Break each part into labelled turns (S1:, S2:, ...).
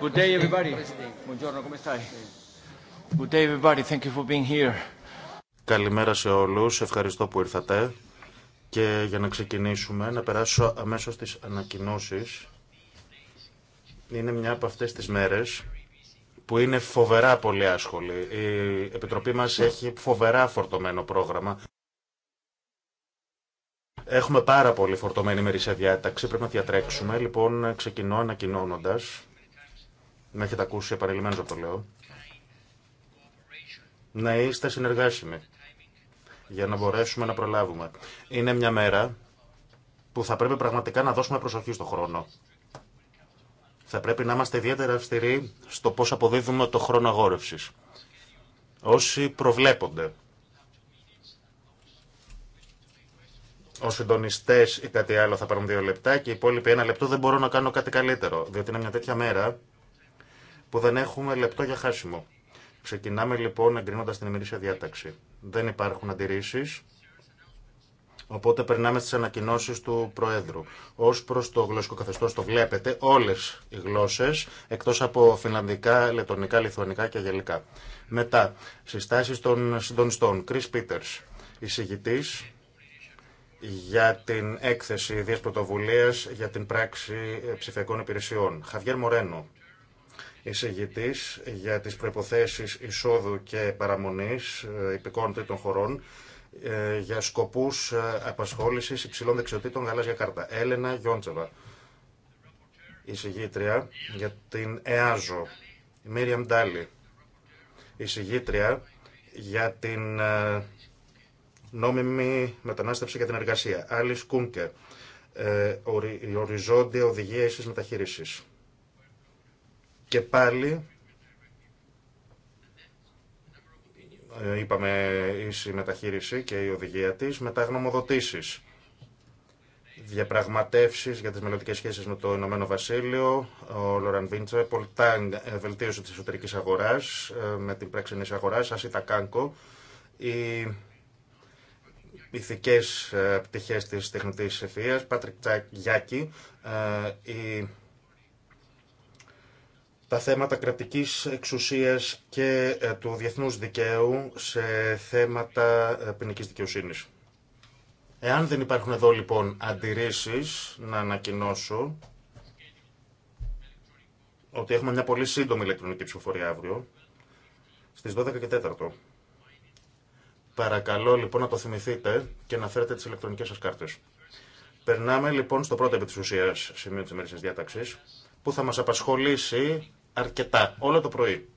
S1: Good day, everybody. Buongiorno, come
S2: Good day, everybody. Thank you for being here. Καλημέρα σε όλους. Ευχαριστώ που ήρθατε. Και για να ξεκινήσουμε, να περάσω αμέσως στις ανακοινώσεις. Είναι μια από αυτές τις μέρες που είναι φοβερά πολύ άσχολη. Η Επιτροπή μας έχει φοβερά φορτωμένο πρόγραμμα. Έχουμε πάρα πολύ φορτωμένη ημερήσια διάταξη, πρέπει να διατρέξουμε. Λοιπόν, ξεκινώ ανακοινώνοντας με έχετε ακούσει από το λέω, να είστε συνεργάσιμοι για να μπορέσουμε να προλάβουμε. Είναι μια μέρα που θα πρέπει πραγματικά να δώσουμε προσοχή στο χρόνο. Θα πρέπει να είμαστε ιδιαίτερα αυστηροί στο πώς αποδίδουμε το χρόνο αγόρευσης. Όσοι προβλέπονται, ο συντονιστέ ή κάτι άλλο θα πάρουν δύο λεπτά και οι υπόλοιποι ένα λεπτό δεν μπορώ να κάνω κάτι καλύτερο. Διότι είναι μια τέτοια μέρα που δεν έχουμε λεπτό για χάσιμο. Ξεκινάμε λοιπόν εγκρίνοντα την ημερήσια διάταξη. Δεν υπάρχουν αντιρρήσει. Οπότε περνάμε στι ανακοινώσει του Προέδρου. Ω προ το γλωσσικό καθεστώ, το βλέπετε, όλε οι γλώσσε, εκτό από φιλανδικά, λετωνικά, λιθουανικά και γελικά. Μετά, συστάσει των συντονιστών. Κρι Πίτερ, εισηγητή για την έκθεση Ιδίας Πρωτοβουλία για την πράξη ψηφιακών υπηρεσιών. Χαβιέρ Μορένο, εισηγητής για τις προϋποθέσεις εισόδου και παραμονής ε, υπηκών των χωρών ε, για σκοπούς ε, απασχόλησης υψηλών δεξιοτήτων γαλάζια κάρτα. Έλενα Γιόντσεβα, εισηγήτρια για την ΕΑΖΟ. Μίριαμ Ντάλι, εισηγήτρια για την νόμιμη μετανάστευση και την εργασία. Άλλη Κούνκε, οριζόντια οδηγία ίσης μεταχείρισης. Και πάλι ε, είπαμε η μεταχείριση και η οδηγία της, μετά γνωμοδοτήσεις διαπραγματεύσει για τις μελλοντικέ σχέσεις με το Ηνωμένο Βασίλειο, ο Λοραν Βίντσε, Τάγκ, ε, βελτίωση τη εσωτερικής αγοράς ε, με την τη αγορά, Ασίτα Κάνκο, οι ηθικέ πτυχέ τη τεχνητής ευφυΐας Πάτρικ Τζακ Γιάκη, η τα θέματα κρατικής εξουσίας και ε, του διεθνούς δικαίου σε θέματα ε, ποινική δικαιοσύνης. Εάν δεν υπάρχουν εδώ λοιπόν αντιρρήσεις, να ανακοινώσω ότι έχουμε μια πολύ σύντομη ηλεκτρονική ψηφοφορία αύριο, στις 12 και 4. Παρακαλώ λοιπόν να το θυμηθείτε και να φέρετε τις ηλεκτρονικές σας κάρτες. Περνάμε λοιπόν στο πρώτο επί της ουσίας σημείο της ημερήσιας διάταξης, που θα μας απασχολήσει αρκετά, όλο το πρωί.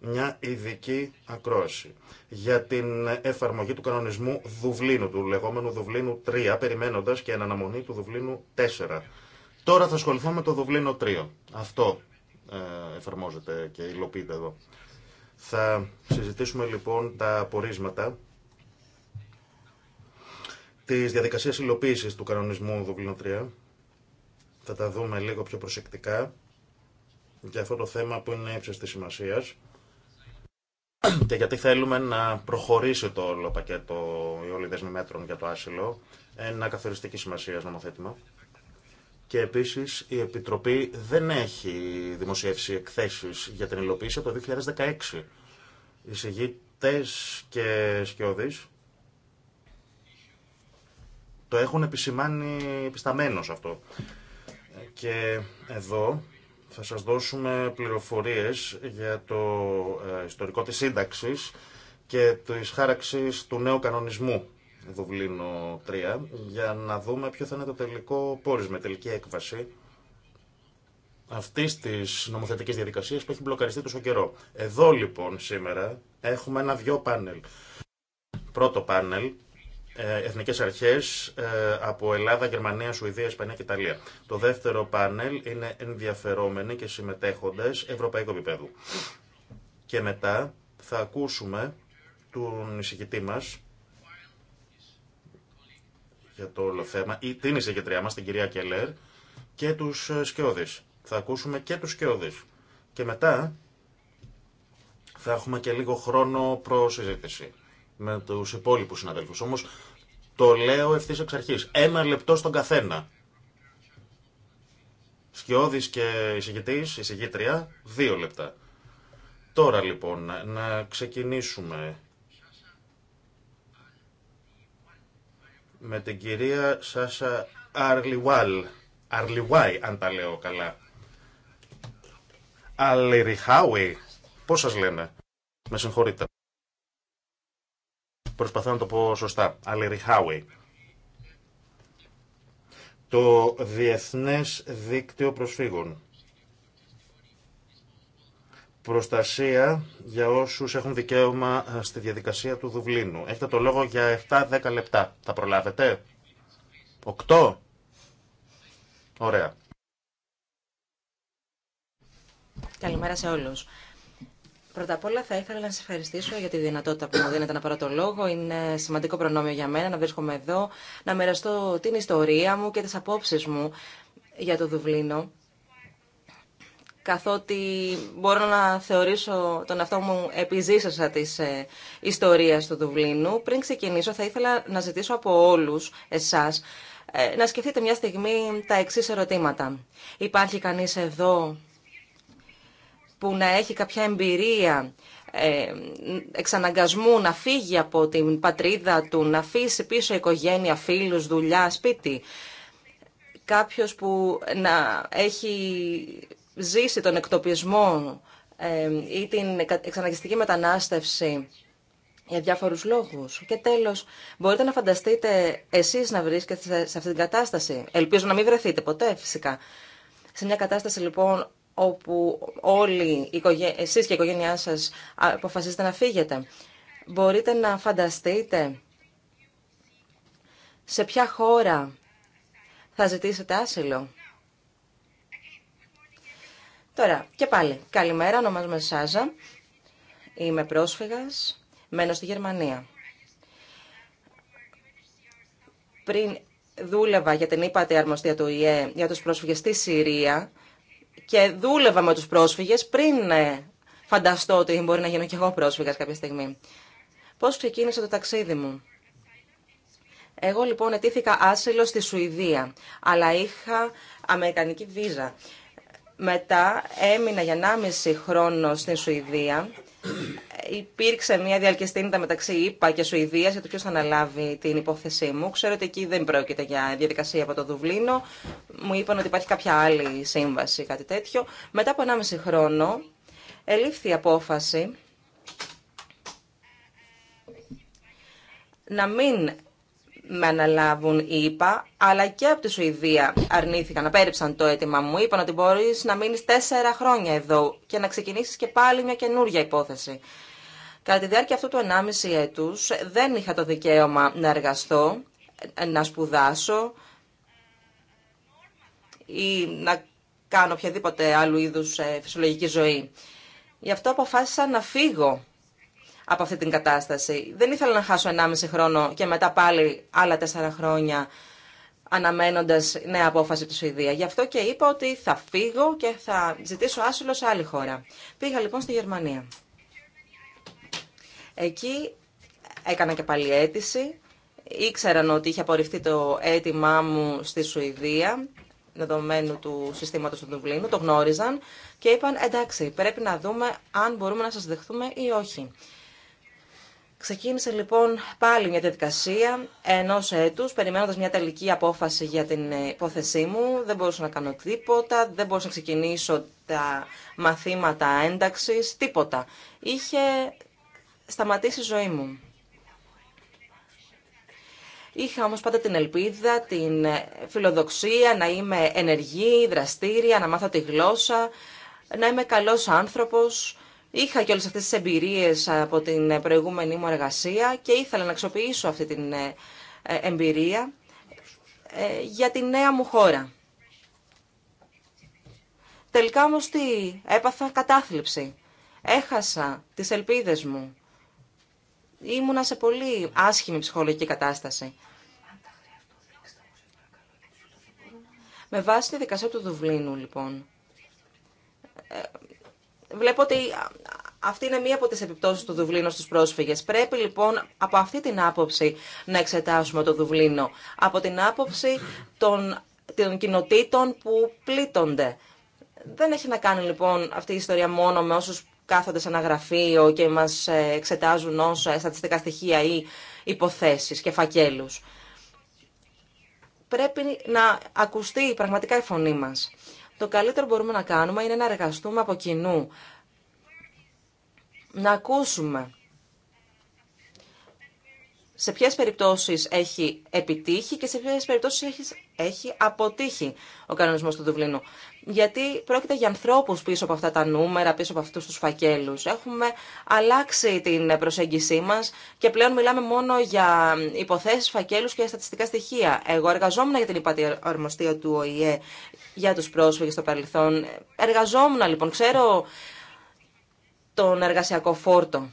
S2: Μια ειδική ακρόαση για την εφαρμογή του κανονισμού Δουβλίνου, του λεγόμενου Δουβλίνου 3, περιμένοντας και αναμονή του Δουβλίνου 4. Τώρα θα ασχοληθώ με το Δουβλίνο 3. Αυτό ε, εφαρμόζεται και υλοποιείται εδώ. Θα συζητήσουμε λοιπόν τα πορίσματα της διαδικασίας υλοποίησης του κανονισμού δουβλίνου 3. Θα τα δούμε λίγο πιο προσεκτικά για αυτό το θέμα που είναι ύψης της σημασία και γιατί θέλουμε να προχωρήσει το όλο πακέτο οι όλοι δεσμοί μέτρων για το άσυλο, ένα καθοριστική σημασία νομοθέτημα. Και επίση η Επιτροπή δεν έχει δημοσιεύσει εκθέσει για την υλοποίηση από το 2016. Οι συγγητέ και σκιώδει το έχουν επισημάνει πισταμένο αυτό. Και εδώ θα σας δώσουμε πληροφορίες για το ε, ιστορικό της σύνταξης και της χάραξης του νέου κανονισμού Δουβλίνο 3 για να δούμε ποιο θα είναι το τελικό πόρισμα, τελική έκβαση αυτή τη νομοθετική διαδικασία που έχει μπλοκαριστεί τόσο καιρό. Εδώ λοιπόν σήμερα έχουμε ένα-δυο πάνελ. Πρώτο πάνελ ε, εθνικές αρχές ε, από Ελλάδα, Γερμανία, Σουηδία, Ισπανία και Ιταλία. Το δεύτερο πάνελ είναι ενδιαφερόμενοι και συμμετέχοντες ευρωπαϊκού επίπεδου. Και μετά θα ακούσουμε τον εισηγητή μας για το όλο θέμα, ή την εισηγητριά μας, την κυρία Κελέρ, και τους ε, Σκιώδη. Θα ακούσουμε και τους Σκιώδη. Και μετά θα έχουμε και λίγο χρόνο προσυζήτηση με τους υπόλοιπους συναδέλφους. Όμως το λέω ευθύ εξ αρχή. Ένα λεπτό στον καθένα. Σκιώδη και εισηγητή, εισηγήτρια, δύο λεπτά. Τώρα λοιπόν, να ξεκινήσουμε με την κυρία Σάσα Αρλιουάλ. Αρλιουάι, αν τα λέω καλά. Αλριχάουι. Πώς σας λένε. Με συγχωρείτε. Προσπαθώ να το πω σωστά. Αλεριχάουι. Το Διεθνές Δίκτυο Προσφύγων. Προστασία για όσους έχουν δικαίωμα ε, στη διαδικασία του Δουβλίνου. Έχετε το λόγο για 7-10 λεπτά. Θα προλάβετε. 8. Ωραία.
S3: Καλημέρα σε όλους. Πρώτα απ' όλα θα ήθελα να σα ευχαριστήσω για τη δυνατότητα που μου δίνετε να πάρω το λόγο. Είναι σημαντικό προνόμιο για μένα να βρίσκομαι εδώ, να μοιραστώ την ιστορία μου και τις απόψεις μου για το Δουβλίνο. Καθότι μπορώ να θεωρήσω τον αυτό μου επιζήσασα της ε, ιστορίας του Δουβλίνου. Πριν ξεκινήσω θα ήθελα να ζητήσω από όλους εσάς ε, να σκεφτείτε μια στιγμή τα εξής ερωτήματα. Υπάρχει κανείς εδώ που να έχει κάποια εμπειρία ε, εξαναγκασμού να φύγει από την πατρίδα του, να αφήσει πίσω οικογένεια, φίλους, δουλειά, σπίτι. Κάποιος που να έχει ζήσει τον εκτοπισμό ε, ή την εξαναγκαστική μετανάστευση για διάφορους λόγους. Και τέλος, μπορείτε να φανταστείτε εσείς να βρίσκεστε σε αυτή την κατάσταση. Ελπίζω να μην βρεθείτε ποτέ φυσικά. Σε μια κατάσταση λοιπόν όπου όλοι εσείς και η οικογένειά σας αποφασίζετε να φύγετε. Μπορείτε να φανταστείτε σε ποια χώρα θα ζητήσετε άσυλο. Τώρα, και πάλι, καλημέρα, ονομάζομαι Σάζα, είμαι πρόσφυγας, μένω στη Γερμανία. Πριν δούλευα για την ύπατη αρμοστία του ΙΕ για τους πρόσφυγες στη Συρία, και δούλευα με τους πρόσφυγες πριν ε, φανταστώ ότι μπορεί να γίνω και εγώ πρόσφυγας κάποια στιγμή. Πώς ξεκίνησε το ταξίδι μου. Εγώ λοιπόν ετήθηκα άσυλο στη Σουηδία, αλλά είχα αμερικανική βίζα. Μετά έμεινα για 1,5 χρόνο στην Σουηδία υπήρξε μια διαλκεστίνητα μεταξύ ΙΠΑ και Σουηδίας για το ποιο θα αναλάβει την υπόθεσή μου. Ξέρω ότι εκεί δεν πρόκειται για διαδικασία από το Δουβλίνο. Μου είπαν ότι υπάρχει κάποια άλλη σύμβαση, κάτι τέτοιο. Μετά από 1,5 χρόνο ελήφθη η απόφαση να μην με αναλάβουν είπα, αλλά και από τη Σουηδία αρνήθηκαν, απέριψαν το αίτημα μου. Είπαν ότι μπορεί να μείνει τέσσερα χρόνια εδώ και να ξεκινήσει και πάλι μια καινούργια υπόθεση. Κατά τη διάρκεια αυτού του 1,5 έτου δεν είχα το δικαίωμα να εργαστώ, να σπουδάσω ή να κάνω οποιαδήποτε άλλου είδους ε, φυσιολογική ζωή. Γι' αυτό αποφάσισα να φύγω από αυτή την κατάσταση. Δεν ήθελα να χάσω 1,5 χρόνο και μετά πάλι άλλα 4 χρόνια αναμένοντα νέα απόφαση του Σουηδία. Γι' αυτό και είπα ότι θα φύγω και θα ζητήσω άσυλο σε άλλη χώρα. Πήγα λοιπόν στη Γερμανία. Εκεί έκανα και πάλι αίτηση. Ήξεραν ότι είχε απορριφθεί το αίτημά μου στη Σουηδία, δεδομένου του συστήματος του Δουβλίνου, το γνώριζαν και είπαν εντάξει πρέπει να δούμε αν μπορούμε να σας δεχθούμε ή όχι. Ξεκίνησε λοιπόν πάλι μια διαδικασία ενό έτου, περιμένοντα μια τελική απόφαση για την υπόθεσή μου. Δεν μπορούσα να κάνω τίποτα, δεν μπορούσα να ξεκινήσω τα μαθήματα ένταξη, τίποτα. Είχε σταματήσει η ζωή μου. Είχα όμως πάντα την ελπίδα, την φιλοδοξία να είμαι ενεργή, δραστήρια, να μάθω τη γλώσσα, να είμαι καλός άνθρωπος Είχα και όλες αυτές τις εμπειρίες από την προηγούμενη μου εργασία και ήθελα να αξιοποιήσω αυτή την ε, εμπειρία ε, για τη νέα μου χώρα. Τελικά όμως τι, έπαθα κατάθλιψη. Έχασα τις ελπίδες μου. Ήμουνα σε πολύ άσχημη ψυχολογική κατάσταση. Με βάση τη δικασία του Δουβλίνου, λοιπόν, ε, Βλέπω ότι αυτή είναι μία από τις επιπτώσεις του Δουβλίνου στους πρόσφυγες. Πρέπει λοιπόν από αυτή την άποψη να εξετάσουμε το Δουβλίνο. Από την άποψη των, των κοινοτήτων που πλήττονται. Δεν έχει να κάνει λοιπόν αυτή η ιστορία μόνο με όσους κάθονται σε ένα γραφείο και μας ε, εξετάζουν ω στατιστικά στοιχεία ή υποθέσεις και φακέλους. Πρέπει να ακουστεί πραγματικά η υποθεσεις και φακέλου. πρεπει να ακουστει πραγματικα η φωνη μας. Το καλύτερο που μπορούμε να κάνουμε είναι να εργαστούμε από κοινού. Να ακούσουμε σε ποιες περιπτώσεις έχει επιτύχει και σε ποιες περιπτώσεις έχει, έχει αποτύχει ο κανονισμός του Δουβλίνου γιατί πρόκειται για ανθρώπους πίσω από αυτά τα νούμερα, πίσω από αυτούς τους φακέλους. Έχουμε αλλάξει την προσέγγισή μας και πλέον μιλάμε μόνο για υποθέσεις, φακέλους και στατιστικά στοιχεία. Εγώ εργαζόμουν για την υπάτη του ΟΗΕ για τους πρόσφυγες στο παρελθόν. Εργαζόμουν λοιπόν, ξέρω τον εργασιακό φόρτο.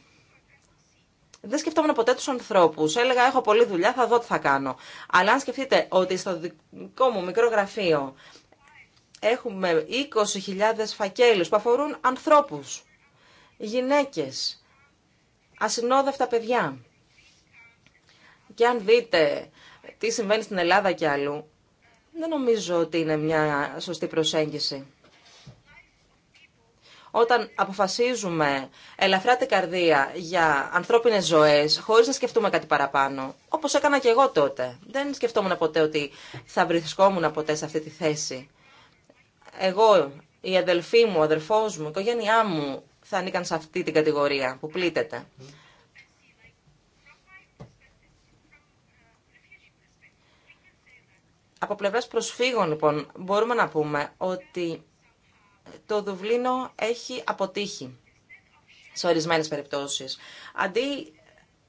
S3: Δεν σκεφτόμουν ποτέ του ανθρώπου. Έλεγα: Έχω πολλή δουλειά, θα δω τι θα κάνω. Αλλά αν σκεφτείτε ότι στο δικό μου μικρό γραφείο έχουμε 20.000 φακέλους που αφορούν ανθρώπους, γυναίκες, ασυνόδευτα παιδιά. Και αν δείτε τι συμβαίνει στην Ελλάδα και αλλού, δεν νομίζω ότι είναι μια σωστή προσέγγιση. Όταν αποφασίζουμε ελαφρά την καρδία για ανθρώπινες ζωές, χωρίς να σκεφτούμε κάτι παραπάνω, όπως έκανα και εγώ τότε. Δεν σκεφτόμουν ποτέ ότι θα βρισκόμουν ποτέ σε αυτή τη θέση εγώ, η αδελφή μου, ο αδερφός μου, η οικογένειά μου θα ανήκαν σε αυτή την κατηγορία που πλήττεται. Από πλευράς προσφύγων, λοιπόν, μπορούμε να πούμε ότι το Δουβλίνο έχει αποτύχει σε ορισμένες περιπτώσεις. Αντί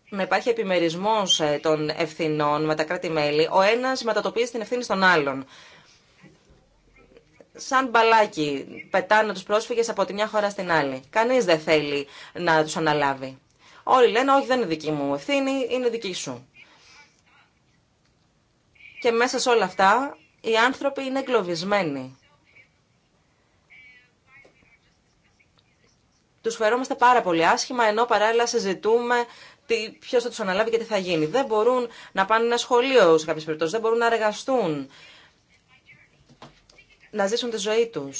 S3: να υπάρχει επιμερισμός ε, των ευθυνών με τα κράτη-μέλη, ο ένας μετατοπίζει την ευθύνη στον άλλον σαν μπαλάκι πετάνε τους πρόσφυγες από τη μια χώρα στην άλλη. Κανείς δεν θέλει να τους αναλάβει. Όλοι λένε όχι δεν είναι δική μου ευθύνη, είναι δική σου. Και μέσα σε όλα αυτά οι άνθρωποι είναι εγκλωβισμένοι. Τους φερόμαστε πάρα πολύ άσχημα ενώ παράλληλα συζητούμε ποιο θα του αναλάβει και τι θα γίνει. Δεν μπορούν να πάνε ένα σχολείο σε κάποιε περιπτώσει, δεν μπορούν να εργαστούν να ζήσουν τη ζωή του.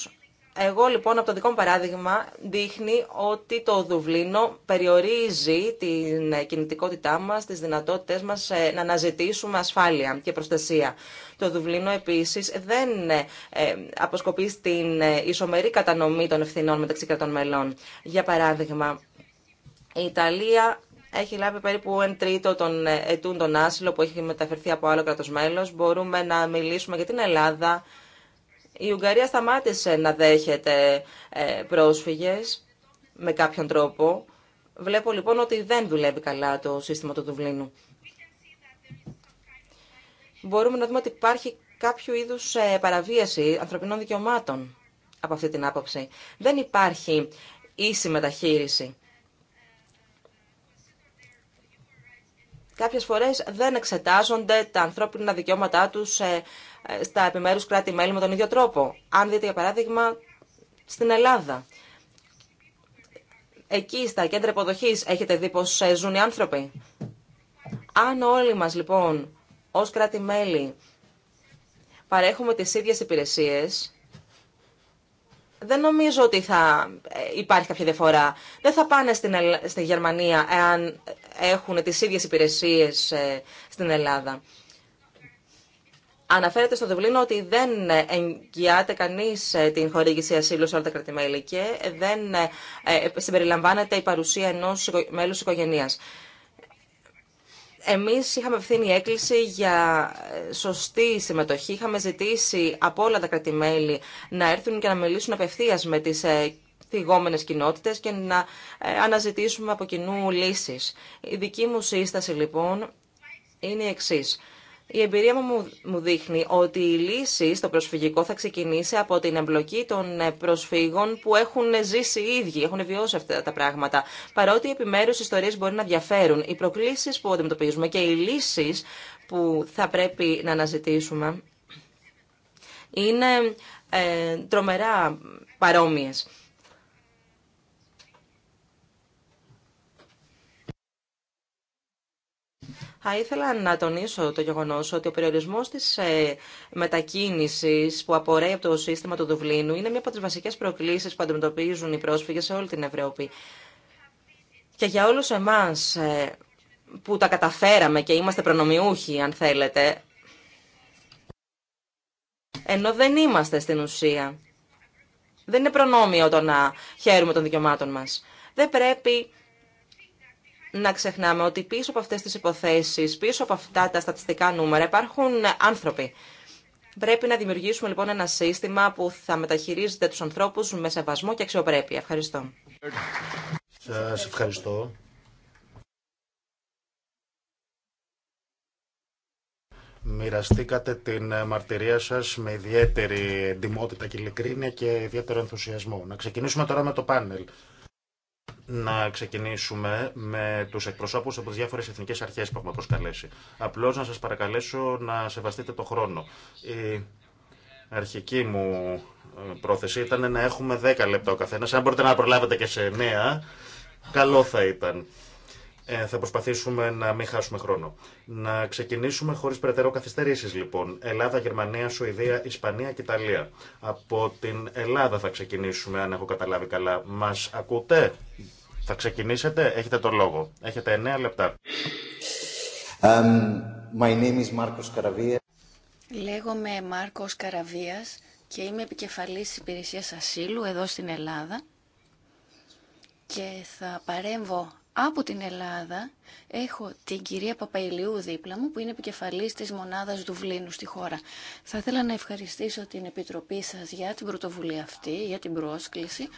S3: Εγώ λοιπόν από το δικό μου παράδειγμα δείχνει ότι το Δουβλίνο περιορίζει την κινητικότητά μας, τις δυνατότητες μας ε, να αναζητήσουμε ασφάλεια και προστασία. Το Δουβλίνο επίσης δεν ε, αποσκοπεί στην ε, ισομερή κατανομή των ευθυνών μεταξύ κρατών μελών. Για παράδειγμα, η Ιταλία έχει λάβει περίπου 1 τρίτο των ετούντων άσυλο που έχει μεταφερθεί από άλλο κράτος μέλος. Μπορούμε να μιλήσουμε για την Ελλάδα η Ουγγαρία σταμάτησε να δέχεται ε, πρόσφυγες με κάποιον τρόπο. Βλέπω λοιπόν ότι δεν δουλεύει καλά το σύστημα του Δουβλίνου. Μπορούμε να δούμε ότι υπάρχει κάποιο είδους ε, παραβίαση ανθρωπινών δικαιωμάτων από αυτή την άποψη. Δεν υπάρχει ίση μεταχείριση. Κάποιες φορές δεν εξετάζονται τα ανθρώπινα δικαιώματά τους ε, στα επιμέρους κράτη-μέλη με τον ίδιο τρόπο. Αν δείτε, για παράδειγμα, στην Ελλάδα. Εκεί, στα κέντρα υποδοχής, έχετε δει πώς ε, ζουν οι άνθρωποι. Αν όλοι μας, λοιπόν, ως κράτη-μέλη, παρέχουμε τις ίδιες υπηρεσίες, δεν νομίζω ότι θα ε, υπάρχει κάποια διαφορά. Δεν θα πάνε στην, στη Γερμανία εάν έχουν τις ίδιες υπηρεσίες ε, στην Ελλάδα. Αναφέρεται στο Δουβλίνο ότι δεν εγγυάται κανεί ε, την χορήγηση ασύλου σε όλα τα κρατημέλη και δεν ε, ε, συμπεριλαμβάνεται η παρουσία ενό μέλου οικογένεια. Εμεί είχαμε ευθύνη έκκληση για σωστή συμμετοχή. Είχαμε ζητήσει από όλα τα κρατημέλη να έρθουν και να μιλήσουν απευθεία με τι θυγόμενε κοινότητε και να αναζητήσουμε από κοινού λύσει. Η δική μου σύσταση λοιπόν είναι η εξή η εμπειρία μου μου δείχνει ότι η λύση στο προσφυγικό θα ξεκινήσει από την εμπλοκή των ε, προσφύγων που έχουν ζήσει οι ίδιοι, έχουν βιώσει αυτά τα πράγματα. Παρότι οι επιμέρους ιστορίες μπορεί να διαφέρουν, οι προκλήσεις που αντιμετωπίζουμε και οι λύσεις που θα πρέπει να αναζητήσουμε είναι ε, τρομερά παρόμοιες. Θα ήθελα να τονίσω το γεγονό ότι ο περιορισμός της ε, μετακίνηση που απορρέει από το σύστημα του Δουβλίνου είναι μία από τις βασικές προκλήσεις που αντιμετωπίζουν οι πρόσφυγε σε όλη την Ευρώπη. Και για όλους εμάς ε, που τα καταφέραμε και είμαστε προνομιούχοι, αν θέλετε, ενώ δεν είμαστε στην ουσία. Δεν είναι προνόμιο το να χαίρουμε των δικαιωμάτων μας. Δεν πρέπει να ξεχνάμε ότι πίσω από αυτές τις υποθέσεις, πίσω από αυτά τα στατιστικά νούμερα υπάρχουν άνθρωποι. Πρέπει να δημιουργήσουμε λοιπόν ένα σύστημα που θα μεταχειρίζεται τους ανθρώπους με σεβασμό και αξιοπρέπεια. Ευχαριστώ.
S2: Σας ευχαριστώ. Μοιραστήκατε την μαρτυρία σας με ιδιαίτερη εντυμότητα και ειλικρίνεια και ιδιαίτερο ενθουσιασμό. Να ξεκινήσουμε τώρα με το πάνελ να ξεκινήσουμε με του εκπροσώπου από τι διάφορε εθνικέ αρχέ που έχουμε προσκαλέσει. Απλώ να σα παρακαλέσω να σεβαστείτε το χρόνο. Η αρχική μου ε, πρόθεση ήταν να έχουμε 10 λεπτά ο καθένα. Αν μπορείτε να προλάβετε και σε 9, καλό θα ήταν. Ε, θα προσπαθήσουμε να μην χάσουμε χρόνο. Να ξεκινήσουμε χωρί περαιτέρω καθυστερήσει, λοιπόν. Ελλάδα, Γερμανία, Σουηδία, Ισπανία και Ιταλία. Από την Ελλάδα θα ξεκινήσουμε, αν έχω καταλάβει καλά. Μα ακούτε, θα ξεκινήσετε, έχετε το λόγο. Έχετε 9 λεπτά. Um, my name is Marcos Caravia.
S1: Λέγομαι Μάρκος Καραβίας και είμαι επικεφαλής υπηρεσίας ασύλου εδώ στην Ελλάδα και θα παρέμβω από την Ελλάδα Έχω την κυρία Παπαϊλιού δίπλα μου που είναι επικεφαλή τη μονάδα Δουβλίνου στη χώρα. Θα ήθελα να ευχαριστήσω την Επιτροπή σα για την πρωτοβουλία αυτή, για την πρόσκληση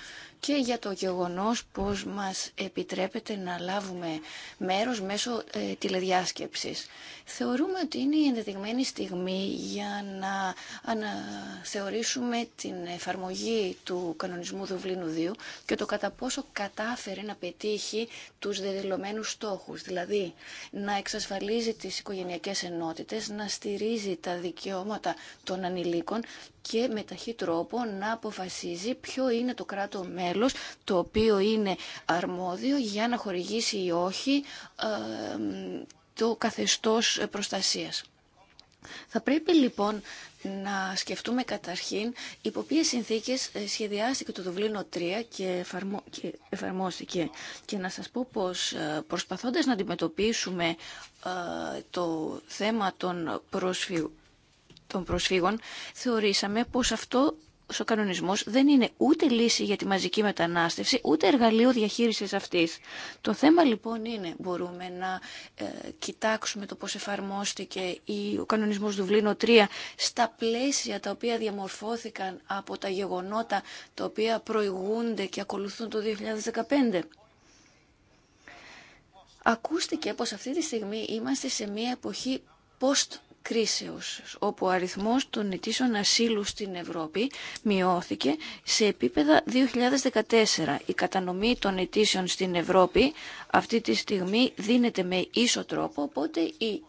S1: και για το γεγονό πω μας επιτρέπετε να λάβουμε μέρο μέσω ε, τηλεδιάσκεψης. Θεωρούμε ότι είναι η ενδεδειγμένη στιγμή για να αναθεωρήσουμε την εφαρμογή του κανονισμού Δουβλίνου 2 και το κατά πόσο κατάφερε να πετύχει τους δεδηλωμένους στόχου δηλαδή να εξασφαλίζει τις οικογενειακές ενότητες, να στηρίζει τα δικαιώματα των ανηλίκων και με ταχύ τρόπο να αποφασίζει ποιο είναι το κράτο μέλος το οποίο είναι αρμόδιο για να χορηγήσει ή όχι ε, το καθεστώς προστασίας. Θα πρέπει λοιπόν να σκεφτούμε καταρχήν υπό ποιε συνθήκες ε, σχεδιάστηκε το Δουβλίνο 3 και, εφαρμόστηκε. Και να σας πω πως ε, προσπαθώντας να αντιμετωπίσουμε ε, το θέμα των προσφύγων, των προσφύγων θεωρήσαμε πως αυτό ο κανονισμός δεν είναι ούτε λύση για τη μαζική μετανάστευση, ούτε εργαλείο διαχείρισης αυτής. Το θέμα λοιπόν είναι, μπορούμε να ε, κοιτάξουμε το πώς εφαρμόστηκε η, ο κανονισμός Δουβλίνο 3 στα πλαίσια τα οποία διαμορφώθηκαν από τα γεγονότα τα οποία προηγούνται και ακολουθούν το 2015. Ακούστηκε πως αυτή τη στιγμή είμαστε σε μια εποχή post κρίσεως, όπου ο αριθμός των αιτήσεων ασύλου στην Ευρώπη μειώθηκε σε επίπεδα 2014. Η κατανομή των αιτήσεων στην Ευρώπη αυτή τη στιγμή δίνεται με ίσο τρόπο, οπότε η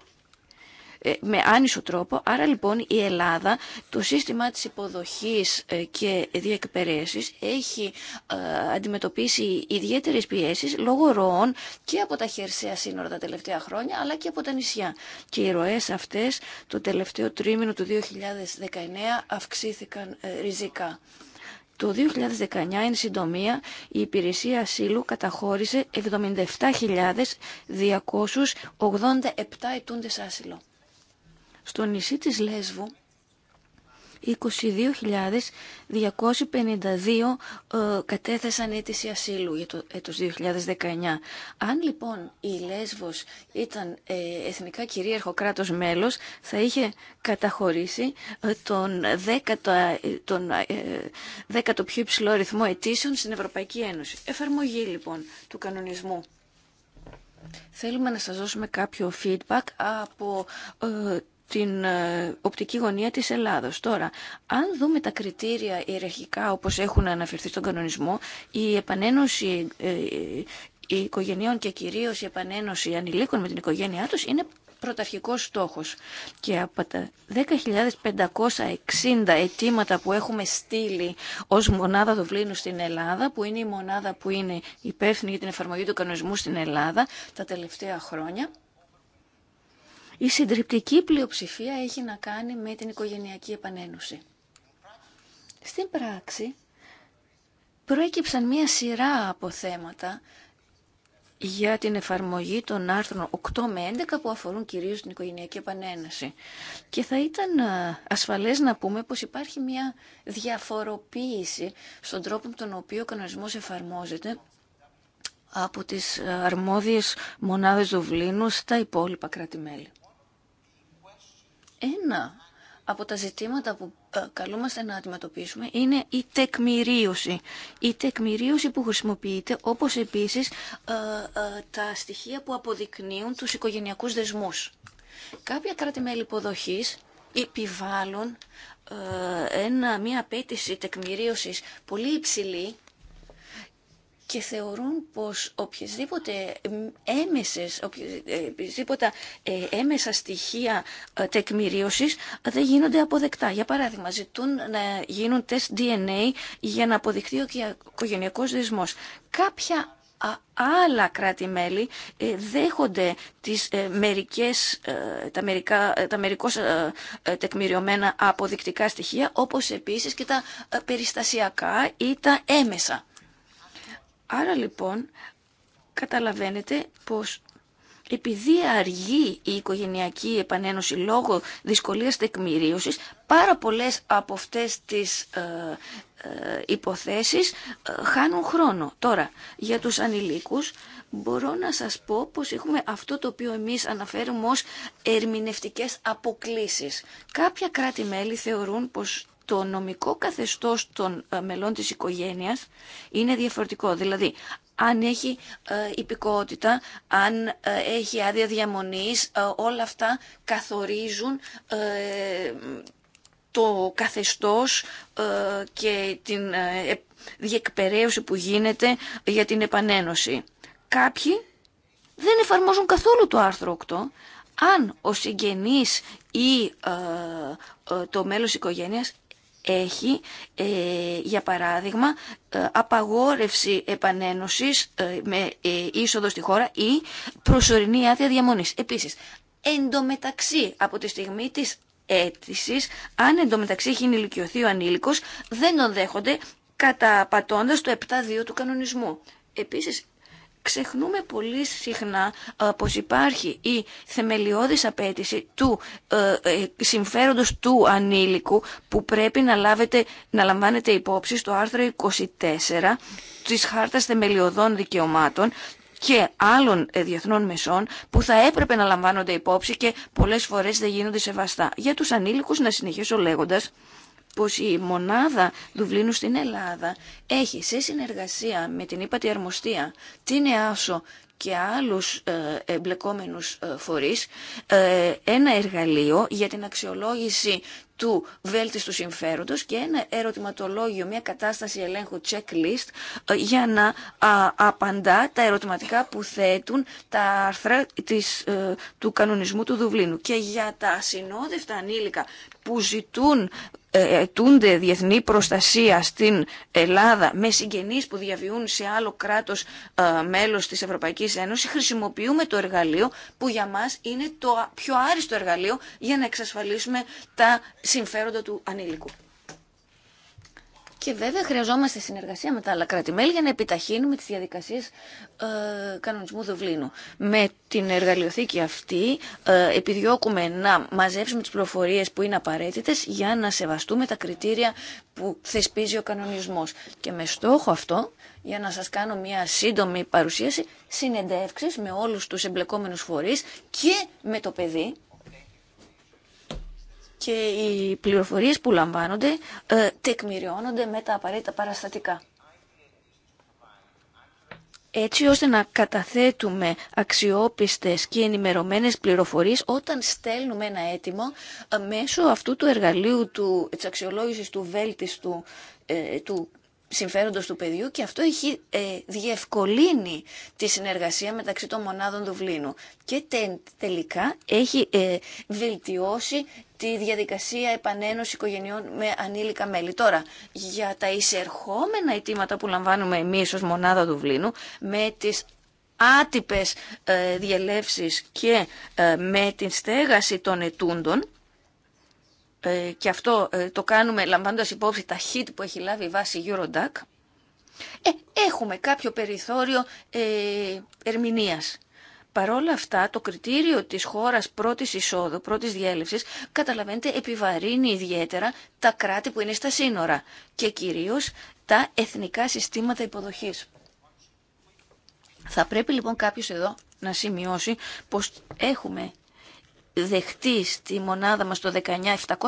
S1: ε, με άνισο τρόπο. Άρα λοιπόν η Ελλάδα το σύστημα της υποδοχής ε, και διεκπαιρέσεις έχει ε, αντιμετωπίσει ιδιαίτερες πιέσεις λόγω ροών και από τα χερσαία σύνορα τα τελευταία χρόνια αλλά και από τα νησιά. Και οι ροές αυτές το τελευταίο τρίμηνο του 2019 αυξήθηκαν ριζικά. Το 2019, εν συντομία, η υπηρεσία ασύλου καταχώρησε 77.287 ετούντες άσυλο. Στο νησί της Λέσβου 22.252 ε, κατέθεσαν αίτηση ασύλου για το έτος 2019. Αν λοιπόν η Λέσβος ήταν ε, εθνικά κυρίαρχο κράτος μέλος, θα είχε καταχωρήσει ε, τον 10 τον, δέκατο πιο υψηλό ρυθμό αιτήσεων στην Ευρωπαϊκή Ένωση. Εφαρμογή λοιπόν του κανονισμού. Θέλουμε να σας δώσουμε κάποιο feedback από την ε, οπτική γωνία της Ελλάδος. Τώρα, αν δούμε τα κριτήρια ιεραρχικά όπως έχουν αναφερθεί στον κανονισμό, η επανένωση ε, ε, οικογενειών και κυρίως η επανένωση ανηλίκων με την οικογένειά τους είναι πρωταρχικός στόχος. Και από τα 10.560 αιτήματα που έχουμε στείλει ως μονάδα Δουβλίνου στην Ελλάδα, που είναι η μονάδα που είναι υπεύθυνη για την εφαρμογή του κανονισμού στην Ελλάδα τα τελευταία χρόνια, η συντριπτική πλειοψηφία έχει να κάνει με την οικογενειακή επανένωση. Στην πράξη προέκυψαν μία σειρά από θέματα για την εφαρμογή των άρθρων 8 με 11 που αφορούν κυρίως την οικογενειακή επανένωση. Και θα ήταν ασφαλές να πούμε πως υπάρχει μια διαφοροποίηση στον τρόπο με τον οποίο ο κανονισμός εφαρμόζεται από τις ε, αρμόδιες μονάδες Δουβλίνου στα υπόλοιπα κράτη-μέλη. Ένα από τα ζητήματα που ε, καλούμαστε να αντιμετωπίσουμε είναι η τεκμηρίωση. Η τεκμηρίωση που χρησιμοποιείται, όπως επίσης ε, ε, τα στοιχεία που αποδεικνύουν τους οικογενειακούς δεσμούς. Κάποια κράτη-μέλη υποδοχής επιβάλλουν ένα, μια απέτηση τεκμηρίωσης πολύ υψηλή και θεωρούν πως οποιασδήποτε ε, έμεσες, ε, οποιασδήποτε έμεσα στοιχεία ε, τεκμηρίωσης δεν γίνονται αποδεκτά. Για παράδειγμα, ζητούν να γίνουν τεστ DNA για να αποδειχθεί ο οικογενειακός δεσμός. Κάποια άλλα κράτη-μέλη δέχονται τις μερικές, τα, μερικά, τα μερικώς τεκμηριωμένα αποδεικτικά στοιχεία, όπως επίσης και τα περιστασιακά ή τα έμεσα. Άρα λοιπόν καταλαβαίνετε πως επειδή αργεί η οικογενειακή επανένωση λόγω δυσκολίας τεκμηρίωσης, πάρα πολλές από αυτές τις ε, ε, υποθέσεις ε, χάνουν χρόνο. Τώρα, για τους ανηλίκους μπορώ να σας πω πως έχουμε αυτό το οποίο εμείς αναφέρουμε ως ερμηνευτικές αποκλήσεις. Κάποια κράτη-μέλη θεωρούν πως το νομικό καθεστώς των ε, μελών της οικογένειας είναι διαφορετικό. Δηλαδή, αν έχει ε, υπηκότητα, αν ε, έχει άδεια διαμονής, όλα αυτά καθορίζουν το καθεστώς και την διεκπαιρέωση που γίνεται για την επανένωση. Κάποιοι δεν εφαρμόζουν καθόλου το άρθρο 8. Αν ο συγγενής ή το μέλος οικογένειας έχει, ε, για παράδειγμα, ε, απαγόρευση επανένωσης ε, με είσοδο στη χώρα ή προσωρινή άδεια διαμονής. Επίσης, εντωμεταξύ από τη στιγμή της αίτησης, αν εντωμεταξύ έχει ενηλικιωθεί ο ανήλικος, δεν τον δέχονται καταπατώντας το 7.2 του κανονισμού. Επίσης, ξεχνούμε πολύ συχνά ε, πως υπάρχει η θεμελιώδης απέτηση του ε, ε, συμφέροντος του ανήλικου που πρέπει να, λάβετε, να λαμβάνετε υπόψη στο άρθρο 24 της Χάρτας Θεμελιωδών Δικαιωμάτων και άλλων διεθνών μεσών που θα έπρεπε να λαμβάνονται υπόψη και πολλές φορές δεν γίνονται σεβαστά. Για τους ανήλικους να συνεχίσω λέγοντας πως η μονάδα Δουβλίνου στην Ελλάδα έχει σε συνεργασία με την ύπατη αρμοστία, την ΕΑΣΟ και άλλους ε, εμπλεκόμενους ε, φορείς ε, ένα εργαλείο για την αξιολόγηση του βέλτιστου συμφέροντος και ένα ερωτηματολόγιο, μια κατάσταση ελέγχου checklist για να απαντά τα ερωτηματικά που θέτουν τα άρθρα του κανονισμού του Δουβλίνου. Και για τα ασυνόδευτα ανήλικα που ζητούν ετούνται ε, διεθνή προστασία στην Ελλάδα με συγγενείς που διαβιούν σε άλλο κράτος ε, μέλος της Ευρωπαϊκής Ένωσης χρησιμοποιούμε το εργαλείο που για μας είναι το πιο άριστο εργαλείο για να εξασφαλίσουμε τα συμφέροντα του ανήλικου. Και βέβαια χρειαζόμαστε συνεργασία με τα άλλα κράτη-μέλη για να επιταχύνουμε τις διαδικασίες ε, κανονισμού Δουβλίνου. Με την εργαλειοθήκη αυτή ε, επιδιώκουμε να μαζέψουμε τις πληροφορίες που είναι απαραίτητες για να σεβαστούμε τα κριτήρια που θεσπίζει ο κανονισμός. Και με στόχο αυτό, για να σας κάνω μια σύντομη παρουσίαση, συνεντεύξεις με όλους τους εμπλεκόμενους φορείς και με το παιδί, και οι πληροφορίες που λαμβάνονται ε, τεκμηριώνονται με τα απαραίτητα παραστατικά. Έτσι ώστε να καταθέτουμε αξιόπιστες και ενημερωμένες πληροφορίες όταν στέλνουμε ένα αίτημα ε, μέσω αυτού του εργαλείου του, της αξιολόγησης του βέλτιστου ε, του συμφέροντος του παιδιού και αυτό έχει ε, διευκολύνει τη συνεργασία μεταξύ των μονάδων Δουβλίνου και τελικά έχει ε, βελτιώσει τη διαδικασία επανένωση οικογενειών με ανήλικα μέλη. Τώρα, για τα εισερχόμενα αιτήματα που λαμβάνουμε εμείς ως μονάδα Δουβλίνου με τις άτυπες ε, διελεύσεις και ε, με την στέγαση των ετούντων ε, και αυτό ε, το κάνουμε λαμβάνοντας υπόψη τα hit που έχει λάβει βάση Eurodac, ε, έχουμε κάποιο περιθώριο ε, ερμηνείας. Παρόλα αυτά, το κριτήριο της χώρας πρώτης εισόδου, πρώτης διέλευσης, καταλαβαίνετε, επιβαρύνει ιδιαίτερα τα κράτη που είναι στα σύνορα και κυρίως τα εθνικά συστήματα υποδοχής. Θα πρέπει λοιπόν κάποιος εδώ να σημειώσει πως έχουμε δεχτεί στη μονάδα μας το 19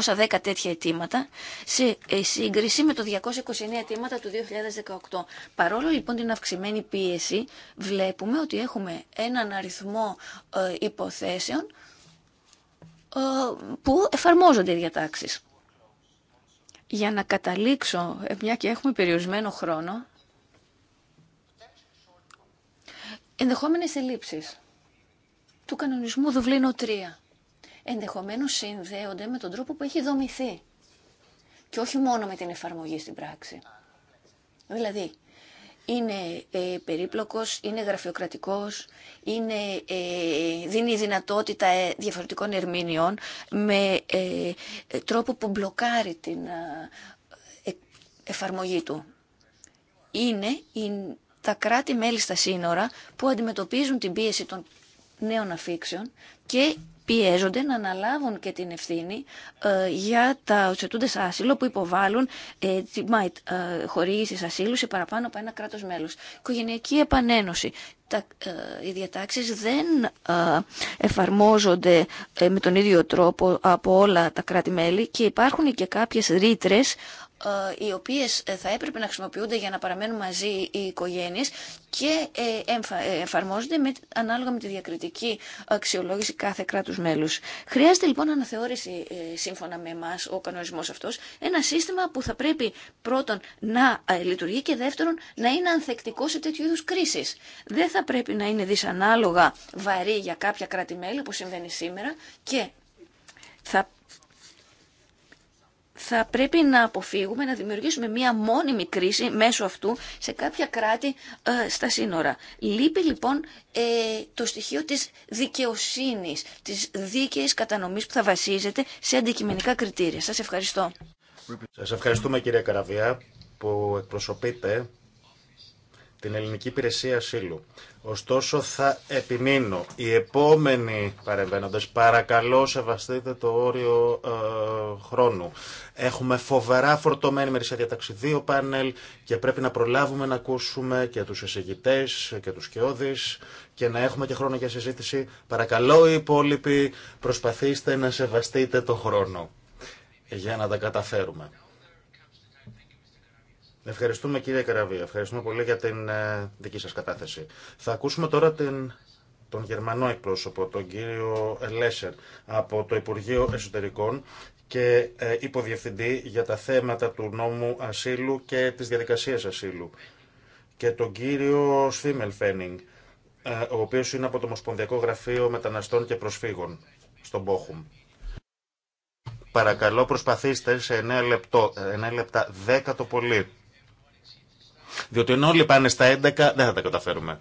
S1: 710 τέτοια αιτήματα σε ε, σύγκριση με το 229 αιτήματα του 2018. Παρόλο λοιπόν την αυξημένη πίεση βλέπουμε ότι έχουμε έναν αριθμό ε, υποθέσεων ε, που εφαρμόζονται οι διατάξεις. Για να καταλήξω, μια και έχουμε περιορισμένο χρόνο, ενδεχόμενες ελλείψεις του κανονισμού Δουβλίνο 3 ενδεχομένως συνδέονται με τον τρόπο που έχει δομηθεί και όχι μόνο με την εφαρμογή στην πράξη. Δηλαδή, είναι ε, περίπλοκος, είναι γραφειοκρατικός, είναι, ε, δίνει δυνατότητα ε, διαφορετικών ερμηνειών με ε, τρόπο που μπλοκάρει την εφαρμογή του. Είναι τα κράτη-μέλη στα σύνορα που αντιμετωπίζουν την πίεση των νέων αφήξεων και πιέζονται να αναλάβουν και την ευθύνη ε, για τα οτσετούντες άσυλο που υποβάλλουν ε, ε, χορήγηση ασύλου σε παραπάνω από ένα κράτος μέλος. Οικογενειακή επανένωση. Τα, οι διατάξεις δεν εφαρμόζονται με τον ίδιο τρόπο από όλα τα κράτη-μέλη και υπάρχουν και κάποιες ρήτρε ε, οι οποίες ε, θα έπρεπε να χρησιμοποιούνται για να παραμένουν μαζί οι οικογένειες και ε, εφαρμόζονται με, ανάλογα με τη διακριτική αξιολόγηση κάθε κράτους μέλους. Χρειάζεται λοιπόν αναθεώρηση σύμφωνα με εμά ο κανονισμός αυτός, ένα σύστημα που θα πρέπει πρώτον να λειτουργεί και δεύτερον να είναι ανθεκτικό σε τέτοιου είδους κρίσεις. Δεν θα πρέπει να είναι δυσανάλογα βαρύ για κάποια κράτη-μέλη, όπως συμβαίνει σήμερα, και θα θα πρέπει να αποφύγουμε να δημιουργήσουμε μία μόνιμη κρίση μέσω αυτού σε κάποια κράτη ε, στα σύνορα. Λείπει λοιπόν ε, το στοιχείο της δικαιοσύνης, της δίκαιης κατανομής που θα βασίζεται σε αντικειμενικά κριτήρια. Σας ευχαριστώ.
S2: Σας ευχαριστούμε κυρία Καραβιά που εκπροσωπείτε την Ελληνική Υπηρεσία Ασύλου. Ωστόσο θα επιμείνω. Οι επόμενοι παρεμβαίνοντες, παρακαλώ σεβαστείτε το όριο ε, χρόνου. Έχουμε φοβερά φορτωμένη μερισσία διαταξή δύο πάνελ και πρέπει να προλάβουμε να ακούσουμε και τους εισηγητές και τους σκιώδεις και να έχουμε και χρόνο για συζήτηση. Παρακαλώ οι υπόλοιποι προσπαθήστε να σεβαστείτε το χρόνο για να τα καταφέρουμε. Ευχαριστούμε κύριε Καραβία. Ευχαριστούμε πολύ για την ε, δική σας κατάθεση. Θα ακούσουμε τώρα την, τον Γερμανό εκπρόσωπο, τον κύριο Λέσερ, από το Υπουργείο Εσωτερικών και ε, υποδιευθυντή για τα θέματα του νόμου ασύλου και της διαδικασίας ασύλου. Και τον κύριο Σφίμελ Φένινγκ, ε, ο οποίος είναι από το Μοσπονδιακό Γραφείο Μεταναστών και Προσφύγων στον Πόχουμ. Παρακαλώ προσπαθήστε σε 9 λεπτό, 9 λεπτά, 10 το πολύ διότι ενώ όλοι πάνε στα 11, δεν θα τα καταφέρουμε.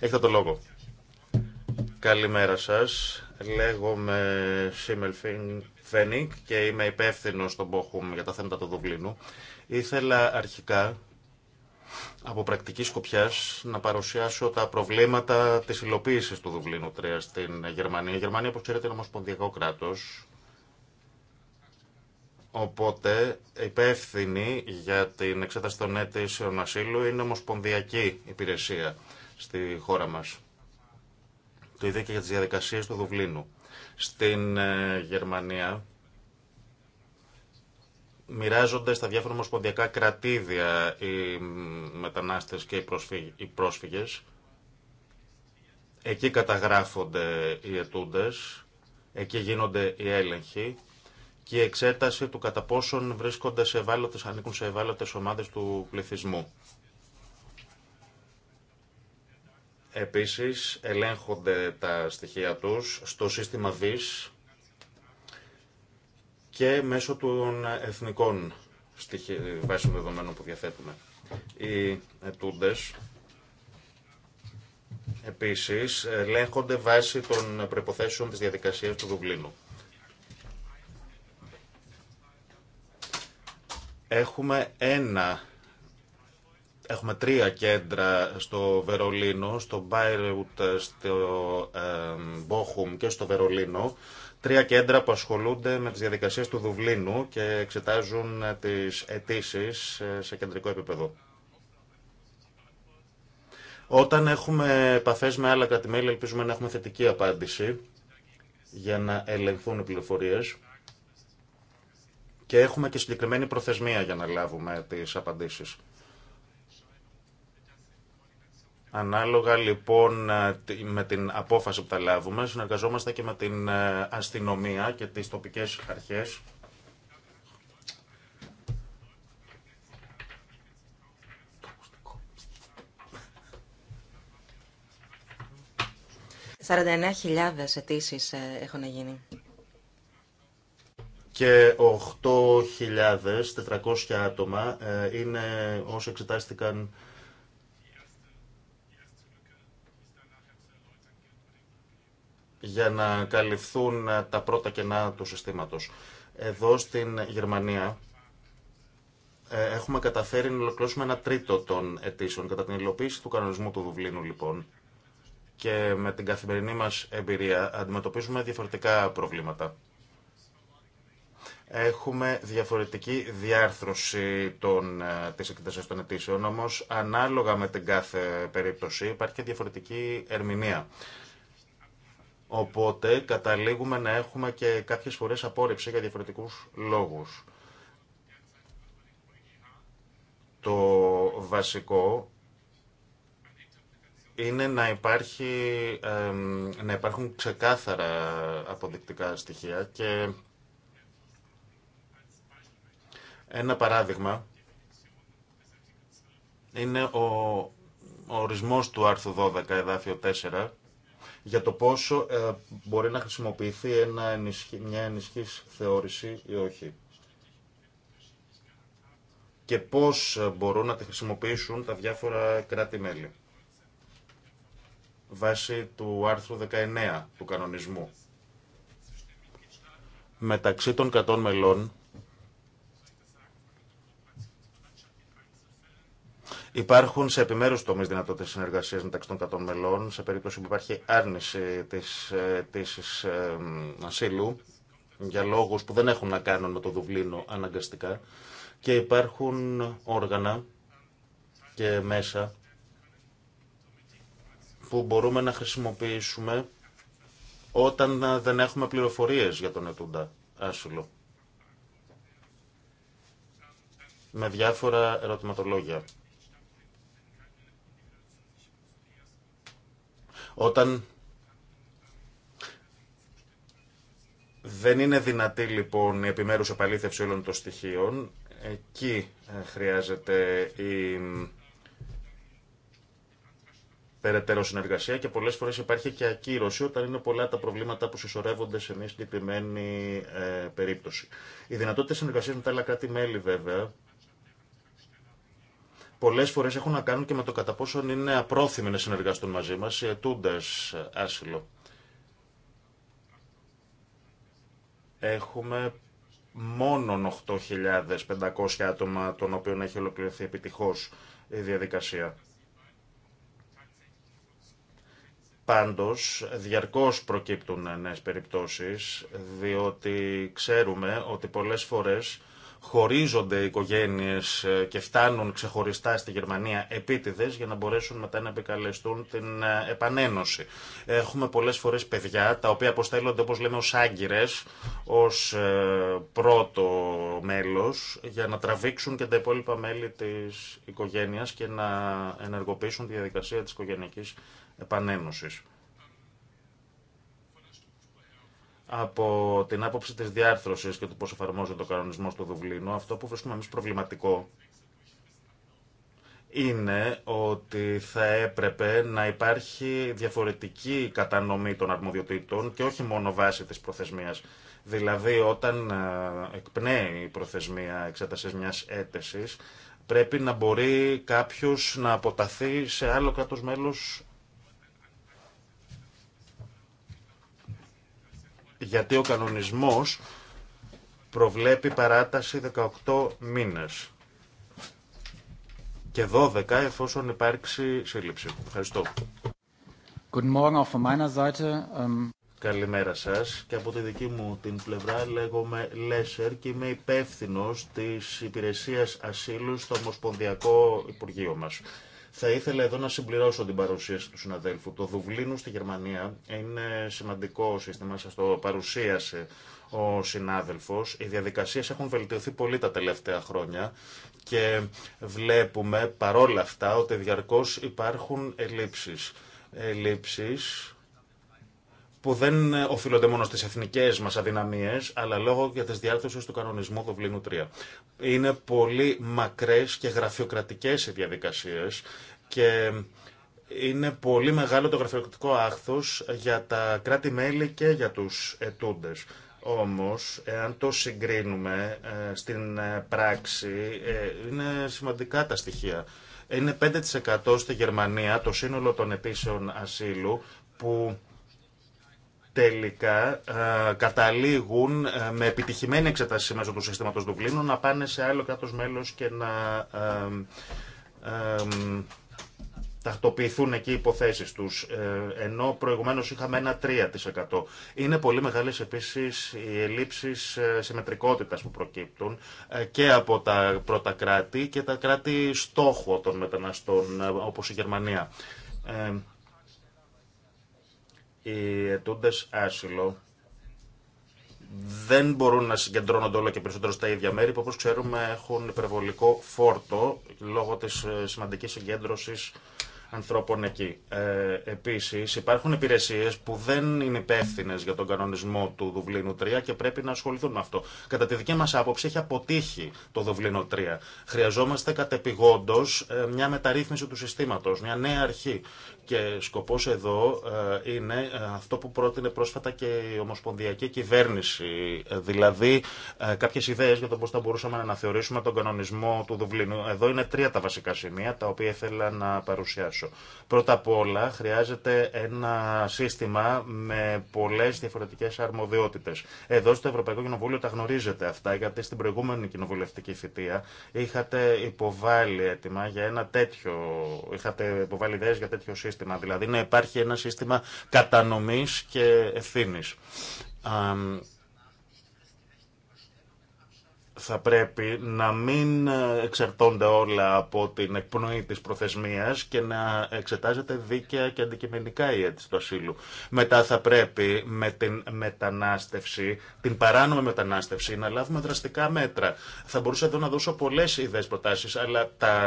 S2: Έχετε το λόγο. Καλημέρα σας. Λέγομαι Σίμελ Φένικ και είμαι υπεύθυνο στον Πόχουμ για τα θέματα του Δουβλίνου. Ήθελα αρχικά από πρακτική σκοπιά να παρουσιάσω τα προβλήματα τη υλοποίηση του Δουβλίνου 3 στην Γερμανία. Η Γερμανία, όπω ξέρετε, είναι ομοσπονδιακό κράτο. Οπότε υπεύθυνη για την εξέταση των αίτησεων ασύλου είναι ομοσπονδιακή υπηρεσία στη χώρα μας. Το ίδιο και για τις διαδικασίες του Δουβλίνου. Στην ε, Γερμανία μοιράζονται στα διάφορα ομοσπονδιακά κρατήδια οι μετανάστες και οι πρόσφυγες. Εκεί καταγράφονται οι ετούντες, εκεί γίνονται οι έλεγχοι και η εξέταση του κατά πόσον βρίσκονται σε ευάλωτες, ανήκουν σε ευάλωτες ομάδες του πληθυσμού. Επίσης, ελέγχονται τα στοιχεία τους στο σύστημα ΒΙΣ και μέσω των εθνικών βάσεων δεδομένων που διαθέτουμε. Οι ετούντες επίσης ελέγχονται βάσει των προϋποθέσεων της διαδικασίας του Δουβλίνου. Έχουμε ένα Έχουμε τρία κέντρα στο Βερολίνο, στο Μπάιρεουτ, στο Μπόχουμ και στο Βερολίνο. Τρία κέντρα που ασχολούνται με τις διαδικασίες του Δουβλίνου και εξετάζουν τις αιτήσει ε, σε κεντρικό επίπεδο. Όταν έχουμε επαφέ με άλλα κρατημέλη, ελπίζουμε να έχουμε θετική απάντηση για να ελεγχθούν οι πληροφορίες και έχουμε και συγκεκριμένη προθεσμία για να λάβουμε τις απαντήσεις. Ανάλογα λοιπόν με την απόφαση που τα λάβουμε, συνεργαζόμαστε και με την ε, αστυνομία και τις τοπικές αρχές.
S3: «49.000 αιτήσεις ε, έχουν γίνει
S2: και 8.400 άτομα ε, είναι όσοι εξετάστηκαν για να καλυφθούν ε, τα πρώτα κενά του συστήματος. Εδώ στην Γερμανία ε, έχουμε καταφέρει να ολοκληρώσουμε ένα τρίτο των αιτήσεων. Κατά την υλοποίηση του κανονισμού του Δουβλίνου, λοιπόν, και με την καθημερινή μας εμπειρία, αντιμετωπίζουμε διαφορετικά προβλήματα. Έχουμε διαφορετική διάρθρωση των, ε, της εκτάσεως των αιτήσεων, όμως ανάλογα με την κάθε περίπτωση υπάρχει και διαφορετική ερμηνεία. Οπότε καταλήγουμε να έχουμε και κάποιες φορές απόρριψη για διαφορετικούς λόγους. Το βασικό είναι να, υπάρχει, ε, να υπάρχουν ξεκάθαρα αποδεικτικά στοιχεία και ένα παράδειγμα είναι ο ορισμός του άρθρου 12, εδάφιο 4, για το πόσο ε, μπορεί να χρησιμοποιηθεί ένα, μια ενισχύς θεώρηση ή όχι. Και πώς ε, μπορούν να τη χρησιμοποιήσουν τα διάφορα κράτη-μέλη. Βάσει του άρθρου 19 του κανονισμού. Μεταξύ των 100 μελών Υπάρχουν σε επιμέρου τομεί δυνατότητε συνεργασία μεταξύ των κατών μελών, σε περίπτωση που υπάρχει άρνηση τη αιτήση ασύλου για λόγους που δεν έχουν να κάνουν με το Δουβλίνο αναγκαστικά και υπάρχουν όργανα και μέσα που μπορούμε να χρησιμοποιήσουμε όταν δεν έχουμε πληροφορίες για τον ετούντα άσυλο. Με διάφορα ερωτηματολόγια. Όταν δεν είναι δυνατή λοιπόν η επιμέρους επαλήθευση όλων των στοιχείων, εκεί ε, χρειάζεται η περαιτέρω συνεργασία και πολλές φορές υπάρχει και ακύρωση όταν είναι πολλά τα προβλήματα που συσσωρεύονται σε μια συγκεκριμένη ε, περίπτωση. Οι δυνατότητα συνεργασίας με τα άλλα κράτη-μέλη βέβαια πολλές φορές έχουν να κάνουν και με το κατά πόσον είναι απρόθυμοι να συνεργαστούν μαζί μας οι άσυλο. Έχουμε μόνον 8.500 άτομα των οποίων έχει ολοκληρωθεί επιτυχώς η διαδικασία. Πάντως, διαρκώς προκύπτουν νέες περιπτώσεις, διότι ξέρουμε ότι πολλές φορές χωρίζονται οι οικογένειε ε, και φτάνουν ξεχωριστά στη Γερμανία επίτηδε για να μπορέσουν μετά να επικαλεστούν την ε, επανένωση. Έχουμε πολλές φορές παιδιά τα οποία αποστέλλονται όπως λέμε ως άγκυρε, ως ε, πρώτο μέλος για να τραβήξουν και τα υπόλοιπα μέλη της οικογένειας και να ενεργοποιήσουν τη διαδικασία της οικογενειακή επανένωση. από την άποψη της διάρθρωσης και του πώς εφαρμόζεται ο κανονισμό του Δουβλίνου, αυτό που βρίσκουμε εμείς προβληματικό είναι ότι θα έπρεπε να υπάρχει διαφορετική κατανομή των αρμοδιοτήτων και όχι μόνο βάση της προθεσμίας. Δηλαδή, όταν ε, εκπνέει η προθεσμία εξέταση μιας πρέπει να μπορεί κάποιος να αποταθεί σε άλλο κράτος μέλος γιατί ο κανονισμός προβλέπει παράταση 18 μήνες και 12 εφόσον υπάρξει σύλληψη. Ευχαριστώ. meiner Seite. Ähm, Καλημέρα σας και από τη δική μου την πλευρά λέγομαι Λέσερ και είμαι υπεύθυνο της Υπηρεσίας Ασύλου στο Ομοσπονδιακό Υπουργείο μας. Θα ήθελα εδώ να συμπληρώσω την παρουσίαση του συναδέλφου. Το Δουβλίνου στη Γερμανία είναι σημαντικό σύστημα, σα το παρουσίασε ο συνάδελφο. Οι διαδικασίε έχουν βελτιωθεί πολύ τα τελευταία χρόνια και βλέπουμε παρόλα αυτά ότι διαρκώ υπάρχουν ελλείψει. Ελλείψεις που δεν οφείλονται μόνο στις εθνικές μας αδυναμίες, αλλά λόγω για τις διάρθρωσες του κανονισμού Δουβλίνου 3. Είναι πολύ μακρές και γραφειοκρατικές οι διαδικασίες και είναι πολύ μεγάλο το γραφειοκρατικό άχθος για τα κράτη-μέλη και για τους ετούντες. Όμως, εάν το συγκρίνουμε ε, στην ε, πράξη, ε, είναι σημαντικά τα στοιχεία. Είναι 5% στη Γερμανία το σύνολο των αιτήσεων ασύλου που τελικά ε, καταλήγουν ε, με επιτυχημένη εξετάση μέσω του συστήματος Δουβλίνου να πάνε σε άλλο κράτος μέλος και να ε, τακτοποιηθούν εκεί οι υποθέσεις τους, ενώ προηγουμένως είχαμε ένα 3%. Είναι πολύ μεγάλες επίσης οι ελλείψεις συμμετρικότητας που προκύπτουν και από τα πρώτα κράτη και τα κράτη στόχο των μεταναστών, όπως η Γερμανία οι αιτούντες άσυλο δεν μπορούν να συγκεντρώνονται όλο και περισσότερο στα ίδια μέρη που όπως ξέρουμε έχουν υπερβολικό φόρτο λόγω της ε, σημαντικής συγκέντρωσης ανθρώπων εκεί. Ε, επίσης υπάρχουν υπηρεσίες που δεν είναι υπεύθυνε για τον κανονισμό του Δουβλίνου 3 και πρέπει να ασχοληθούν με αυτό. Κατά τη δική μας άποψη έχει αποτύχει το Δουβλίνο 3. Χρειαζόμαστε κατεπηγόντως ε, μια μεταρρύθμιση του συστήματος, μια νέα αρχή και σκοπός εδώ ε, είναι ε, αυτό που πρότεινε πρόσφατα και η Ομοσπονδιακή Κυβέρνηση, ε, δηλαδή κάποιε ιδέε για το πώ θα μπορούσαμε να αναθεωρήσουμε τον κανονισμό του Δουβλίνου. Εδώ είναι τρία τα βασικά σημεία τα οποία ήθελα να παρουσιάσω. Πρώτα απ' όλα χρειάζεται ένα σύστημα με πολλέ διαφορετικέ αρμοδιότητε. Εδώ στο Ευρωπαϊκό Κοινοβούλιο τα γνωρίζετε αυτά, γιατί στην προηγούμενη κοινοβουλευτική θητεία είχατε υποβάλει έτοιμα για ένα τέτοιο, είχατε υποβάλει ιδέε για τέτοιο σύστημα σύστημα, δηλαδή να υπάρχει ένα σύστημα κατανομής και ευθύνης θα πρέπει να μην εξαρτώνται όλα από την εκπνοή της προθεσμίας και να εξετάζεται δίκαια και αντικειμενικά η αίτηση του ασύλου. Μετά θα πρέπει με την μετανάστευση, την παράνομη μετανάστευση, να λάβουμε δραστικά μέτρα. Θα μπορούσα εδώ να δώσω πολλές ιδέες προτάσεις, αλλά τα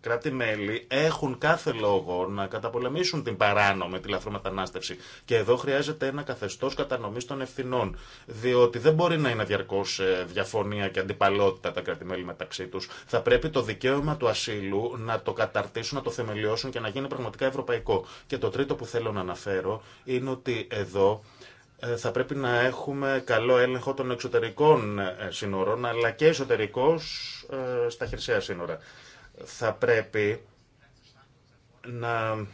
S2: κράτη-μέλη έχουν κάθε λόγο να καταπολεμήσουν την παράνομη, τη λαθρομετανάστευση. Και εδώ χρειάζεται ένα καθεστώς κατανομής των ευθυνών, διότι δεν μπορεί να είναι διαρκώς ε, διαφωνία και αντιπαλότητα τα κρατημέλη μεταξύ του. Θα πρέπει το δικαίωμα του ασύλου να το καταρτήσουν, να το θεμελιώσουν και να γίνει πραγματικά ευρωπαϊκό. Και το τρίτο που θέλω να αναφέρω είναι ότι εδώ ε, θα πρέπει να έχουμε καλό έλεγχο των εξωτερικών ε, σύνορων, αλλά και εσωτερικώς ε, στα χερσαία σύνορα. Θα πρέπει να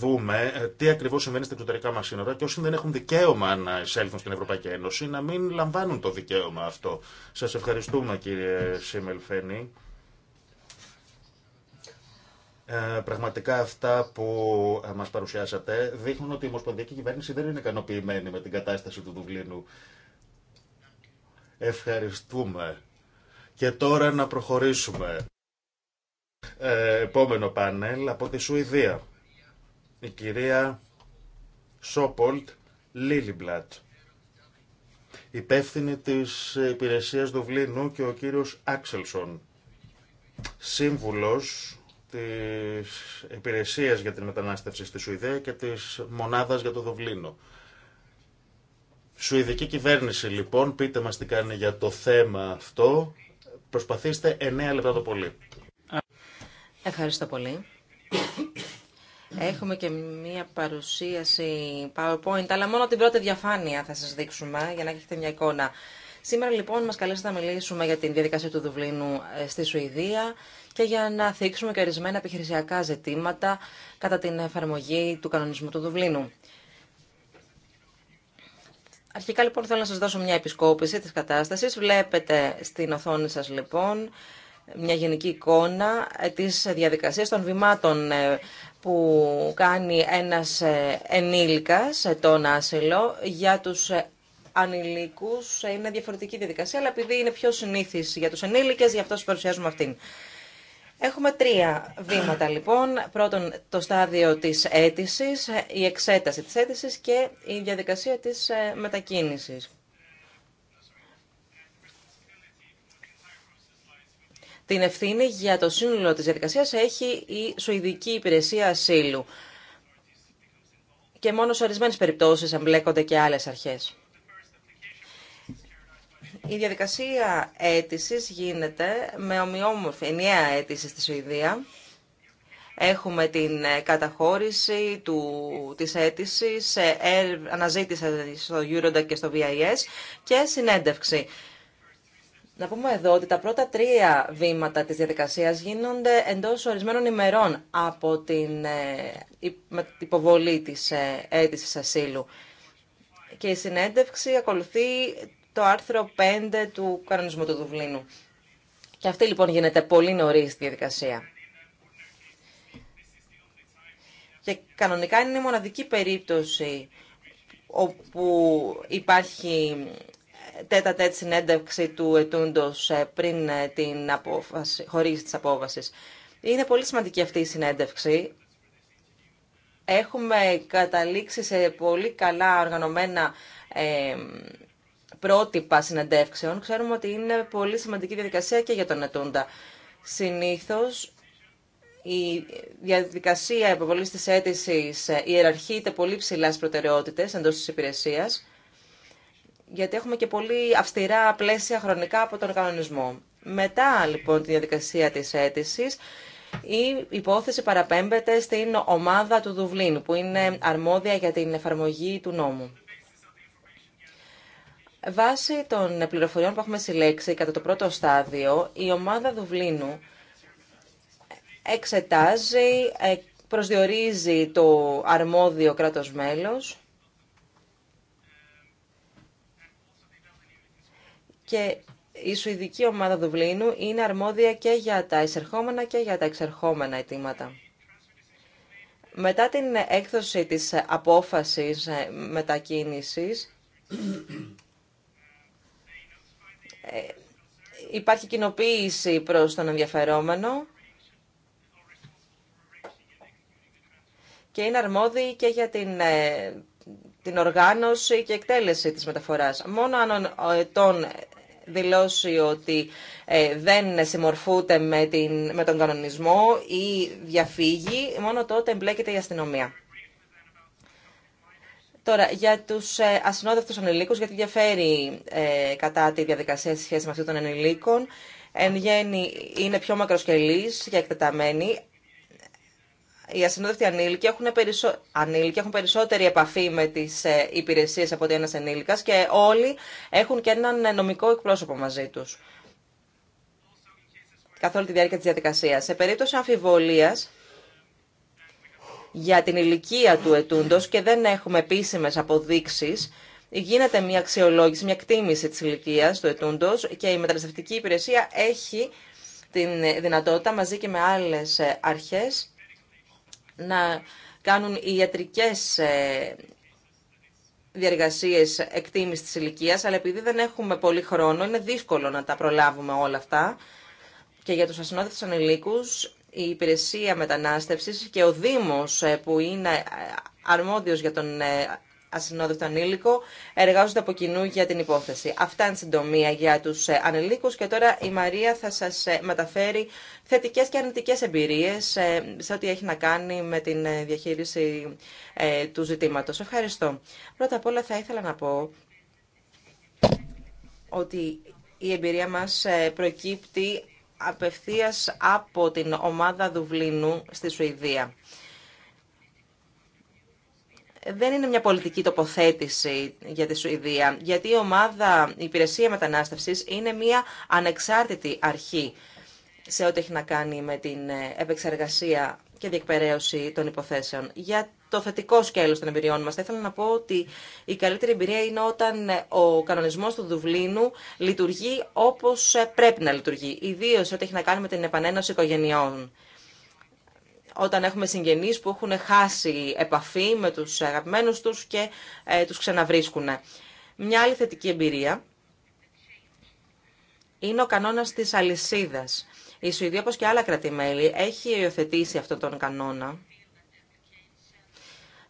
S2: δούμε ε, τι ακριβώ συμβαίνει στα εξωτερικά μα σύνορα και όσοι δεν έχουν δικαίωμα να εισέλθουν στην Ευρωπαϊκή Ένωση να μην λαμβάνουν το δικαίωμα αυτό. Σα ευχαριστούμε κύριε Σίμελφένη. Ε, πραγματικά αυτά που ε, μας παρουσιάσατε δείχνουν ότι η Ομοσπονδιακή Κυβέρνηση δεν είναι ικανοποιημένη με την κατάσταση του Δουβλίνου. Ευχαριστούμε. Και τώρα να προχωρήσουμε. Ε, επόμενο πάνελ από τη Σουηδία η κυρία Σόπολτ Λίλιμπλατ, υπεύθυνη της υπηρεσίας Δουβλίνου και ο κύριος Άξελσον, σύμβουλος της υπηρεσίας για την μετανάστευση στη Σουηδία και της μονάδας για το Δουβλίνο. Σουηδική κυβέρνηση λοιπόν, πείτε μας τι κάνει για το θέμα αυτό. Προσπαθήστε 9 λεπτά το πολύ.
S3: Ευχαριστώ πολύ. Έχουμε και μία παρουσίαση PowerPoint, αλλά μόνο την πρώτη διαφάνεια θα σας δείξουμε για να έχετε μια εικόνα. Σήμερα λοιπόν μας καλέσατε να μιλήσουμε για την διαδικασία του Δουβλίνου ε, στη Σουηδία και για να θίξουμε και ορισμένα επιχειρησιακά ζητήματα κατά την εφαρμογή του κανονισμού του Δουβλίνου. Αρχικά λοιπόν θέλω να σας δώσω μια επισκόπηση της κατάστασης. Βλέπετε στην οθόνη σας λοιπόν μια γενική εικόνα ε, της διαδικασίας των βημάτων ε, που κάνει ένας ε, ενήλικας τον άσυλο για τους ε, ανηλίκους είναι διαφορετική διαδικασία, αλλά επειδή είναι πιο συνήθις για τους ενήλικες, γι' αυτό σου παρουσιάζουμε αυτήν. Έχουμε τρία βήματα λοιπόν. Πρώτον, το στάδιο της αίτηση, ε, η εξέταση της αίτηση και η διαδικασία της μετακίνησης. Την ευθύνη για το σύνολο της διαδικασίας έχει η Σουηδική Υπηρεσία Ασύλου. Και μόνο σε ορισμένε περιπτώσεις εμπλέκονται και άλλες αρχές. Η διαδικασία αίτηση γίνεται με ομοιόμορφη ενιαία αίτηση στη Σουηδία. Έχουμε την καταχώρηση του, της αίτηση, αναζήτηση στο Eurodac και στο VIS και συνέντευξη. Να πούμε εδώ ότι τα πρώτα τρία βήματα της διαδικασίας γίνονται εντός ορισμένων ημερών από την ε, υποβολή της ε, αίτησης ασύλου. Και η συνέντευξη ακολουθεί το άρθρο 5 του κανονισμού του Δουβλίνου. Και αυτή λοιπόν γίνεται πολύ νωρί στη διαδικασία. Και κανονικά είναι η μοναδική περίπτωση όπου υπάρχει τέτα τέτ συνέντευξη του ετούντος ε, πριν ε, την απόφαση, χωρίς της απόβασης. Είναι πολύ σημαντική αυτή η συνέντευξη. Έχουμε καταλήξει σε πολύ καλά οργανωμένα ε, πρότυπα συνεντεύξεων. Ξέρουμε ότι είναι πολύ σημαντική διαδικασία και για τον ετούντα. Συνήθως η διαδικασία υποβολής της αίτησης ε, ιεραρχείται πολύ ψηλά στις προτεραιότητες εντός της υπηρεσίας γιατί έχουμε και πολύ αυστηρά πλαίσια χρονικά από τον κανονισμό. Μετά λοιπόν τη διαδικασία της αίτηση, η υπόθεση παραπέμπεται στην ομάδα του Δουβλίνου, που είναι αρμόδια για την εφαρμογή του νόμου. Βάσει των πληροφοριών που έχουμε συλλέξει κατά το πρώτο στάδιο, η ομάδα Δουβλίνου εξετάζει, ε, προσδιορίζει το αρμόδιο κράτος μέλος, και η Σουηδική ομάδα Δουβλίνου είναι αρμόδια και για τα εισερχόμενα και για τα εξερχόμενα αιτήματα. Μετά την έκδοση της απόφασης μετακίνησης, ε, υπάρχει κοινοποίηση προς τον ενδιαφερόμενο και είναι αρμόδιοι και για την, ε, την οργάνωση και εκτέλεση της μεταφοράς. Μόνο αν ο ε, δηλώσει ότι ε, δεν συμμορφούνται με, την, με τον κανονισμό ή διαφύγει, μόνο τότε εμπλέκεται η αστυνομία. Τώρα, για του ε, ασυνόδευτου ανηλίκου, γιατί διαφέρει ε, κατά τη διαδικασία σε σχέση με αυτού των ανηλίκων. Εν γέννη είναι πιο μακροσκελής και εκτεταμένη, οι ασυνόδευτοι ανήλικοι έχουν, περισσο... ανήλικοι έχουν περισσότερη επαφή με τις ε, υπηρεσίε από ότι ένα ενήλικα και όλοι έχουν και έναν ε, νομικό εκπρόσωπο μαζί του. καθ' όλη τη διάρκεια τη διαδικασία. Σε περίπτωση αμφιβολία για την ηλικία του ετούντος και δεν έχουμε επίσημε αποδείξει. γίνεται μια αξιολόγηση, μια εκτίμηση τη ηλικία του ετούντος και η μεταναστευτική υπηρεσία έχει την δυνατότητα μαζί και με άλλες ε, αρχές να κάνουν οι ιατρικές ε, διαργασίες εκτίμησης της ηλικία, αλλά επειδή δεν έχουμε πολύ χρόνο, είναι δύσκολο να τα προλάβουμε όλα αυτά. Και για τους ασυνόδευτους ανηλίκους, η υπηρεσία μετανάστευσης και ο Δήμος ε, που είναι ε, αρμόδιος για τον ασυνόδευτο ανήλικο εργάζονται από κοινού για την υπόθεση. Αυτά είναι συντομία για τους ε, ανηλίκου. και τώρα η Μαρία θα σας ε, μεταφέρει θετικές και αρνητικές εμπειρίες ε, σε ό,τι έχει να κάνει με την διαχείριση του ζητήματος. Ευχαριστώ. Πρώτα απ' όλα θα ήθελα να πω ότι η εμπειρία μας προκύπτει απευθείας από την ομάδα Δουβλίνου στη Σουηδία δεν είναι μια πολιτική τοποθέτηση για τη Σουηδία, γιατί η ομάδα υπηρεσία μετανάστευσης είναι μια ανεξάρτητη αρχή σε ό,τι έχει να κάνει με την ε, επεξεργασία και διεκπαιρέωση των υποθέσεων. Για το θετικό σκέλος των εμπειριών μας, θα ήθελα να πω ότι η καλύτερη εμπειρία είναι όταν ε, ο κανονισμός του Δουβλίνου λειτουργεί όπως ε, πρέπει να λειτουργεί, ιδίως ό,τι έχει να κάνει με την επανένωση οικογενειών όταν έχουμε συγγενείς που έχουν χάσει επαφή με τους αγαπημένους τους και ε, τους ξαναβρίσκουν. Μια άλλη θετική εμπειρία είναι ο κανόνας της αλυσίδας. Η Σουηδία, όπως και άλλα κρατημέλη, έχει υιοθετήσει αυτόν τον κανόνα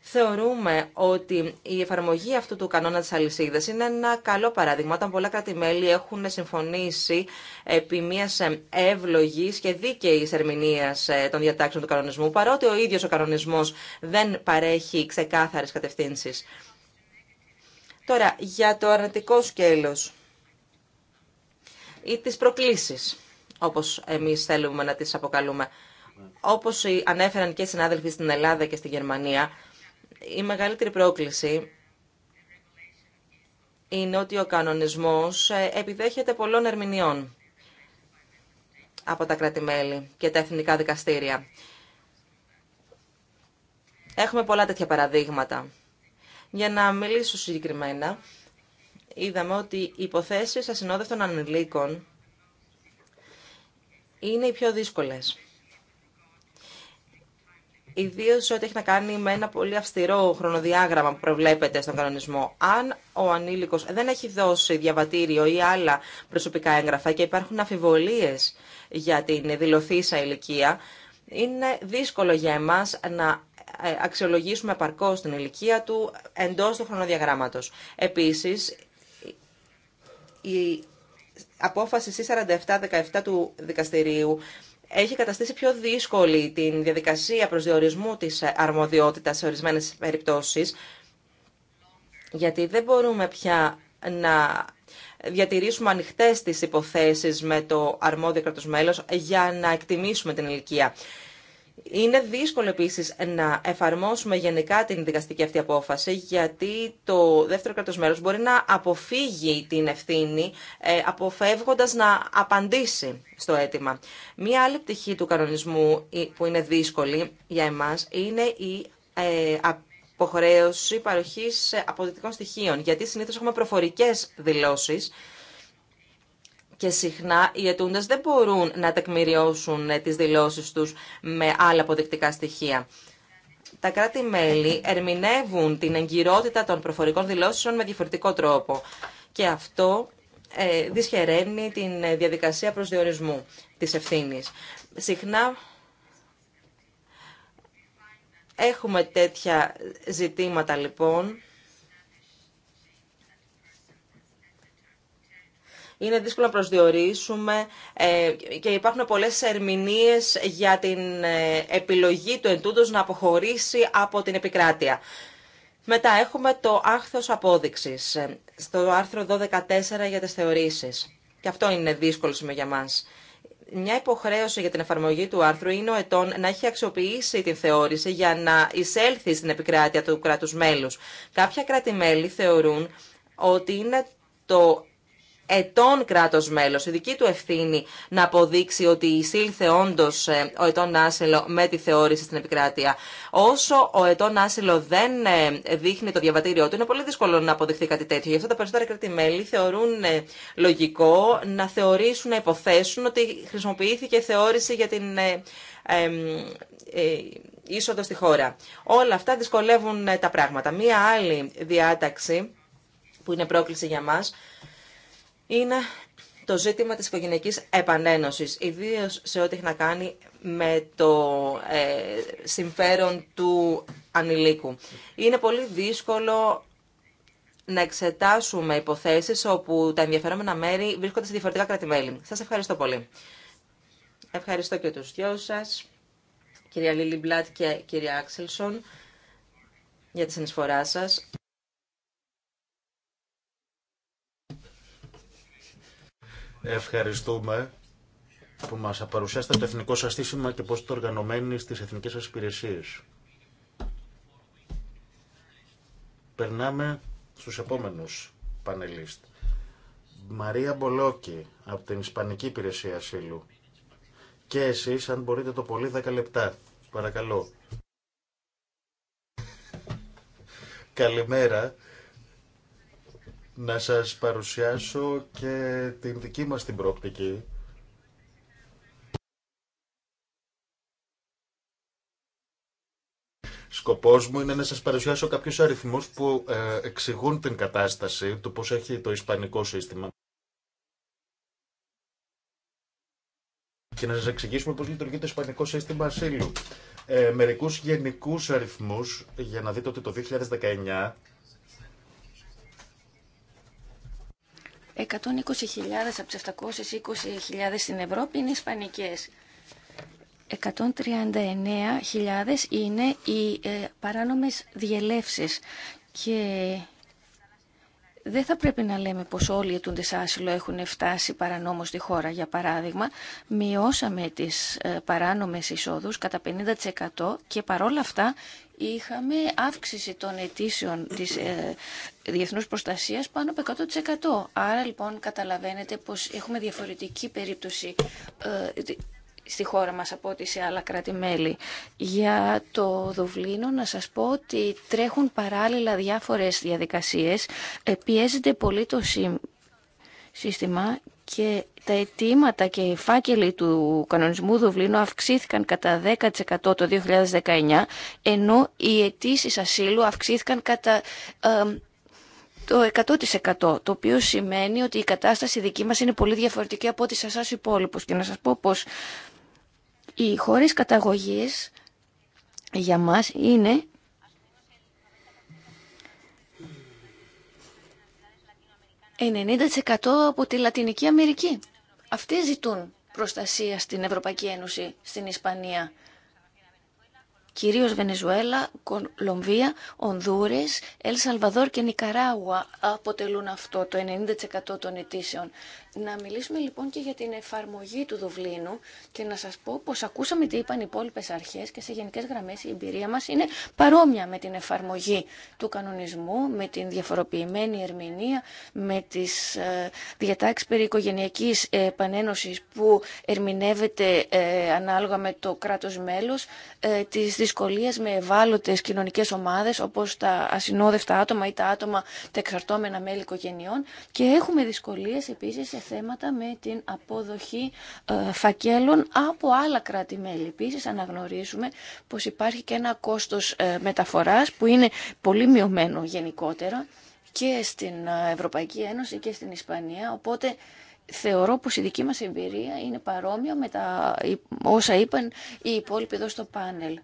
S3: Θεωρούμε ότι η εφαρμογή αυτού του κανόνα της αλυσίδας είναι ένα καλό παράδειγμα όταν πολλά κράτη-μέλη έχουν συμφωνήσει επί μιας ε, εύλογης και δίκαιης ερμηνείας ε, των διατάξεων του κανονισμού, παρότι ο ίδιος ο κανονισμός δεν παρέχει ξεκάθαρες κατευθύνσεις. Τώρα, για το αρνητικό σκέλος ή τις προκλήσεις, όπως εμείς θέλουμε να τις αποκαλούμε. Όπως ανέφεραν και οι συνάδελφοι στην Ελλάδα και στη Γερμανία, η μεγαλύτερη πρόκληση είναι ότι ο κανονισμός ε, επιδέχεται πολλών ερμηνεών από τα κρατη και τα εθνικά δικαστήρια. Έχουμε πολλά τέτοια παραδείγματα. Για να μιλήσω συγκεκριμένα, είδαμε ότι οι υποθέσεις ασυνόδευτων ανηλίκων είναι οι πιο δύσκολες ιδίω ό,τι έχει να κάνει με ένα πολύ αυστηρό χρονοδιάγραμμα που προβλέπεται στον κανονισμό. Αν ο ανήλικο δεν έχει δώσει διαβατήριο ή άλλα προσωπικά έγγραφα και υπάρχουν αφιβολίε για την δηλωθήσα ηλικία, είναι δύσκολο για εμά να ε, αξιολογήσουμε επαρκώ την ηλικία του εντό του χρονοδιαγράμματο. Επίση, η απόφαση C47-17 του δικαστηρίου έχει καταστήσει πιο δύσκολη την διαδικασία προσδιορισμού της αρμοδιότητας σε ορισμένες περιπτώσεις, γιατί δεν μπορούμε πια να διατηρήσουμε ανοιχτές τις υποθέσεις με το αρμόδιο κράτος μέλος για να εκτιμήσουμε την ηλικία. Είναι δύσκολο επίση να εφαρμόσουμε γενικά την δικαστική αυτή απόφαση, γιατί το δεύτερο κράτο μέλο μπορεί να αποφύγει την ευθύνη, ε, αποφεύγοντα να απαντήσει στο αίτημα. Μία άλλη πτυχή του κανονισμού ε, που είναι δύσκολη για εμά είναι η ε, αποχρέωση παροχή αποδεικτικών στοιχείων, γιατί συνήθω έχουμε προφορικέ δηλώσει και συχνά οι αιτούντε δεν μπορούν να τεκμηριώσουν ε, τις δηλώσεις τους με άλλα αποδεικτικά στοιχεία. Τα κράτη-μέλη ερμηνεύουν την εγκυρότητα των προφορικών δηλώσεων με διαφορετικό τρόπο και αυτό ε, δυσχεραίνει την διαδικασία προσδιορισμού της ευθύνης. Συχνά έχουμε τέτοια ζητήματα λοιπόν είναι δύσκολο να προσδιορίσουμε ε, και υπάρχουν πολλές ερμηνείες για την ε, επιλογή του εντούτος να αποχωρήσει από την επικράτεια. Μετά έχουμε το άχθος απόδειξης, ε, στο άρθρο 12.4 για τις θεωρήσεις. Και αυτό είναι δύσκολο σημείο για μας. Μια υποχρέωση για την εφαρμογή του άρθρου είναι ο ετών να έχει αξιοποιήσει την θεώρηση για να εισέλθει στην επικράτεια του κράτους μέλους. Κάποια κράτη-μέλη θεωρούν ότι είναι το ετών κράτο μέλο, Η δική του ευθύνη να αποδείξει ότι εισήλθε όντω ε, ο ετών άσυλο με τη θεώρηση στην επικράτεια. Όσο ο ετών άσυλο δεν ε, δείχνει το διαβατήριό του, είναι πολύ δύσκολο να αποδειχθεί κάτι τέτοιο. Γι' αυτό τα περισσότερα κράτη-μέλη θεωρούν ε, λογικό να θεωρήσουν, να υποθέσουν ότι χρησιμοποιήθηκε θεώρηση για την είσοδο στη χώρα. Όλα αυτά δυσκολεύουν τα πράγματα. Μία άλλη διάταξη που είναι πρόκληση για μας είναι το ζήτημα της οικογενειακής επανένωσης, ιδίως σε ό,τι έχει να κάνει με το ε, συμφέρον του ανηλίκου. Είναι πολύ δύσκολο να εξετάσουμε υποθέσεις όπου τα ενδιαφερόμενα μέρη βρίσκονται σε διαφορετικά κράτη-μέλη. Σας ευχαριστώ πολύ. Ευχαριστώ και τους δυο σας, κυρία Λίλι Μπλάτ και κυρία Άξελσον, για τη συνεισφορά σας.
S2: Ευχαριστούμε που μας παρουσιάσετε το εθνικό σας στήσιμα και πώς το οργανωμένοι στις εθνικές σας υπηρεσίες. Περνάμε στους επόμενους πανελίστ. Μαρία Μπολόκη από την Ισπανική Υπηρεσία Ασύλου. Και εσείς, αν μπορείτε το πολύ, 10 λεπτά. Παρακαλώ. Καλημέρα να σας παρουσιάσω και την δική μας την πρόπτικη. Σκοπός μου είναι να σας παρουσιάσω κάποιους αριθμούς που ε, εξηγούν την κατάσταση, του πώς έχει το ισπανικό σύστημα. Και να σας εξηγήσουμε πώς λειτουργεί το ισπανικό σύστημα ασύλου. Ε, μερικούς γενικούς αριθμούς, για να δείτε ότι το 2019
S1: 120.000 από τις 720.000 στην Ευρώπη είναι ισπανικές. 139.000 είναι οι ε, παράνομες διελεύσεις και δεν θα πρέπει να λέμε πως όλοι οι αιτούντες άσυλο έχουν φτάσει παρανόμως στη χώρα. Για παράδειγμα, μειώσαμε τις ε, παράνομες εισόδους κατά 50% και παρόλα αυτά είχαμε αύξηση των αιτήσεων της ε, διεθνούς προστασίας πάνω από 100%. Άρα λοιπόν καταλαβαίνετε πως έχουμε διαφορετική περίπτωση ε, στη χώρα μας από ό,τι σε άλλα κράτη-μέλη. Για το Δουβλίνο να σας πω ότι τρέχουν παράλληλα διάφορες διαδικασίες, ε, πιέζεται πολύ το σύστημα και τα αιτήματα και οι φάκελοι του κανονισμού Δουβλίνου αυξήθηκαν κατά 10% το 2019, ενώ οι αιτήσει ασύλου αυξήθηκαν κατά το 100%, το οποίο σημαίνει ότι η κατάσταση δική μας είναι πολύ διαφορετική από ό,τι σε εσάς υπόλοιπους. Και να σας πω πως οι χώρες καταγωγής για μας είναι 90% από τη Λατινική Αμερική. Αυτοί ζητούν προστασία στην Ευρωπαϊκή Ένωση, στην Ισπανία. Κυρίως Βενεζουέλα, Κολομβία, Ονδούρες, Ελ Σαλβαδόρ και Νικαράγουα αποτελούν αυτό το 90% των αιτήσεων. Να μιλήσουμε λοιπόν και για την εφαρμογή του Δουβλίνου και να σας πω πως ακούσαμε τι είπαν οι υπόλοιπε αρχές και σε γενικές γραμμές η εμπειρία μας είναι παρόμοια με την εφαρμογή του κανονισμού, με την διαφοροποιημένη ερμηνεία, με τις ε, διατάξεις περί οικογενειακής επανένωσης που ερμηνεύεται ε, ανάλογα με το κράτος μέλος, ε, τις δυσκολίες με ευάλωτες κοινωνικές ομάδες όπως τα ασυνόδευτα άτομα ή τα άτομα τα εξαρτώμενα μέλη οικογενειών και έχουμε δυσκολίε επίσης θέματα με την αποδοχή ε, φακέλων από άλλα κράτη-μέλη. Επίσης αναγνωρίζουμε πως υπάρχει και ένα κόστος ε, μεταφοράς που είναι πολύ μειωμένο γενικότερα και στην ε, Ευρωπαϊκή Ένωση και στην Ισπανία, οπότε θεωρώ πως η δική μας εμπειρία είναι παρόμοια με τα όσα είπαν οι υπόλοιποι εδώ στο πάνελ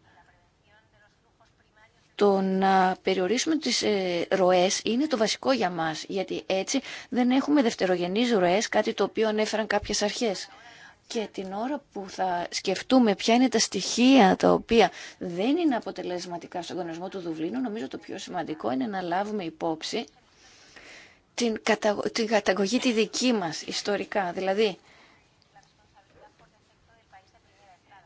S1: το να περιορίσουμε τις ε, ροές είναι το βασικό για μας, γιατί έτσι δεν έχουμε δευτερογενείς ροές, κάτι το οποίο ανέφεραν κάποιες αρχές. Και την ώρα που θα σκεφτούμε ποια είναι τα στοιχεία τα οποία δεν είναι αποτελεσματικά στον κανονισμό του Δουβλίνου, νομίζω το πιο σημαντικό είναι να λάβουμε υπόψη την, καταγωγή τη δική μας ιστορικά. Δηλαδή,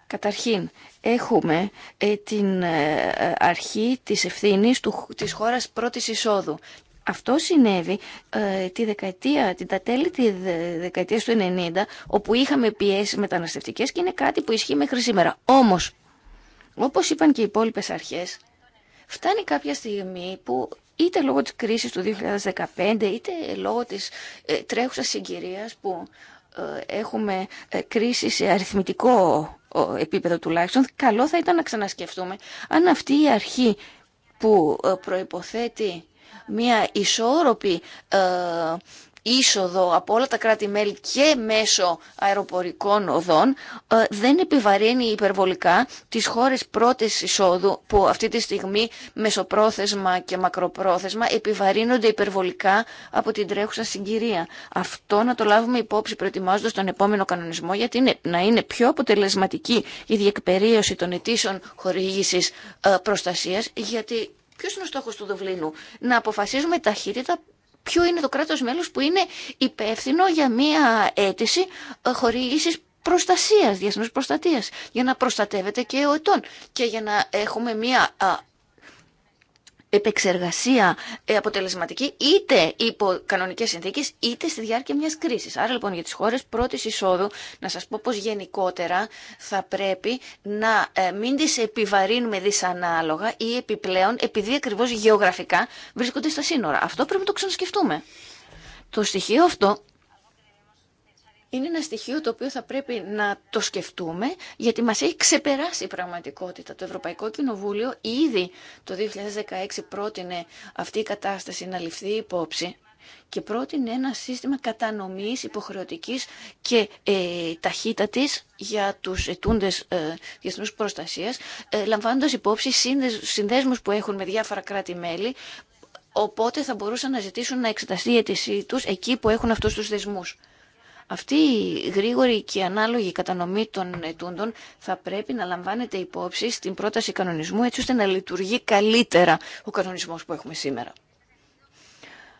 S1: Καταρχήν, έχουμε ε, την ε, αρχή της ευθύνης του, της χώρας πρώτης εισόδου. Αυτό συνέβη ε, τη δεκαετία, την τα τέλη τη δεκαετία του 90, όπου είχαμε πιέσει μεταναστευτικές και είναι κάτι που ισχύει μέχρι σήμερα. Όμως, όπως είπαν και οι υπόλοιπε αρχές, φτάνει κάποια στιγμή που είτε λόγω της κρίσης του 2015, είτε λόγω της ε, τρέχουσας συγκυρίας που έχουμε κρίση σε αριθμητικό επίπεδο τουλάχιστον, καλό θα ήταν να ξανασκεφτούμε αν αυτή η αρχή που ε, προϋποθέτει μια ισόρροπη ε, είσοδο από όλα τα κράτη-μέλη και μέσω αεροπορικών οδών ε, δεν επιβαρύνει υπερβολικά τις χώρες πρώτης εισόδου που αυτή τη στιγμή μεσοπρόθεσμα και μακροπρόθεσμα επιβαρύνονται υπερβολικά από την τρέχουσα συγκυρία. Αυτό να το λάβουμε υπόψη προετοιμάζοντας τον επόμενο κανονισμό γιατί είναι, να είναι πιο αποτελεσματική η διεκπερίωση των αιτήσεων χορήγησης ε, προστασίας γιατί Ποιο είναι ο στόχο του Δουβλίνου, να αποφασίζουμε ταχύτητα ποιο είναι το κράτος μέλος που είναι υπεύθυνο για μία αίτηση ε, χορήγησης προστασίας, διεθνούς προστατείας, για να προστατεύεται και ο ετών και για να έχουμε μια επεξεργασία ε, αποτελεσματική είτε υπό κανονικέ συνθήκες είτε στη διάρκεια μια κρίση. Άρα λοιπόν για τις χώρες πρώτης εισόδου να σας πω πως γενικότερα θα πρέπει να ε, μην τι επιβαρύνουμε δυσανάλογα ή επιπλέον επειδή ακριβώ γεωγραφικά βρίσκονται στα σύνορα. Αυτό πρέπει να το ξανασκεφτούμε. Το στοιχείο αυτό είναι ένα στοιχείο το οποίο θα πρέπει να το σκεφτούμε, γιατί μας έχει ξεπεράσει η πραγματικότητα. Το Ευρωπαϊκό Κοινοβούλιο ήδη το 2016 πρότεινε αυτή η κατάσταση να ληφθεί υπόψη και πρότεινε ένα σύστημα κατανομής υποχρεωτικής και ε, ταχύτατης για τους ετούντες ε, διεθνούς προστασίας, ε, λαμβάνοντας υπόψη συνδέσμους που έχουν με διάφορα κράτη-μέλη, οπότε θα μπορούσαν να ζητήσουν να εξεταστεί η αίτησή τους εκεί που έχουν αυτούς τους δεσμούς. Αυτή η γρήγορη και ανάλογη κατανομή των ετούντων θα πρέπει να λαμβάνεται υπόψη στην πρόταση κανονισμού έτσι ώστε να λειτουργεί καλύτερα ο κανονισμός που έχουμε σήμερα.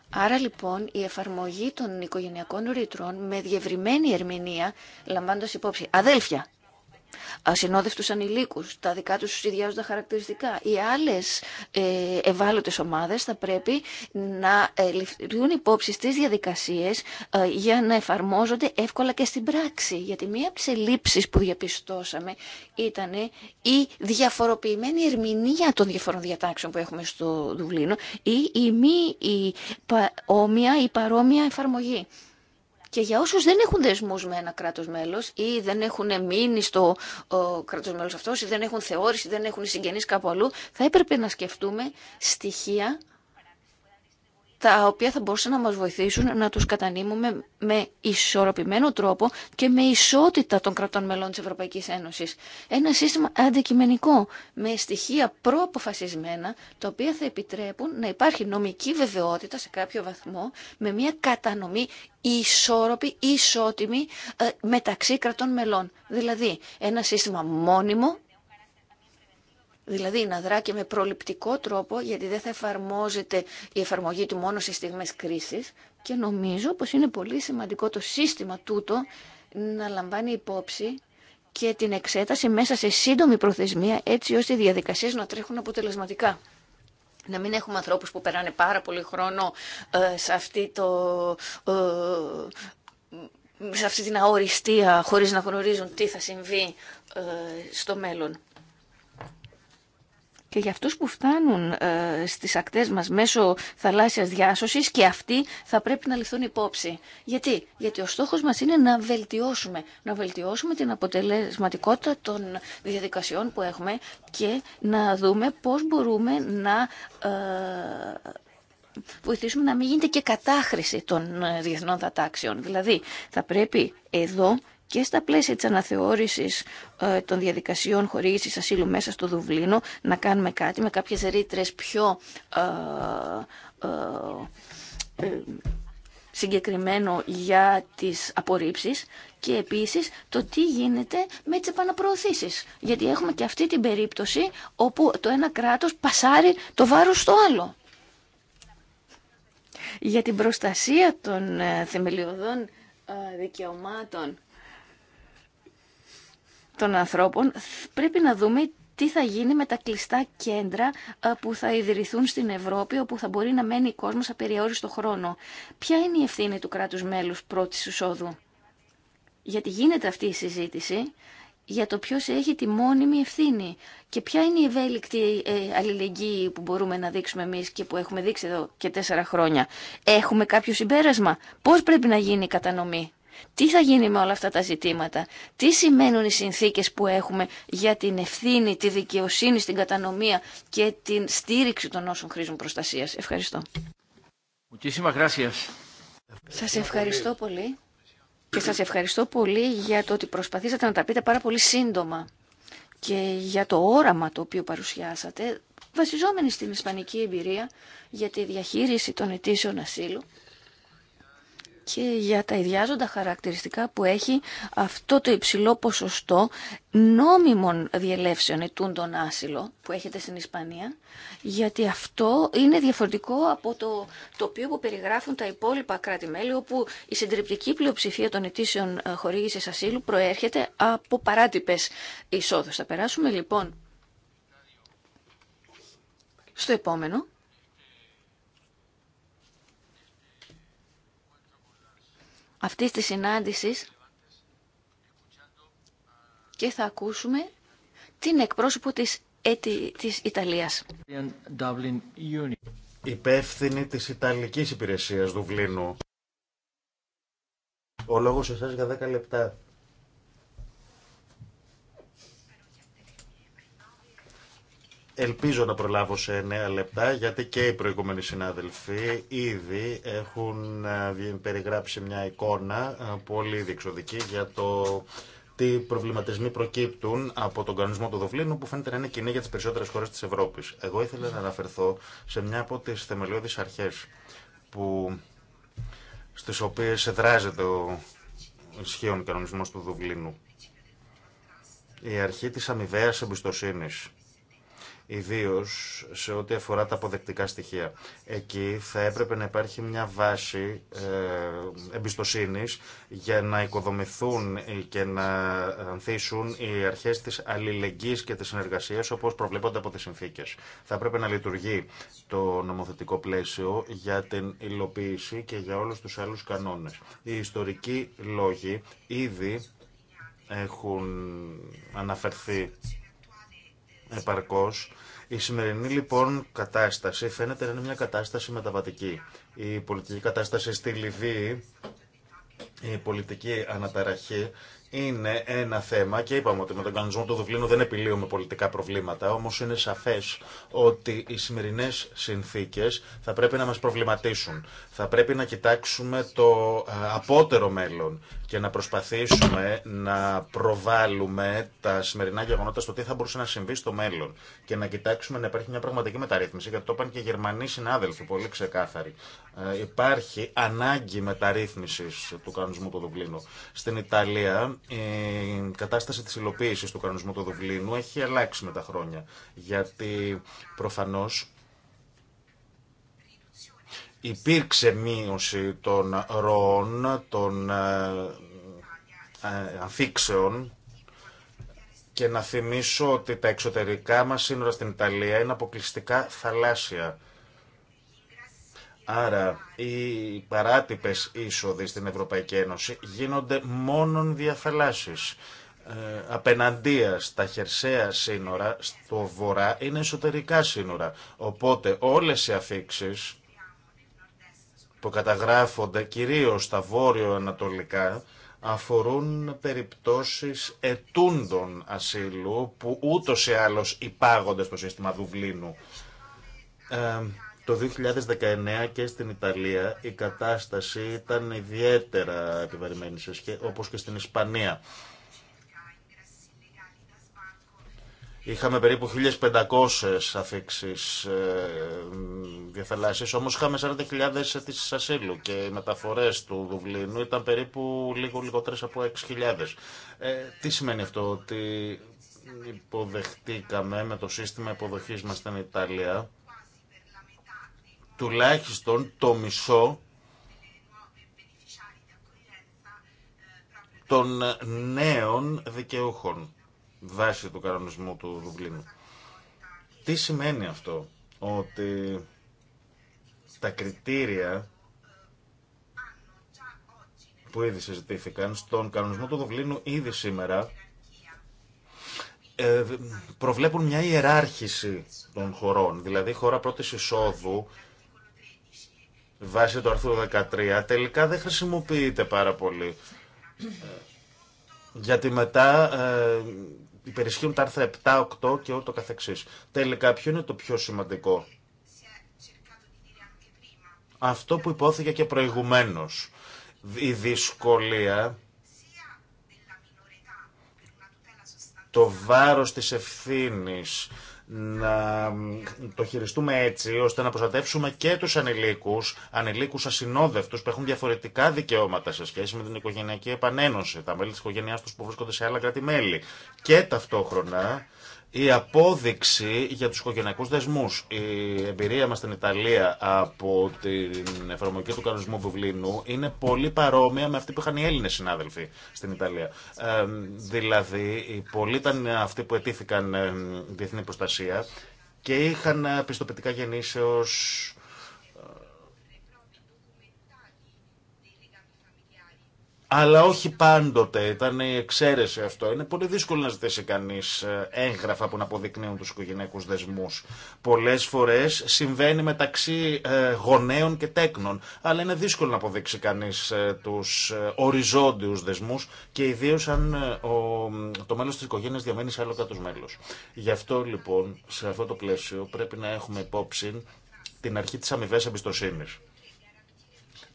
S1: Άρα λοιπόν η εφαρμογή των οικογενειακών ρήτρων με διευρυμένη ερμηνεία, λαμβάνοντας υπόψη αδέλφια, ασυνόδευτους ανηλίκους, τα δικά του ιδιάζοντα χαρακτηριστικά. Οι άλλε ε, ευάλωτες ομάδες θα πρέπει να ε, ληφθούν υπόψη στις διαδικασίες ε, για να εφαρμόζονται εύκολα και στην πράξη. Γιατί μία από τι που διαπιστώσαμε ήταν ε, η διαφοροποιημένη ερμηνεία των διαφορών διατάξεων που έχουμε στο Δουβλίνο ή η μη η, όμοια ή παρόμοια εφαρμογή. Και για όσους δεν έχουν δεσμούς με ένα κράτος μέλος ή δεν έχουν μείνει στο ο, κράτος μέλος αυτός ή δεν έχουν θεώρηση, δεν έχουν συγγενείς κάπου αλλού, θα έπρεπε να σκεφτούμε στοιχεία τα οποία θα μπορούσαν να μας βοηθήσουν να τους κατανείμουμε με ισορροπημένο τρόπο και με ισότητα των κρατών μελών της Ευρωπαϊκής Ένωσης. Ένα σύστημα αντικειμενικό, με στοιχεία προαποφασισμένα, τα οποία θα επιτρέπουν να υπάρχει νομική βεβαιότητα σε κάποιο βαθμό, με μια κατανομή ισόρροπη, ισότιμη ε, μεταξύ κρατών μελών. Δηλαδή, ένα σύστημα μόνιμο, Δηλαδή να δρά και με προληπτικό τρόπο, γιατί δεν θα εφαρμόζεται η εφαρμογή του μόνο σε στιγμές κρίσης. Και νομίζω πως είναι πολύ σημαντικό το σύστημα τούτο να λαμβάνει υπόψη και την εξέταση μέσα σε σύντομη προθεσμία, έτσι ώστε οι διαδικασίες να τρέχουν αποτελεσματικά. Να μην έχουμε ανθρώπους που περάνε πάρα πολύ χρόνο ε, σε αυτή το... Ε, σε αυτή την αοριστία χωρίς να γνωρίζουν τι θα συμβεί ε, στο μέλλον και για αυτούς που φτάνουν ε, στις ακτές μας μέσω θαλάσσιας διάσωσης και αυτοί θα πρέπει να ληφθούν υπόψη. Γιατί, Γιατί ο στόχος μας είναι να βελτιώσουμε, να βελτιώσουμε την αποτελεσματικότητα των διαδικασιών που έχουμε και να δούμε πώς μπορούμε να ε, βοηθήσουμε να μην γίνεται και κατάχρηση των ε, διεθνών δατάξεων. Δηλαδή θα πρέπει εδώ και στα πλαίσια της αναθεώρησης ε, των διαδικασιών χορήγησης ασύλου μέσα στο Δουβλίνο να κάνουμε κάτι με κάποιες ρήτρε πιο ε, ε, συγκεκριμένο για τις απορρίψεις και επίσης το τι γίνεται με τις επαναπροωθήσεις. Γιατί έχουμε και αυτή την περίπτωση όπου το ένα κράτος πασάρει το βάρος στο άλλο. Για την προστασία των θεμελιωδών δικαιωμάτων των ανθρώπων, πρέπει να δούμε τι θα γίνει με τα κλειστά κέντρα ε, που θα ιδρυθούν στην Ευρώπη, όπου θα μπορεί να μένει ο κόσμος απεριόριστο χρόνο. Ποια είναι η ευθύνη του κράτου μέλου πρώτη εισόδου. Γιατί γίνεται αυτή η συζήτηση για το ποιο έχει τη μόνιμη ευθύνη και ποια είναι η ευέλικτη ε, αλληλεγγύη που μπορούμε να δείξουμε εμεί και που έχουμε δείξει εδώ και τέσσερα χρόνια. Έχουμε κάποιο συμπέρασμα. Πώ πρέπει να γίνει η κατανομή. Τι θα γίνει με όλα αυτά τα ζητήματα, τι σημαίνουν οι συνθήκες που έχουμε για την ευθύνη, τη δικαιοσύνη στην κατανομία και την στήριξη των όσων χρήζουν προστασίας. Ευχαριστώ. Σας ευχαριστώ πολύ και σας ευχαριστώ πολύ για το ότι προσπαθήσατε να τα πείτε πάρα πολύ σύντομα και για το όραμα το οποίο παρουσιάσατε βασιζόμενοι στην ισπανική εμπειρία για τη διαχείριση των αιτήσεων ασύλου και για τα ιδιάζοντα χαρακτηριστικά που έχει αυτό το υψηλό ποσοστό νόμιμων διελεύσεων ετούντων άσυλο που έχετε στην Ισπανία, γιατί αυτό είναι διαφορετικό από το τοπίο που περιγράφουν τα υπόλοιπα κράτη-μέλη, όπου η συντριπτική πλειοψηφία των ετήσεων ε, χορήγησης ασύλου προέρχεται από παράτυπες εισόδους. Θα περάσουμε λοιπόν στο επόμενο Αυτή της συνάντησης και θα ακούσουμε την εκπρόσωπο της, ΕΤΗ της Ιταλίας.
S2: Υπεύθυνη της Ιταλικής Υπηρεσίας Δουβλίνου. Ο λόγος εσάς για 10 λεπτά. Ελπίζω να προλάβω σε 9 λεπτά, γιατί και οι προηγούμενοι συνάδελφοι ήδη έχουν ε, περιγράψει μια εικόνα ε, πολύ διεξοδική για το τι προβληματισμοί προκύπτουν από τον κανονισμό του Δουβλίνου που φαίνεται να είναι κοινή για τις περισσότερες χώρες της Ευρώπης. Εγώ ήθελα να αναφερθώ σε μια από τις θεμελιώδει αρχέ που, στις οποίες εδράζεται ο ισχύων κανονισμός του Δουβλίνου. Η αρχή της αμοιβαίας εμπιστοσύνης ιδίω σε ό,τι αφορά τα αποδεκτικά στοιχεία. Εκεί θα έπρεπε να υπάρχει μια βάση ε, εμπιστοσύνη για να οικοδομηθούν και να ανθίσουν οι αρχές της αλληλεγγύης και τη συνεργασίας όπως προβλέπονται από τι συνθήκε. Θα έπρεπε να λειτουργεί το νομοθετικό πλαίσιο για την υλοποίηση και για όλους τους άλλους κανόνε. Οι ιστορικοί λόγοι ήδη έχουν αναφερθεί επαρκώς η σημερινή λοιπόν κατάσταση φαίνεται να είναι μια κατάσταση μεταβατική. Η πολιτική κατάσταση στη Λιβύη, η πολιτική αναταραχή είναι ένα θέμα και είπαμε ότι με τον κανονισμό του Δουβλίνου δεν επιλύουμε πολιτικά προβλήματα, Όμω είναι σαφές ότι οι σημερινές συνθήκες θα πρέπει να μα προβληματίσουν. Θα πρέπει να κοιτάξουμε το ε, απότερο μέλλον και να προσπαθήσουμε να προβάλλουμε τα σημερινά γεγονότα στο τι θα μπορούσε να συμβεί στο μέλλον και να κοιτάξουμε να υπάρχει μια πραγματική μεταρρύθμιση, γιατί το είπαν και οι Γερμανοί συνάδελφοι πολύ ξεκάθαροι. Ε, υπάρχει ανάγκη μεταρρύθμιση του κανονισμού του Δουβλίνου. Στην Ιταλία η κατάσταση της υλοποίησης του κανονισμού του Δουβλίνου έχει αλλάξει με τα χρόνια. Γιατί προφανώς υπήρξε μείωση των ροών, των ε, ε, αφήξεων και να θυμίσω ότι τα εξωτερικά μας σύνορα στην Ιταλία είναι αποκλειστικά θαλάσσια. Άρα οι παράτυπες είσοδοι στην Ευρωπαϊκή Ένωση γίνονται μόνον διαφελάσεις. Ε, απέναντία στα χερσαία σύνορα, στο βορρά, είναι εσωτερικά σύνορα. Οπότε όλες οι αφήξεις που καταγράφονται κυρίως στα βόρειο-ανατολικά αφορούν περιπτώσεις ετούντων ασύλου που ούτως ή άλλως υπάγονται στο σύστημα Δουβλίνου. Ε, το 2019 και στην Ιταλία η κατάσταση ήταν ιδιαίτερα επιβαρημένη, όπως και στην Ισπανία. Είχαμε περίπου 1.500 αφήξεις ε, Όμω όμως είχαμε 40.000 αιτήσεις ασύλου και οι μεταφορές του Δουβλίνου ήταν περίπου λίγο λιγότερες από 6.000. Ε, τι σημαίνει αυτό, ότι υποδεχτήκαμε με το σύστημα υποδοχής μας στην Ιταλία τουλάχιστον το μισό των νέων δικαιούχων βάσει του κανονισμού του Δουβλίνου. Τι σημαίνει αυτό, ότι τα κριτήρια που ήδη συζητήθηκαν στον κανονισμό του Δουβλίνου ήδη σήμερα ε, προβλέπουν μια ιεράρχηση των χωρών, δηλαδή χώρα πρώτης εισόδου βάσει του αρθρού 13 τελικά δεν χρησιμοποιείται πάρα πολύ. Ε, γιατί μετά ε, υπερισχύουν τα άρθρα 7, 8 και ούτω καθεξής. Τελικά ποιο είναι το πιο σημαντικό. Αυτό που υπόθηκε και προηγουμένως. Η δυσκολία το βάρος της ευθύνης να το χειριστούμε έτσι ώστε να προστατεύσουμε και τους ανηλίκους, ανηλίκους ασυνόδευτους που έχουν διαφορετικά δικαιώματα σε σχέση με την οικογενειακή επανένωση, τα μέλη της οικογένειάς τους που βρίσκονται σε άλλα κράτη-μέλη και ταυτόχρονα η απόδειξη για τους οικογενειακούς δεσμούς. Η εμπειρία μας στην Ιταλία από την εφαρμογή του κανονισμού Βουβλίνου είναι πολύ παρόμοια με αυτή που είχαν οι Έλληνες συνάδελφοι στην Ιταλία. Ε, δηλαδή, πολλοί ήταν αυτοί που ετήθηκαν ε, διεθνή προστασία και είχαν πιστοποιητικά γεννήσεως Αλλά όχι πάντοτε, ήταν η εξαίρεση αυτό. Είναι πολύ δύσκολο να ζητήσει κανεί ε, έγγραφα που να αποδεικνύουν του οικογενειακού δεσμού. Πολλέ φορέ συμβαίνει μεταξύ ε, γονέων και τέκνων, αλλά είναι δύσκολο να αποδείξει κανεί ε, του οριζόντιου δεσμού και ιδίω αν το μέλο τη οικογένεια διαμένει σε άλλο κάτω μέλο. Γι' αυτό λοιπόν, σε αυτό το πλαίσιο, πρέπει να έχουμε υπόψη την αρχή τη αμοιβέ εμπιστοσύνη.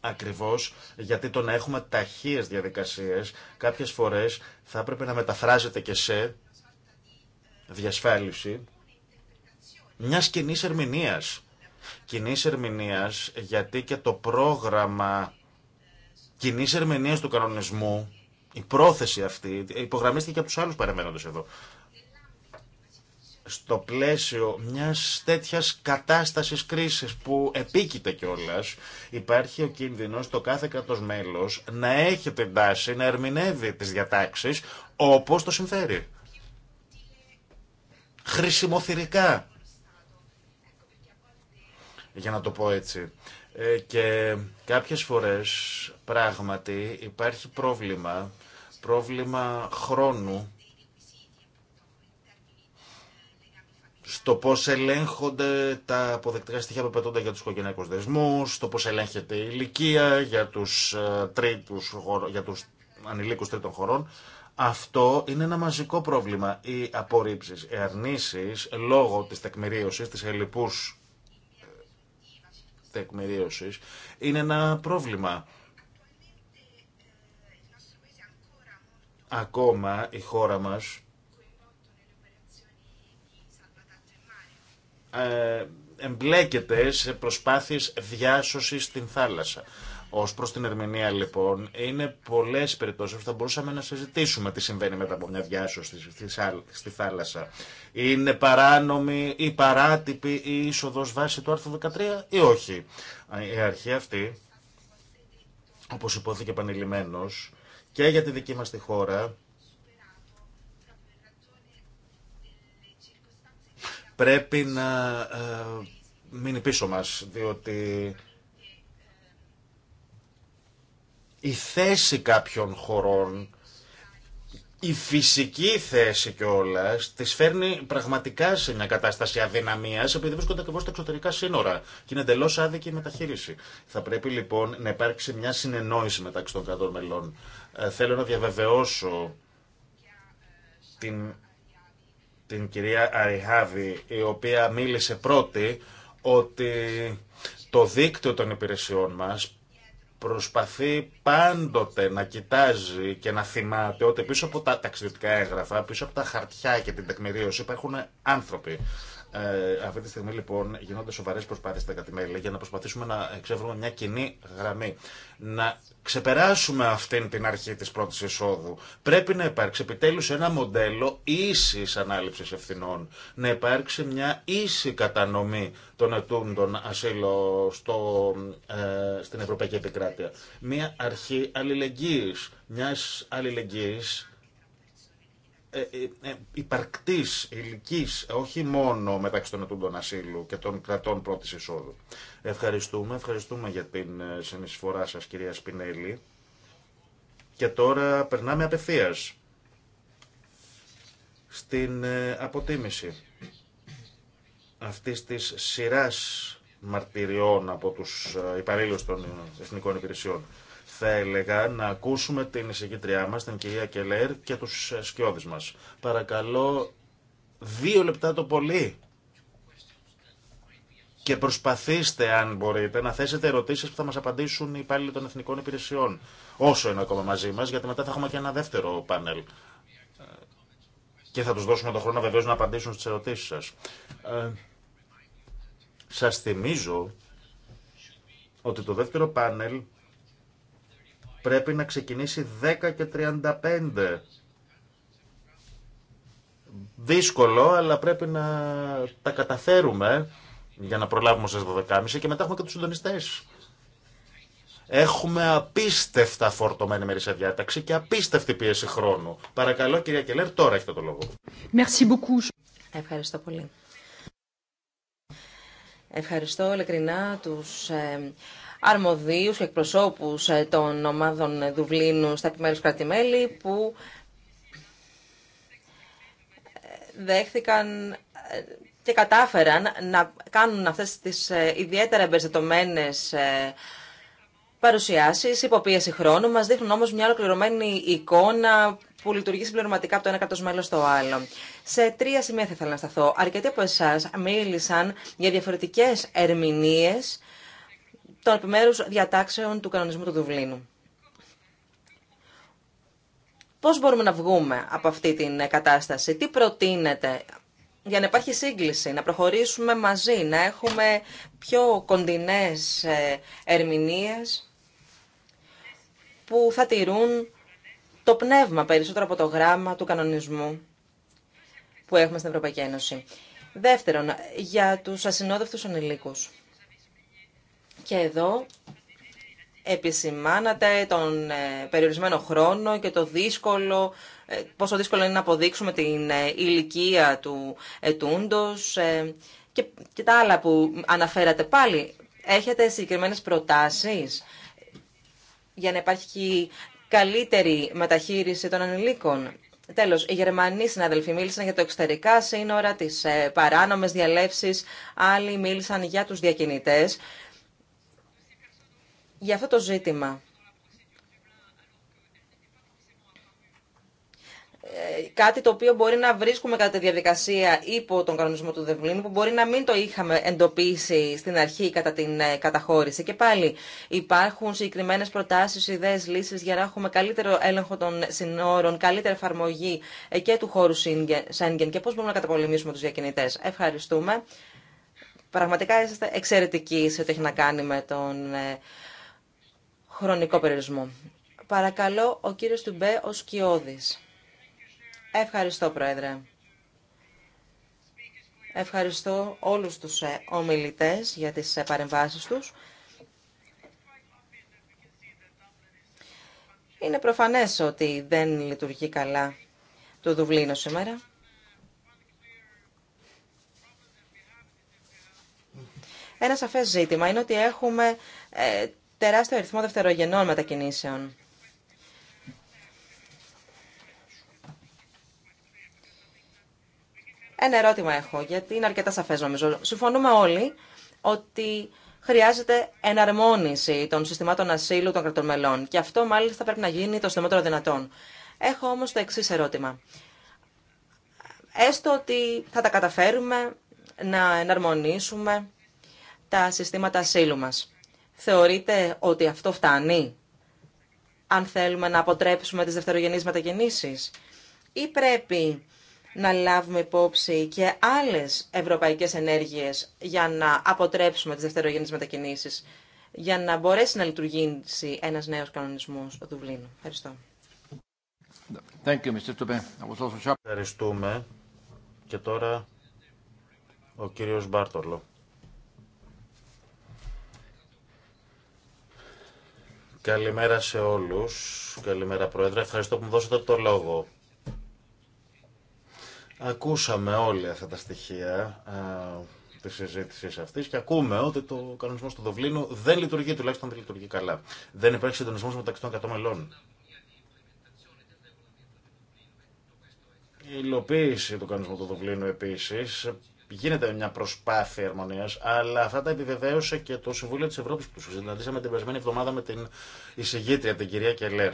S2: Ακριβώ γιατί το να έχουμε ταχείε διαδικασίε κάποιε φορέ θα έπρεπε να μεταφράζεται και σε διασφάλιση μια κοινή ερμηνεία. Κοινή ερμηνεία γιατί και το πρόγραμμα κοινή ερμηνεία του κανονισμού, η πρόθεση αυτή, υπογραμμίστηκε και από του άλλου παρεμβαίνοντε εδώ στο πλαίσιο μιας τέτοιας κατάστασης κρίσης που επίκειται κιόλα, υπάρχει ο κίνδυνος το κάθε κρατος μέλος να έχει την τάση να ερμηνεύει τις διατάξεις όπως το συμφέρει. Χρησιμοθυρικά. Για να το πω έτσι. Ε, και κάποιες φορές πράγματι υπάρχει πρόβλημα, πρόβλημα χρόνου στο πώ ελέγχονται τα αποδεκτικά στοιχεία που πετούνται για του οικογενειακού δεσμού, στο πώ ελέγχεται η ηλικία για του ε, τρίτους, ανηλίκου τρίτων χωρών. Αυτό είναι ένα μαζικό πρόβλημα. Οι απορρίψει, οι αρνήσει λόγω τη τεκμηρίωση, τη ελληπού ε, τεκμηρίωση, είναι ένα πρόβλημα. Ακόμα η χώρα μας Ε, εμπλέκεται σε προσπάθειες διάσωσης στην θάλασσα. Ως προς την ερμηνεία, λοιπόν, είναι πολλές περιπτώσεις που θα μπορούσαμε να συζητήσουμε τι συμβαίνει μετά από μια διάσωση στη θάλασσα. Είναι παράνομη ή παράτυπη η είσοδο βάση του άρθρου 13 ή όχι. Η αρχή αυτή, όπω υπόθηκε υποθηκε επανειλημμενος και για τη δική μας τη χώρα πρέπει να ε, μείνει πίσω μας, διότι η θέση κάποιων χωρών, η φυσική θέση κιόλα, τις φέρνει πραγματικά σε μια κατάσταση αδυναμίας, επειδή βρίσκονται ακριβώ στα εξωτερικά σύνορα. Και είναι εντελώ άδικη η μεταχείριση. Θα πρέπει λοιπόν να υπάρξει μια συνεννόηση μεταξύ των κρατών μελών. Ε, θέλω να διαβεβαιώσω την την κυρία Αριχάβη, η οποία μίλησε πρώτη, ότι το δίκτυο των υπηρεσιών μας προσπαθεί πάντοτε να κοιτάζει και να θυμάται ότι πίσω από τα ταξιδιωτικά έγγραφα, πίσω από τα χαρτιά και την τεκμηρίωση υπάρχουν άνθρωποι ε, αυτή τη στιγμή λοιπόν γίνονται σοβαρέ προσπάθειε στα κατημέρια για να προσπαθήσουμε να εξεύρουμε μια κοινή γραμμή. Να ξεπεράσουμε αυτήν την αρχή τη πρώτη εισόδου. Πρέπει να υπάρξει επιτέλου ένα μοντέλο ίση ανάληψη ευθυνών. Να υπάρξει μια ίση κατανομή των ετούντων ασύλων στο, ε, στην Ευρωπαϊκή Επικράτεια. Μια αρχή αλληλεγγύη. Μια αλληλεγγύη ε, ε, ε, υπαρκτή ηλικής, όχι μόνο μεταξύ των ετούντων ασύλου και των κρατών πρώτης εισόδου. Ευχαριστούμε, ευχαριστούμε για την συνεισφορά σας κυρία Σπινέλη. Και τώρα περνάμε απευθείας στην αποτίμηση αυτής της σειράς μαρτυριών από τους υπαλλήλους των εθνικών υπηρεσιών θα έλεγα να ακούσουμε την εισηγήτριά μας, την κυρία Κελέρ και τους σκιώδη μα. Παρακαλώ δύο λεπτά το πολύ και προσπαθήστε αν μπορείτε να θέσετε ερωτήσεις που θα μας απαντήσουν οι υπάλληλοι των εθνικών υπηρεσιών. Όσο είναι ακόμα μαζί μας, γιατί μετά θα έχουμε και ένα δεύτερο πάνελ. Και θα τους δώσουμε τον χρόνο βεβαίω να απαντήσουν στις ερωτήσει σα. Ε, σας θυμίζω ότι το δεύτερο πάνελ πρέπει να ξεκινήσει 10 και 35. Δύσκολο, αλλά πρέπει να τα καταφέρουμε ε, για να προλάβουμε στις 12.30 και μετά έχουμε και τους συντονιστές. Έχουμε απίστευτα φορτωμένη σε διάταξη και απίστευτη πίεση χρόνου. Παρακαλώ κυρία Κελέρ, τώρα έχετε το λόγο.
S3: Ευχαριστώ πολύ. Ευχαριστώ ειλικρινά τους ε, αρμοδίους και εκπροσώπους ε, των ομάδων Δουβλίνου στα επιμέρους που ε, δέχθηκαν ε, και κατάφεραν να κάνουν αυτές τις ιδιαίτερα εμπεριστατωμένες παρουσιάσεις υποπίεση χρόνου. Μας δείχνουν όμως μια ολοκληρωμένη εικόνα που λειτουργεί συμπληρωματικά από το ένα κράτο μέλο στο άλλο. Σε τρία σημεία θα ήθελα να σταθώ. Αρκετοί από εσά μίλησαν για διαφορετικέ ερμηνείε των επιμέρους διατάξεων του κανονισμού του Δουβλίνου. Πώς μπορούμε να βγούμε από αυτή την κατάσταση, τι προτείνετε για να υπάρχει σύγκληση, να προχωρήσουμε μαζί, να έχουμε πιο κοντινές ε, ερμηνείες που θα τηρούν το πνεύμα περισσότερο από το γράμμα του κανονισμού που έχουμε στην Ευρωπαϊκή Ένωση. Δεύτερον, για τους ασυνόδευτους ανηλίκους. Και εδώ επισημάνατε τον ε, περιορισμένο χρόνο και το δύσκολο, ε, πόσο δύσκολο είναι να αποδείξουμε την ε, ηλικία του ετούντος και, και τα άλλα που αναφέρατε πάλι. Έχετε συγκεκριμένες προτάσεις για να υπάρχει καλύτερη μεταχείριση των ανηλίκων. Τέλος, οι Γερμανοί συναδελφοί μίλησαν για το εξωτερικά σύνορα, τις παράνομες διαλέψεις, άλλοι μίλησαν για τους διακινητές για αυτό το ζήτημα. Ε, κάτι το οποίο μπορεί να βρίσκουμε κατά τη διαδικασία υπό τον κανονισμό του Δευλίνου, που μπορεί να μην το είχαμε εντοπίσει στην αρχή κατά την ε, καταχώρηση. Και πάλι υπάρχουν συγκεκριμένε προτάσει, ιδέε, λύσει για να έχουμε καλύτερο έλεγχο των συνόρων, καλύτερη εφαρμογή ε, και του χώρου Σέγγεν και πώ μπορούμε να καταπολεμήσουμε του διακινητέ. Ευχαριστούμε. Πραγματικά είστε εξαιρετικοί σε ό,τι έχει να κάνει με τον χρονικό περιορισμό. Παρακαλώ, ο κύριος Τουμπέ, ο Σκιώδης. Ευχαριστώ, Πρόεδρε. Ευχαριστώ όλους τους ε, ομιλητές για τις ε, παρεμβάσεις τους. Είναι προφανές ότι δεν λειτουργεί καλά το Δουβλίνο σήμερα. Ένα σαφές ζήτημα είναι ότι έχουμε ε, τεράστιο αριθμό δευτερογενών μετακινήσεων. Ένα ερώτημα έχω, γιατί είναι αρκετά σαφές νομίζω. Συμφωνούμε όλοι ότι χρειάζεται εναρμόνιση των συστημάτων ασύλου των κρατών μελών και αυτό μάλιστα πρέπει να γίνει το συντομότερο δυνατόν. Έχω όμως το εξής ερώτημα. Έστω ότι θα τα καταφέρουμε να εναρμονίσουμε τα συστήματα ασύλου μας. Θεωρείτε ότι αυτό φτάνει, αν θέλουμε να αποτρέψουμε τις δευτερογενείς μετακινήσεις, ή πρέπει να λάβουμε υπόψη και άλλες ευρωπαϊκές ενέργειες για να αποτρέψουμε τις δευτερογενείς μετακινήσεις, για να μπορέσει να λειτουργήσει ένας νέος κανονισμός του Βλήνου. Ευχαριστώ.
S2: Ευχαριστούμε. Και τώρα ο κύριος Μπάρτολο. Καλημέρα σε όλους. Καλημέρα Πρόεδρε. Ευχαριστώ που μου δώσατε το λόγο. Ακούσαμε όλοι αυτά τα στοιχεία της συζήτηση αυτής και ακούμε ότι το κανονισμό του Δοβλίνου δεν λειτουργεί, τουλάχιστον δεν λειτουργεί καλά. Δεν υπάρχει συντονισμό μεταξύ των 100 μελών. Η υλοποίηση του κανονισμού του Δοβλίνου επίση γίνεται μια προσπάθεια αρμονία, αλλά αυτά τα επιβεβαίωσε και το Συμβούλιο τη Ευρώπη που συζητήσαμε την περασμένη εβδομάδα με την εισηγήτρια, την κυρία Κελέρ.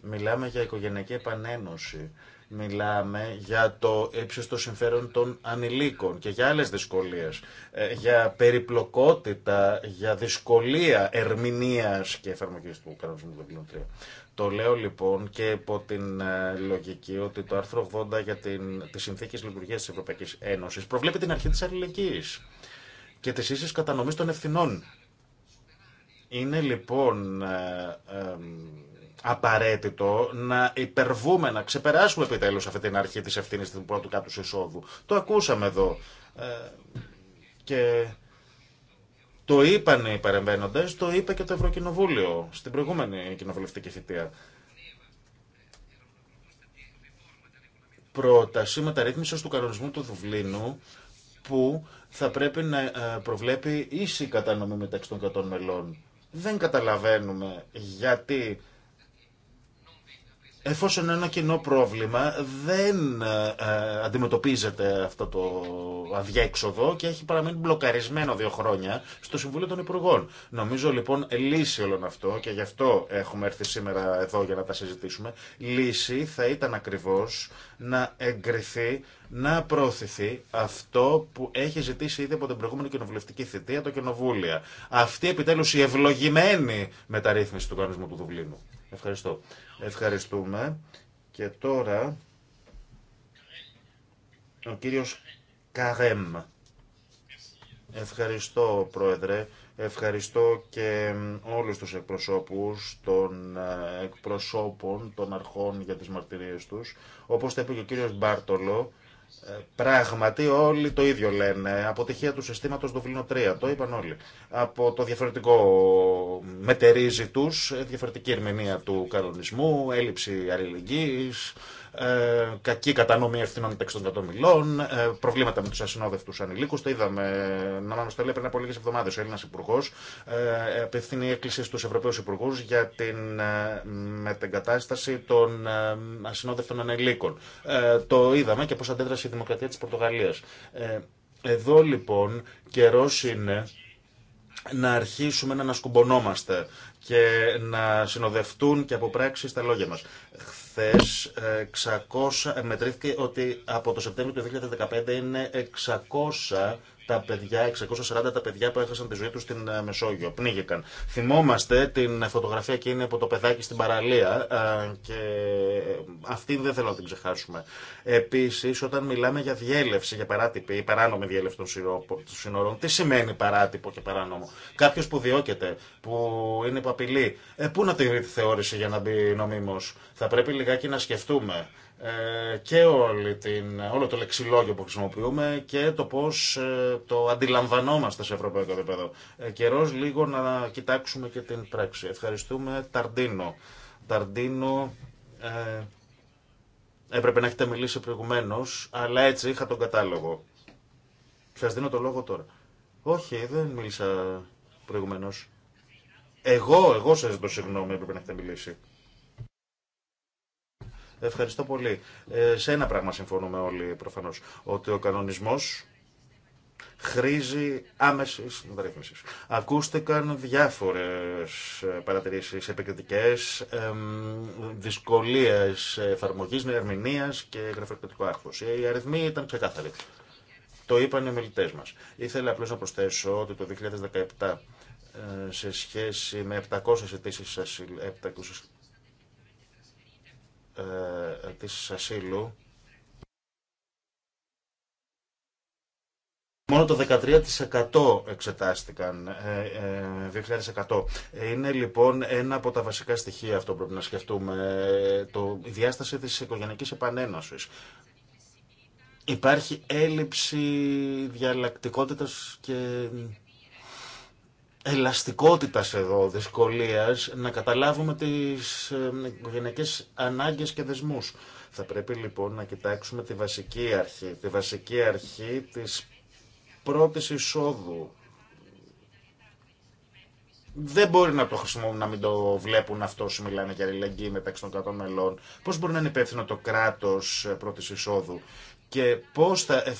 S2: Μιλάμε για οικογενειακή επανένωση. Μιλάμε για το ύψιστο συμφέρον των ανηλίκων και για άλλες δυσκολίες, ε, για περιπλοκότητα, για δυσκολία ερμηνείας και εφαρμογής του κανονισμού του το λέω λοιπόν και υπό την ε, λογική ότι το άρθρο 80 για την, τις συνθήκες λειτουργίας της Ευρωπαϊκής Ένωσης προβλέπει την αρχή της αλληλεγγύης και της ίσης κατανομής των ευθυνών. Είναι λοιπόν ε, απαραίτητο να υπερβούμε, να ξεπεράσουμε επιτέλους αυτή την αρχή της ευθύνης του πρώτου κάτους εισόδου. Το ακούσαμε εδώ. Ε, και το είπαν οι παρεμβαίνοντε, το είπε και το Ευρωκοινοβούλιο στην προηγούμενη κοινοβουλευτική θητεία. Πρόταση μεταρρύθμιση του κανονισμού του Δουβλίνου που θα πρέπει να ε, προβλέπει ίση κατανομή μεταξύ των κρατών μελών. Δεν καταλαβαίνουμε γιατί Εφόσον ένα κοινό πρόβλημα δεν ε, ε, αντιμετωπίζεται αυτό το αδιέξοδο και έχει παραμείνει μπλοκαρισμένο δύο χρόνια στο Συμβούλιο των Υπουργών. Νομίζω λοιπόν λύση όλων αυτό και γι' αυτό έχουμε έρθει σήμερα εδώ για να τα συζητήσουμε. Λύση θα ήταν ακριβώς να εγκριθεί, να προωθηθεί αυτό που έχει ζητήσει ήδη από την προηγούμενη κοινοβουλευτική θητεία, το κοινοβούλια. Αυτή επιτέλους η ευλογημένη μεταρρύθμιση του κανονισμού του Δουβλίνου. Ευχαριστώ. Ευχαριστούμε. Και τώρα ο κύριος Καρέμ. Ευχαριστώ, Πρόεδρε. Ευχαριστώ και όλους τους εκπροσώπους των ε, εκπροσώπων των αρχών για τις μαρτυρίες τους. Όπως τα είπε και ο κύριος Μπάρτολο, ε, πράγματι όλοι το ίδιο λένε. Αποτυχία του συστήματος Δουβλίνο 3. Το είπαν όλοι. Από το διαφορετικό μετερίζει τους, ε, διαφορετική ερμηνεία του κανονισμού, έλλειψη αλληλεγγύη. Ε, κακή κατανομή ευθυνών μεταξύ των κατομιλών, ε, προβλήματα με του ασυνόδευτου ανηλίκου. Το είδαμε να μα το λέει πριν από λίγε εβδομάδε ο Έλληνα Υπουργό. Ε, απευθύνει έκκληση στου Ευρωπαίου Υπουργού για την μετεγκατάσταση των ασυνόδευτων ανηλίκων. Το είδαμε και πώ αντέδρασε η Δημοκρατία τη Πορτογαλία. Εδώ λοιπόν καιρό είναι να αρχίσουμε να ανασκουμπονόμαστε και να συνοδευτούν και από πράξεις τα λόγια μας χθε ε, ε, μετρήθηκε ότι από το Σεπτέμβριο του 2015 είναι 600 τα παιδιά, 640 τα παιδιά που έχασαν τη ζωή του στην ε, Μεσόγειο. Πνίγηκαν. Θυμόμαστε την φωτογραφία εκείνη από το παιδάκι στην παραλία ε, και ε, αυτή δεν θέλω να την ξεχάσουμε. Επίση, όταν μιλάμε για διέλευση, για παράτυπη ή παράνομη διέλευση των σύνορων, τι σημαίνει παράτυπο και παράνομο. Κάποιο που διώκεται, που είναι υπαπειλή, ε, πού να τη θεώρηση για να μπει νομίμω. Θα πρέπει λιγάκι να σκεφτούμε ε, και όλη την, όλο το λεξιλόγιο που χρησιμοποιούμε και το πώς ε, το αντιλαμβανόμαστε σε ευρωπαϊκό επίπεδο. Ε, καιρός λίγο να κοιτάξουμε και την πράξη. Ευχαριστούμε. Ταρντίνο. Ταρντίνο έπρεπε να έχετε μιλήσει προηγουμένως, αλλά έτσι είχα τον κατάλογο. Σας δίνω το λόγο τώρα. Όχι, δεν μίλησα προηγουμένω Εγώ, εγώ σα ζητώ συγγνώμη, έπρεπε να έχετε μιλήσει. Ευχαριστώ πολύ. Ε, σε ένα πράγμα συμφωνούμε όλοι προφανώ. Ότι ο κανονισμό χρήζει άμεση μεταρρύθμιση. Ακούστηκαν διάφορε παρατηρήσει επικριτικέ, δυσκολίε εφαρμογή, ερμηνεία και γραφειοκρατικό άρθρο. Ε, οι αριθμοί ήταν ξεκάθαροι. Το είπαν οι μιλητέ μα. Ήθελα απλώ να προσθέσω ότι το 2017 ε, σε σχέση με 700 αιτήσει ε, της ασύλου Μόνο το 13% εξετάστηκαν, 2.100. Ε, ε, Είναι λοιπόν ένα από τα βασικά στοιχεία αυτό που πρέπει να σκεφτούμε, το, η διάσταση της οικογενειακής επανένωσης. Υπάρχει έλλειψη διαλλακτικότητας και ελαστικότητας εδώ, δυσκολίας, να καταλάβουμε τις ε, οικογενειακές ανάγκες και δεσμούς. Θα πρέπει λοιπόν να κοιτάξουμε τη βασική αρχή, τη βασική αρχή της πρώτης εισόδου. Δεν μπορεί να το χρησιμοποιούν, να μην το βλέπουν αυτό όσοι μιλάνε για αλληλεγγύη μεταξύ των κρατών μελών. Πώ μπορεί να είναι υπεύθυνο το κράτο ε, πρώτη εισόδου και πώς θα ε, ε,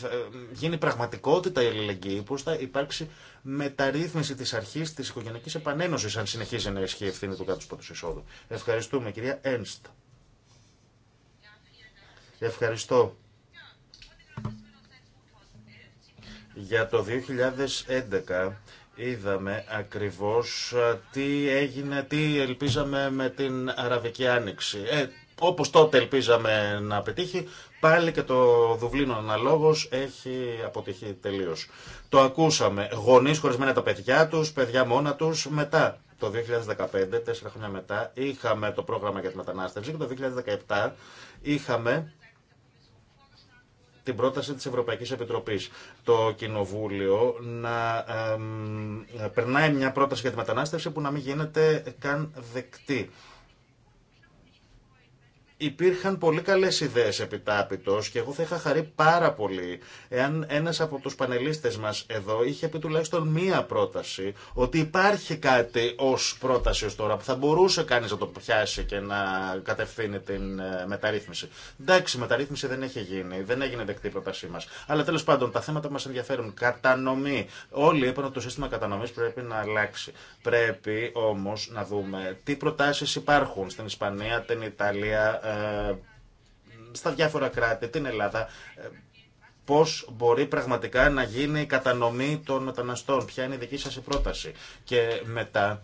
S2: γίνει πραγματικότητα η αλληλεγγύη, πώς θα υπάρξει μεταρρύθμιση της αρχής της οικογενειακής επανένωση αν συνεχίζει να ισχύει η ευθύνη του κάτω πρώτου εισόδου. Ευχαριστούμε, κυρία Ένστ. Ευχαριστώ. Για το 2011 είδαμε ακριβώς ε, τι έγινε, τι ελπίζαμε με την Αραβική Άνοιξη. Ε, όπως τότε ελπίζαμε να πετύχει, Πάλι και το Δουβλίνο αναλόγω έχει αποτυχεί τελείω. Το ακούσαμε. Γονεί χωρισμένα τα παιδιά του, παιδιά μόνα του. Μετά, το 2015, τέσσερα χρόνια μετά, είχαμε το πρόγραμμα για τη μετανάστευση και το 2017 είχαμε την πρόταση της Ευρωπαϊκής Επιτροπής. Το Κοινοβούλιο να εμ, περνάει μια πρόταση για τη μετανάστευση που να μην γίνεται καν δεκτή υπήρχαν πολύ καλές ιδέες επιτάπητος και εγώ θα είχα χαρεί πάρα πολύ εάν ένας από τους πανελίστες μας εδώ είχε πει τουλάχιστον μία πρόταση ότι υπάρχει κάτι ως πρόταση ως τώρα που θα μπορούσε κανείς να το πιάσει και να κατευθύνει την ε, μεταρρύθμιση. Εντάξει, μεταρρύθμιση δεν έχει γίνει, δεν έγινε δεκτή η πρότασή μας. Αλλά τέλος πάντων τα θέματα που μας ενδιαφέρουν, κατανομή. Όλοι είπαν ότι το σύστημα κατανομής πρέπει να αλλάξει. Πρέπει όμως να δούμε τι προτάσεις υπάρχουν στην Ισπανία, την Ιταλία, ε, ε, στα διάφορα κράτη, την Ελλάδα, ε, πώς μπορεί πραγματικά να γίνει η κατανομή των μεταναστών, ποια είναι η δική σας πρόταση. Και μετά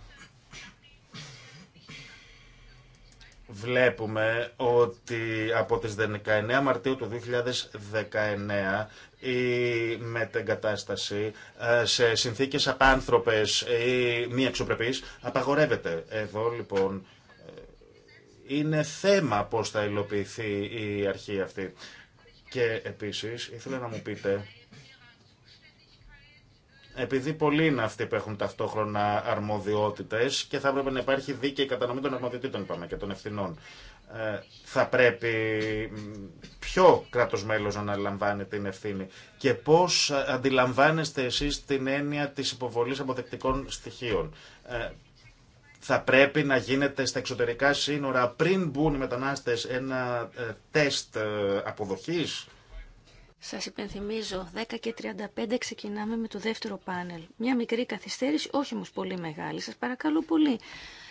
S2: βλέπουμε ότι από τις 19 Μαρτίου του 2019 ή μετεγκατάσταση ε, σε συνθήκες απάνθρωπες ή μη εξωπρεπής απαγορεύεται. Εδώ λοιπόν είναι θέμα πώς θα υλοποιηθεί η αρχή αυτή. Και επίσης ήθελα να μου πείτε επειδή πολλοί είναι αυτοί που έχουν ταυτόχρονα αρμοδιότητε και θα έπρεπε να υπάρχει δίκαιη κατανομή των αρμοδιοτήτων είπαμε, και των ευθυνών. Ε, θα πρέπει ποιο κράτος μέλος να αναλαμβάνει την ευθύνη και πώς αντιλαμβάνεστε εσείς την έννοια της υποβολής αποδεκτικών στοιχείων. Ε, θα πρέπει να γίνεται στα εξωτερικά σύνορα πριν μπουν οι μετανάστες ένα ε, τεστ ε, αποδοχής.
S1: Σας υπενθυμίζω, 10 και 35 ξεκινάμε με το δεύτερο πάνελ. Μια μικρή καθυστέρηση, όχι όμως πολύ μεγάλη. Σας παρακαλώ πολύ.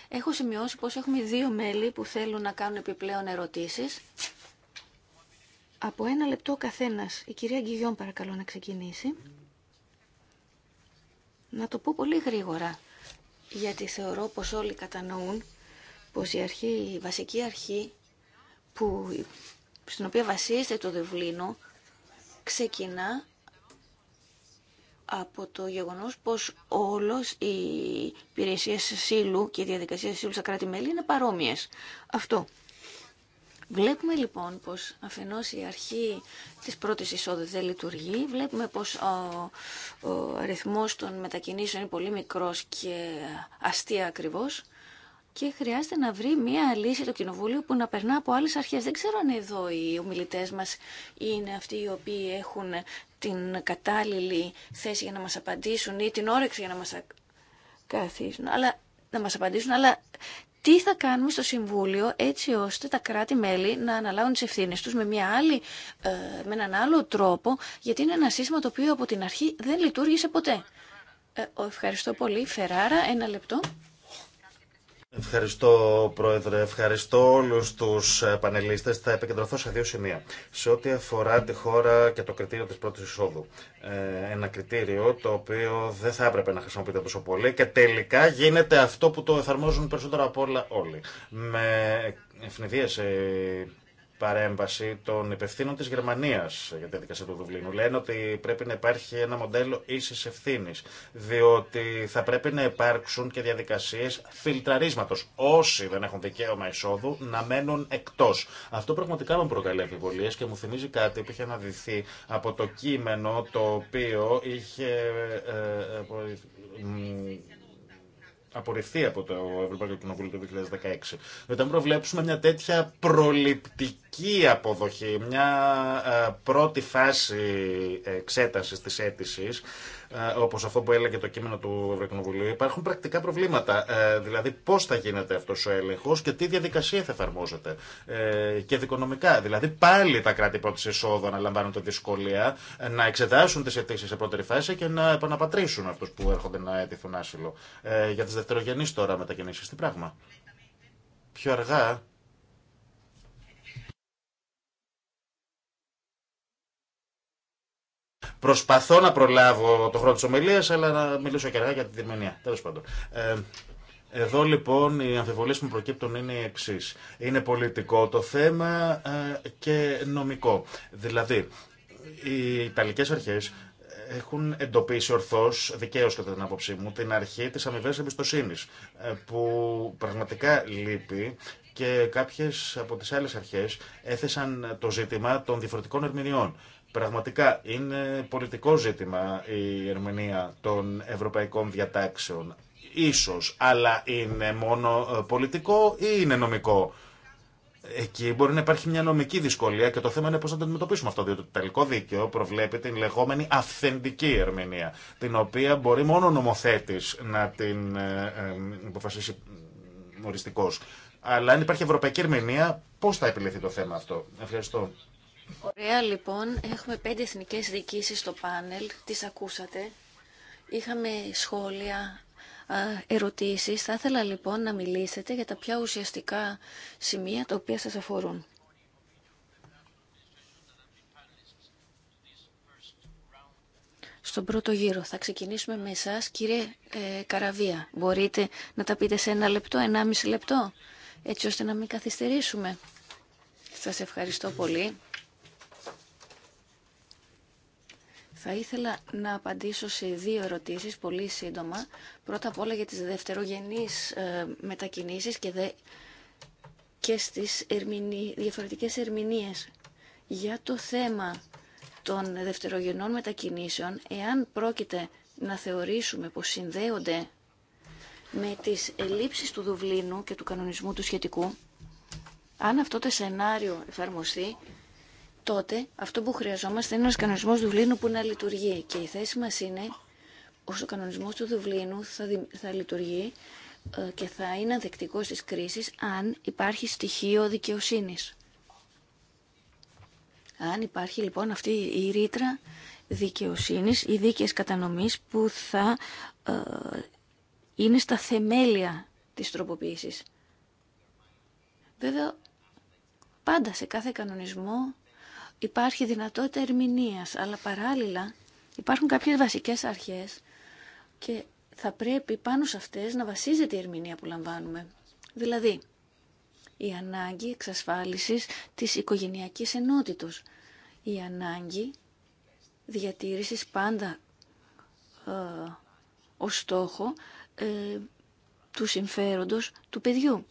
S1: Έχω σημειώσει πως έχουμε δύο μέλη που θέλουν να κάνουν επιπλέον ερωτήσεις. Από ένα λεπτό ο καθένας. Η κυρία Γκυγιόν παρακαλώ να ξεκινήσει. Να το πω πολύ γρήγορα γιατί θεωρώ πως όλοι κατανοούν πως η, αρχή, η βασική αρχή που, στην οποία βασίζεται το Δευλίνο ξεκινά από το γεγονός πως όλος οι υπηρεσίες σύλλου και οι διαδικασίες σύλλου στα κράτη-μέλη είναι παρόμοιες. Αυτό Βλέπουμε λοιπόν πως αφενός η αρχή της πρώτης εισόδου δεν λειτουργεί, βλέπουμε πως ο, ο αριθμός των μετακινήσεων είναι πολύ μικρός και αστεία ακριβώς και χρειάζεται να βρει μια λύση το κοινοβούλιο που να περνά από άλλες αρχές. Δεν ξέρω αν εδώ οι ομιλητές μας είναι αυτοί οι οποίοι έχουν την κατάλληλη θέση για να μας απαντήσουν ή την όρεξη για να μας, να μας απαντήσουν, αλλά τι θα κάνουμε στο Συμβούλιο έτσι ώστε τα κράτη-μέλη να αναλάβουν τις ευθύνες τους με, μια άλλη, ε, με έναν άλλο τρόπο, γιατί είναι ένα σύστημα το οποίο από την αρχή δεν λειτουργήσε ποτέ. Ε, ευχαριστώ πολύ. Φεράρα, ένα λεπτό.
S2: Ευχαριστώ, Πρόεδρε. Ευχαριστώ όλου του ε, πανελίστε. Θα επικεντρωθώ σε δύο σημεία. Σε ό,τι αφορά τη χώρα και το κριτήριο τη πρώτη εισόδου. Ε, ένα κριτήριο το οποίο δεν θα έπρεπε να χρησιμοποιείται τόσο πολύ και τελικά γίνεται αυτό που το εφαρμόζουν περισσότερο από όλα όλοι. Με ευνηδίε ε, παρέμβαση των υπευθύνων τη Γερμανία για τη διαδικασία του Δουβλίνου. Λένε ότι πρέπει να υπάρχει ένα μοντέλο ίση ευθύνη, διότι θα πρέπει να υπάρξουν και διαδικασίε φιλτραρίσματο. Όσοι δεν έχουν δικαίωμα εισόδου να μένουν εκτό. Αυτό πραγματικά μου προκαλεί αμφιβολίε και μου θυμίζει κάτι που είχε αναδειθεί από το κείμενο το οποίο είχε ε, ε, ε, απορριφθεί από το Ευρωπαϊκό Κοινοβούλιο το 2016. Όταν προβλέψουμε μια τέτοια προληπτική αποδοχή, μια ε, πρώτη φάση ε, εξέτασης της αίτησης, ε, όπως αυτό που έλεγε το κείμενο του Ευρωκοινοβουλίου, υπάρχουν πρακτικά προβλήματα. Ε, δηλαδή πώς θα γίνεται αυτός ο έλεγχος και τι διαδικασία θα εφαρμόζεται. Ε, και δικονομικά. Δηλαδή πάλι τα κράτη πρώτη εισόδου αναλαμβάνουν τη δυσκολία να εξετάσουν τις αιτήσει σε πρώτη φάση και να επαναπατρίσουν αυτούς που έρχονται να αιτηθούν άσυλο. Για τις δευτερογενείς τώρα μετακινήσεις, τι πράγμα. Πιο αργά Προσπαθώ να προλάβω το χρόνο τη ομιλία, αλλά να μιλήσω και αργά για τη Γερμανία. Τέλο πάντων. Ε, εδώ λοιπόν οι αμφιβολίε που μου προκύπτουν είναι οι εξή. Είναι πολιτικό το θέμα ε, και νομικό. Δηλαδή, οι Ιταλικές αρχές έχουν εντοπίσει ορθώ, δικαίω κατά την άποψή μου, την αρχή τη αμοιβή εμπιστοσύνη, ε, που πραγματικά λείπει και κάποιε από τι άλλε αρχέ έθεσαν το ζήτημα των διαφορετικών ερμηνεών. Πραγματικά είναι πολιτικό ζήτημα η ερμηνεία των ευρωπαϊκών διατάξεων. Ίσως, αλλά είναι μόνο ε, πολιτικό ή είναι νομικό. Εκεί μπορεί να υπάρχει μια νομική δυσκολία και το θέμα είναι πώ θα το αντιμετωπίσουμε αυτό. Διότι το τελικό δίκαιο προβλέπει την λεγόμενη αυθεντική ερμηνεία, την οποία μπορεί μόνο ο νομοθέτη να την ε, ε, αποφασίσει Αλλά αν υπάρχει ευρωπαϊκή ερμηνεία, πώ θα επιληθεί το θέμα αυτό. Ευχαριστώ.
S1: Ωραία λοιπόν, έχουμε πέντε εθνικές διοικήσεις στο πάνελ, τις ακούσατε. Είχαμε σχόλια, ερωτήσεις. Θα ήθελα λοιπόν να μιλήσετε για τα πιο ουσιαστικά σημεία τα οποία σας αφορούν. Στον πρώτο γύρο θα ξεκινήσουμε με εσά, κύριε ε, Καραβία. Μπορείτε να τα πείτε σε ένα λεπτό, ενάμιση λεπτό, έτσι ώστε να μην καθυστερήσουμε. Σας ευχαριστώ πολύ. Θα ήθελα να απαντήσω σε δύο ερωτήσεις, πολύ σύντομα. Πρώτα απ' όλα για τις δευτερογενείς ε, μετακινήσεις και, δε... και στις διαφορετικές ερμηνείες. Για το θέμα των δευτερογενών μετακινήσεων, εάν πρόκειται να θεωρήσουμε πως συνδέονται με τις ελλείψεις του Δουβλίνου και του κανονισμού του σχετικού, αν αυτό το σενάριο εφαρμοστεί, τότε αυτό που χρειαζόμαστε είναι ένας κανονισμός Δουβλίνου που να λειτουργεί. Και η θέση μας είναι όσο ο κανονισμός του Δουβλίνου θα, θα λειτουργεί ε, και θα είναι δεκτικό της κρίσης αν υπάρχει στοιχείο δικαιοσύνης. Αν υπάρχει λοιπόν αυτή η ρήτρα δικαιοσύνης ή δίκαιες κατανομής που θα ε, είναι στα θεμέλια της τροποποίησης. Βέβαια, πάντα σε κάθε κανονισμό υπάρχει δυνατότητα ερμηνείας, αλλά παράλληλα υπάρχουν κάποιες βασικές αρχές και θα πρέπει πάνω σε αυτές να βασίζεται η ερμηνεία που λαμβάνουμε. Δηλαδή, η ανάγκη εξασφάλισης της οικογενειακής ενότητος, η ανάγκη διατήρησης πάντα ε, ως στόχο ε, του συμφέροντος του παιδιού.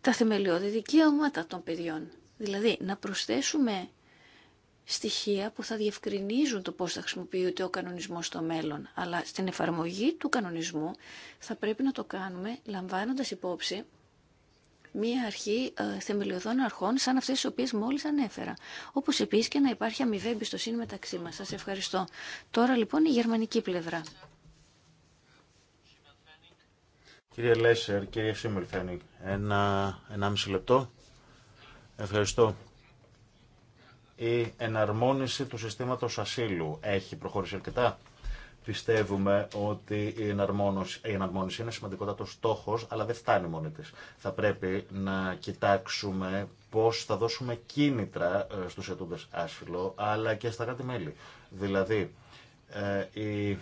S1: Τα θεμελιώδη δικαιώματα των παιδιών. Δηλαδή να προσθέσουμε στοιχεία που θα διευκρινίζουν το πώς θα χρησιμοποιείται ο κανονισμός στο μέλλον. Αλλά στην εφαρμογή του κανονισμού θα πρέπει να το κάνουμε λαμβάνοντας υπόψη μία αρχή ε, θεμελιωδών αρχών σαν αυτές τις οποίες μόλις ανέφερα. Όπως επίσης και να υπάρχει αμοιβή εμπιστοσύνη μεταξύ μας. Σας ευχαριστώ. Τώρα λοιπόν η γερμανική πλευρά.
S2: Κύριε Λέσσερ, κύριε Σίμελφένικ, ένα, ένα μισή λεπτό. Ευχαριστώ. Η εναρμόνιση του συστήματος ασύλου έχει προχωρήσει αρκετά. Πιστεύουμε ότι η εναρμόνιση, η είναι σημαντικότατο στόχος, αλλά δεν φτάνει μόνη της. Θα πρέπει να κοιτάξουμε πώς θα δώσουμε κίνητρα ε, στους ετούντες άσυλο, αλλά και στα κάτι μέλη. Δηλαδή, ε, η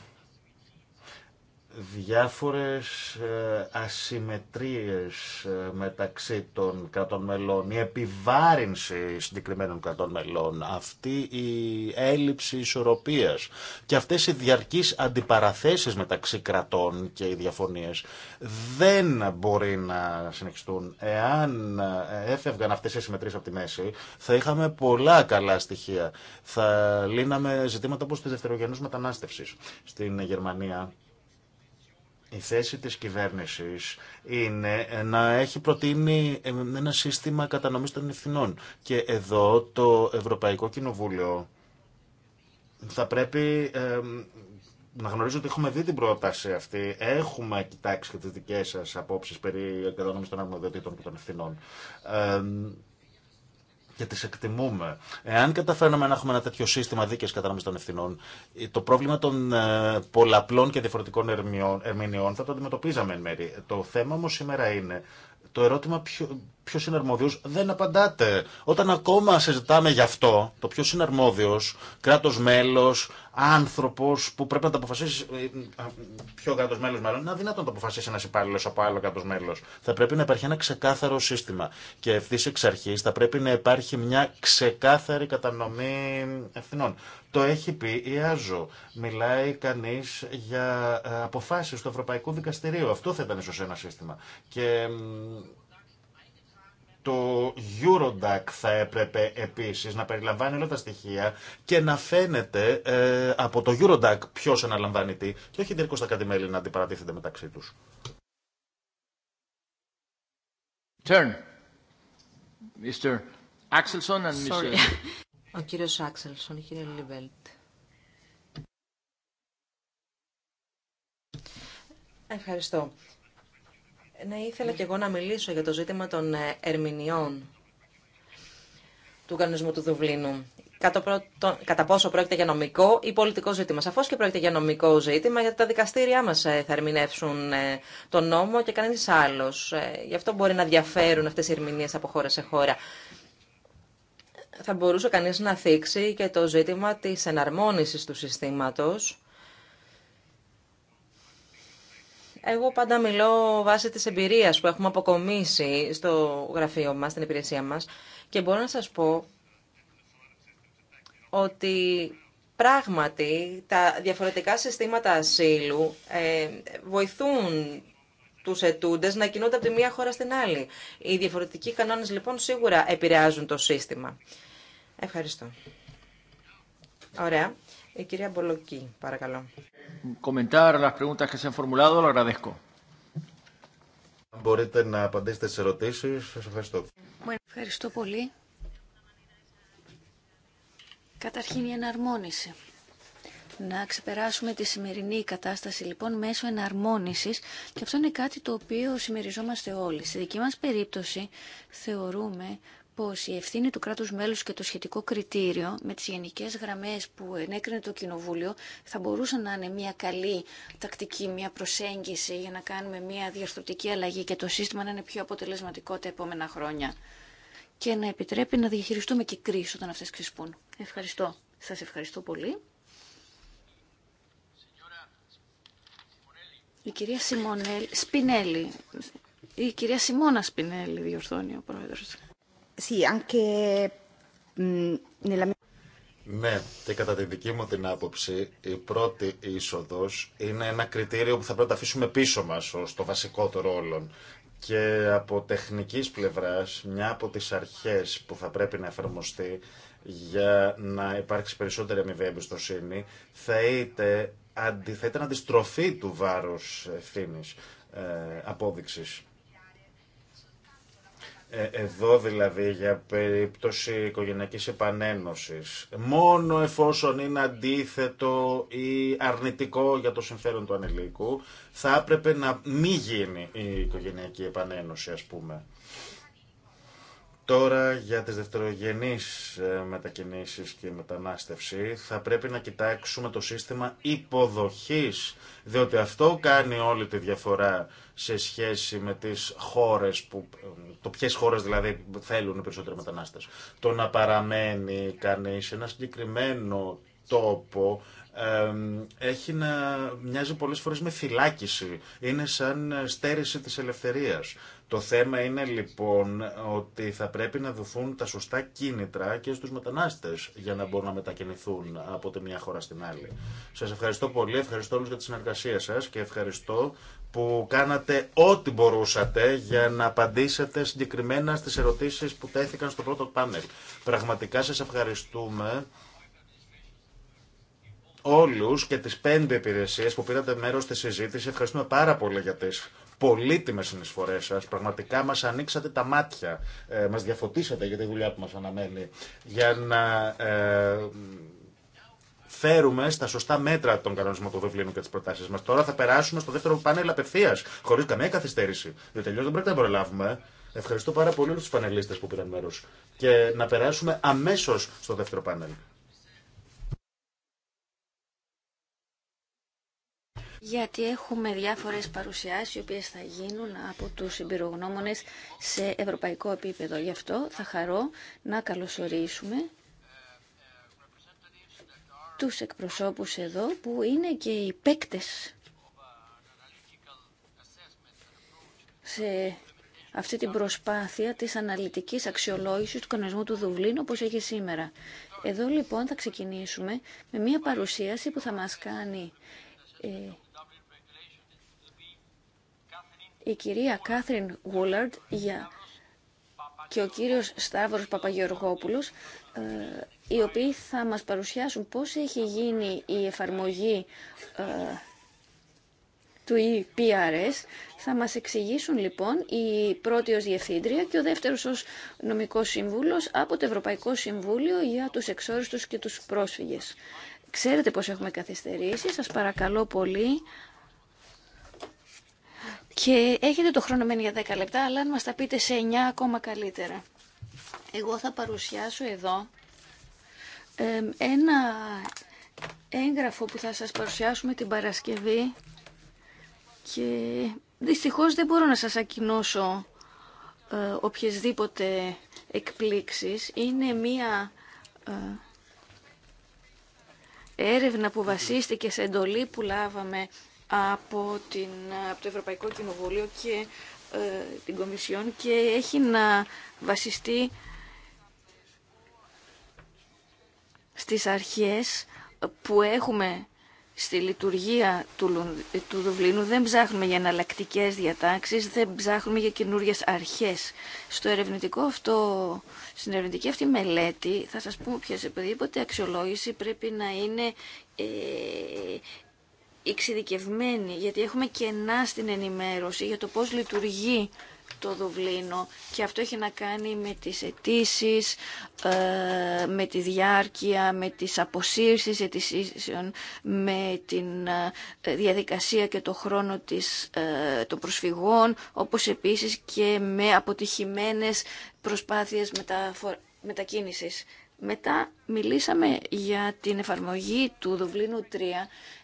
S2: διάφορες ε, ασυμμετρίες ε, μεταξύ των κρατών μελών, η επιβάρυνση συγκεκριμένων κρατών μελών, αυτή η έλλειψη ισορροπίας και αυτές οι διαρκείς αντιπαραθέσεις μεταξύ κρατών και οι διαφωνίες δεν μπορεί να συνεχιστούν. Εάν ε, έφευγαν αυτές οι ασυμμετρίες από τη μέση, θα είχαμε πολλά καλά στοιχεία. Θα λύναμε ζητήματα όπως τη δευτερογενούς μετανάστευσης στην Γερμανία η θέση της κυβέρνησης είναι να έχει προτείνει ένα σύστημα κατανομής των ευθυνών. Και εδώ το Ευρωπαϊκό Κοινοβούλιο θα πρέπει να γνωρίζω ότι έχουμε δει την πρόταση αυτή. Έχουμε κοιτάξει και τις δικές σας απόψεις περί κατανομής των αρμοδιοτήτων και των ευθυνών και τι εκτιμούμε. Εάν καταφέρνουμε να έχουμε ένα τέτοιο σύστημα δίκαιης κατανομή των ευθυνών, το πρόβλημα των ε, πολλαπλών και διαφορετικών ερμηνεών θα το αντιμετωπίζαμε εν μέρη. Το θέμα όμω σήμερα είναι το ερώτημα ποιο, ποιο είναι αρμόδιο, δεν απαντάτε. Όταν ακόμα συζητάμε γι' αυτό, το ποιο είναι αρμόδιο, κράτο μέλο, άνθρωπο που πρέπει να το αποφασίσει. Ε, ποιο κράτο μέλο, μάλλον, είναι αδύνατο να το αποφασίσει ένα υπάλληλο από άλλο κράτο μέλο. Θα πρέπει να υπάρχει ένα ξεκάθαρο σύστημα. Και ευθύ εξ αρχή θα πρέπει να υπάρχει μια ξεκάθαρη κατανομή ευθυνών. Το έχει πει η Άζο. Μιλάει κανεί για ε, αποφάσει του Ευρωπαϊκού Δικαστηρίου. Αυτό θα ήταν ίσω ένα σύστημα. Και το Eurodac θα έπρεπε επίσης να περιλαμβάνει όλα τα στοιχεία και να φαίνεται ε, από το Eurodac ποιος αναλαμβάνει τι και όχι διαρκώς τα κατημέρια να αντιπαρατήθεται μεταξύ τους.
S3: Turn. Mr. Axelson and Mr. Ο Ευχαριστώ. Ναι, ήθελα και εγώ να μιλήσω για το ζήτημα των ε, ερμηνεών του κανονισμού του Δουβλίνου. Κατά πόσο πρόκειται για νομικό ή πολιτικό ζήτημα. Σαφώ και πρόκειται για νομικό ζήτημα, γιατί τα δικαστήριά μα ε, θα ερμηνεύσουν ε, τον νόμο και κανεί άλλο. Γι' αυτό μπορεί να διαφέρουν αυτέ οι ερμηνείε από χώρα σε χώρα. Θα μπορούσε κανεί να θίξει και το ζήτημα τη εναρμόνιση του συστήματο Εγώ πάντα μιλώ βάσει της εμπειρία που έχουμε αποκομίσει στο γραφείο μας, στην υπηρεσία μας και μπορώ να σας πω ότι πράγματι τα διαφορετικά συστήματα ασύλου ε, βοηθούν τους ετούντες να κινούνται από τη μία χώρα στην άλλη. Οι διαφορετικοί κανόνες λοιπόν σίγουρα επηρεάζουν το σύστημα. Ευχαριστώ. Ωραία. Η ε, κυρία Μπολοκή, παρακαλώ. Αν
S2: μπορείτε να απαντήσετε στις ερωτήσεις, σας ευχαριστώ.
S3: Ευχαριστώ
S1: πολύ. Καταρχήν η εναρμόνιση. Να ξεπεράσουμε τη σημερινή κατάσταση λοιπόν μέσω εναρμόνισης και αυτό είναι κάτι το οποίο συμμεριζόμαστε όλοι. Στη δική μας περίπτωση θεωρούμε πως η ευθύνη του κράτους μέλους και το σχετικό κριτήριο με τις γενικές γραμμές που ενέκρινε το Κοινοβούλιο θα μπορούσαν να είναι μια καλή τακτική, μια προσέγγιση για να κάνουμε μια διαρθρωτική αλλαγή και το σύστημα να είναι πιο αποτελεσματικό τα επόμενα χρόνια και να επιτρέπει να διαχειριστούμε και κρίσεις όταν αυτές ξεσπούν. Ευχαριστώ. Σας ευχαριστώ πολύ. Η κυρία Σιμονέλη, Σπινέλη, η κυρία Σιμώνα Σπινέλη διορθώνει ο πρόεδρος. Mm,
S2: ναι, και κατά τη δική μου την άποψη, η πρώτη είσοδο είναι ένα κριτήριο που θα πρέπει να αφήσουμε πίσω μα ω το βασικότερο όλων. Και από τεχνική πλευρά, μια από τι αρχέ που θα πρέπει να εφαρμοστεί για να υπάρξει περισσότερη αμοιβή εμπιστοσύνη θα, είτε, θα ήταν αντιστροφή του βάρου ευθύνη, ε, απόδειξη. Ε, εδώ δηλαδή για περίπτωση οικογενειακής επανένωσης, μόνο εφόσον είναι αντίθετο ή αρνητικό για το συμφέρον του ανηλίκου, θα έπρεπε να μην γίνει η οικογενειακή επανένωση ας πούμε. Τώρα για τις δευτερογενείς ε, μετακινήσεις και μετανάστευση θα πρέπει να κοιτάξουμε το σύστημα υποδοχής, διότι αυτό κάνει όλη τη διαφορά σε σχέση με τις χώρες, που, το ποιες χώρες δηλαδή θέλουν οι περισσότεροι μετανάστες. Το να παραμένει κανείς σε ένα συγκεκριμένο τόπο έχει να μοιάζει πολλές φορές με φυλάκιση. Είναι σαν στέρηση της ελευθερίας. Το θέμα είναι λοιπόν ότι θα πρέπει να δοθούν τα σωστά κίνητρα και στους μετανάστες για να μπορούν να μετακινηθούν από τη μια χώρα στην άλλη. Σας ευχαριστώ πολύ, ευχαριστώ όλους για τη συνεργασία σας και ευχαριστώ που κάνατε ό,τι μπορούσατε για να απαντήσετε συγκεκριμένα στις ερωτήσεις που τέθηκαν στο πρώτο πάνελ. Πραγματικά σας ευχαριστούμε όλους και τις πέντε υπηρεσίες που πήρατε μέρος στη συζήτηση. Ευχαριστούμε πάρα πολύ για τις πολύτιμε συνεισφορέ σα. Πραγματικά μα ανοίξατε τα μάτια, ε, μα διαφωτίσατε για τη δουλειά που μα αναμένει. Για να ε, φέρουμε στα σωστά μέτρα τον κανονισμό του Δουβλίνου και τι προτάσει μα. Τώρα θα περάσουμε στο δεύτερο πάνελ απευθεία, χωρί καμία καθυστέρηση. Διότι τελειώ δεν πρέπει να προλάβουμε. Ευχαριστώ πάρα πολύ τους του πανελίστε που πήραν μέρο. Και να περάσουμε αμέσω στο δεύτερο πάνελ.
S1: Γιατί έχουμε διάφορες παρουσιάσει, οι οποίες θα γίνουν από τους εμπειρογνώμονε σε ευρωπαϊκό επίπεδο. Γι' αυτό θα χαρώ να καλωσορίσουμε του εκπροσώπου εδώ που είναι και οι παίκτε σε αυτή την προσπάθεια της αναλυτικής αξιολόγησης του κανονισμού του Δουβλίνου όπως έχει σήμερα. Εδώ λοιπόν θα ξεκινήσουμε με μια παρουσίαση που θα μας κάνει ε, η κυρία Κάθριν Γούλαρντ και ο κύριος Σταύρος Παπαγεωργόπουλος ε, οι οποίοι θα μας παρουσιάσουν πώς έχει γίνει η εφαρμογή ε, του EPRS. Θα μας εξηγήσουν λοιπόν η πρώτη ως διευθύντρια και ο δεύτερος ως νομικός σύμβουλος από το Ευρωπαϊκό Συμβούλιο για τους εξόριστους και τους πρόσφυγες. Ξέρετε πώς έχουμε καθυστερήσει. Σας παρακαλώ πολύ και έχετε το χρόνο μένει για 10 λεπτά, αλλά αν μας τα πείτε σε 9 ακόμα καλύτερα. Εγώ θα παρουσιάσω εδώ ένα έγγραφο που θα σας παρουσιάσουμε την Παρασκευή και δυστυχώς δεν μπορώ να σας ακοινώσω ε, οποιασδήποτε εκπλήξεις. Είναι μία ε, έρευνα που βασίστηκε σε εντολή που λάβαμε από, την, από το Ευρωπαϊκό Κοινοβούλιο και ε, την Κομισιόν και έχει να βασιστεί στις αρχές που έχουμε στη λειτουργία του, του Δουβλίνου δεν ψάχνουμε για εναλλακτικέ διατάξεις, δεν ψάχνουμε για καινούριε αρχές. Στο ερευνητικό αυτό, στην ερευνητική αυτή μελέτη θα σας πω πια σε οποιαδήποτε αξιολόγηση πρέπει να είναι ε, εξειδικευμένοι, γιατί έχουμε κενά στην ενημέρωση για το πώς λειτουργεί το Δουβλίνο και αυτό έχει να κάνει με τις αιτήσει, ε, με τη διάρκεια, με τις αποσύρσεις αιτήσεων, με την ε, διαδικασία και το χρόνο της, ε, των προσφυγών, όπως επίσης και με αποτυχημένες προσπάθειες μετακίνησης. Μετά Μιλήσαμε για την εφαρμογή του Δουβλίνου 3,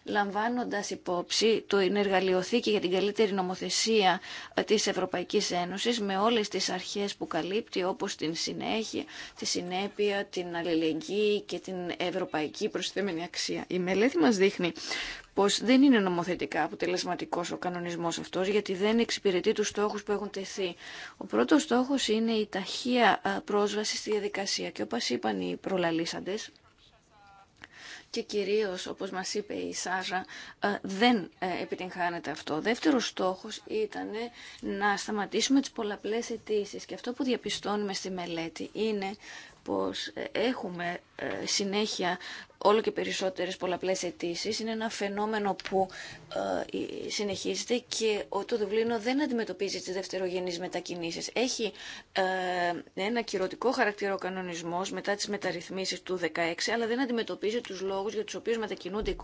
S1: λαμβάνοντας υπόψη το εργαλειοθήκη για την καλύτερη νομοθεσία της Ευρωπαϊκής Ένωσης με όλες τις αρχές που καλύπτει, όπως την συνέχεια, τη συνέπεια, την αλληλεγγύη και την ευρωπαϊκή προσθέμενη αξία. Η μελέτη μας δείχνει πως δεν είναι νομοθετικά αποτελεσματικό ο κανονισμό αυτό γιατί δεν εξυπηρετεί του στόχου που έχουν τεθεί. Ο πρώτο στόχο είναι η ταχεία πρόσβαση στη διαδικασία και όπω είπαν οι και κυρίως, όπως μας είπε η Σάζα, ε, δεν ε, επιτυγχάνεται αυτό. Ο δεύτερος στόχος ήταν ε, να σταματήσουμε τις πολλαπλές αιτήσει. και αυτό που διαπιστώνουμε στη μελέτη είναι πως έχουμε συνέχεια όλο και περισσότερες πολλαπλές αιτήσει. Είναι ένα φαινόμενο που ε, συνεχίζεται και το Δουβλίνο δεν αντιμετωπίζει τις δευτερογενείς μετακινήσεις. Έχει ε, ένα κυρωτικό χαρακτήρα ο κανονισμός μετά τις μεταρρυθμίσεις του 16, αλλά δεν αντιμετωπίζει τους λόγους για τους οποίους μετακινούνται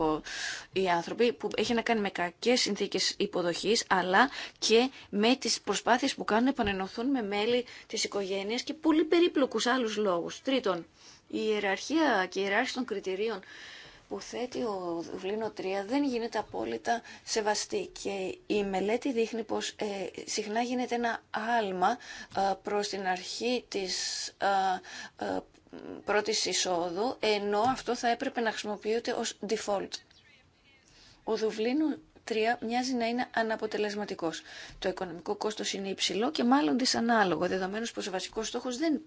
S1: οι άνθρωποι, που έχει να κάνει με κακές συνθήκες υποδοχής, αλλά και με τις προσπάθειες που κάνουν να επανενωθούν με μέλη της οικογένειας και πολύ περίπλοκους άλλους λόγους. Τρίτον, η ιεραρχία και η ιεράρχηση των κριτηρίων που θέτει ο Δουβλίνο 3 δεν γίνεται απόλυτα σεβαστή και η μελέτη δείχνει πως ε, συχνά γίνεται ένα άλμα ε, προς την αρχή της ε, ε, πρώτης εισόδου ενώ αυτό θα έπρεπε να χρησιμοποιείται ως default. Ο Δουβλίνο 3 μοιάζει να είναι αναποτελεσματικός. Το οικονομικό κόστος είναι υψηλό και μάλλον δυσανάλογο, δεδομένου πως ο βασικός στόχος δεν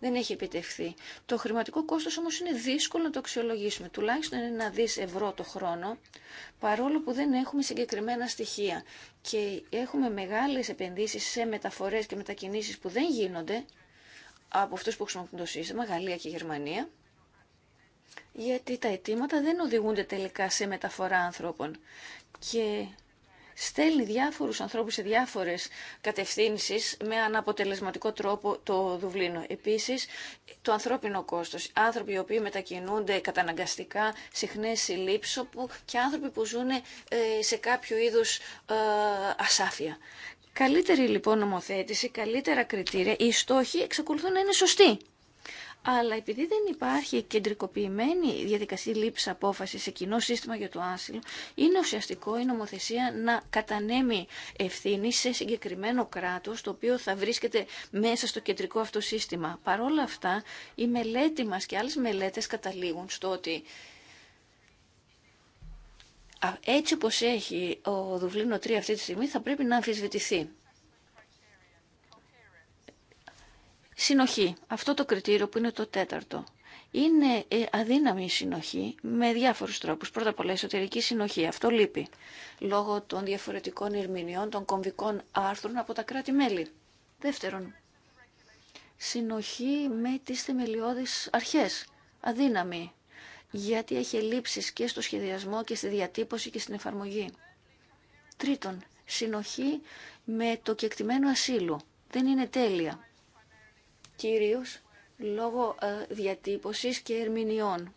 S1: δεν έχει επιτευχθεί. Το χρηματικό κόστος όμως είναι δύσκολο να το αξιολογήσουμε, τουλάχιστον ένα δις ευρώ το χρόνο, παρόλο που δεν έχουμε συγκεκριμένα στοιχεία και έχουμε μεγάλες επενδύσεις σε μεταφορές και μετακινήσεις που δεν γίνονται από αυτούς που χρησιμοποιούν το σύστημα, Γαλλία και Γερμανία, γιατί τα αιτήματα δεν οδηγούνται τελικά σε μεταφορά ανθρώπων. Και στέλνει διάφορους ανθρώπους σε διάφορες κατευθύνσει με αναποτελεσματικό τρόπο το Δουβλίνο. Επίσης, το ανθρώπινο κόστος. Άνθρωποι οι οποίοι μετακινούνται καταναγκαστικά, συχνές συλλήψεις και άνθρωποι που ζουν ε, σε κάποιο είδου ε, ασάφεια. Καλύτερη λοιπόν νομοθέτηση, καλύτερα κριτήρια, οι στόχοι εξακολουθούν να είναι σωστοί αλλά επειδή δεν υπάρχει κεντρικοποιημένη διαδικασία λήψη απόφαση σε κοινό σύστημα για το άσυλο, είναι ουσιαστικό η νομοθεσία να κατανέμει ευθύνη σε συγκεκριμένο κράτο, το οποίο θα βρίσκεται μέσα στο κεντρικό αυτό σύστημα. Παρ' όλα αυτά, η μελέτη μα και άλλε μελέτε καταλήγουν στο ότι έτσι όπως έχει ο Δουβλίνο 3 αυτή τη στιγμή θα πρέπει να αμφισβητηθεί. Συνοχή. Αυτό το κριτήριο που είναι το τέταρτο. Είναι ε, αδύναμη η συνοχή με διάφορους τρόπους. Πρώτα απ' όλα εσωτερική συνοχή. Αυτό λείπει. Λόγω των διαφορετικών ερμηνεών των κομβικών άρθρων από τα κράτη-μέλη. Δεύτερον, συνοχή με τις θεμελιώδεις αρχές. Αδύναμη. Γιατί έχει ελλείψεις και στο σχεδιασμό και στη διατύπωση και στην εφαρμογή. Τρίτον, συνοχή με το κεκτημένο ασύλου. Δεν είναι τέλεια κυρίως λόγω ε, διατύπωσης και ερμηνεών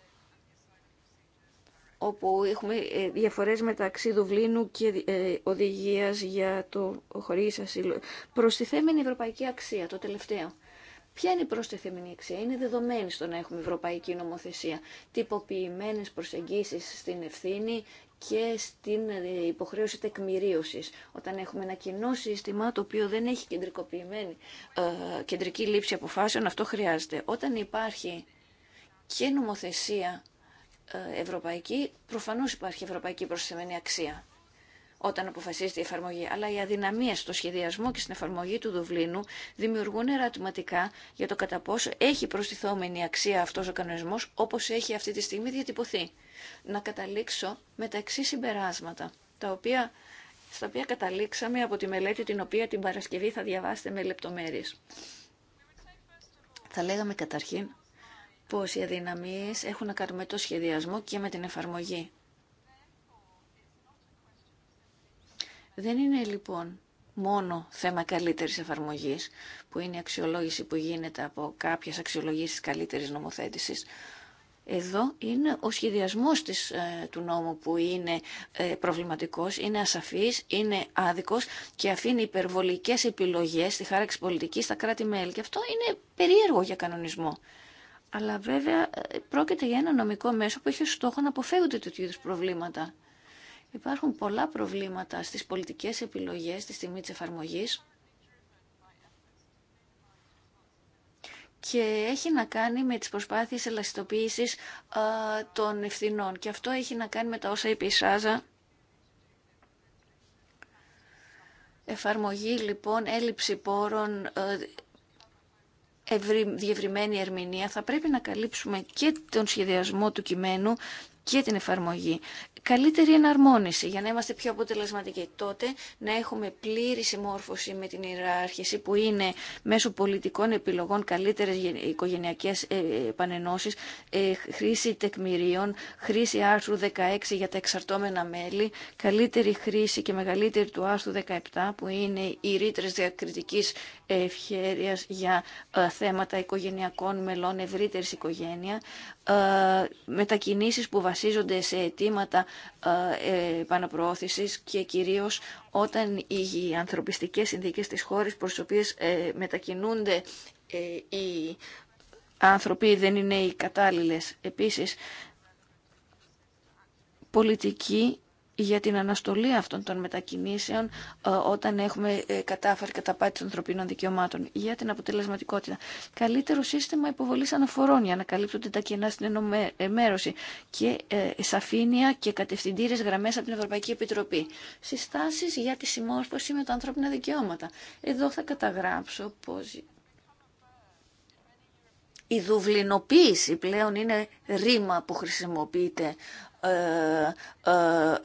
S1: όπου έχουμε ε, διαφορές μεταξύ Δουβλίνου και ε, οδηγίας για το χωρίς ασύλου. Προστιθέμενη ευρωπαϊκή αξία, το τελευταίο. Ποια είναι η προστιθέμενη αξία. Είναι δεδομένη στο να έχουμε ευρωπαϊκή νομοθεσία. Τυποποιημένες προσεγγίσεις στην ευθύνη και στην ε, υποχρέωση τεκμηρίωσης. Όταν έχουμε ένα κοινό σύστημα το οποίο δεν έχει κεντρικοποιημένη ε, κεντρική λήψη αποφάσεων, αυτό χρειάζεται. Όταν υπάρχει και νομοθεσία ε, ευρωπαϊκή, προφανώς υπάρχει ευρωπαϊκή προσθεμένη αξία όταν αποφασίζεται η εφαρμογή. Αλλά οι αδυναμίε στο σχεδιασμό και στην εφαρμογή του Δουβλίνου δημιουργούν ερωτηματικά για το κατά πόσο έχει προστιθόμενη αξία αυτό ο κανονισμό, όπω έχει αυτή τη στιγμή διατυπωθεί. Να καταλήξω με τα εξή συμπεράσματα, τα οποία, στα οποία καταλήξαμε από τη μελέτη την οποία την Παρασκευή θα διαβάσετε με λεπτομέρειε. Θα λέγαμε καταρχήν πως οι αδυναμίες έχουν να κάνουν με το σχεδιασμό και με την εφαρμογή. Δεν είναι λοιπόν μόνο θέμα καλύτερης εφαρμογής, που είναι η αξιολόγηση που γίνεται από κάποιες αξιολογήσεις καλύτερης νομοθέτησης. Εδώ είναι ο σχεδιασμός της, ε, του νόμου που είναι ε, προβληματικός, είναι ασαφής, είναι άδικος και αφήνει υπερβολικές επιλογές στη χάραξη πολιτικής στα κράτη-μέλη. Και αυτό είναι περίεργο για κανονισμό. Αλλά βέβαια ε, πρόκειται για ένα νομικό μέσο που έχει στόχο να αποφεύγονται τέτοιου είδους προβλήματα. Υπάρχουν πολλά προβλήματα στις πολιτικές επιλογές στη στιγμή της εφαρμογής και έχει να κάνει με τις προσπάθειες ελαστιστοποίησης των ευθυνών και αυτό έχει να κάνει με τα όσα είπε η Σάζα. Εφαρμογή λοιπόν, έλλειψη πόρων, διευρυμένη ερμηνεία. Θα πρέπει να καλύψουμε και τον σχεδιασμό του κειμένου και την εφαρμογή. Καλύτερη εναρμόνιση για να είμαστε πιο αποτελεσματικοί. Τότε να έχουμε πλήρη συμμόρφωση με την ιεράρχηση που είναι μέσω πολιτικών επιλογών καλύτερες οικογενειακές ε, επανενώσεις, ε, χρήση τεκμηρίων, χρήση άρθρου 16 για τα εξαρτώμενα μέλη, καλύτερη χρήση και μεγαλύτερη του άρθρου 17 που είναι οι ρήτρε διακριτικής ευχέρειας για ε, θέματα οικογενειακών μελών ευρύτερη οικογένεια, μετακινήσεις που βασίζονται βασίζονται σε αιτήματα ε, ε, επαναπροώθησης και κυρίως όταν οι ανθρωπιστικές συνθήκες της χώρας προς τις οποίες ε, μετακινούνται οι άνθρωποι δεν είναι οι κατάλληλες. Επίσης, πολιτική για την αναστολή αυτών των μετακινήσεων ε, όταν έχουμε ε, κατάφερει καταπάτη των ανθρωπίνων δικαιωμάτων, για την αποτελεσματικότητα. Καλύτερο σύστημα υποβολή αναφορών για να καλύπτονται τα κενά στην ενημέρωση και ε, σαφήνεια και κατευθυντήρε γραμμέ από την Ευρωπαϊκή Επιτροπή. Συστάσει για τη συμμόρφωση με τα ανθρώπινα δικαιώματα. Εδώ θα καταγράψω πω η δουβλινοποίηση πλέον είναι ρήμα που χρησιμοποιείται ε,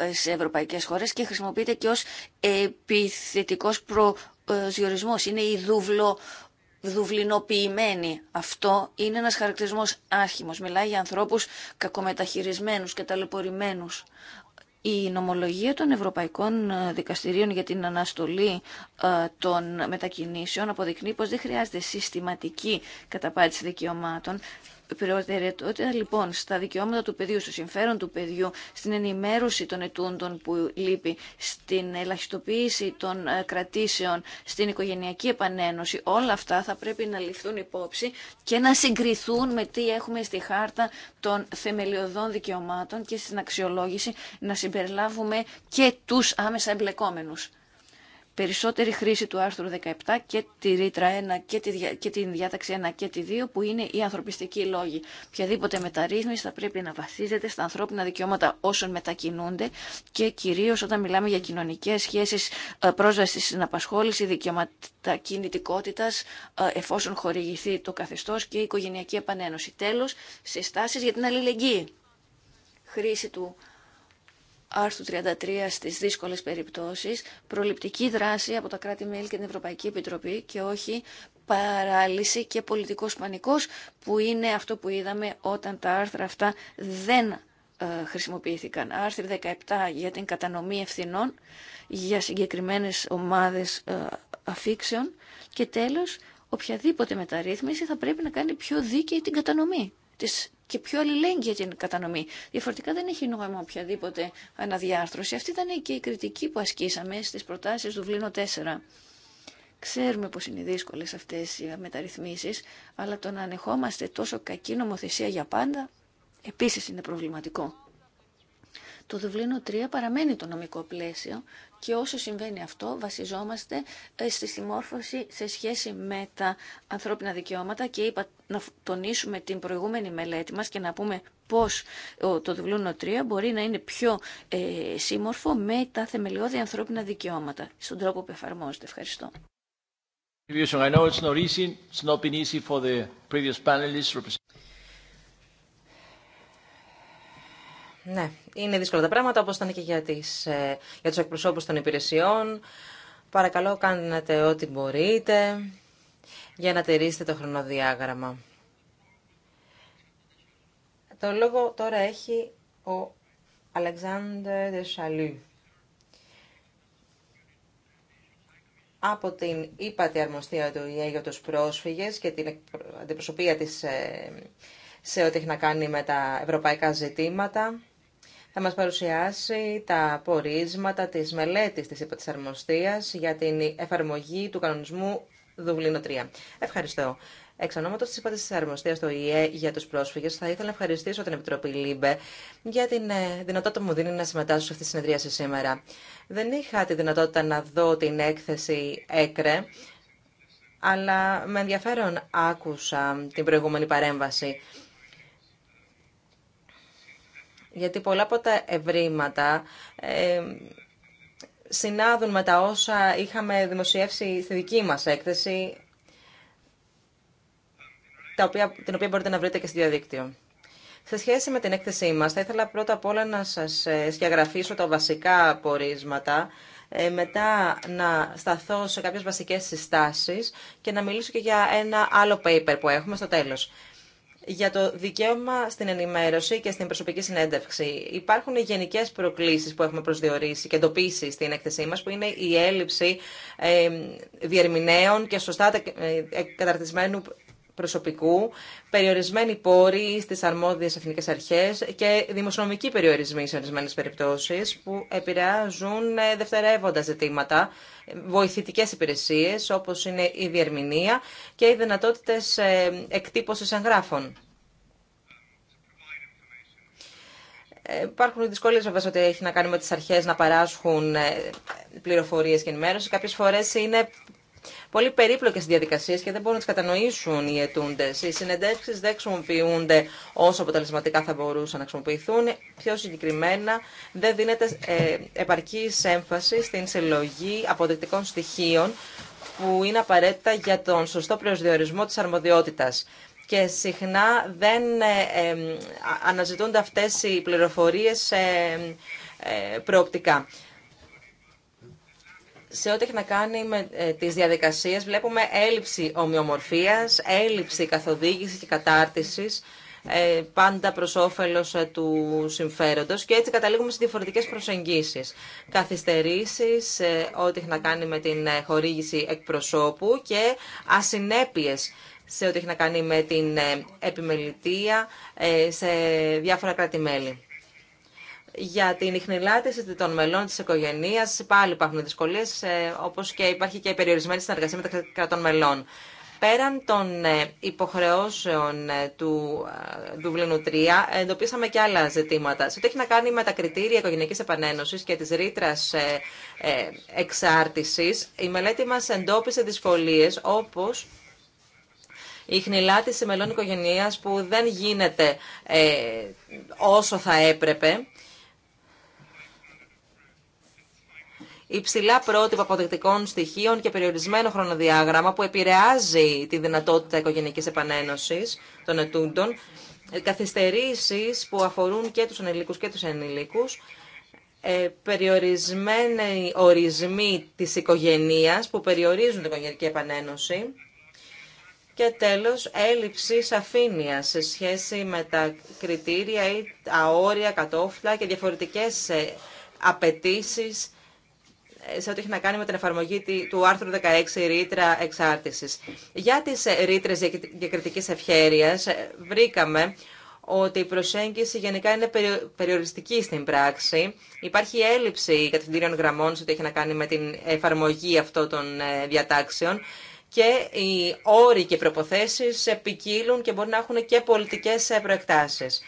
S1: ε, σε ευρωπαϊκές χώρες και χρησιμοποιείται και ως επιθετικός προσδιορισμός. Είναι η δούβλο δουβλινοποιημένη. Αυτό είναι ένας χαρακτηρισμός άρχιμος. Μιλάει για ανθρώπους κακομεταχειρισμένους και ταλαιπωρημένους. Η νομολογία των Ευρωπαϊκών Δικαστηρίων για την αναστολή ε, των μετακινήσεων αποδεικνύει πως δεν χρειάζεται συστηματική καταπάτηση δικαιωμάτων. Προτεραιότητα λοιπόν στα δικαιώματα του παιδιού, στο συμφέρον του παιδιού, στην ενημέρωση των ετούντων που λείπει, στην ελαχιστοποίηση των ε, κρατήσεων, στην οικογενειακή επανένωση, όλα αυτά θα πρέπει να ληφθούν υπόψη και να συγκριθούν με τι έχουμε στη χάρτα των θεμελιωδών δικαιωμάτων και στην αξιολόγηση να συμπεριλάβουμε και τους άμεσα εμπλεκόμενους περισσότερη χρήση του άρθρου 17 και τη ρήτρα 1 και, τη, και την διάταξη 1 και τη 2 που είναι οι ανθρωπιστικοί λόγοι. Οποιαδήποτε μεταρρύθμιση θα πρέπει να βασίζεται στα ανθρώπινα δικαιώματα όσων μετακινούνται και κυρίως όταν μιλάμε για κοινωνικές σχέσεις, ε, πρόσβαση στην απασχόληση, δικαιώματα κινητικότητα ε, εφόσον χορηγηθεί το καθεστώ και η οικογενειακή επανένωση. Τέλος, συστάσει για την αλληλεγγύη. Χρήση του άρθρου 33 στις δύσκολες περιπτώσεις, προληπτική δράση από τα κράτη-μέλη και την Ευρωπαϊκή Επιτροπή και όχι παράλυση και πολιτικός πανικός που είναι αυτό που είδαμε όταν τα άρθρα αυτά δεν ε, χρησιμοποιήθηκαν. Άρθρο 17 για την κατανομή ευθυνών για συγκεκριμένες ομάδες ε, αφήξεων και τέλος οποιαδήποτε μεταρρύθμιση θα πρέπει να κάνει πιο δίκαιη την κατανομή της και πιο αλληλέγγυη την κατανομή. Διαφορετικά δεν έχει νόημα οποιαδήποτε αναδιάρθρωση. Αυτή ήταν και η κριτική που ασκήσαμε στις προτάσεις του Βλήνο 4. Ξέρουμε πως είναι δύσκολες αυτές οι μεταρρυθμίσεις, αλλά το να ανεχόμαστε τόσο κακή νομοθεσία για πάντα επίσης είναι προβληματικό. Το Δουβλίνο 3 παραμένει το νομικό πλαίσιο και όσο συμβαίνει αυτό βασιζόμαστε ε, στη συμμόρφωση σε σχέση με τα ανθρώπινα δικαιώματα και είπα να τονίσουμε την προηγούμενη μελέτη μας και να πούμε πώς το Δουβλίνο 3 μπορεί να είναι πιο ε, σύμμορφο με τα θεμελιώδη ανθρώπινα δικαιώματα στον τρόπο που εφαρμόζεται. Ευχαριστώ.
S3: Ναι, είναι δύσκολα τα πράγματα, όπως ήταν και για, τις, ε, για τους εκπροσώπους των υπηρεσιών. Παρακαλώ, κάνετε ό,τι μπορείτε για να τηρήσετε το χρονοδιάγραμμα. Το λόγο τώρα έχει ο Αλεξάνδρ Δεσσαλού. από την ύπατη αρμοστία του ΙΕ για τους πρόσφυγες και την αντιπροσωπεία της ε, σε ό,τι έχει να κάνει με τα ευρωπαϊκά ζητήματα θα μας παρουσιάσει τα πορίσματα της μελέτης της υποτισαρμοστίας για την εφαρμογή του κανονισμού Δουβλίνο 3. Ευχαριστώ. Εξ ονόματο τη τη Αρμοστία στο ΙΕ για του πρόσφυγε, θα ήθελα να ευχαριστήσω την Επιτροπή ΛΥΜΠΕ για την ε, δυνατότητα που μου δίνει να συμμετάσχω σε αυτή τη συνεδρίαση σήμερα. Δεν είχα τη δυνατότητα να δω την έκθεση ΕΚΡΕ, αλλά με ενδιαφέρον άκουσα την προηγούμενη παρέμβαση γιατί πολλά από τα ευρήματα συνάδουν με τα όσα είχαμε δημοσιεύσει στη δική μας έκθεση, τα οποία, την οποία μπορείτε να βρείτε και στο διαδίκτυο. Σε σχέση με την έκθεσή μας, θα ήθελα πρώτα απ' όλα να σας ε, σκιαγραφίσω τα βασικά πορίσματα, ε, μετά να σταθώ σε κάποιες βασικές συστάσεις και να μιλήσω και για ένα άλλο paper που έχουμε στο τέλος για το δικαίωμα στην ενημέρωση και στην προσωπική συνέντευξη. Υπάρχουν γενικέ προκλήσει που έχουμε προσδιορίσει και εντοπίσει στην έκθεσή μα, που είναι η έλλειψη ε, διερμηνέων και σωστά ε, καταρτισμένου προσωπικού, περιορισμένοι πόροι στι αρμόδιες εθνικέ αρχές και δημοσιονομικοί περιορισμοί σε ορισμένε περιπτώσεις που επηρεάζουν ε, δευτερεύοντα ζητήματα, βοηθητικές υπηρεσίες όπως είναι η διερμηνία και οι δυνατότητε ε, εκτύπωσης εγγράφων. Ε, υπάρχουν δυσκολίε βέβαια ότι έχει να κάνει με τι αρχέ να παράσχουν πληροφορίε και ενημέρωση. Κάποιε φορέ είναι πολύ περίπλοκε διαδικασίε και δεν μπορούν να τι κατανοήσουν οι ετούντε. Οι συνεντεύξει δεν χρησιμοποιούνται όσο αποτελεσματικά θα μπορούσαν να χρησιμοποιηθούν. Πιο συγκεκριμένα, δεν δίνεται ε, επαρκή έμφαση στην συλλογή αποδεικτικών στοιχείων που είναι απαραίτητα για τον σωστό προσδιορισμό της αρμοδιότητας. Και συχνά δεν ε, ε, αναζητούνται αυτές οι πληροφορίες προοπτικά σε ό,τι έχει να κάνει με ε, τις διαδικασίες βλέπουμε έλλειψη ομοιομορφίας, έλλειψη καθοδήγησης και κατάρτισης ε, πάντα προ όφελο ε, του συμφέροντος και έτσι καταλήγουμε σε διαφορετικές προσεγγίσεις. Καθυστερήσεις, ό,τι έχει να κάνει με την χορήγηση εκπροσώπου και ασυνέπειες σε ό,τι έχει να κάνει με την επιμελητία σε διάφορα για την ιχνηλάτηση των μελών τη οικογένεια, πάλι υπάρχουν δυσκολίε, ε, όπω και υπάρχει και η περιορισμένη συνεργασία μεταξύ κρατών μελών. Πέραν των ε, υποχρεώσεων ε, του Δουβλίνου 3, εντοπίσαμε και άλλα ζητήματα. Σε ό,τι έχει να κάνει με τα κριτήρια οικογενειακή επανένωση και τη ρήτρα εξάρτηση, η μελέτη μα εντόπισε δυσκολίε όπω η χνηλάτιση μελών οικογενείας που δεν γίνεται όσο θα έπρεπε υψηλά πρότυπα αποδεκτικών στοιχείων και περιορισμένο χρονοδιάγραμμα που επηρεάζει τη δυνατότητα οικογενική επανένωση των ετούντων, ε, καθυστερήσει που αφορούν και τους ανηλίκου και τους ενηλίκους, ε, περιορισμένοι ορισμοί της οικογενείας που περιορίζουν την οικογενική επανένωση και τέλος έλλειψη σαφήνειας σε σχέση με τα κριτήρια ή τα όρια, κατόφλα και διαφορετικές ε, απαιτήσει ε, σε ό,τι έχει να κάνει με την εφαρμογή του άρθρου 16 ρήτρα εξάρτησης. Για τις ε, ρήτρε διακριτικής ευχέρειας ε, βρήκαμε ότι η προσέγγιση γενικά είναι περιοριστική στην πράξη. Υπάρχει έλλειψη κατευθυντήριων γραμμών σε ό,τι έχει να κάνει με την εφαρμογή αυτών των διατάξεων και οι όροι και προποθέσεις ποικίλουν και μπορεί να έχουν και πολιτικές προεκτάσεις.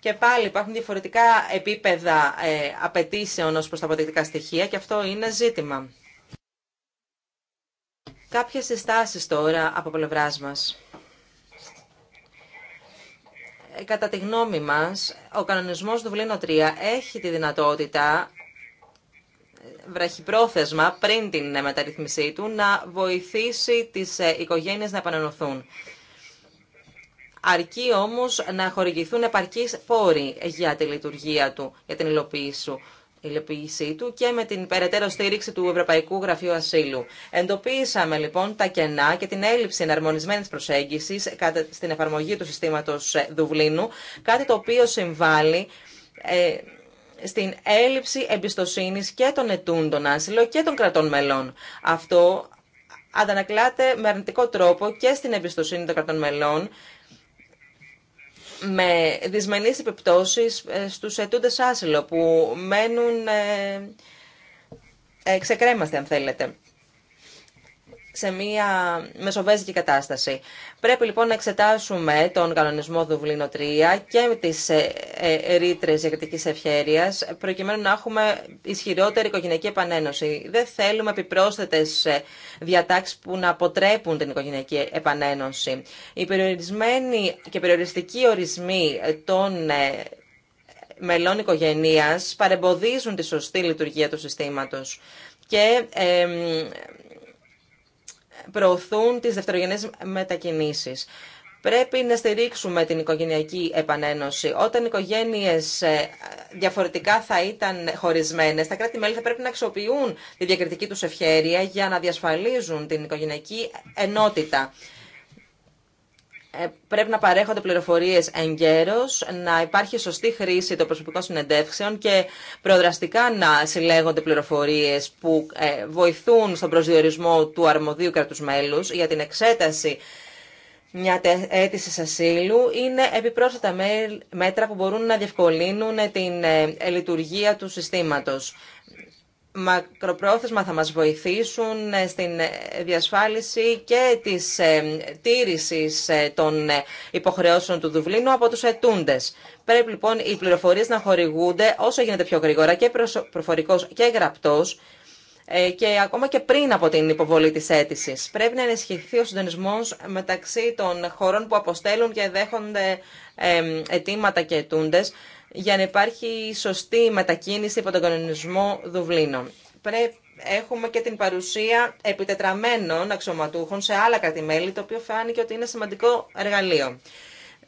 S3: Και πάλι υπάρχουν διαφορετικά επίπεδα ε, απαιτήσεων ως προς τα αποδεικτικά στοιχεία και αυτό είναι ζήτημα. Κάποιες συστάσεις τώρα από πλευρά μας. Ε, κατά τη γνώμη μας, ο κανονισμός του Βουλήνο 3 έχει τη δυνατότητα ε, βραχυπρόθεσμα πριν την μεταρρυθμισή του να βοηθήσει τις οικογένειες να επανενωθούν αρκεί όμω να χορηγηθούν επαρκεί πόροι για τη λειτουργία του, για την υλοποίηση του του και με την περαιτέρω στήριξη του Ευρωπαϊκού Γραφείου Ασύλου. Εντοπίσαμε λοιπόν τα κενά και την έλλειψη εναρμονισμένη προσέγγιση στην εφαρμογή του συστήματο ε, Δουβλίνου, κάτι το οποίο συμβάλλει ε, στην έλλειψη εμπιστοσύνη και των ετούντων άσυλων και των κρατών μελών. Αυτό αντανακλάται με αρνητικό τρόπο και στην εμπιστοσύνη των κρατών μελών με δυσμενείς επιπτώσεις ε, στους ετούντες άσυλο που μένουν ε, ε, ξεκρέμαστε αν θέλετε σε μια μεσοβέζικη κατάσταση. Πρέπει λοιπόν να εξετάσουμε τον κανονισμό Δουβλίνο 3 και τι ε, ε, ρήτρε διακριτική ευχέρεια, προκειμένου να έχουμε ισχυρότερη οικογενειακή επανένωση. Δεν θέλουμε επιπρόσθετε ε, διατάξει που να αποτρέπουν την οικογενειακή επανένωση. Οι περιορισμένοι και περιοριστικοί ορισμοί των μελών οικογενείας παρεμποδίζουν τη σωστή λειτουργία του συστήματος και προωθούν τις δευτερογενείς μετακινήσεις. Πρέπει να στηρίξουμε την οικογενειακή επανένωση. Όταν οι οικογένειε ε, διαφορετικά θα ήταν χωρισμένε, τα κράτη-μέλη θα πρέπει να αξιοποιούν τη διακριτική του ευχέρεια για να διασφαλίζουν την οικογενειακή ενότητα. Ε, πρέπει να παρέχονται πληροφορίες γέρος, να υπάρχει σωστή χρήση των προσωπικών συνεντεύξεων και προδραστικά να συλλέγονται πληροφορίες που ε, βοηθούν στον προσδιορισμό του αρμοδίου κρατούς μέλους για την εξέταση μια αίτηση ασύλου είναι επιπρόσθετα μέτρα που μπορούν να διευκολύνουν την ε, λειτουργία του συστήματος μακροπρόθεσμα θα μας βοηθήσουν ε, στην ε, διασφάλιση και της ε, τήρησης των υποχρεώσεων του Δουβλίνου από τους ετούντες. Πρέπει λοιπόν οι πληροφορίες να χορηγούνται όσο γίνεται πιο γρήγορα και προφορικός και γραπτός και ακόμα και πριν από την υποβολή της αίτηση. Πρέπει να ενισχυθεί ο συντονισμός μεταξύ των χωρών που αποστέλουν και δέχονται αιτήματα και αιτούντες για να υπάρχει σωστή μετακίνηση υπό τον κανονισμό δουβλίνων. Πρέπει Έχουμε και την παρουσία επιτετραμένων αξιωματούχων σε άλλα κρατημέλη, το οποίο φάνηκε ότι είναι σημαντικό εργαλείο.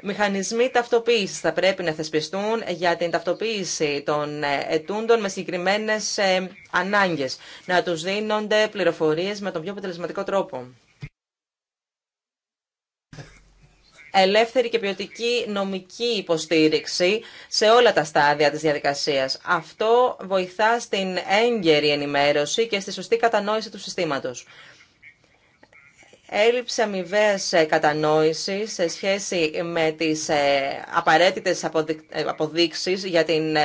S3: Μηχανισμοί ταυτοποίηση θα πρέπει να θεσπιστούν για την ταυτοποίηση των ετούντων με συγκεκριμένε ε, ανάγκε. Να του δίνονται πληροφορίε με τον πιο αποτελεσματικό τρόπο. ελεύθερη και ποιοτική νομική υποστήριξη σε όλα τα στάδια της διαδικασίας. Αυτό βοηθά στην έγκαιρη ενημέρωση και στη σωστή κατανόηση του συστήματος. Έλλειψη αμοιβαία ε, κατανόηση σε σχέση με τις ε, απαραίτητες ε, αποδείξεις για την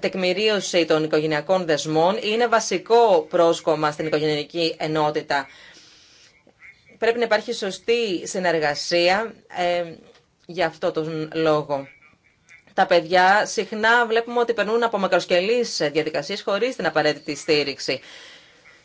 S3: τεκμηρίωση των οικογενειακών δεσμών είναι βασικό πρόσκομα στην οικογενειακή ενότητα πρέπει να υπάρχει σωστή συνεργασία ε, για αυτό τον λόγο. Τα παιδιά συχνά βλέπουμε ότι περνούν από μακροσκελείς διαδικασίες χωρίς την απαραίτητη στήριξη.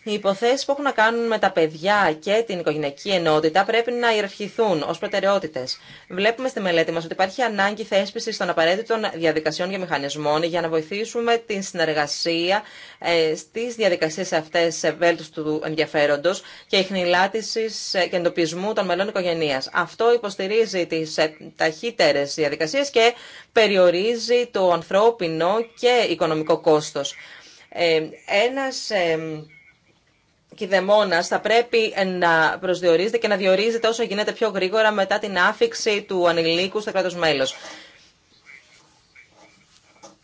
S3: Οι υποθέσει που έχουν να κάνουν με τα παιδιά και την οικογενειακή ενότητα πρέπει να ιεραρχηθούν ω προτεραιότητε. Βλέπουμε στη μελέτη μα ότι υπάρχει ανάγκη θέσπιση των απαραίτητων διαδικασιών και μηχανισμών για να βοηθήσουμε την συνεργασία ε, στις διαδικασίες αυτές βέλτου του ενδιαφέροντο και ηχνηλάτηση ε, και εντοπισμού των μελών οικογενεία. Αυτό υποστηρίζει τις ε, ταχύτερε διαδικασίε και περιορίζει το ανθρώπινο και οικονομικό κόστος. Ένας θα πρέπει ε, να προσδιορίζεται και να διορίζεται όσο γίνεται πιο γρήγορα μετά την άφηξη του ανηλίκου στο κράτος μέλος.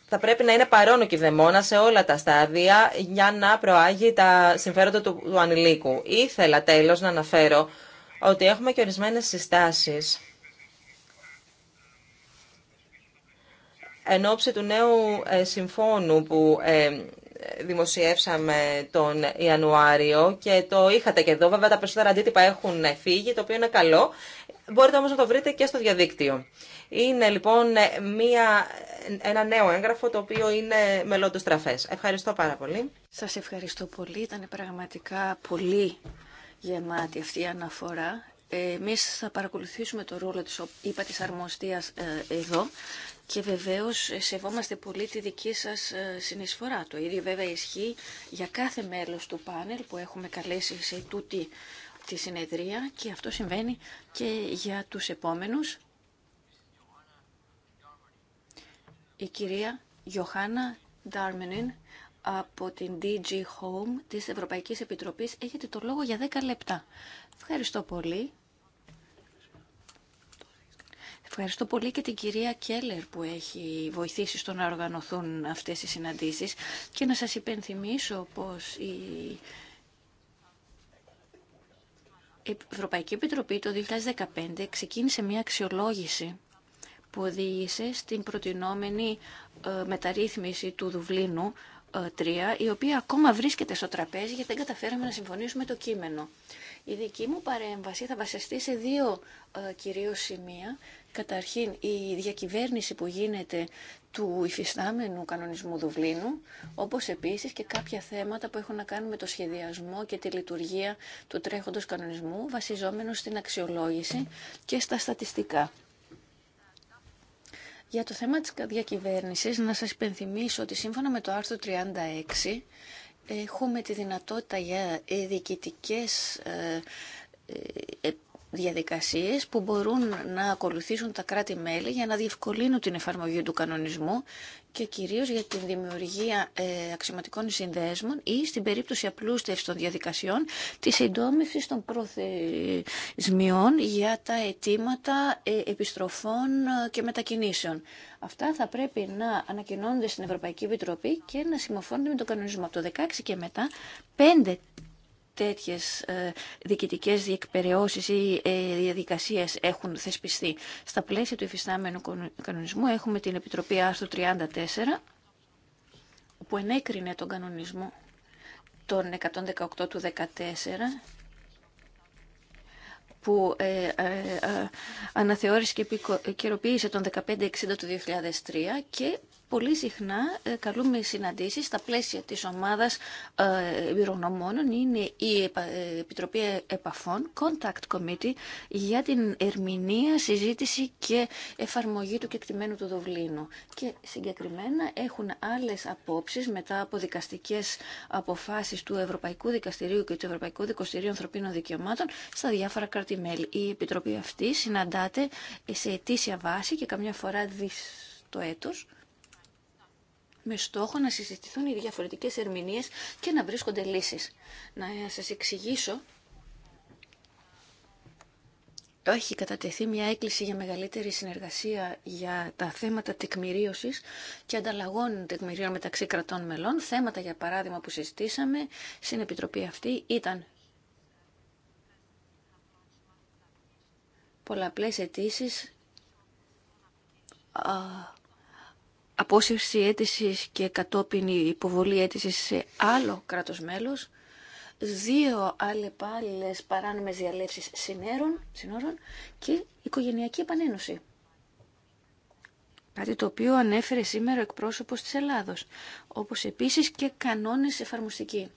S3: Θα πρέπει να είναι παρόν ο κυδεμόνα σε όλα τα στάδια για να προάγει τα συμφέροντα του, του ανηλίκου. Ήθελα τέλος να αναφέρω ότι έχουμε και ορισμένες συστάσεις εν ώψη του νέου ε, συμφώνου που ε, δημοσιεύσαμε τον Ιανουάριο και το είχατε και εδώ. Βέβαια τα περισσότερα αντίτυπα έχουν φύγει, το οποίο είναι καλό. Μπορείτε όμως να το βρείτε και στο διαδίκτυο. Είναι λοιπόν μια, ένα νέο έγγραφο το οποίο είναι μελλοντοστραφές. Ευχαριστώ πάρα πολύ. Σας ευχαριστώ πολύ. Ήταν πραγματικά
S1: πολύ γεμάτη αυτή η αναφορά. Εμείς θα παρακολουθήσουμε το ρόλο της είπα, της Αρμοστίας ε, εδώ και βεβαίως ε, σεβόμαστε πολύ τη δική σας ε, συνεισφορά. Το ίδιο βέβαια ισχύει για κάθε μέλος του πάνελ που έχουμε καλέσει σε τούτη τη συνεδρία και αυτό συμβαίνει και για τους επόμενους. Η κυρία Γιωχάννα Ντάρμενιν από την DG Home της Ευρωπαϊκής Επιτροπής. Έχετε το λόγο για 10 λεπτά. Ευχαριστώ πολύ. Ευχαριστώ πολύ και την κυρία Κέλλερ που έχει βοηθήσει στο να οργανωθούν αυτές οι συναντήσεις και να σας υπενθυμίσω πως η Ευρωπαϊκή Επιτροπή το 2015 ξεκίνησε μια αξιολόγηση που οδήγησε στην προτινόμενη ε, μεταρρύθμιση του Δουβλίνου 3, ε, η οποία ακόμα βρίσκεται στο τραπέζι γιατί δεν καταφέραμε να συμφωνήσουμε το κείμενο. Η δική μου παρέμβαση θα βασιστεί σε δύο ε, κυρίως σημεία Καταρχήν, η διακυβέρνηση που γίνεται του υφιστάμενου κανονισμού Δουβλίνου, όπως επίσης και κάποια θέματα που έχουν να κάνουν με το σχεδιασμό και τη λειτουργία του τρέχοντος κανονισμού, βασιζόμενο στην αξιολόγηση και στα στατιστικά. Για το θέμα της διακυβέρνησης, να σας υπενθυμίσω ότι σύμφωνα με το άρθρο 36, έχουμε τη δυνατότητα για διοικητικές ε, ε, διαδικασίες που μπορούν να ακολουθήσουν τα κράτη-μέλη για να διευκολύνουν την εφαρμογή του κανονισμού και κυρίως για την δημιουργία ε, αξιωματικών συνδέσμων ή στην περίπτωση απλούστευσης των διαδικασιών τη εντόμηση των προθεσμιών για τα αιτήματα ε, επιστροφών ε, και μετακινήσεων. Αυτά θα πρέπει να ανακοινώνονται στην Ευρωπαϊκή Επιτροπή και να συμμορφώνονται με τον κανονισμό. Από το 2016 και μετά, πέντε τέτοιες ε, διοικητικές διεκπαιρεώσεις ή ε, διαδικασίες έχουν θεσπιστεί. Στα πλαίσια του υφιστάμενου κανονισμού έχουμε την Επιτροπή Άρθρου 34 που ενέκρινε τον κανονισμό των 118 του 14 που ε, ε, ε, αναθεώρησε και επικαιροποίησε τον 1560 του 2003 και πολύ συχνά ε, καλούμε συναντήσεις στα πλαίσια της ομάδας ε, εμπειρογνωμόνων. Είναι η ε, Επιτροπή Επαφών, Contact Committee, για την ερμηνεία, συζήτηση και εφαρμογή του κεκτημένου του Δοβλίνου. Και συγκεκριμένα έχουν άλλες απόψεις μετά από δικαστικές αποφάσεις του Ευρωπαϊκού Δικαστηρίου και του Ευρωπαϊκού Δικαστηρίου Ανθρωπίνων Δικαιωμάτων στα διάφορα κράτη-μέλη. Η Επιτροπή αυτή συναντάται σε αιτήσια βάση και καμιά φορά δις το έτος με στόχο να συζητηθούν οι διαφορετικές ερμηνείες και να βρίσκονται λύσεις. Να σας εξηγήσω έχει κατατεθεί μια έκκληση για μεγαλύτερη συνεργασία για τα θέματα τεκμηρίωσης και ανταλλαγών τεκμηρίων μεταξύ κρατών μελών. Θέματα, για παράδειγμα, που συζητήσαμε στην Επιτροπή αυτή ήταν πολλαπλές αιτήσει απόσυρση αίτησης και κατόπιν υποβολή αίτησης σε άλλο κράτος μέλος, δύο αλλεπάλληλε παράνομες διαλέψει συνόρων και οικογενειακή επανένωση. Κάτι το οποίο ανέφερε σήμερα ο εκπρόσωπος της Ελλάδος, όπως επίσης και κανόνες εφαρμοστικοί.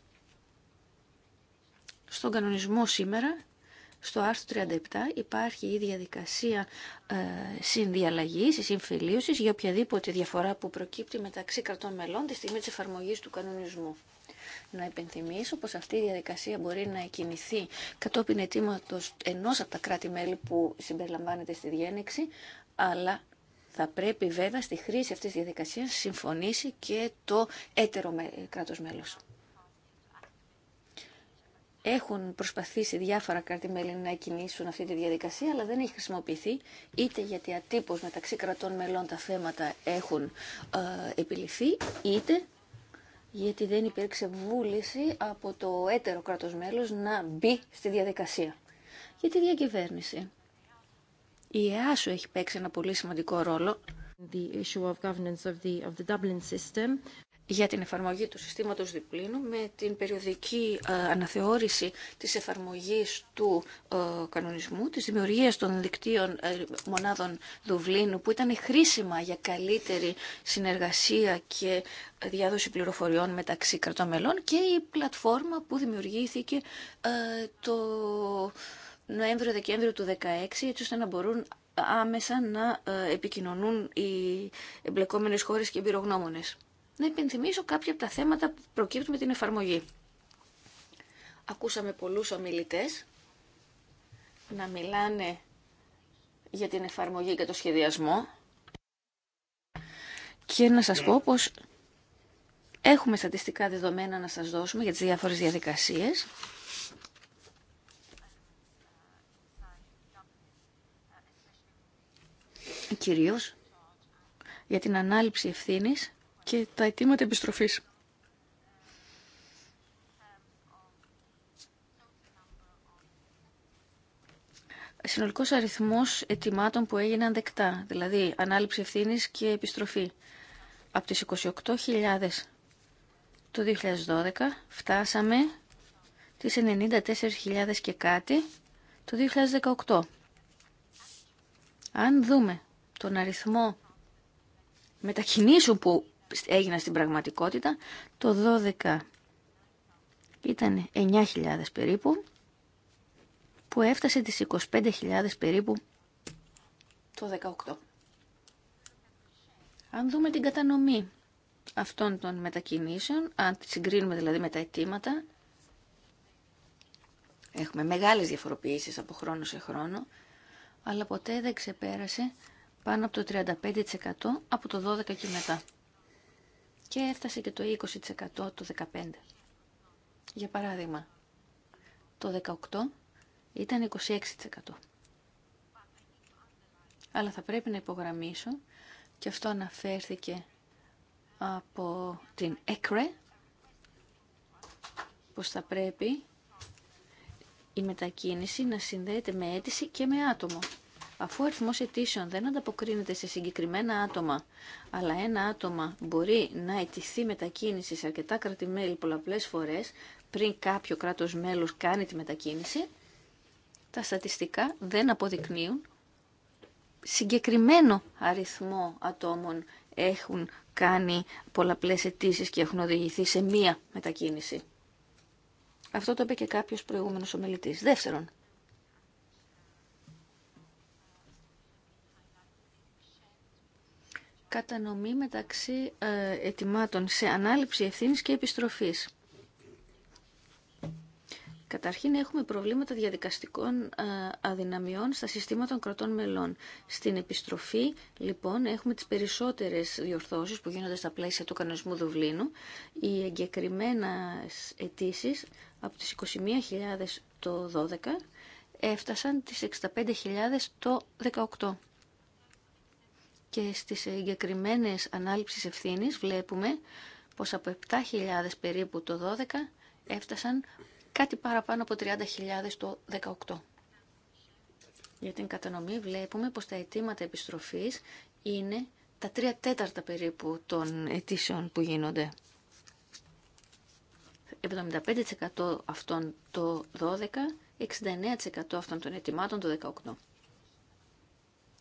S1: Στον κανονισμό σήμερα στο άρθρο 37 υπάρχει η διαδικασία ε, συνδιαλλαγής, η συμφιλίωσης για οποιαδήποτε διαφορά που προκύπτει μεταξύ κρατών μελών τη στιγμή της εφαρμογής του κανονισμού. Να υπενθυμίσω πως αυτή η διαδικασία μπορεί να κινηθεί κατόπιν ετηματος ενός από τα κράτη-μέλη που συμπεριλαμβάνεται στη διένεξη, αλλά θα πρέπει βέβαια στη χρήση αυτής της διαδικασίας συμφωνήσει και το έτερο κράτος μέλος. Έχουν προσπαθήσει διάφορα κράτη-μέλη να κινήσουν αυτή τη διαδικασία, αλλά δεν έχει χρησιμοποιηθεί είτε γιατί ατύπως μεταξύ κρατών μελών τα θέματα έχουν ε, επιληθεί, είτε γιατί δεν υπήρξε βούληση από το έτερο κράτος μέλος να μπει στη διαδικασία. Για τη διακυβέρνηση. Η ΕΑΣΟ έχει παίξει ένα πολύ σημαντικό ρόλο. The issue of governance of the, of the Dublin system για την εφαρμογή του συστήματος διπλίνου με την περιοδική ε, αναθεώρηση της εφαρμογής του ε, κανονισμού, της δημιουργίας των δικτύων ε, μονάδων Δουβλίνου που ήταν χρήσιμα για καλύτερη συνεργασία και διάδοση πληροφοριών μεταξύ κρατών μελών και η πλατφόρμα που δημιουργήθηκε το Νοέμβριο-Δεκέμβριο του 2016 έτσι ώστε να μπορούν άμεσα να επικοινωνούν οι εμπλεκόμενες χώρες και εμπειρογνώμονες να υπενθυμίσω κάποια από τα θέματα που προκύπτουν με την εφαρμογή. Ακούσαμε πολλούς ομιλητές να μιλάνε για την εφαρμογή και το σχεδιασμό και να σας πω πως έχουμε στατιστικά δεδομένα να σας δώσουμε για τις διάφορες διαδικασίες. Κυρίως για την ανάληψη ευθύνης και τα αιτήματα επιστροφής. Συνολικό αριθμό αιτημάτων που έγιναν δεκτά, δηλαδή ανάληψη ευθύνη και επιστροφή. Από τις 28.000 το 2012 φτάσαμε τις 94.000 και κάτι το 2018. Αν δούμε τον αριθμό μετακινήσεων που Έγινα στην πραγματικότητα. Το 12 ήταν 9.000 περίπου, που έφτασε τις 25.000 περίπου το 18. Αν δούμε την κατανομή αυτών των μετακινήσεων, αν τη συγκρίνουμε δηλαδή με τα αιτήματα, έχουμε μεγάλες διαφοροποιήσεις από χρόνο σε χρόνο, αλλά ποτέ δεν ξεπέρασε πάνω από το 35% από το 12 και μετά και έφτασε και το 20% το 15%. Για παράδειγμα, το 18% ήταν 26%. Αλλά θα πρέπει να υπογραμμίσω και αυτό αναφέρθηκε από την ΕΚΡΕ πως θα πρέπει η μετακίνηση να συνδέεται με αίτηση και με άτομο. Αφού ο αριθμός αιτήσεων δεν ανταποκρίνεται σε συγκεκριμένα άτομα, αλλά ένα άτομα μπορεί να αιτηθεί μετακίνηση σε αρκετά κρατημέλη πολλαπλές φορές, πριν κάποιο κράτος μέλος κάνει τη μετακίνηση, τα στατιστικά δεν αποδεικνύουν συγκεκριμένο αριθμό ατόμων έχουν κάνει πολλαπλές αιτήσει και έχουν οδηγηθεί σε μία μετακίνηση. Αυτό το είπε και κάποιος προηγούμενος ομιλητής. Δεύτερον, κατανομή μεταξύ ε, ετοιμάτων σε ανάληψη ευθύνης και επιστροφής. Καταρχήν έχουμε προβλήματα διαδικαστικών ε, αδυναμιών στα συστήματα των κρατών μελών. Στην επιστροφή, λοιπόν, έχουμε τις περισσότερες διορθώσεις που γίνονται στα πλαίσια του κανονισμού Δουβλίνου. Οι εγκεκριμένα αιτήσει από τις 21.000 το 2012 έφτασαν τις 65.000 το 18 και στις εγκεκριμένε ανάληψεις ευθύνης βλέπουμε πως από 7.000 περίπου το 12 έφτασαν κάτι παραπάνω από 30.000 το 18. Για την κατανομή βλέπουμε πως τα αιτήματα επιστροφής είναι τα 3 τέταρτα περίπου των αιτήσεων που γίνονται. 75% αυτών το 12, 69% αυτών των αιτημάτων το 18.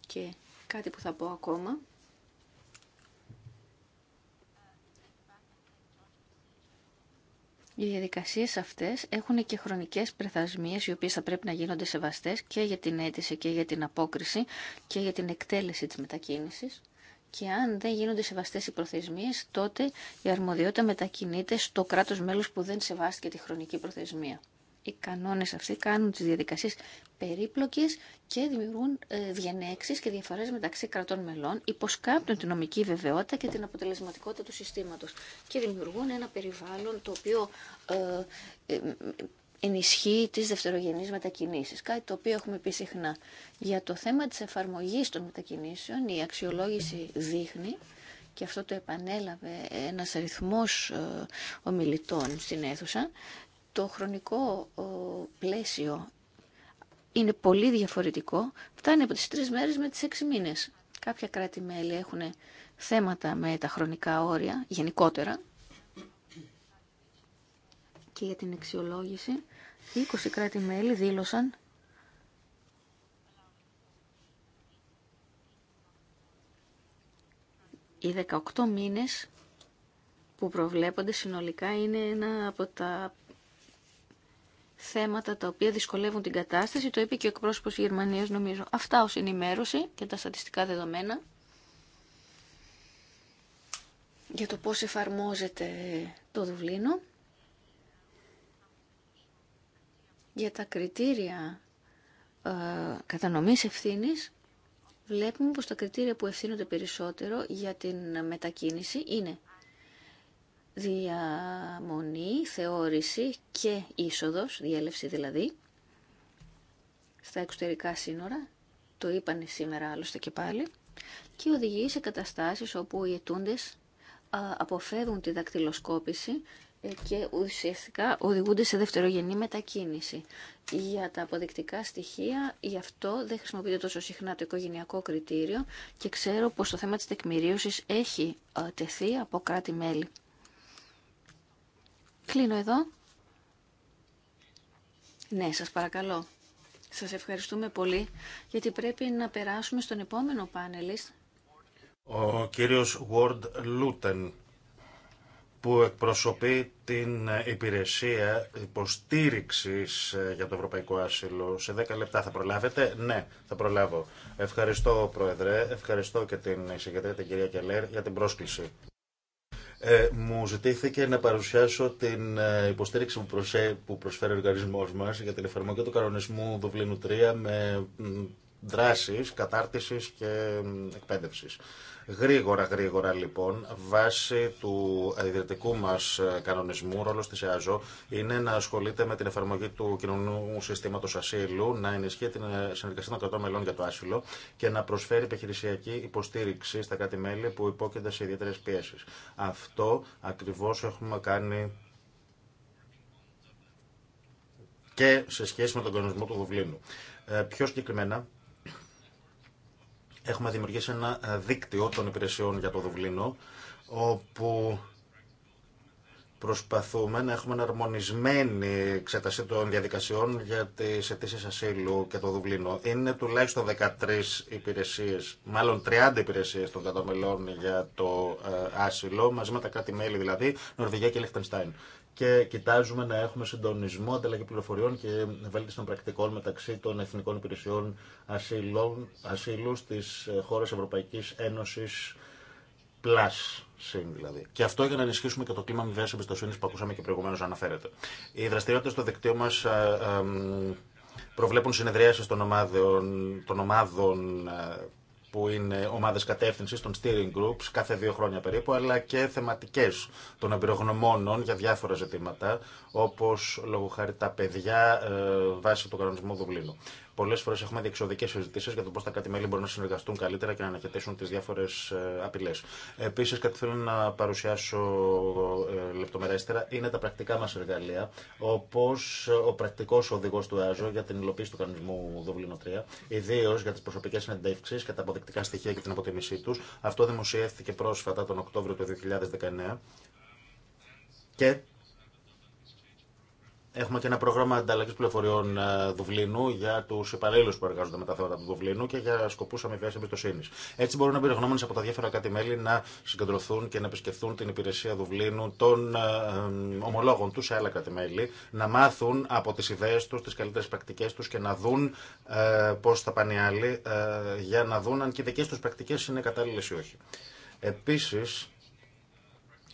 S1: Και Κάτι που θα πω ακόμα. Οι διαδικασίες αυτές έχουν και χρονικές πρεθασμίες οι οποίες θα πρέπει να γίνονται σεβαστές και για την αίτηση και για την απόκριση και για την εκτέλεση της μετακίνησης. Και αν δεν γίνονται σεβαστές οι προθεσμίες, τότε η αρμοδιότητα μετακινείται στο κράτος μέλος που δεν σεβάστηκε τη χρονική προθεσμία. Οι κανόνες αυτοί κάνουν τις διαδικασίες περίπλοκες και δημιουργούν ε, διενέξεις και διαφορές μεταξύ κρατών μελών, υποσκάπτουν την νομική βεβαιότητα και την αποτελεσματικότητα του συστήματος και δημιουργούν ένα περιβάλλον το οποίο ε, ε, ενισχύει τις δευτερογενείς μετακινήσεις. Κάτι το οποίο έχουμε πει συχνά. Για το θέμα της εφαρμογής των μετακινήσεων η αξιολόγηση δείχνει και αυτό το επανέλαβε ένας αριθμός ομιλητών στην αίθουσα, το χρονικό πλαίσιο είναι πολύ διαφορετικό. Φτάνει από τις τρεις μέρες με τις έξι μήνες. Κάποια κράτη-μέλη έχουν θέματα με τα χρονικά όρια γενικότερα και για την αξιολόγηση 20 κράτη-μέλη δήλωσαν οι 18 μήνες που προβλέπονται συνολικά είναι ένα από τα θέματα τα οποία δυσκολεύουν την κατάσταση. Το είπε και ο εκπρόσωπος Γερμανίας νομίζω. Αυτά ως ενημέρωση και τα στατιστικά δεδομένα για το πώς εφαρμόζεται το Δουβλίνο. Για τα κριτήρια ε, κατανομής ευθύνης βλέπουμε πως τα κριτήρια που ευθύνονται περισσότερο για την μετακίνηση είναι διαμονή, θεώρηση και είσοδος, διέλευση δηλαδή, στα εξωτερικά σύνορα, το είπαν σήμερα άλλωστε και πάλι, και οδηγεί σε καταστάσεις όπου οι ετούντες αποφεύγουν τη δακτυλοσκόπηση ε, και ουσιαστικά οδηγούνται σε δευτερογενή μετακίνηση. Για τα αποδεικτικά στοιχεία, γι' αυτό δεν χρησιμοποιείται τόσο συχνά το οικογενειακό κριτήριο και ξέρω πως το θέμα της τεκμηρίωσης έχει τεθεί από κράτη-μέλη. Κλείνω εδώ. Ναι, σας παρακαλώ. Σας ευχαριστούμε πολύ, γιατί πρέπει να περάσουμε στον επόμενο πάνελist.
S2: Ο κύριος Ward Λούτεν, που εκπροσωπεί την υπηρεσία υποστήριξης ε, για το Ευρωπαϊκό Άσυλο. Σε 10 λεπτά θα προλάβετε. Ναι, θα προλάβω. Ευχαριστώ, Πρόεδρε. Ευχαριστώ και την εισηγητρία, την κυρία Κελέρ, για την πρόσκληση. Ε, μου ζητήθηκε να παρουσιάσω την ε, υποστήριξη που, προσφέρει ο οργανισμό μα για την εφαρμογή του κανονισμού Δουβλίνου 3 με δράσει, κατάρτιση και εκπαίδευση. Γρήγορα, γρήγορα λοιπόν, βάσει του ιδρυτικού μα ε, κανονισμού, ρόλο τη ΕΑΖΟ είναι να ασχολείται με την εφαρμογή του κοινωνικού συστήματο ασύλου, να ενισχύει την ε, συνεργασία των κρατών μελών για το άσυλο και να προσφέρει επιχειρησιακή υποστήριξη στα κράτη-μέλη που υπόκεινται σε ιδιαίτερε πιέσει. Αυτό ακριβώ έχουμε κάνει και σε σχέση με τον κανονισμό του Δουβλίνου. Ε, πιο συγκεκριμένα, Έχουμε δημιουργήσει ένα ε, δίκτυο των υπηρεσιών για το Δουβλίνο, όπου προσπαθούμε να έχουμε αρμονισμένη εξέταση των διαδικασιών για τις αιτήσει ασύλου και το Δουβλίνο. Είναι τουλάχιστον 13 υπηρεσίες, μάλλον 30 υπηρεσίες των καταμελών για το ε, άσυλο, μαζί με τα κράτη-μέλη δηλαδή, Νορβηγία και Λεχτενστάιν και κοιτάζουμε να έχουμε συντονισμό, ανταλλαγή πληροφοριών και των πρακτικών μεταξύ των εθνικών υπηρεσιών ασύλων, ασύλου στις ε, χώρες Ευρωπαϊκής Ένωσης Plus. Δηλαδή. Και αυτό για να ενισχύσουμε και το κλίμα μηδέα εμπιστοσύνη που ακούσαμε και προηγουμένω αναφέρεται. Οι δραστηριότητε στο δικτύο μα ε, ε, προβλέπουν συνεδριάσει των ομάδων, των ομάδων που είναι ομάδες κατεύθυνση των steering groups κάθε δύο χρόνια περίπου, αλλά και θεματικές των εμπειρογνωμόνων για διάφορα ζητήματα, όπως λόγω χάρη τα παιδιά ε, βάσει του κανονισμού Δουβλίνου. Πολλέ φορέ έχουμε διεξοδικέ συζητήσει για το πώ τα κρατη μπορούν να συνεργαστούν καλύτερα και να αναχαιτήσουν τι διάφορε ε, απειλέ. Επίση, κάτι θέλω να παρουσιάσω ε, λεπτομερέστερα είναι τα πρακτικά μα εργαλεία, όπω ο πρακτικό οδηγό του ΕΑΖΟ για την υλοποίηση του κανονισμού Δουβλίνο 3, ιδίω για τι προσωπικέ συνεντεύξει και τα αποδεικτικά στοιχεία και την αποτίμησή του. Αυτό δημοσιεύθηκε πρόσφατα τον Οκτώβριο του 2019. Και Έχουμε και ένα πρόγραμμα ανταλλαγή πληροφοριών ε, Δουβλίνου για του υπαλλήλου που εργάζονται με τα θέματα του Δουβλίνου και για σκοπού αμοιβαία εμπιστοσύνη. Έτσι μπορούν οι περιεχόμενοι από τα διάφορα κάτι μέλη να συγκεντρωθούν και να επισκεφθούν την υπηρεσία Δουβλίνου των ε, ε, ομολόγων του σε άλλα κάτι μέλη, να μάθουν από τι ιδέε του, τι καλύτερε πρακτικέ του και να δουν πώ θα πάνε οι άλλοι για να δουν αν και οι δικέ του πρακτικέ είναι κατάλληλε ή όχι. Επίση,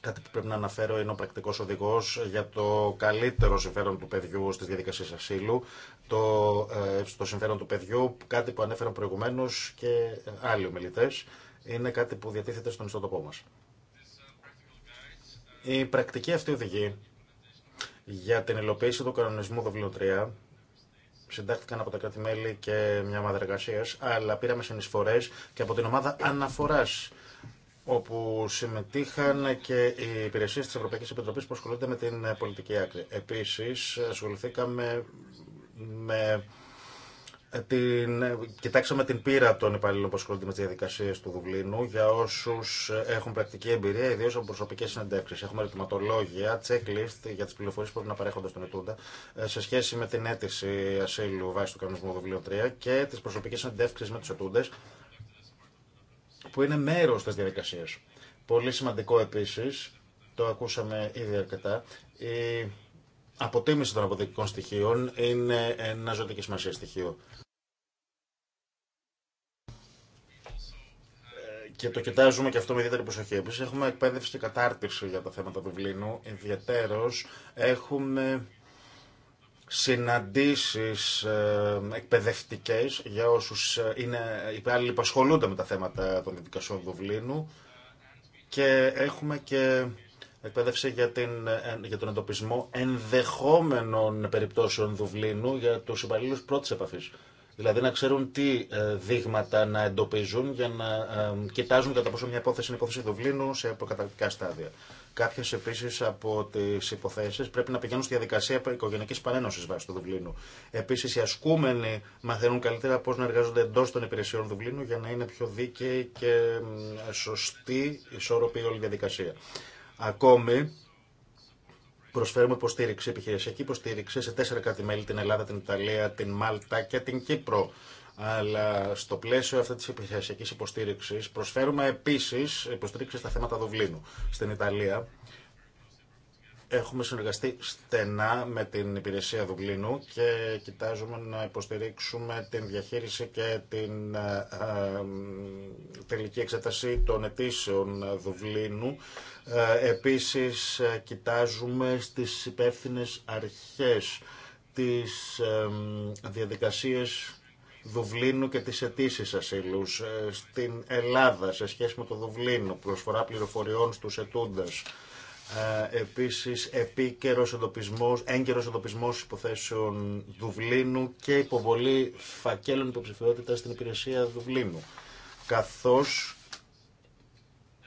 S2: κάτι που πρέπει να αναφέρω είναι ο πρακτικό οδηγό για το καλύτερο συμφέρον του παιδιού στι διαδικασίε ασύλου. Το, ε, στο συμφέρον του παιδιού, κάτι που ανέφεραν προηγουμένω και άλλοι ομιλητέ, είναι κάτι που διατίθεται στον ιστοτοπό μα. Η πρακτική αυτή οδηγή για την υλοποίηση του κανονισμού Δοβλίνου 3 συντάχθηκαν από τα κράτη-μέλη και μια ομάδα εργασία, αλλά πήραμε συνεισφορέ και από την ομάδα αναφορά όπου συμμετείχαν και οι υπηρεσίε τη Ευρωπαϊκή Επιτροπή που ασχολούνται με την πολιτική άκρη. Επίση, ασχοληθήκαμε με την, κοιτάξαμε την πείρα των υπαλλήλων που ασχολούνται με τι διαδικασίε του Δουβλίνου για όσου έχουν πρακτική εμπειρία, ιδίω από προσωπικέ συνεντεύξει. Έχουμε ερωτηματολόγια, checklist για τι πληροφορίε που πρέπει να παρέχονται στον Ετούντα ε, σε σχέση με την αίτηση ασύλου βάσει του κανονισμού Δουβλίνου 3 και τι προσωπικέ συνεντεύξει με του Ετούντε, που είναι μέρος της διαδικασίας. Πολύ σημαντικό επίσης, το ακούσαμε ήδη αρκετά, η αποτίμηση των αποδεικτικών στοιχείων είναι ένα ζωτική σημασία στοιχείο. και το κοιτάζουμε και αυτό με ιδιαίτερη προσοχή. Επίση, έχουμε εκπαίδευση και κατάρτιση για τα θέματα του Βλήνου. Ιδιαίτερω, έχουμε συναντήσεις ε, εκπαιδευτικές για όσους ε, είναι υπάλληλοι που ασχολούνται με τα θέματα των δικασίων Δουβλίνου και έχουμε και εκπαίδευση για, την, ε, για τον εντοπισμό ενδεχόμενων περιπτώσεων Δουβλίνου για τους υπαλλήλους πρώτης επαφής. Δηλαδή να ξέρουν τι ε, δείγματα να εντοπίζουν για να ε, κοιτάζουν κατά πόσο μια υπόθεση είναι υπόθεση Δουβλίνου σε προκαταρκτικά στάδια. Κάποιε επίση από τι υποθέσει πρέπει να πηγαίνουν στη διαδικασία οικογενειακή παρένωση βάσει του Δουβλίνου. Επίση, οι ασκούμενοι μαθαίνουν καλύτερα πώ να εργάζονται εντό των υπηρεσιών Δουβλίνου για να είναι πιο δίκαιοι και σωστή, ισόρροπη όλη η διαδικασία. Ακόμη, Προσφέρουμε υποστήριξη, επιχειρησιακή υποστήριξη σε τέσσερα κράτη-μέλη, την Ελλάδα, την Ιταλία, την Μάλτα και την Κύπρο. Αλλά στο πλαίσιο αυτή τη επιχειρησιακή υποστήριξη προσφέρουμε επίση υποστήριξη στα θέματα Δουβλίνου. Στην Ιταλία Έχουμε συνεργαστεί στενά με την υπηρεσία Δουβλίνου και κοιτάζουμε να υποστηρίξουμε την διαχείριση και την ε, ε, τελική εξέταση των αιτήσεων Δουβλίνου. Ε, επίσης, κοιτάζουμε στις υπεύθυνε αρχές τις διαδικασίες Δουβλίνου και τις αιτήσει ασύλου στην Ελλάδα σε σχέση με το Δουβλίνο, προσφορά πληροφοριών στους ετούντας ε, επίσης επίκαιρος εντοπισμός, έγκαιρος εντοπισμός υποθέσεων Δουβλίνου και υποβολή φακέλων υποψηφιότητα στην υπηρεσία Δουβλίνου. Καθώς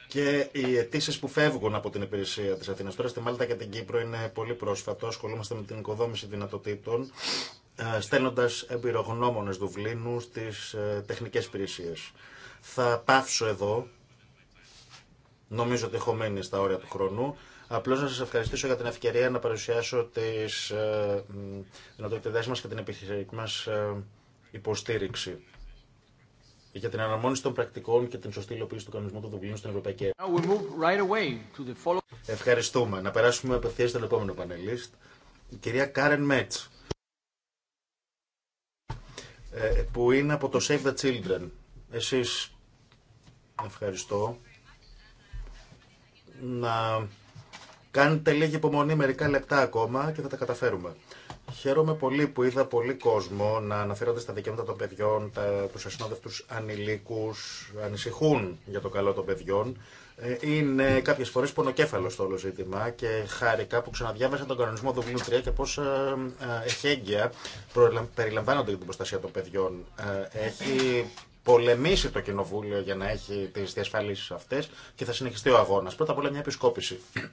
S2: και οι αιτήσει που φεύγουν από την υπηρεσία της Αθήνα. Τώρα στη Μάλτα και την Κύπρο είναι πολύ πρόσφατο. Ασχολούμαστε με την οικοδόμηση δυνατοτήτων, ε, στέλνοντα εμπειρογνώμονε Δουβλίνου στι ε, τεχνικές υπηρεσίε. Θα πάψω εδώ Νομίζω ότι έχω μένει στα όρια του χρόνου. Απλώ να σα ευχαριστήσω για την ευκαιρία να παρουσιάσω τι ε, δυνατότητέ μα και την επιχειρηματική μα ε, υποστήριξη για την αναμόνιση των πρακτικών και την σωστή υλοποίηση του κανονισμού του Δουβλίνου στην Ευρωπαϊκή
S1: Ένωση.
S2: Ευχαριστούμε. Να περάσουμε απευθεία στον επόμενο πανελίστ, η κυρία Κάρεν Μέτ, ε, που είναι από το Save the Children. Εσείς ευχαριστώ να κάνετε λίγη υπομονή μερικά λεπτά ακόμα και θα τα καταφέρουμε. Χαίρομαι πολύ που είδα πολύ κόσμο να αναφέρονται στα δικαιώματα των παιδιών, τα, τους ασυνόδευτους ανηλίκους, ανησυχούν για το καλό των παιδιών. Ε, είναι κάποιες φορές πονοκέφαλο το όλο ζήτημα και χάρηκα που ξαναδιάβασα τον κανονισμό Δουβλίνου 3 και πώς ε, ε, εχέγγυα περιλαμβάνονται για την προστασία των παιδιών. Έχει πολεμήσει το Κοινοβούλιο για να έχει τι διασφαλίσει αυτέ και θα συνεχιστεί ο αγώνα. Πρώτα απ' όλα μια επισκόπηση.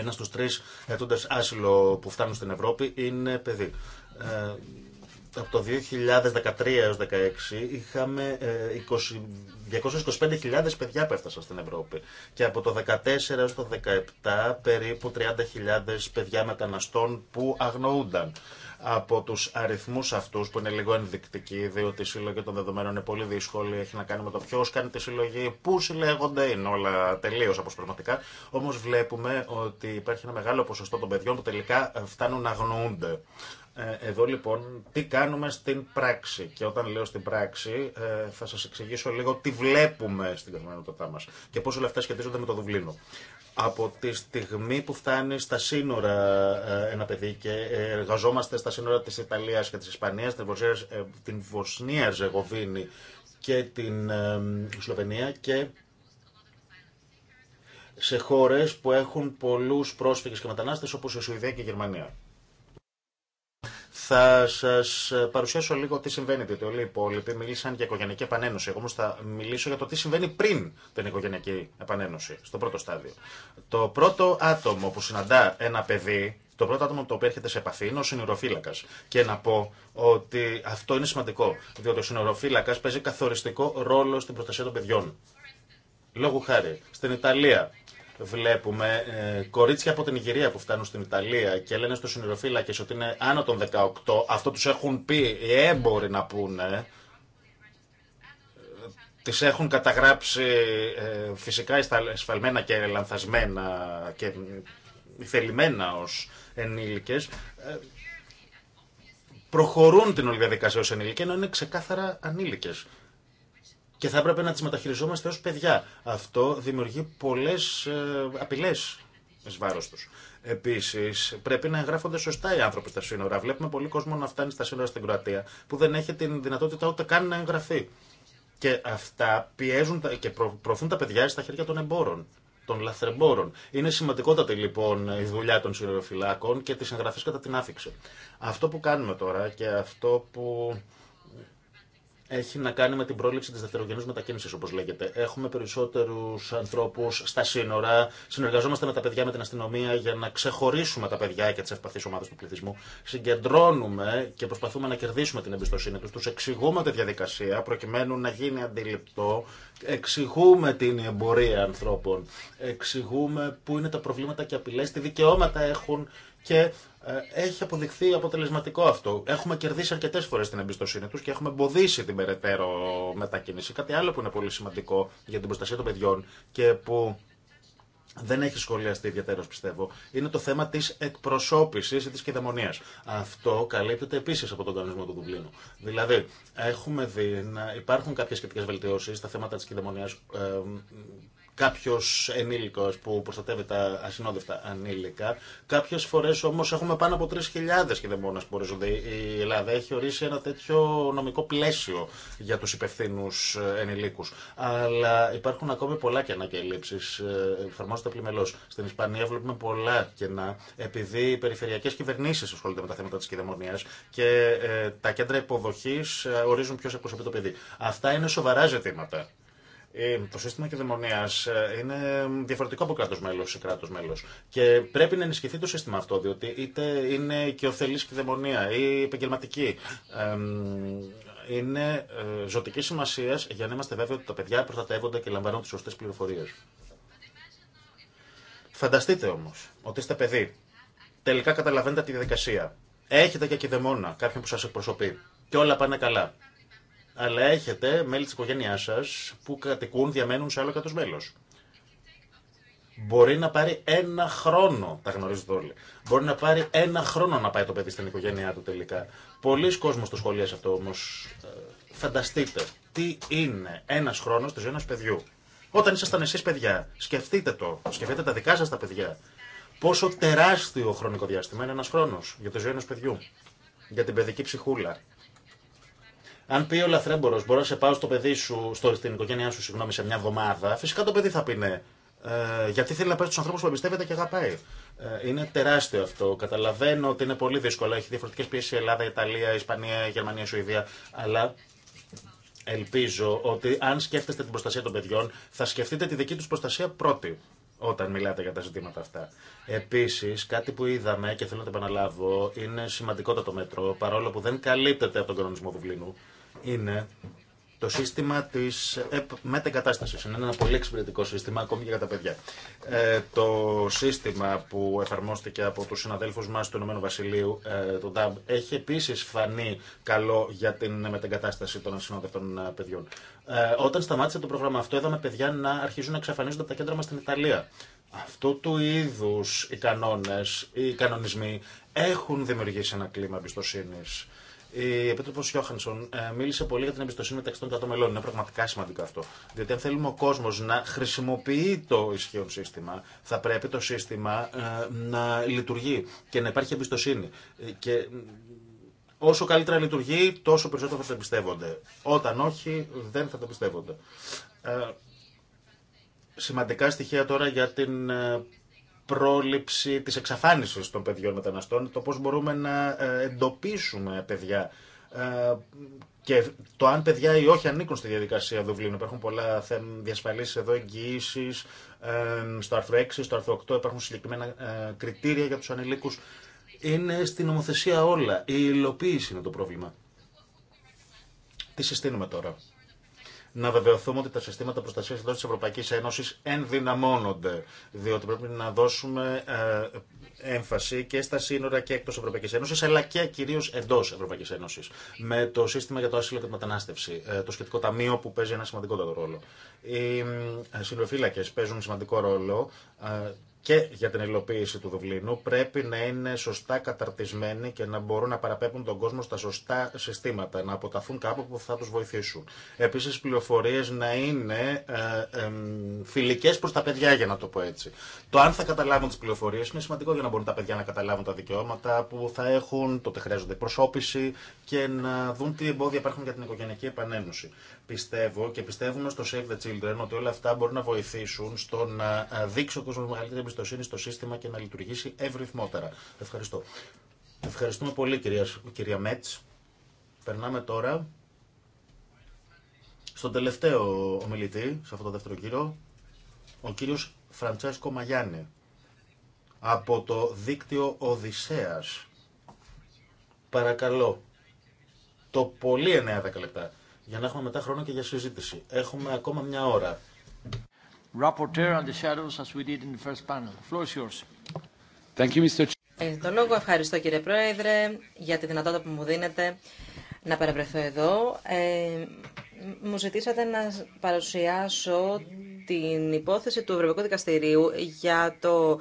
S2: Ένα στου τρει ετούντε άσυλο που φτάνουν στην Ευρώπη είναι παιδί. Ε, από το 2013 έως 2016 είχαμε 225.000 ε, παιδιά που έφτασαν στην Ευρώπη και από το 2014 έως το 2017 περίπου 30.000 παιδιά μεταναστών που αγνοούνταν από τους αριθμούς αυτούς που είναι λίγο ενδεικτικοί διότι η συλλογή των δεδομένων είναι πολύ δύσκολη, έχει να κάνει με το ποιο κάνει τη συλλογή, πού συλλέγονται, είναι όλα τελείω αποσπασματικά. Όμως βλέπουμε ότι υπάρχει ένα μεγάλο ποσοστό των παιδιών που συλλεγονται ειναι ολα τελειω αποσπρωματικα ομως βλεπουμε οτι υπαρχει φτάνουν να αγνοούνται. Ε, εδώ λοιπόν τι κάνουμε στην πράξη και όταν λέω στην πράξη ε, θα σας εξηγήσω λίγο τι βλέπουμε στην καθημερινότητά μας και πώς όλα αυτά σχετίζονται με το Δουβλίνο από τη στιγμή που φτάνει στα σύνορα ε, ένα παιδί και εργαζόμαστε στα σύνορα της Ιταλίας και της Ισπανίας, την Βοσνία ε, Ζεγοβίνη και την ε, Σλοβενία και σε χώρες που έχουν πολλούς πρόσφυγες και μετανάστες όπως η Σουηδία και η Γερμανία. Θα σα παρουσιάσω λίγο τι συμβαίνει, διότι όλοι οι υπόλοιποι μίλησαν για οικογενειακή επανένωση. Εγώ όμω θα μιλήσω για το τι συμβαίνει πριν την οικογενειακή επανένωση, στο πρώτο στάδιο. Το πρώτο άτομο που συναντά ένα παιδί, το πρώτο άτομο το οποίο έρχεται σε επαφή είναι ο συνοροφύλακα. Και να πω ότι αυτό είναι σημαντικό, διότι ο συνοροφύλακα παίζει καθοριστικό ρόλο στην προστασία των παιδιών. Λόγου χάρη, στην Ιταλία βλέπουμε ε, κορίτσια από την Ιγυρία που φτάνουν στην Ιταλία και λένε στους συνηροφύλακες ότι είναι άνω των 18, αυτό τους έχουν πει οι έμποροι να πούνε, ε, τις έχουν καταγράψει ε, φυσικά εσφαλμένα και λανθασμένα και θελημένα ως ενήλικες, προχωρούν την όλη διαδικασία ως ενήλικες, ενώ είναι ξεκάθαρα ανήλικες και θα έπρεπε να τις μεταχειριζόμαστε ως παιδιά. Αυτό δημιουργεί πολλές ε, απειλές εις βάρος τους. Επίση, πρέπει να εγγράφονται σωστά οι άνθρωποι στα σύνορα. Βλέπουμε πολλοί κόσμο να φτάνει στα σύνορα στην Κροατία που δεν έχει την δυνατότητα ούτε καν να εγγραφεί. Και αυτά πιέζουν και προωθούν τα παιδιά στα χέρια των εμπόρων, των λαθρεμπόρων. Είναι σημαντικότατη λοιπόν η δουλειά των σύνοροφυλάκων και τη εγγραφή κατά την άφηξη. Αυτό που κάνουμε τώρα και αυτό που έχει να κάνει με την πρόληψη τη δευτερογενή μετακίνηση, όπω λέγεται. Έχουμε περισσότερου ανθρώπου στα σύνορα. Συνεργαζόμαστε με τα παιδιά, με την αστυνομία για να ξεχωρίσουμε τα παιδιά και τι ευπαθεί ομάδε του πληθυσμού. Συγκεντρώνουμε και προσπαθούμε να κερδίσουμε την εμπιστοσύνη του. Του εξηγούμε τη διαδικασία προκειμένου να γίνει αντιληπτό. Εξηγούμε την εμπορία ανθρώπων. Εξηγούμε πού είναι τα προβλήματα και απειλέ, τι δικαιώματα έχουν και ε, έχει αποδειχθεί αποτελεσματικό αυτό. Έχουμε κερδίσει αρκετέ φορέ την εμπιστοσύνη του και έχουμε εμποδίσει την περαιτέρω μετακίνηση. Κάτι άλλο που είναι πολύ σημαντικό για την προστασία των παιδιών και που δεν έχει σχολιαστεί ιδιαίτερω, πιστεύω, είναι το θέμα τη εκπροσώπηση ή τη κυδαιμονία. Αυτό καλύπτεται επίση από τον κανονισμό του Δουβλίνου. Δηλαδή, έχουμε δει να υπάρχουν κάποιε σχετικέ βελτιώσει στα θέματα τη κυδαιμονία ε, κάποιο ενήλικο που προστατεύει τα ασυνόδευτα ανήλικα. Κάποιε φορέ όμω έχουμε πάνω από 3.000 και δεν μπορούν να Η Ελλάδα έχει ορίσει ένα τέτοιο νομικό πλαίσιο για του υπευθύνου ε, ενηλίκου. Αλλά υπάρχουν ακόμη πολλά κενά και ελλείψει. Ε, Εφαρμόζεται πλημελώ. Στην Ισπανία βλέπουμε πολλά κενά επειδή οι περιφερειακέ κυβερνήσει ασχολούνται με τα θέματα τη κυδαιμονία και ε, τα κέντρα υποδοχή ορίζουν ποιο εκπροσωπεί το παιδί. Αυτά είναι σοβαρά ζητήματα ε, το σύστημα κυδαιμονία ε, είναι διαφορετικό από κράτο μέλο σε κράτο μέλο. Και πρέπει να ενισχυθεί το σύστημα αυτό, διότι είτε είναι οικειοθελή κυδαιμονία ή επαγγελματική. Είναι ε, ζωτική σημασία για να είμαστε βέβαιοι ότι τα παιδιά προστατεύονται και λαμβάνουν τι σωστέ πληροφορίε. Φανταστείτε όμω ότι είστε παιδί. Τελικά καταλαβαίνετε τη διαδικασία. Έχετε και κυδαιμόνα, κάποιον που σα εκπροσωπεί. Και όλα πάνε καλά αλλά έχετε μέλη της οικογένειάς σας που κατοικούν, διαμένουν σε άλλο κάτω μέλος. Μπορεί να πάρει ένα χρόνο, τα γνωρίζετε όλοι. Μπορεί να πάρει ένα χρόνο να πάει το παιδί στην οικογένειά του τελικά. Πολλοί κόσμοι το σχολείο αυτό όμω. Ε, φανταστείτε τι είναι ένα χρόνο τη ζωή ενό παιδιού. Όταν ήσασταν εσεί παιδιά, σκεφτείτε το, σκεφτείτε τα δικά σα τα παιδιά. Πόσο τεράστιο χρονικό διάστημα είναι ένα χρόνο για τη ζωή παιδιού. Για την παιδική ψυχούλα. Αν πει ο λαθρέμπορο, μπορώ να σε πάω στο παιδί σου, στο, στην οικογένειά σου, συγγνώμη, σε μια εβδομάδα, φυσικά το παιδί θα πει ναι. Ε, γιατί θέλει να πάει στου ανθρώπου που εμπιστεύεται και αγαπάει. Ε, είναι τεράστιο αυτό. Καταλαβαίνω ότι είναι πολύ δύσκολο. Έχει διαφορετικέ πιέσει η Ελλάδα, η Ιταλία, η Ισπανία, η Γερμανία, η Σουηδία. Αλλά ελπίζω ότι αν σκέφτεστε την προστασία των παιδιών, θα σκεφτείτε τη δική του προστασία πρώτη όταν μιλάτε για τα ζητήματα αυτά. Επίση, κάτι που είδαμε και θέλω να το επαναλάβω, είναι σημαντικότατο μέτρο, παρόλο που δεν καλύπτεται από τον κανονισμό Δουβλίνου είναι το σύστημα τη μετεγκατάσταση. Είναι ένα πολύ εξυπηρετικό σύστημα, ακόμη και για τα παιδιά. Ε, το σύστημα που εφαρμόστηκε από του συναδέλφου μα του Ηνωμένου Βασιλείου, ε, το DAB, έχει επίση φανεί καλό για την μετεγκατάσταση των ασυνόδευτων ε, παιδιών. Ε, όταν σταμάτησε το πρόγραμμα αυτό, είδαμε παιδιά να αρχίζουν να εξαφανίζονται από τα κέντρα μα στην Ιταλία. Αυτού του είδου οι κανόνε, οι κανονισμοί έχουν δημιουργήσει ένα κλίμα εμπιστοσύνη η Επίτροπο Γιώχανσον ε, μίλησε πολύ για την εμπιστοσύνη μεταξύ των μελών. Είναι πραγματικά σημαντικό αυτό. Διότι αν θέλουμε ο κόσμο να χρησιμοποιεί το ισχύον σύστημα, θα πρέπει το σύστημα ε, να λειτουργεί και να υπάρχει εμπιστοσύνη. Ε, και όσο καλύτερα λειτουργεί, τόσο περισσότερο θα το εμπιστεύονται. Όταν όχι, δεν θα το εμπιστεύονται σημαντικά στοιχεία τώρα για την πρόληψη της εξαφάνισης των παιδιών μεταναστών, το πώ μπορούμε να ε, εντοπίσουμε παιδιά ε, και το αν παιδιά ή όχι ανήκουν στη διαδικασία Δουβλίνου. Υπάρχουν πολλά διασφαλίσει εδώ, εγγυήσει. Ε, στο άρθρο 6, στο άρθρο 8 υπάρχουν συγκεκριμένα κριτήρια για του ανηλίκου. Είναι στην νομοθεσία όλα. Η υλοποίηση είναι το πρόβλημα. Τι συστήνουμε τώρα να βεβαιωθούμε ότι τα συστήματα προστασία εντό τη Ευρωπαϊκή Ένωση ενδυναμώνονται. Διότι πρέπει να δώσουμε ε, έμφαση και στα σύνορα και εκτό Ευρωπαϊκή Ένωση, αλλά και κυρίω εντό Ευρωπαϊκή Ένωση. Με το σύστημα για το άσυλο και τη μετανάστευση, ε, το σχετικό ταμείο που παίζει ένα σημαντικό ρόλο. Οι ε, συνοφύλακε παίζουν σημαντικό ρόλο και για την υλοποίηση του Δουβλίνου πρέπει να είναι σωστά καταρτισμένοι και να μπορούν να παραπέμπουν τον κόσμο στα σωστά συστήματα, να αποταθούν κάπου που θα τους βοηθήσουν. Επίσης, πληροφορίες να είναι ε, ε, φιλικές προς τα παιδιά, για να το πω έτσι. Το αν θα καταλάβουν τις πληροφορίες είναι σημαντικό για να μπορούν τα παιδιά να καταλάβουν τα δικαιώματα που θα έχουν, τότε χρειάζονται προσώπηση και να δουν τι εμπόδια υπάρχουν για την οικογενειακή επανένωση πιστεύω και πιστεύουμε στο Save the Children ότι όλα αυτά μπορούν να βοηθήσουν στο να ε, δείξει ο κόσμο μεγαλύτερη εμπιστοσύνη στο σύστημα και να λειτουργήσει ευρυθμότερα. Ευχαριστώ. Ευχαριστούμε πολύ κυρία, κυρία Μέτς. Περνάμε τώρα στον τελευταίο ομιλητή, σε αυτό το δεύτερο κύριο, ο κύριος Φραντσέσκο Μαγιάννη, από το δίκτυο Οδυσσέας. Παρακαλώ, το πολύ 9 λεπτά για να έχουμε μετά χρόνο και για συζήτηση. Έχουμε
S3: ακόμα μια ώρα. Ε, το λόγο ευχαριστώ κύριε Πρόεδρε για τη δυνατότητα που μου δίνετε να παρευρεθώ εδώ. Ε, μου ζητήσατε να παρουσιάσω την υπόθεση του Ευρωπαϊκού Δικαστηρίου για το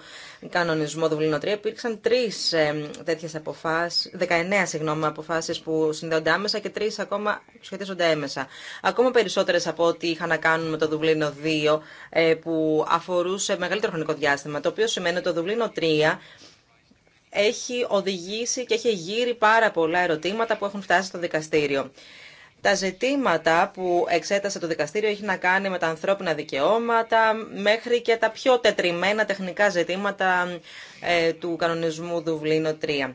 S3: κανονισμό Δουβλίνο 3 υπήρξαν τρεις ε, αποφάσεις, 19 συγγνώμη, αποφάσεις που συνδέονται άμεσα και τρεις ακόμα σχετίζονται έμεσα. Ακόμα περισσότερες από ό,τι είχαν να κάνουν με το Δουβλίνο 2 ε, που αφορούσε μεγαλύτερο χρονικό διάστημα, το οποίο σημαίνει ότι το Δουβλίνο 3 έχει οδηγήσει και έχει γύρει πάρα πολλά ερωτήματα που έχουν φτάσει στο δικαστήριο. Τα ζητήματα που εξέτασε το δικαστήριο έχει να κάνει με τα ανθρώπινα δικαιώματα μέχρι και τα πιο τετριμένα τεχνικά ζητήματα ε, του κανονισμού Δουβλίνο 3. Ε,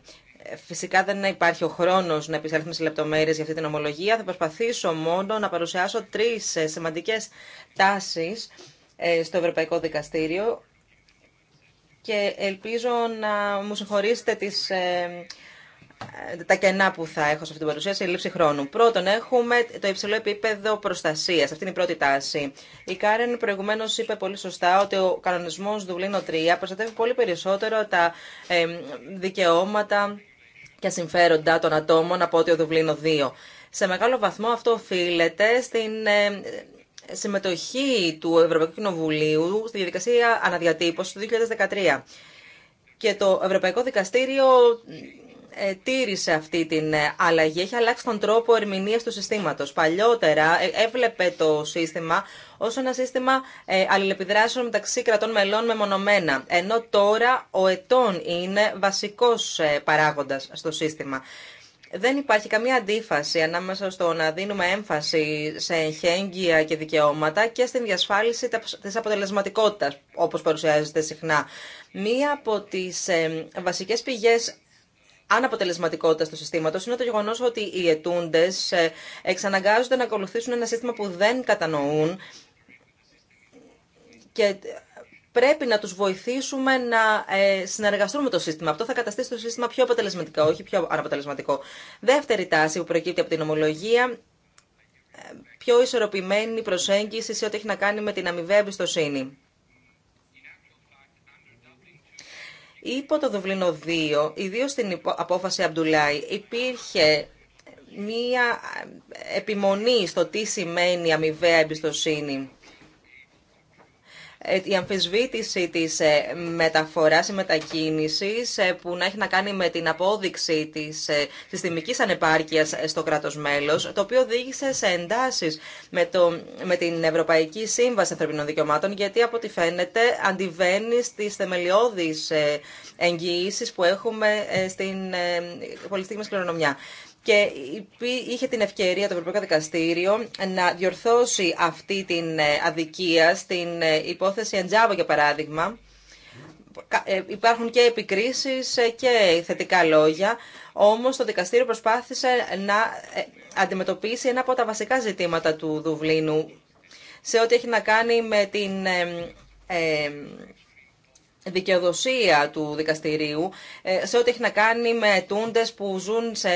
S3: φυσικά δεν υπάρχει ο χρόνο να επισέλθουμε σε λεπτομέρειε για αυτή την ομολογία. Θα προσπαθήσω μόνο να παρουσιάσω τρει ε, σημαντικέ τάσει στο Ευρωπαϊκό Δικαστήριο και ελπίζω να μου συγχωρήσετε τις ε, τα κενά που θα έχω σε αυτή την παρουσίαση, η λήψη χρόνου. Πρώτον, έχουμε το υψηλό επίπεδο προστασία. Αυτή είναι η πρώτη τάση. Η Κάρεν προηγουμένω είπε πολύ σωστά ότι ο κανονισμό Δουβλίνο 3 προστατεύει πολύ περισσότερο τα δικαιώματα και συμφέροντα των ατόμων από ότι ο Δουβλίνο 2. Σε μεγάλο βαθμό αυτό οφείλεται στην ε, συμμετοχή του Ευρωπαϊκού Κοινοβουλίου στη διαδικασία αναδιατύπωση του 2013. Και το Ευρωπαϊκό Δικαστήριο ε, τήρησε αυτή την ε, αλλαγή. Έχει αλλάξει τον τρόπο ερμηνεία του συστήματο. Παλιότερα ε, έβλεπε το σύστημα ω ένα σύστημα αλληλεπιδράσεων μεταξύ κρατών μελών μεμονωμένα. Ενώ τώρα ο ετών είναι βασικό παράγοντα στο σύστημα. Δεν υπάρχει καμία αντίφαση ανάμεσα στο να δίνουμε έμφαση σε εγχέγγυα και δικαιώματα και στην διασφάλιση της αποτελεσματικότητας, όπως παρουσιάζεται συχνά. Μία από τις βασικές πηγές αναποτελεσματικότητα του συστήματο είναι το γεγονό ότι οι ετούντε ε, εξαναγκάζονται να ακολουθήσουν ένα σύστημα που δεν κατανοούν και ε, πρέπει να τους βοηθήσουμε να ε, συνεργαστούν με το σύστημα. Αυτό θα καταστήσει το σύστημα πιο αποτελεσματικό, όχι πιο αναποτελεσματικό. Δεύτερη τάση που προκύπτει από την ομολογία, πιο ισορροπημένη προσέγγιση σε ό,τι έχει να κάνει με την αμοιβαία εμπιστοσύνη. Υπό το Δουβλίνο 2, ιδίω στην απόφαση Αμπτουλάη, υπήρχε μία ε, επιμονή στο τι σημαίνει αμοιβαία εμπιστοσύνη ε, η αμφισβήτηση της ε, μεταφοράς ή μετακίνησης ε, που να έχει να κάνει με την απόδειξη της συστημικής ανεπάρκειας στο κράτος μέλος, το οποίο οδήγησε σε εντάσεις με, το, με την Ευρωπαϊκή Σύμβαση Ανθρωπινών Δικαιωμάτων, γιατί από ό,τι φαίνεται αντιβαίνει στις θεμελιώδεις εγγυήσεις που έχουμε στην πολιτική μας κληρονομιά και είχε την ευκαιρία το Ευρωπαϊκό Δικαστήριο να διορθώσει αυτή την ε, αδικία στην ε, υπόθεση Αντζάβο για παράδειγμα. Ε, υπάρχουν και επικρίσεις και θετικά λόγια, όμως το δικαστήριο προσπάθησε να αντιμετωπίσει ένα από τα βασικά ζητήματα του Δουβλίνου σε ό,τι έχει να κάνει με την δικαιοδοσία του δικαστηρίου ε, σε ό,τι έχει να κάνει με τούντες που ζουν σε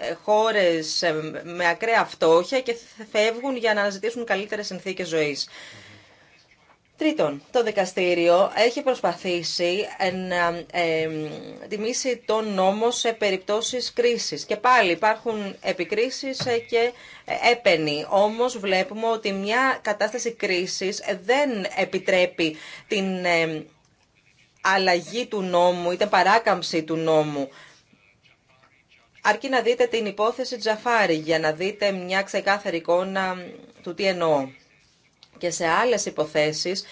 S3: ε, χώρες ε, με ακραία φτώχεια και φεύγουν για να αναζητήσουν καλύτερες συνθήκες ζωής. Τρίτον, το δικαστήριο έχει προσπαθήσει να ε, τιμήσει τον νόμο σε περιπτώσεις κρίσης. Και πάλι υπάρχουν επικρίσεις και έπαινοι. Όμως βλέπουμε ότι μια κατάσταση κρίσης δεν επιτρέπει την αλλαγή του νόμου, είτε παράκαμψη του νόμου. Αρκεί να δείτε την υπόθεση Τζαφάρη για να δείτε μια ξεκάθαρη εικόνα του τι εννοώ. Και σε άλλες υποθέσεις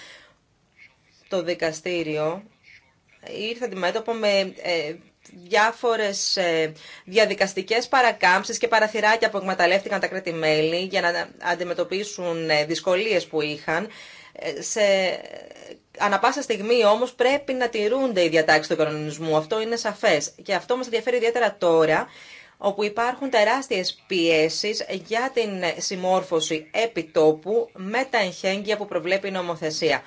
S3: το δικαστήριο ήρθε αντιμέτωπο με ε, διάφορες ε, διαδικαστικές παρακάμψεις και παραθυράκια που εκμεταλλεύτηκαν τα κρατημέλη για να αντιμετωπίσουν ε, δυσκολίες που είχαν ε, σε Ανά πάσα στιγμή όμως πρέπει να τηρούνται οι διατάξει του κανονισμού. Αυτό είναι σαφές. Και αυτό μας ενδιαφέρει ιδιαίτερα τώρα, όπου υπάρχουν τεράστιε πιέσεις για την συμμόρφωση επιτόπου με τα εγχέγγυα που προβλέπει η νομοθεσία.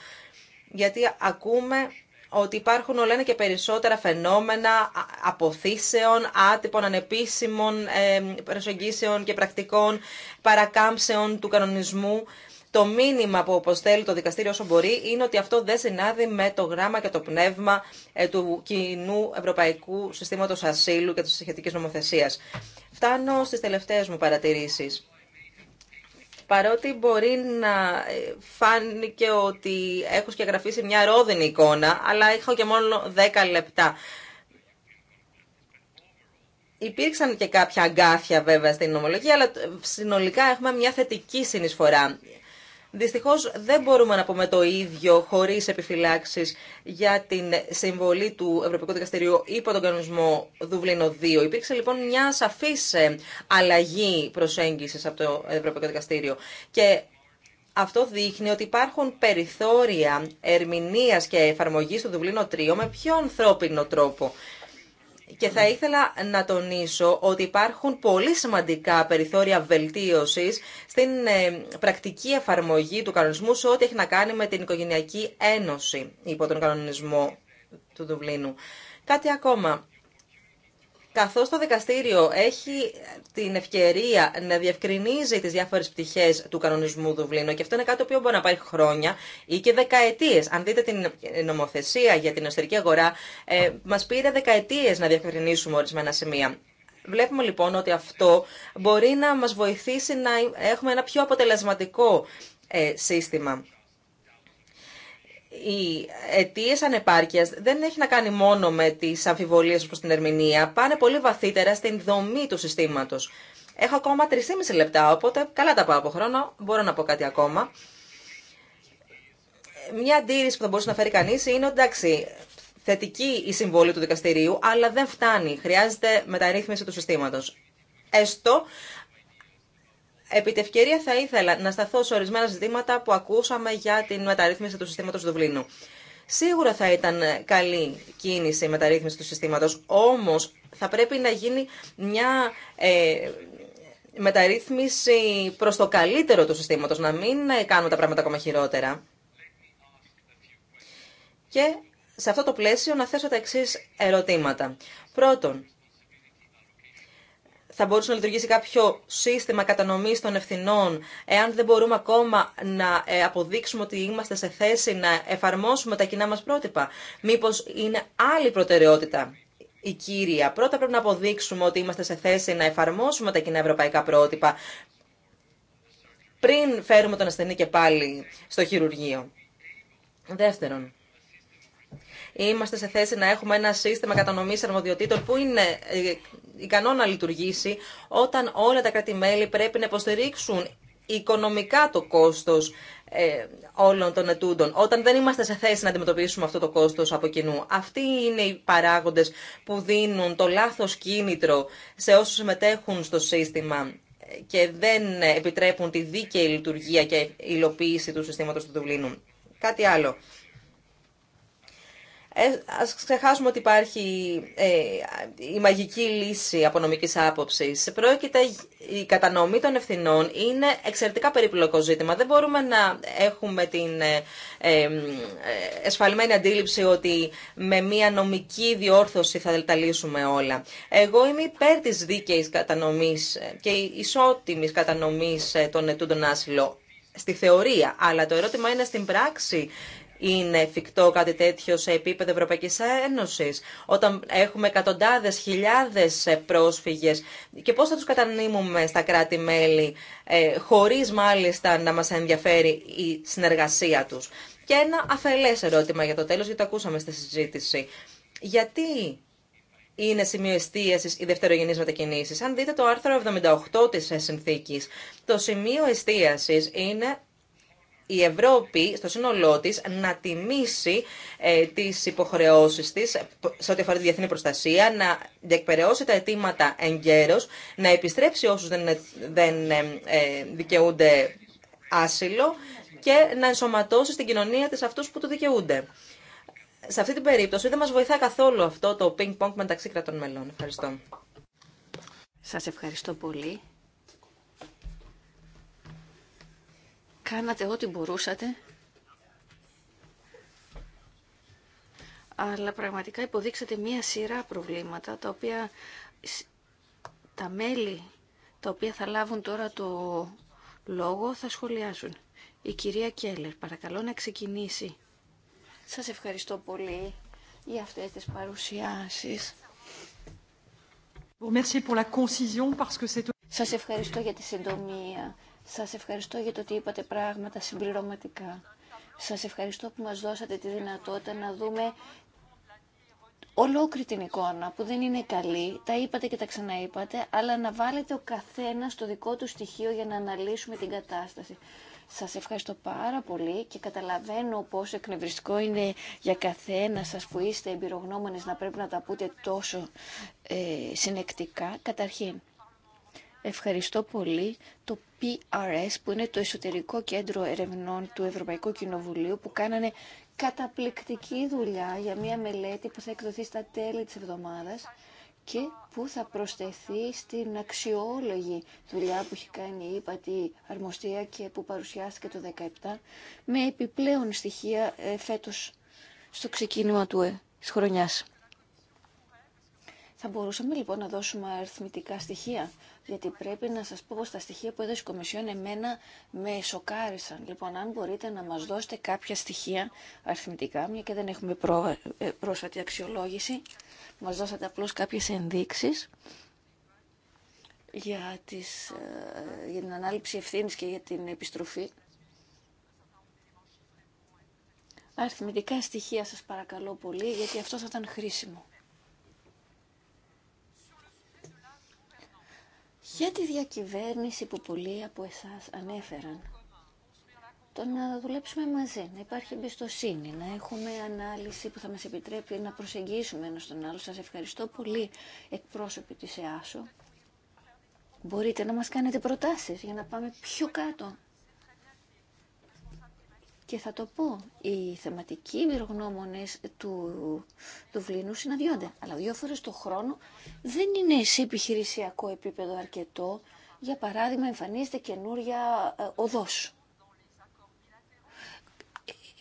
S3: Γιατί ακούμε ότι υπάρχουν όλα ένα και περισσότερα φαινόμενα αποθήσεων, άτυπων, ανεπίσημων ε, προσεγγίσεων και πρακτικών παρακάμψεων του κανονισμού το μήνυμα που αποστέλει το δικαστήριο όσο μπορεί είναι ότι αυτό δεν συνάδει με το γράμμα και το πνεύμα ε, του κοινού ευρωπαϊκού συστήματος ασύλου και της σχετικής νομοθεσίας. Φτάνω στις τελευταίες μου παρατηρήσεις. Παρότι μπορεί να ε, φάνηκε ότι έχω σκεγγραφίσει μια ρόδινη εικόνα, αλλά έχω και μόνο 10 λεπτά. Υπήρξαν και κάποια αγκάθια βέβαια στην νομολογία, αλλά ε, συνολικά έχουμε μια θετική συνεισφορά. Δυστυχώ, δεν μπορούμε να πούμε το ίδιο χωρίς επιφυλάξει για την συμβολή του Ευρωπαϊκού Δικαστηρίου υπό τον κανονισμό Δουβλίνο 2. Υπήρξε λοιπόν μια σαφή ε, αλλαγή προσέγγισης από το Ευρωπαϊκό Δικαστήριο και αυτό δείχνει ότι υπάρχουν περιθώρια ερμηνείας και εφαρμογής του Δουβλίνο 3 με πιο ανθρώπινο τρόπο. Και θα ήθελα να τονίσω ότι υπάρχουν πολύ σημαντικά περιθώρια βελτίωσης στην ε, πρακτική εφαρμογή του κανονισμού σε ό,τι έχει να κάνει με την οικογενειακή ένωση υπό τον κανονισμό του Δουβλίνου. Κάτι ακόμα καθώς το δικαστήριο έχει την ευκαιρία να διευκρινίζει τις διάφορες πτυχές του κανονισμού Δουβλίνου και αυτό είναι κάτι το οποίο μπορεί να πάει χρόνια ή και δεκαετίες. Αν δείτε την νομοθεσία για την εσωτερική αγορά, ε, μας πήρε δεκαετίες να διευκρινίσουμε ορισμένα σημεία. Βλέπουμε λοιπόν ότι αυτό μπορεί να μας βοηθήσει να έχουμε ένα πιο αποτελεσματικό ε, σύστημα οι αιτίε ανεπάρκεια δεν έχει να κάνει μόνο με τι αμφιβολίε προ την ερμηνεία, πάνε πολύ βαθύτερα στην δομή του συστήματο. Έχω ακόμα 3,5 λεπτά, οπότε καλά τα πάω από χρόνο, μπορώ να πω κάτι ακόμα. Μια αντίρρηση που θα μπορούσε να φέρει κανεί είναι εντάξει, θετική η συμβολή του δικαστηρίου, αλλά δεν φτάνει. Χρειάζεται μεταρρύθμιση του συστήματο. Έστω Επί τη ευκαιρία θα ήθελα να σταθώ σε ορισμένα ζητήματα που ακούσαμε για την μεταρρύθμιση του συστήματος του Δουβλίνου. Σίγουρα θα ήταν καλή κίνηση η μεταρρύθμιση του συστήματος, όμως θα πρέπει να γίνει μια ε, μεταρρύθμιση προς το καλύτερο του συστήματος, να μην κάνουμε τα πράγματα ακόμα χειρότερα. Και σε αυτό το πλαίσιο να θέσω τα εξή ερωτήματα. Πρώτον, θα μπορούσε να λειτουργήσει κάποιο σύστημα κατανομής των ευθυνών, εάν δεν μπορούμε ακόμα να ε, αποδείξουμε ότι είμαστε σε θέση να εφαρμόσουμε τα κοινά μας πρότυπα. Μήπως είναι άλλη προτεραιότητα η κύρια. Πρώτα πρέπει να αποδείξουμε ότι είμαστε σε θέση να εφαρμόσουμε τα κοινά ευρωπαϊκά πρότυπα πριν φέρουμε τον ασθενή και πάλι στο χειρουργείο. Δεύτερον, είμαστε σε θέση να έχουμε ένα σύστημα κατανομής αρμοδιοτήτων που είναι ε, ικανό να λειτουργήσει όταν όλα τα κράτη-μέλη πρέπει να υποστηρίξουν οικονομικά το κόστος ε, όλων των ετούντων, όταν δεν είμαστε σε θέση να αντιμετωπίσουμε αυτό το κόστος από κοινού. Αυτοί είναι οι παράγοντες που δίνουν το λάθος κίνητρο σε όσους συμμετέχουν στο σύστημα και δεν επιτρέπουν τη δίκαιη λειτουργία και υλοποίηση του συστήματος του Δουβλίνου. Κάτι άλλο. Ε, ας ξεχάσουμε ότι υπάρχει ε, η μαγική λύση από νομικής άποψης. Πρόκειται η κατανομή των ευθυνών είναι εξαιρετικά περίπλοκο ζήτημα. Δεν μπορούμε να έχουμε την ε, εσφαλμένη αντίληψη ότι με μια νομική διόρθωση θα τα όλα. Εγώ είμαι υπέρ της δίκαιης κατανομής και ισότιμης κατανομής των ετούντων άσυλο στη θεωρία, αλλά το ερώτημα είναι στην πράξη είναι εφικτό κάτι τέτοιο σε επίπεδο Ευρωπαϊκή Ένωσης, όταν έχουμε εκατοντάδε. χιλιάδες ε, πρόσφυγες και πώς θα τους κατανείμουμε στα κράτη-μέλη, ε, χωρίς μάλιστα να μας ενδιαφέρει η συνεργασία τους. Και ένα αφελές ερώτημα για το τέλος, γιατί το ακούσαμε στη συζήτηση. Γιατί είναι σημείο εστίαση οι δευτερογενεί μετακινήσει. Αν δείτε το άρθρο 78 τη συνθήκη, το σημείο εστίαση είναι η Ευρώπη στο σύνολό τη να τιμήσει ε, τις τι υποχρεώσει τη σε ό,τι αφορά τη διεθνή προστασία, να διεκπαιρεώσει τα αιτήματα εγκαίρω, να επιστρέψει όσου δεν, δεν ε, ε, δικαιούνται άσυλο και να ενσωματώσει στην κοινωνία τη αυτούς που το δικαιούνται. Σε αυτή την περίπτωση δεν μας βοηθά καθόλου αυτό το ping-pong μεταξύ κρατών μελών. Ευχαριστώ. Σας ευχαριστώ πολύ. Κάνατε ό,τι
S1: μπορούσατε. Αλλά πραγματικά υποδείξατε μία σειρά προβλήματα τα οποία τα μέλη τα οποία θα λάβουν τώρα το λόγο θα σχολιάσουν. Η κυρία Κέλλερ, παρακαλώ να ξεκινήσει. Σας ευχαριστώ πολύ για αυτές τις παρουσιάσεις. Σας ευχαριστώ για τη συντομία. Σας ευχαριστώ για το ότι είπατε πράγματα συμπληρωματικά. Σας ευχαριστώ που μας δώσατε τη δυνατότητα να δούμε ολόκληρη την εικόνα που δεν είναι καλή, τα είπατε και τα ξαναείπατε, αλλά να βάλετε ο καθένας το δικό του στοιχείο για να αναλύσουμε την κατάσταση. Σας ευχαριστώ πάρα πολύ και καταλαβαίνω πόσο εκνευριστικό είναι για καθένα σας που είστε εμπειρογνώμονες να πρέπει να τα πούτε τόσο ε, συνεκτικά. Καταρχήν, Ευχαριστώ πολύ το PRS που είναι το εσωτερικό κέντρο ερευνών του Ευρωπαϊκού Κοινοβουλίου που κάνανε καταπληκτική δουλειά για μια μελέτη που θα εκδοθεί στα τέλη της εβδομάδας και που θα προσθεθεί στην αξιόλογη δουλειά που έχει κάνει η ΥΠΑΤΗ Αρμοστία και που παρουσιάστηκε το 2017 με επιπλέον στοιχεία ε, στο ξεκίνημα του ε, της χρονιάς. Θα μπορούσαμε λοιπόν να δώσουμε αριθμητικά στοιχεία γιατί πρέπει να σας πω πως τα στοιχεία που έδωσε η Κομισιόν εμένα με σοκάρισαν. Λοιπόν, αν μπορείτε να μας δώσετε κάποια στοιχεία αριθμητικά, μια και δεν έχουμε ε, πρόσφατη αξιολόγηση, μας δώσατε απλώς κάποιες ενδείξεις για, τις, ε, για την ανάληψη ευθύνης και για την επιστροφή. Αριθμητικά στοιχεία σας παρακαλώ πολύ, γιατί αυτό θα ήταν χρήσιμο. Για τη διακυβέρνηση που πολλοί από εσάς ανέφεραν, το να δουλέψουμε μαζί, να υπάρχει εμπιστοσύνη, να έχουμε ανάλυση που θα μας επιτρέπει να προσεγγίσουμε ένα τον άλλο. Σας ευχαριστώ πολύ εκπρόσωποι της ΕΑΣΟ. Μπορείτε να μας κάνετε προτάσεις για να πάμε πιο κάτω. Και θα το πω, οι θεματικοί μυρογνώμονε του Δουβλίνου συναντιόνται. Αλλά δύο φορέ το χρόνο δεν είναι σε επιχειρησιακό επίπεδο αρκετό. Για παράδειγμα, εμφανίζεται καινούρια ε, οδός.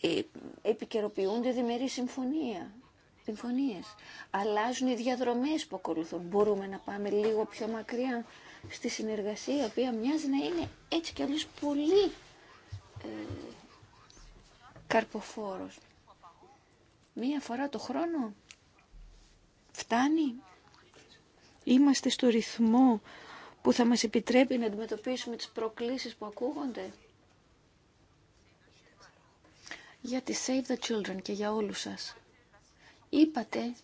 S1: Ε, ε, επικαιροποιούνται διμερεί συμφωνία. Συμφωνίες. Αλλάζουν οι διαδρομές που ακολουθούν. Μπορούμε να πάμε λίγο πιο μακριά στη συνεργασία, η οποία μοιάζει να είναι έτσι κι αλλιώς πολύ ε, καρποφόρος. Μία φορά το χρόνο φτάνει. Είμαστε στο ρυθμό που θα μας επιτρέπει να αντιμετωπίσουμε τις προκλήσεις που ακούγονται. Για τη Save the Children και για όλους σας. Είπατε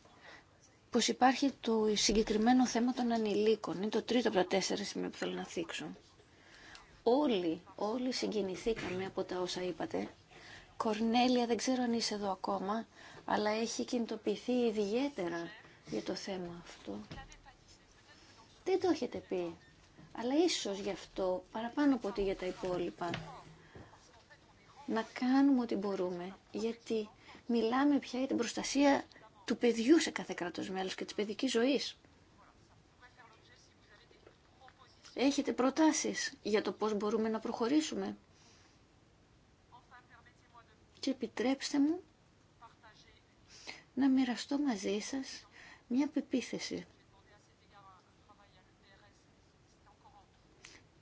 S1: πως υπάρχει το συγκεκριμένο θέμα των ανηλίκων. Είναι το τρίτο από τα τέσσερα σημεία που θέλω να θίξω. Όλοι, όλοι συγκινηθήκαμε από τα όσα είπατε. Κορνέλια, δεν ξέρω αν είσαι εδώ ακόμα, αλλά έχει κινητοποιηθεί ιδιαίτερα για το θέμα αυτό. Δεν το έχετε πει, αλλά ίσως γι' αυτό, παραπάνω από ότι για τα υπόλοιπα, να κάνουμε ό,τι μπορούμε, γιατί μιλάμε πια για την προστασία του παιδιού σε κάθε κράτος μέλος και της παιδικής ζωής. Έχετε προτάσεις για το πώς μπορούμε να προχωρήσουμε και επιτρέψτε μου να μοιραστώ μαζί σας μια πεποίθηση.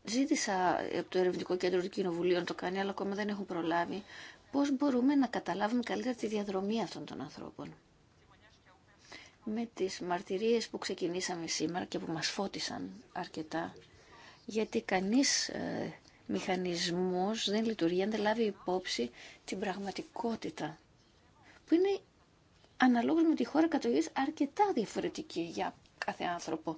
S1: Ζήτησα από το Ερευνητικό Κέντρο του Κοινοβουλίου να το κάνει, αλλά ακόμα δεν έχουν προλάβει πώς μπορούμε να καταλάβουμε καλύτερα τη διαδρομή αυτών των ανθρώπων. Με τις μαρτυρίες που ξεκινήσαμε σήμερα και που μας φώτισαν αρκετά, γιατί κανείς ε, μηχανισμός δεν λειτουργεί αν δεν λάβει υπόψη την πραγματικότητα που είναι αναλόγως με τη χώρα κατογής αρκετά διαφορετική για κάθε άνθρωπο.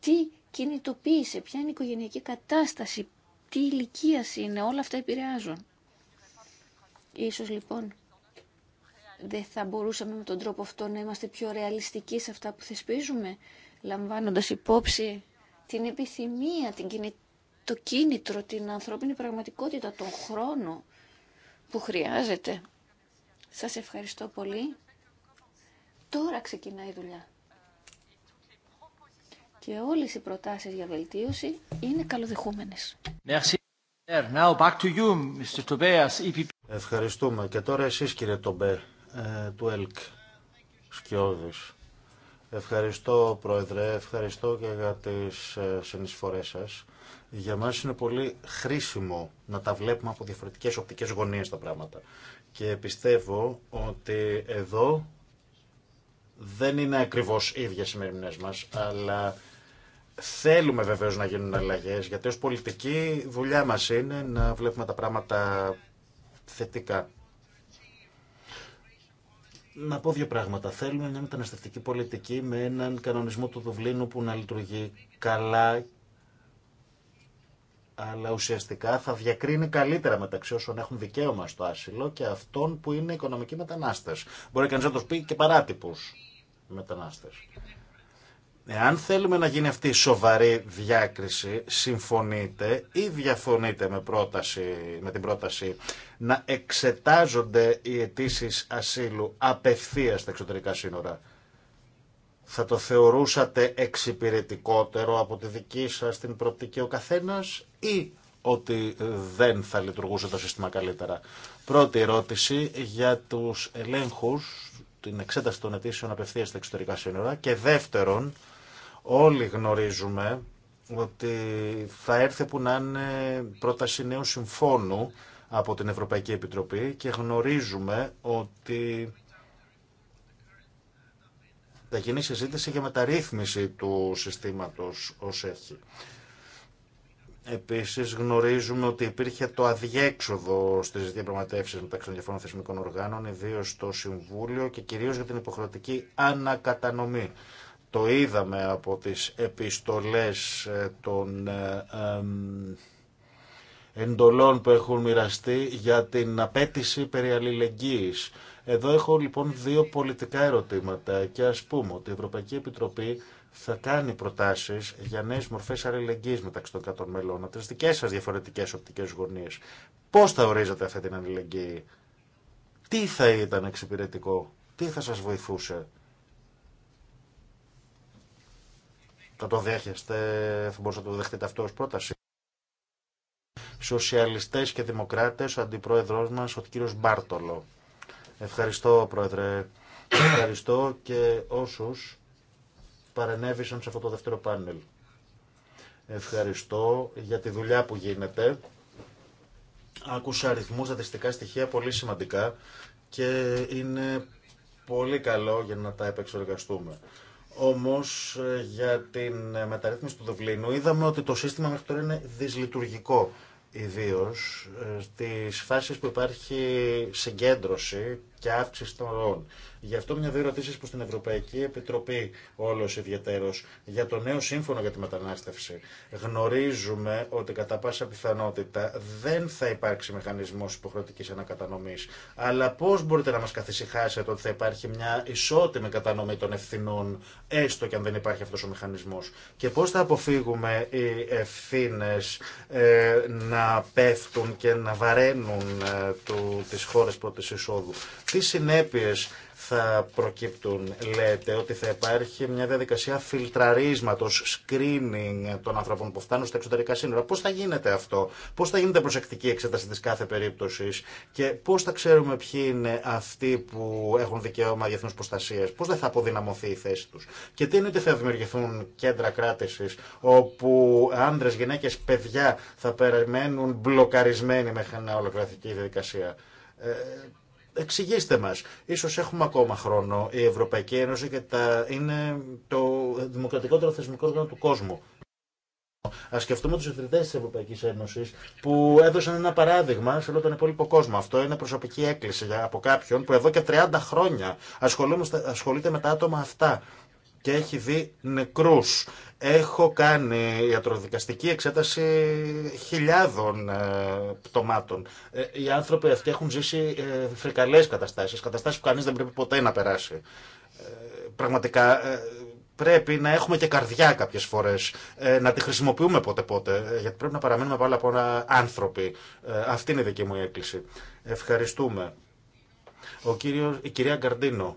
S1: Τι κινητοποίησε, ποια είναι η οικογενειακή κατάσταση, τι ηλικία είναι, όλα αυτά επηρεάζουν. Ίσως λοιπόν δεν θα μπορούσαμε με τον τρόπο αυτό να είμαστε πιο ρεαλιστικοί σε αυτά που θεσπίζουμε, λαμβάνοντας υπόψη την επιθυμία, την κινητοποίηση το κίνητρο, την ανθρώπινη πραγματικότητα, τον χρόνο που χρειάζεται. Σας ευχαριστώ πολύ. Τώρα ξεκινάει η δουλειά. Και όλες οι προτάσεις για βελτίωση είναι καλοδεχούμενες.
S4: E
S2: Ευχαριστούμε. Και τώρα εσείς κύριε Τομπέ, ε, του ΕΛΚ, Σκιώδης. Ευχαριστώ Πρόεδρε, ευχαριστώ και για τις ε, συνεισφορές σας. Για μας είναι πολύ χρήσιμο να τα βλέπουμε από διαφορετικές οπτικές γωνίες τα πράγματα. Και πιστεύω ότι εδώ δεν είναι ακριβώς οι ίδιες οι μας, αλλά θέλουμε βεβαίως να γίνουν αλλαγές, γιατί ως πολιτική δουλειά μας είναι να βλέπουμε τα πράγματα θετικά να πω δύο πράγματα. Θέλουμε μια μεταναστευτική πολιτική με έναν κανονισμό του Δουβλίνου που να λειτουργεί καλά αλλά ουσιαστικά θα διακρίνει καλύτερα μεταξύ όσων έχουν δικαίωμα στο άσυλο και αυτών που είναι οικονομικοί μετανάστες. Μπορεί κανείς να τους πει και παράτυπους μετανάστες. Εάν θέλουμε να γίνει αυτή η σοβαρή διάκριση, συμφωνείτε ή διαφωνείτε με, πρόταση, με την πρόταση να εξετάζονται οι αιτήσει ασύλου απευθεία στα εξωτερικά σύνορα. Θα το θεωρούσατε εξυπηρετικότερο από τη δική σας την προοπτική ο καθένας ή ότι δεν θα λειτουργούσε το σύστημα καλύτερα. Πρώτη ερώτηση για τους ελέγχους, την εξέταση των αιτήσεων απευθεία στα εξωτερικά σύνορα και δεύτερον, Όλοι γνωρίζουμε ότι θα έρθει που να είναι πρόταση νέου συμφώνου από την Ευρωπαϊκή Επιτροπή και γνωρίζουμε ότι θα γίνει συζήτηση για μεταρρύθμιση του συστήματος ως έχει. Επίσης γνωρίζουμε ότι υπήρχε το αδιέξοδο στις διαπραγματεύσεις μεταξύ των διαφορών θεσμικών οργάνων, ιδίως στο Συμβούλιο και κυρίως για την υποχρεωτική ανακατανομή το είδαμε από τις επιστολές ε, των ε, εντολών που έχουν μοιραστεί για την απέτηση περί αλληλεγγύης. Εδώ έχω λοιπόν δύο πολιτικά ερωτήματα και ας πούμε ότι η Ευρωπαϊκή Επιτροπή θα κάνει προτάσει για νέε μορφέ αλληλεγγύη μεταξύ των 100 μελών από τι δικέ σα διαφορετικέ οπτικέ γωνίε. Πώ θα ορίζατε αυτή την αλληλεγγύη, τι θα ήταν εξυπηρετικό, τι θα σα βοηθούσε. Θα το δέχεστε, θα μπορούσατε να το δεχτείτε αυτό ως πρόταση. Σοσιαλιστές και Δημοκράτες, ο αντιπρόεδρός μας, ο κύριος Μπάρτολο. Ευχαριστώ, Πρόεδρε. Ευχαριστώ και όσους παρενέβησαν σε αυτό το δεύτερο πάνελ. Ευχαριστώ για τη δουλειά που γίνεται. Άκουσα αριθμού, στατιστικά στοιχεία πολύ σημαντικά και είναι πολύ καλό για να τα επεξεργαστούμε. Όμω, ε, για την ε, μεταρρύθμιση του Δουβλίνου είδαμε ότι το σύστημα μέχρι τώρα είναι δυσλειτουργικό. Ιδίω ε, στι φάσεις που υπάρχει συγκέντρωση και αύξηση των ροών. Γι' αυτό μια δύο ερωτήσει που στην Ευρωπαϊκή Επιτροπή, όλο ιδιαίτερο, για το νέο σύμφωνο για τη μετανάστευση. Γνωρίζουμε ότι κατά πάσα πιθανότητα δεν θα υπάρξει μηχανισμό υποχρεωτική ανακατανομή. Αλλά πώ μπορείτε να μα καθησυχάσετε ότι θα υπάρχει μια ισότιμη κατανομή των ευθυνών, έστω και αν δεν υπάρχει αυτό ο μηχανισμό. Και πώ θα αποφύγουμε οι ευθύνε ε, να πέφτουν και να βαραίνουν ε, τι χώρε πρώτη εισόδου. Τι συνέπειες θα προκύπτουν, λέτε, ότι θα υπάρχει μια διαδικασία φιλτραρίσματος, screening των ανθρώπων που φτάνουν στα εξωτερικά σύνορα. Πώς θα γίνεται αυτό, πώς θα γίνεται προσεκτική εξέταση της κάθε περίπτωσης και πώς θα ξέρουμε ποιοι είναι αυτοί που έχουν δικαίωμα διεθνούς προστασίας, πώς δεν θα αποδυναμωθεί η θέση τους. Και τι είναι ότι θα δημιουργηθούν κέντρα κράτησης όπου άντρες, γυναίκες, παιδιά θα περιμένουν μπλοκαρισμένοι μέχρι να ολοκληρωθεί η διαδικασία. Ε, Εξηγήστε μας. Ίσως έχουμε ακόμα χρόνο. Η Ευρωπαϊκή Ένωση και είναι το δημοκρατικότερο θεσμικό όργανο του κόσμου. Α σκεφτούμε του ιδρυτέ τη Ευρωπαϊκή Ένωση που έδωσαν ένα παράδειγμα σε όλο τον υπόλοιπο κόσμο. Αυτό είναι προσωπική έκκληση από κάποιον που εδώ και 30 χρόνια ασχολείται με τα άτομα αυτά και έχει δει νεκρούς. Έχω κάνει ιατροδικαστική εξέταση χιλιάδων ε, πτωμάτων. Ε, οι άνθρωποι αυτοί έχουν ζήσει ε, φρικαλές καταστάσεις, καταστάσεις που κανείς δεν πρέπει ποτέ να περάσει. Ε, πραγματικά πρέπει να έχουμε και καρδιά κάποιες φορές, να τη χρησιμοποιούμε πότε πότε, γιατί πρέπει να παραμένουμε πάρα πολλά άνθρωποι. αυτή είναι η δική μου έκκληση. Ευχαριστούμε. Ο κύριος, η κυρία Γκαρντίνο.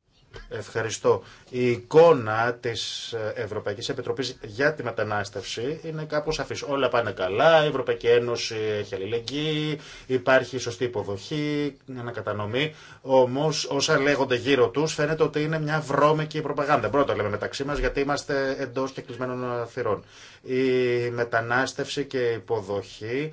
S2: Ευχαριστώ. Η εικόνα τη Ευρωπαϊκή Επιτροπή για τη μετανάστευση είναι κάπω σαφή. Όλα πάνε καλά, η Ευρωπαϊκή Ένωση έχει αλληλεγγύη, υπάρχει σωστή υποδοχή, ανακατανομή. Όμω όσα λέγονται γύρω του φαίνεται ότι είναι μια βρώμικη προπαγάνδα. Πρώτα λέμε μεταξύ μα γιατί είμαστε εντό και κλεισμένων θυρών. Η μετανάστευση και η υποδοχή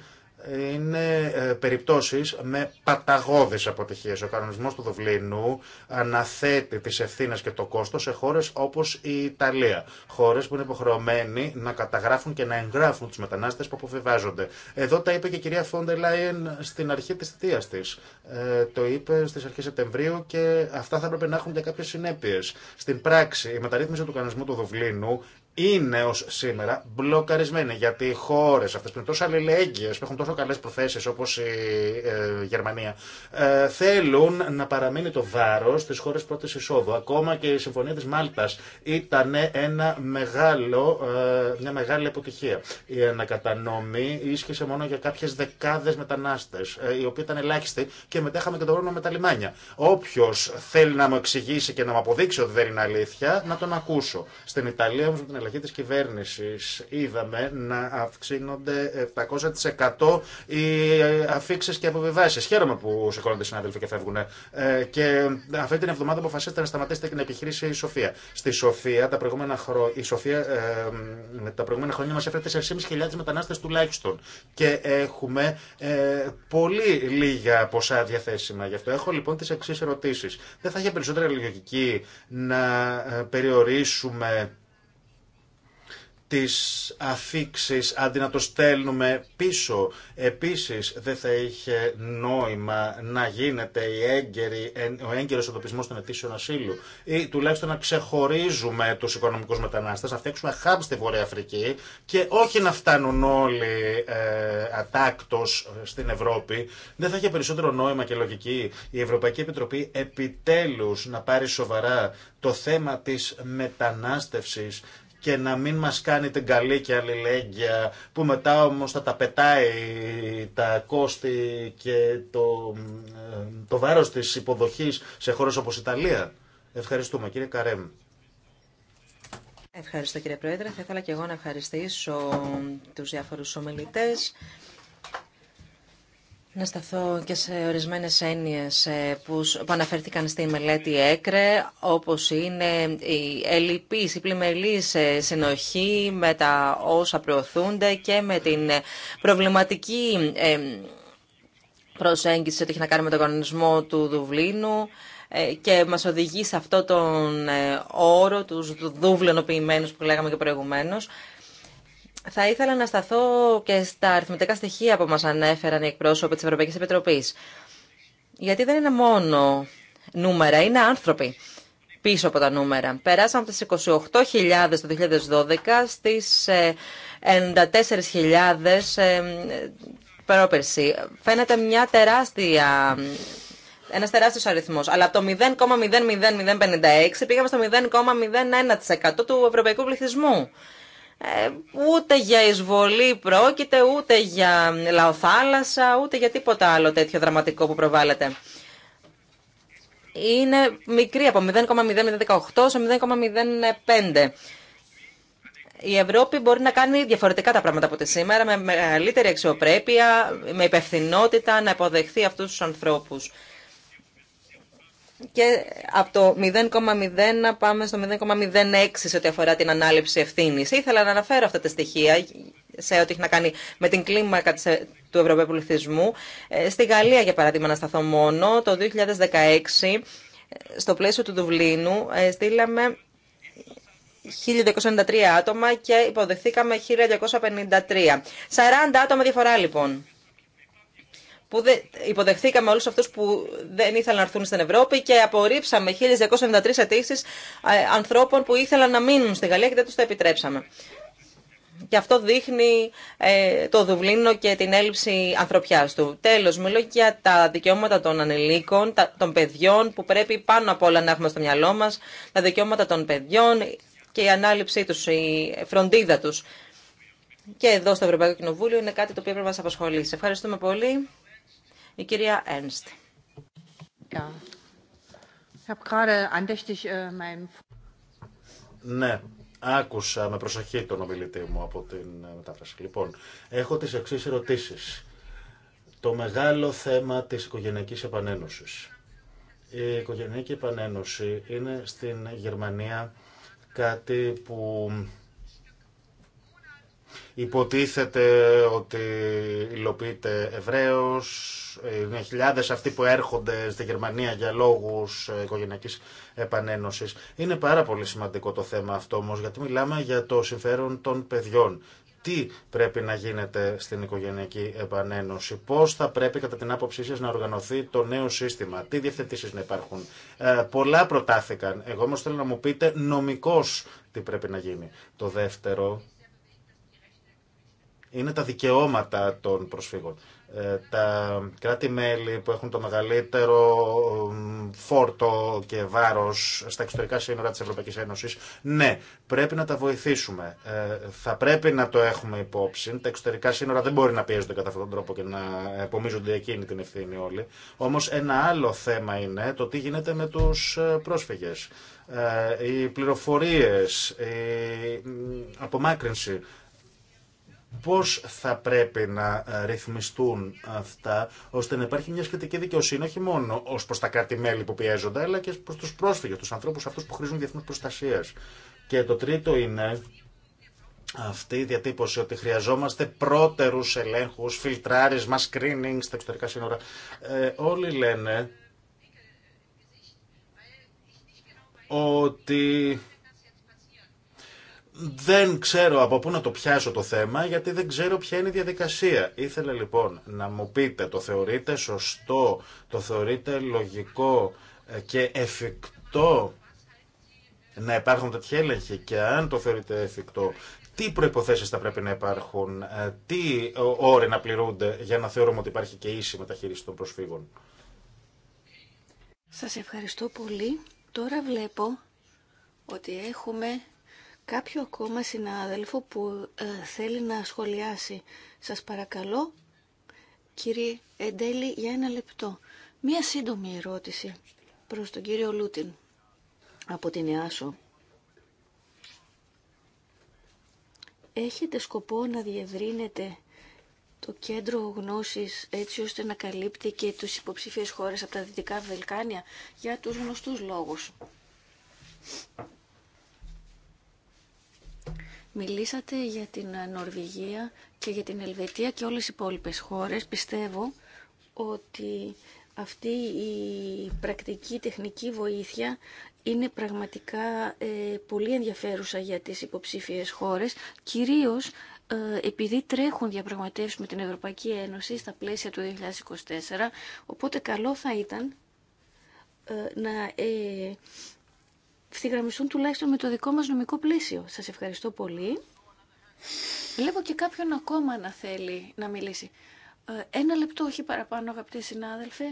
S2: είναι ε, περιπτώσεις με παταγώδεις αποτυχίες. Ο κανονισμός του Δουβλίνου αναθέτει τις ευθύνε και το κόστος σε χώρες όπως η Ιταλία. Χώρες που είναι υποχρεωμένοι να καταγράφουν και να εγγράφουν τους μετανάστες που αποφευάζονται. Εδώ τα είπε και η κυρία Φόντε Λάιεν στην αρχή της θητείας της. Ε, το είπε στις αρχές Σεπτεμβρίου και αυτά θα έπρεπε να έχουν και κάποιες συνέπειες. Στην πράξη, η μεταρρύθμιση του κανονισμού του Δουβλίνου είναι ω σήμερα μπλοκαρισμένοι. Γιατί οι χώρε αυτέ που είναι τόσο αλληλέγγυε, που έχουν τόσο καλέ προθέσει όπω η ε, Γερμανία, ε, θέλουν να παραμείνει το βάρο στι χώρε πρώτη εισόδου. Ακόμα και η συμφωνία τη Μάλτα ήταν ένα μεγάλο, ε, μια μεγάλη αποτυχία. Η ανακατανομή ίσχυσε μόνο για κάποιε δεκάδε μετανάστε, οι οποίοι ήταν ελάχιστοι και μετά είχαμε και τον χρόνο με τα λιμάνια. Όποιο θέλει να μου εξηγήσει και να μου αποδείξει ότι δεν είναι αλήθεια, να τον ακούσω. Στην Ιταλία όμω με την αλλαγή της κυβέρνησης είδαμε να αυξήνονται 700% οι αφήξει και αποβιβάσεις. Χαίρομαι που σηκώνονται οι συνάδελφοι και φεύγουν. Ε, και αυτή την εβδομάδα αποφασίστε να σταματήσετε την επιχείρηση η Σοφία. Στη Σοφία τα προηγούμενα, χρο... η Σοφία, ε, τα προηγούμενα χρόνια μας έφερε 4.500 μετανάστες τουλάχιστον. Και έχουμε ε, πολύ λίγα ποσά διαθέσιμα γι' αυτό. Έχω λοιπόν τις εξή ερωτήσεις. Δεν θα είχε περισσότερα λογική να ε, περιορίσουμε τις αφήξεις αντί να το στέλνουμε πίσω. Επίσης δεν θα είχε νόημα να γίνεται η έγκαιρη, ο έγκαιρος εντοπισμός των αιτήσεων ασύλου ή τουλάχιστον να ξεχωρίζουμε τους οικονομικούς μετανάστες, να φτιάξουμε χάμπ στη Βόρεια Αφρική και όχι να φτάνουν όλοι ε, ατάκτος στην Ευρώπη. Δεν θα είχε περισσότερο νόημα και λογική η Ευρωπαϊκή Επιτροπή επιτέλους να πάρει σοβαρά το θέμα της μετανάστευσης και να μην μας κάνει την καλή και αλληλέγγυα που μετά όμως θα τα πετάει τα κόστη και το, ε, το βάρος της υποδοχής σε χώρες όπως η Ιταλία. Ευχαριστούμε κύριε Καρέμ.
S3: Ευχαριστώ κύριε Πρόεδρε. Θα ήθελα και εγώ να ευχαριστήσω τους διάφορους ομιλητές. Να σταθώ και σε ορισμένες έννοιες ε, που αναφέρθηκαν στη μελέτη ΕΚΡΕ, όπως είναι η ελλειπής, η πλημελή ε, συνοχή με τα όσα προωθούνται και με την ε, προβληματική προσέγγιση ότι έχει να κάνει με τον κανονισμό του Δουβλίνου και μας οδηγεί σε αυτό τον όρο, του δούβλενοποιημένους που λέγαμε και προηγουμένως. Θα ήθελα να σταθώ και στα αριθμητικά στοιχεία που μας ανέφεραν οι εκπρόσωποι της Ευρωπαϊκής Επιτροπής. Γιατί δεν είναι μόνο νούμερα, είναι άνθρωποι πίσω από τα νούμερα. Περάσαμε από τις 28.000 το 2012 στις 94.000 ε, πρόπερση. Ε, Φαίνεται μια τεράστια... Ένα τεράστιο αριθμό. Αλλά από το 0,00056 πήγαμε στο 0,01% του ευρωπαϊκού πληθυσμού. Ε, ούτε για εισβολή πρόκειται, ούτε για λαοθάλασσα, ούτε για τίποτα άλλο τέτοιο δραματικό που προβάλλεται. Είναι μικρή από 0,018 σε 0,05. Η Ευρώπη μπορεί να κάνει διαφορετικά τα πράγματα από τη σήμερα, με μεγαλύτερη αξιοπρέπεια, με υπευθυνότητα να υποδεχθεί αυτούς τους ανθρώπους και από το 0,0 να πάμε στο 0,06 σε ό,τι αφορά την ανάληψη ευθύνη. Ήθελα να αναφέρω αυτά τα στοιχεία σε ό,τι έχει να κάνει με την κλίμακα του ευρωπαϊκού πληθυσμού. Ε, στη Γαλλία, για παράδειγμα, να σταθώ μόνο, το 2016, ε, στο πλαίσιο του Δουβλίνου, ε, στείλαμε 1.293 άτομα και υποδεχθήκαμε 1.253. 40 άτομα διαφορά, λοιπόν που υποδεχθήκαμε όλους αυτούς που δεν ήθελαν να έρθουν στην Ευρώπη και απορρίψαμε 1.273 αιτήσει ε, ανθρώπων που ήθελαν να μείνουν στη Γαλλία και δεν τους τα επιτρέψαμε. Και αυτό δείχνει ε, το Δουβλίνο και την έλλειψη ανθρωπιάς του. Τέλος, μιλώ για τα δικαιώματα των ανηλίκων, τα, των παιδιών που πρέπει πάνω απ' όλα να έχουμε στο μυαλό μας, τα δικαιώματα των παιδιών και η ανάληψή τους, η φροντίδα τους. Και εδώ στο Ευρωπαϊκό Κοινοβούλιο είναι κάτι το οποίο πρέπει να μας απασχολήσει. Ευχαριστούμε πολύ. Η κυρία Ένστ. Äh,
S2: ναι, άκουσα με προσοχή τον ομιλητή μου από την ε, μετάφραση. Λοιπόν, έχω τις εξής ερωτήσεις. Το μεγάλο θέμα της οικογενειακής επανένωσης. Η οικογενειακή επανένωση είναι στην Γερμανία κάτι που Υποτίθεται ότι υλοποιείται ευρέω. Είναι χιλιάδε αυτοί που έρχονται στη Γερμανία για λόγου ε, οικογενειακής επανένωση. Είναι πάρα πολύ σημαντικό το θέμα αυτό όμω, γιατί μιλάμε για το συμφέρον των παιδιών. Τι πρέπει να γίνεται στην οικογενειακή επανένωση, πώ θα πρέπει κατά την άποψή σα να οργανωθεί το νέο σύστημα, τι διευθετήσει να υπάρχουν. Ε, πολλά προτάθηκαν. Εγώ όμω θέλω να μου πείτε νομικώ τι πρέπει να γίνει. Το δεύτερο είναι τα δικαιώματα των προσφύγων. Ε, τα κράτη-μέλη που έχουν το μεγαλύτερο φόρτο και βάρος στα εξωτερικά σύνορα της Ευρωπαϊκής Ένωσης, ναι, πρέπει να τα βοηθήσουμε. Ε, θα πρέπει να το έχουμε υπόψη. Τα εξωτερικά σύνορα δεν μπορεί να πιέζονται κατά αυτόν τον τρόπο και να επομίζονται εκείνη την ευθύνη όλοι. Όμως ένα άλλο θέμα είναι το τι γίνεται με τους ε, πρόσφυγες. Οι πληροφορίες, η απομάκρυνση πώς θα πρέπει να ε, ρυθμιστούν αυτά, ώστε να υπάρχει μια σχετική δικαιοσύνη, όχι μόνο ως προς τα κράτη-μέλη που πιέζονται, αλλά και προς τους πρόσφυγες, τους ανθρώπους αυτούς που χρήζουν διεθνούς προστασίας. Και το τρίτο είναι αυτή η διατύπωση ότι χρειαζόμαστε πρώτερους ελέγχους, φιλτράρισμα, screening στα εξωτερικά σύνορα. Ε, όλοι λένε ότι δεν ξέρω από πού να το πιάσω το θέμα, γιατί δεν ξέρω ποια είναι η διαδικασία. Ήθελα λοιπόν να μου πείτε, το θεωρείτε σωστό, το θεωρείτε λογικό ε, και εφικτό να υπάρχουν τέτοια έλεγχη και αν το θεωρείτε εφικτό, τι προϋποθέσεις θα πρέπει να υπάρχουν, ε, τι ε, όροι να πληρούνται για να θεωρούμε ότι υπάρχει και ίση μεταχείριση των προσφύγων.
S1: Σας ευχαριστώ πολύ. Τώρα βλέπω ότι έχουμε κάποιο ακόμα συνάδελφο που ε, θέλει να σχολιάσει. Σας παρακαλώ, κύριε Εντέλη, για ένα λεπτό. Μία σύντομη ερώτηση προς τον κύριο Λούτιν από την ΕΑΣΟ. Έχετε σκοπό να διευρύνετε το κέντρο γνώσης έτσι ώστε να καλύπτει και τους υποψήφιες χώρες από τα Δυτικά Βελκάνια για τους γνωστούς λόγους. Μιλήσατε για την Νορβηγία και για την Ελβετία και όλες οι υπόλοιπες χώρες. Πιστεύω ότι αυτή η πρακτική τεχνική βοήθεια είναι πραγματικά ε, πολύ ενδιαφέρουσα για τις υποψήφιες χώρες, κυρίως ε, επειδή τρέχουν διαπραγματεύσεις με την Ευρωπαϊκή Ένωση στα πλαίσια του 2024, οπότε καλό θα ήταν ε, να ευθυγραμμιστούν τουλάχιστον με το δικό μας νομικό πλαίσιο. Σας ευχαριστώ πολύ. Βλέπω και κάποιον ακόμα να θέλει να μιλήσει. Ε, ένα λεπτό, όχι παραπάνω, αγαπητοί συνάδελφοι.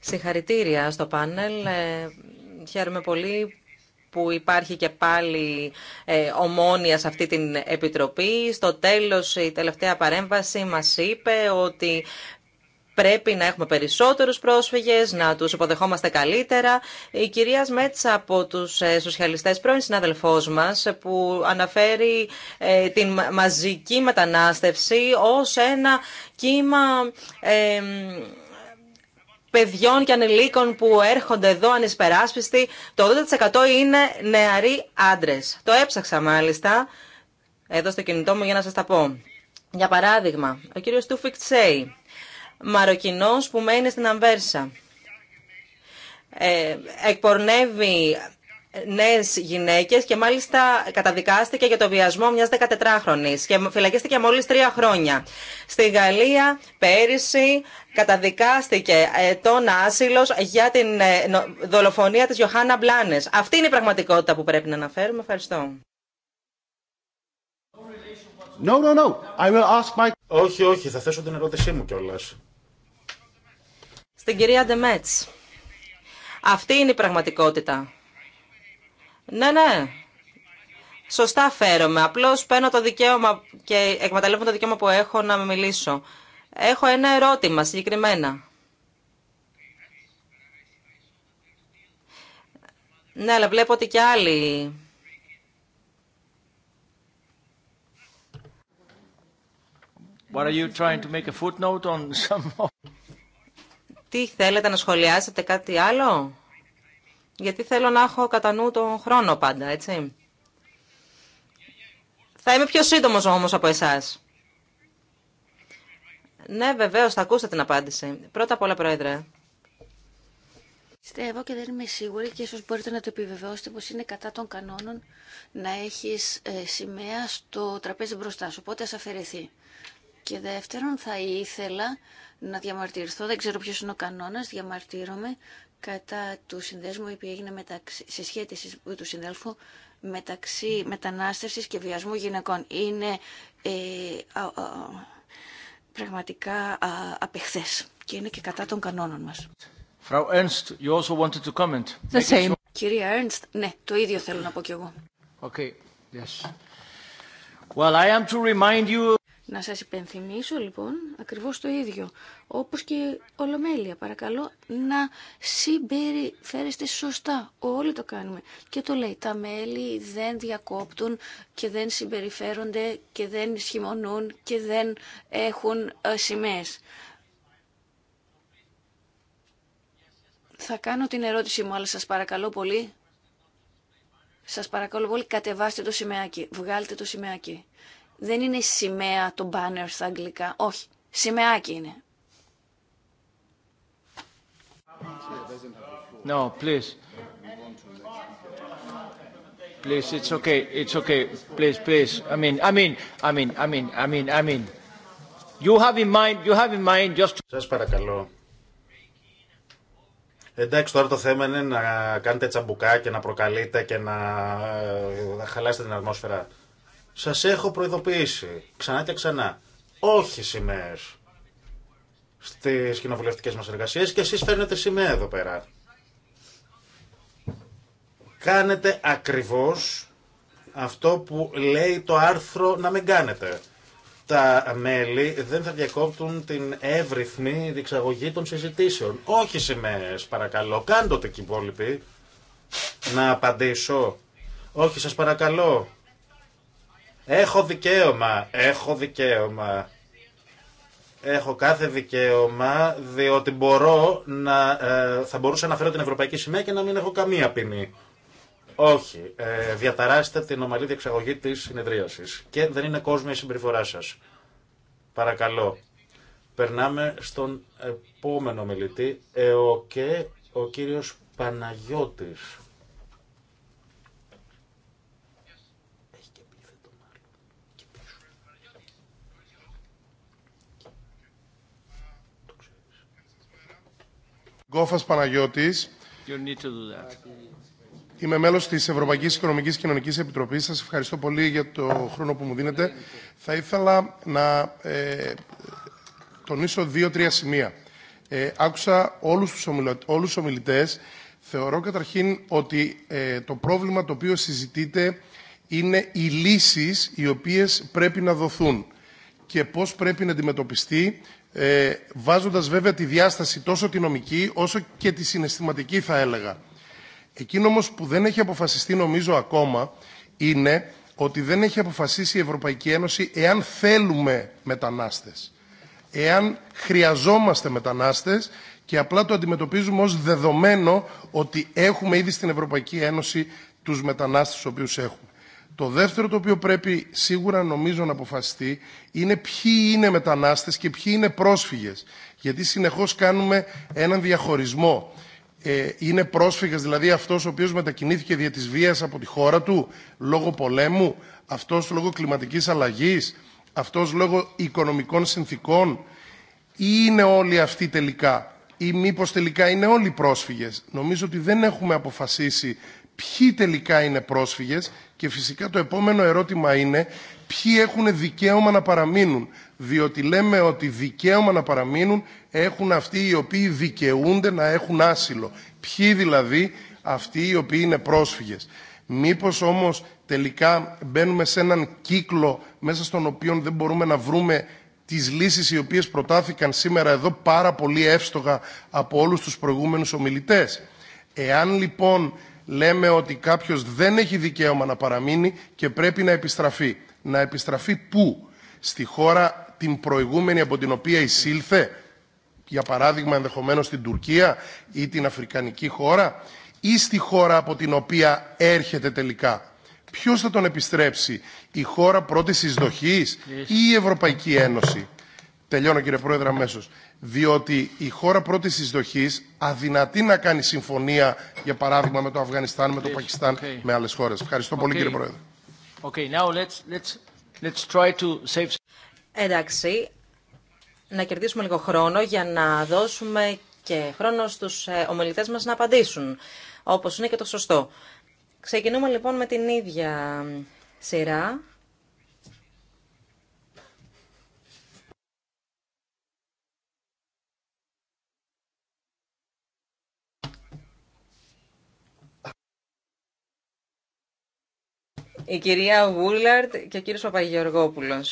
S3: Συγχαρητήρια στο πάνελ. Ε, χαίρομαι πολύ που υπάρχει και πάλι ε, ομόνοια σε αυτή την Επιτροπή. Στο τέλος η τελευταία παρέμβαση μας είπε ότι πρέπει να έχουμε περισσότερους πρόσφυγες, να τους υποδεχόμαστε καλύτερα. Η κυρία Μέτσα από τους ε, σοσιαλιστές πρώην συνάδελφός μας που αναφέρει ε, την μαζική μετανάστευση ως ένα κύμα... παιδιών και ανηλίκων που έρχονται εδώ ανεσπεράσπιστοι, το 80% είναι νεαροί άντρες. Το έψαξα μάλιστα εδώ στο κινητό μου για να σας τα πω. Για παράδειγμα, ο κύριος Τούφικ Τσέι, Μαροκινός που μένει στην Αμβέρσα. Ε, εκπορνεύει νέες γυναίκες και μάλιστα καταδικάστηκε για το βιασμό μιας 14χρονης και φυλακίστηκε μόλις τρία χρόνια. Στη Γαλλία πέρυσι καταδικάστηκε ε, τον άσυλος για την ε, δολοφονία της Γιωχάννα Μπλάνες. Αυτή είναι η πραγματικότητα που πρέπει να αναφέρουμε. Ευχαριστώ.
S2: No, no, no. I will ask my... Όχι, όχι, θα θέσω την ερώτησή μου κιόλας
S3: στην κυρία Ντεμέτς. Αυτή είναι η πραγματικότητα. Ναι, ναι. Σωστά φέρομαι. Απλώς παίρνω το δικαίωμα και εκμεταλλεύω το δικαίωμα που έχω να με μιλήσω. Έχω ένα ερώτημα συγκεκριμένα. Ναι, αλλά βλέπω ότι και άλλοι... What are you trying to make a footnote on some... Τι θέλετε να σχολιάσετε κάτι άλλο? Γιατί θέλω να έχω κατά νου τον χρόνο πάντα, έτσι. Θα είμαι πιο σύντομος όμως από εσάς. Ναι, βεβαίως, θα ακούσετε την απάντηση. Πρώτα απ' όλα, Πρόεδρε.
S1: Πιστεύω και δεν είμαι σίγουρη και ίσως μπορείτε να το επιβεβαιώσετε πως είναι κατά των κανόνων να έχεις ε, σημαία στο τραπέζι μπροστά σου, οπότε ας αφαιρεθεί. Και δεύτερον θα ήθελα να διαμαρτυρηθώ, δεν ξέρω ποιος είναι ο κανόνας, διαμαρτύρομαι κατά του συνδέσμου που έγινε μεταξύ, σε σχέση με του συνδέλφου μεταξύ μετανάστευσης και βιασμού γυναικών. Είναι ε, πραγματικά α, απεχθές και είναι και κατά των κανόνων μας.
S4: Frau Ernst, you also wanted to comment. The same.
S1: Κυρία Ernst, ναι, το ίδιο θέλω να πω κι εγώ.
S4: Okay, yes.
S1: Well, I am to remind you... Να σας υπενθυμίσω λοιπόν ακριβώς το ίδιο, όπως και ολομέλεια. Παρακαλώ να συμπεριφέρεστε σωστά, όλοι το κάνουμε. Και το λέει, τα μέλη δεν διακόπτουν και δεν συμπεριφέρονται και δεν σχημονούν και δεν έχουν ε, σημαίες. Θα κάνω την ερώτησή μου, αλλά σας παρακαλώ πολύ. Σας παρακαλώ πολύ, κατεβάστε το σημαίακι, βγάλτε το σημαίακι. Δεν είναι σημαία το banner στα αγγλικά. Όχι. Σημαίακι είναι. No, please. Please, it's okay. It's okay. Please, please. I
S3: mean, I mean, I mean, I mean, I mean, I mean. You have in mind, you have in mind just... Σας παρακαλώ.
S2: Εντάξει, τώρα το θέμα είναι να κάνετε τσαμπουκά και να προκαλείτε και να, να ε, χαλάσετε την ατμόσφαιρα. Σας έχω προειδοποιήσει ξανά και ξανά. Όχι σημαίε. στις κοινοβουλευτικές μας εργασίες και εσείς φέρνετε σημαία εδώ πέρα. Κάνετε ακριβώς αυτό που λέει το άρθρο να μην κάνετε. Τα μέλη δεν θα διακόπτουν την εύρυθμη διεξαγωγή των συζητήσεων. Όχι σημαίε, παρακαλώ. Κάντε ό,τι υπόλοιποι. Να απαντήσω. Όχι, σας παρακαλώ. Έχω δικαίωμα, έχω δικαίωμα. Έχω κάθε δικαίωμα, διότι μπορώ να, ε, θα μπορούσα να φέρω την Ευρωπαϊκή Σημαία και να μην έχω καμία ποινή. Όχι. Ε, διαταράστε την ομαλή διεξαγωγή τη συνεδρίαση. Και δεν είναι κόσμια η συμπεριφορά σα. Παρακαλώ. Περνάμε στον επόμενο μιλητή, ε, ο, και ο κύριος Παναγιώτης.
S4: Γκόφας Παναγιώτης. Είμαι μέλο τη Ευρωπαϊκή Οικονομική και Κοινωνική Επιτροπή. Σα ευχαριστώ πολύ για το χρόνο που μου δίνετε. Θα ήθελα να ε, τονίσω δύο-τρία σημεία. Ε, άκουσα όλου του ομιλητέ. Θεωρώ καταρχήν ότι ε, το πρόβλημα το οποίο συζητείτε είναι οι λύσεις οι οποίες πρέπει να δοθούν και πώς πρέπει να αντιμετωπιστεί ε, βάζοντας βέβαια τη διάσταση τόσο τη νομική όσο και τη συναισθηματική θα έλεγα. Εκείνο όμως που δεν έχει αποφασιστεί νομίζω ακόμα είναι ότι δεν έχει αποφασίσει η Ευρωπαϊκή Ένωση εάν θέλουμε μετανάστες, εάν χρειαζόμαστε μετανάστες και απλά το αντιμετωπίζουμε ως δεδομένο ότι έχουμε ήδη στην Ευρωπαϊκή Ένωση τους μετανάστες τους οποίους έχουμε. Το δεύτερο το οποίο πρέπει σίγουρα νομίζω να αποφασιστεί είναι ποιοι είναι μετανάστες και ποιοι είναι πρόσφυγες. Γιατί συνεχώς κάνουμε έναν διαχωρισμό. Ε, είναι πρόσφυγες δηλαδή αυτός ο οποίος μετακινήθηκε δια της βίας από τη χώρα του λόγω πολέμου, αυτός λόγω κλιματικής αλλαγής, αυτός λόγω οικονομικών συνθήκων ή είναι όλοι αυτοί τελικά ή μήπως τελικά είναι όλοι πρόσφυγες. Νομίζω ότι δεν έχουμε αποφασίσει ποιοι τελικά είναι πρόσφυγες και φυσικά το επόμενο ερώτημα είναι ποιοι έχουν δικαίωμα να παραμείνουν. Διότι λέμε ότι δικαίωμα να παραμείνουν έχουν αυτοί οι οποίοι δικαιούνται να έχουν άσυλο. Ποιοι δηλαδή αυτοί οι οποίοι είναι πρόσφυγες. Μήπως όμως τελικά μπαίνουμε σε έναν κύκλο μέσα στον οποίο δεν μπορούμε να βρούμε τις λύσεις οι οποίες προτάθηκαν σήμερα εδώ πάρα πολύ εύστογα από όλους τους προηγούμενους ομιλητές. Εάν λοιπόν λέμε ότι κάποιος δεν έχει δικαίωμα να παραμείνει και πρέπει να επιστραφεί. Να επιστραφεί πού? Στη χώρα την προηγούμενη από την οποία εισήλθε, για παράδειγμα ενδεχομένως την Τουρκία ή την Αφρικανική χώρα, ή στη χώρα από την οποία έρχεται τελικά. Ποιος θα τον επιστρέψει, η χώρα πρώτης εισδοχής ή η Ευρωπαϊκή Ένωση. Τελειώνω κύριε Πρόεδρε αμέσω. Διότι η χώρα πρώτη εισδοχή αδυνατεί να κάνει συμφωνία, για παράδειγμα, με το Αφγανιστάν, με το Πακιστάν, με άλλε χώρε. Ευχαριστώ πολύ κύριε Πρόεδρε. Okay, now let's, let's,
S3: let's try to save... Εντάξει, να κερδίσουμε λίγο χρόνο για να δώσουμε και χρόνο στους ε, ομιλητέ μας να απαντήσουν, όπως είναι και το σωστό. Ξεκινούμε λοιπόν με την ίδια σειρά. η κυρία Γούλαρτ και ο κύριος Παπαγιόργόπουλο.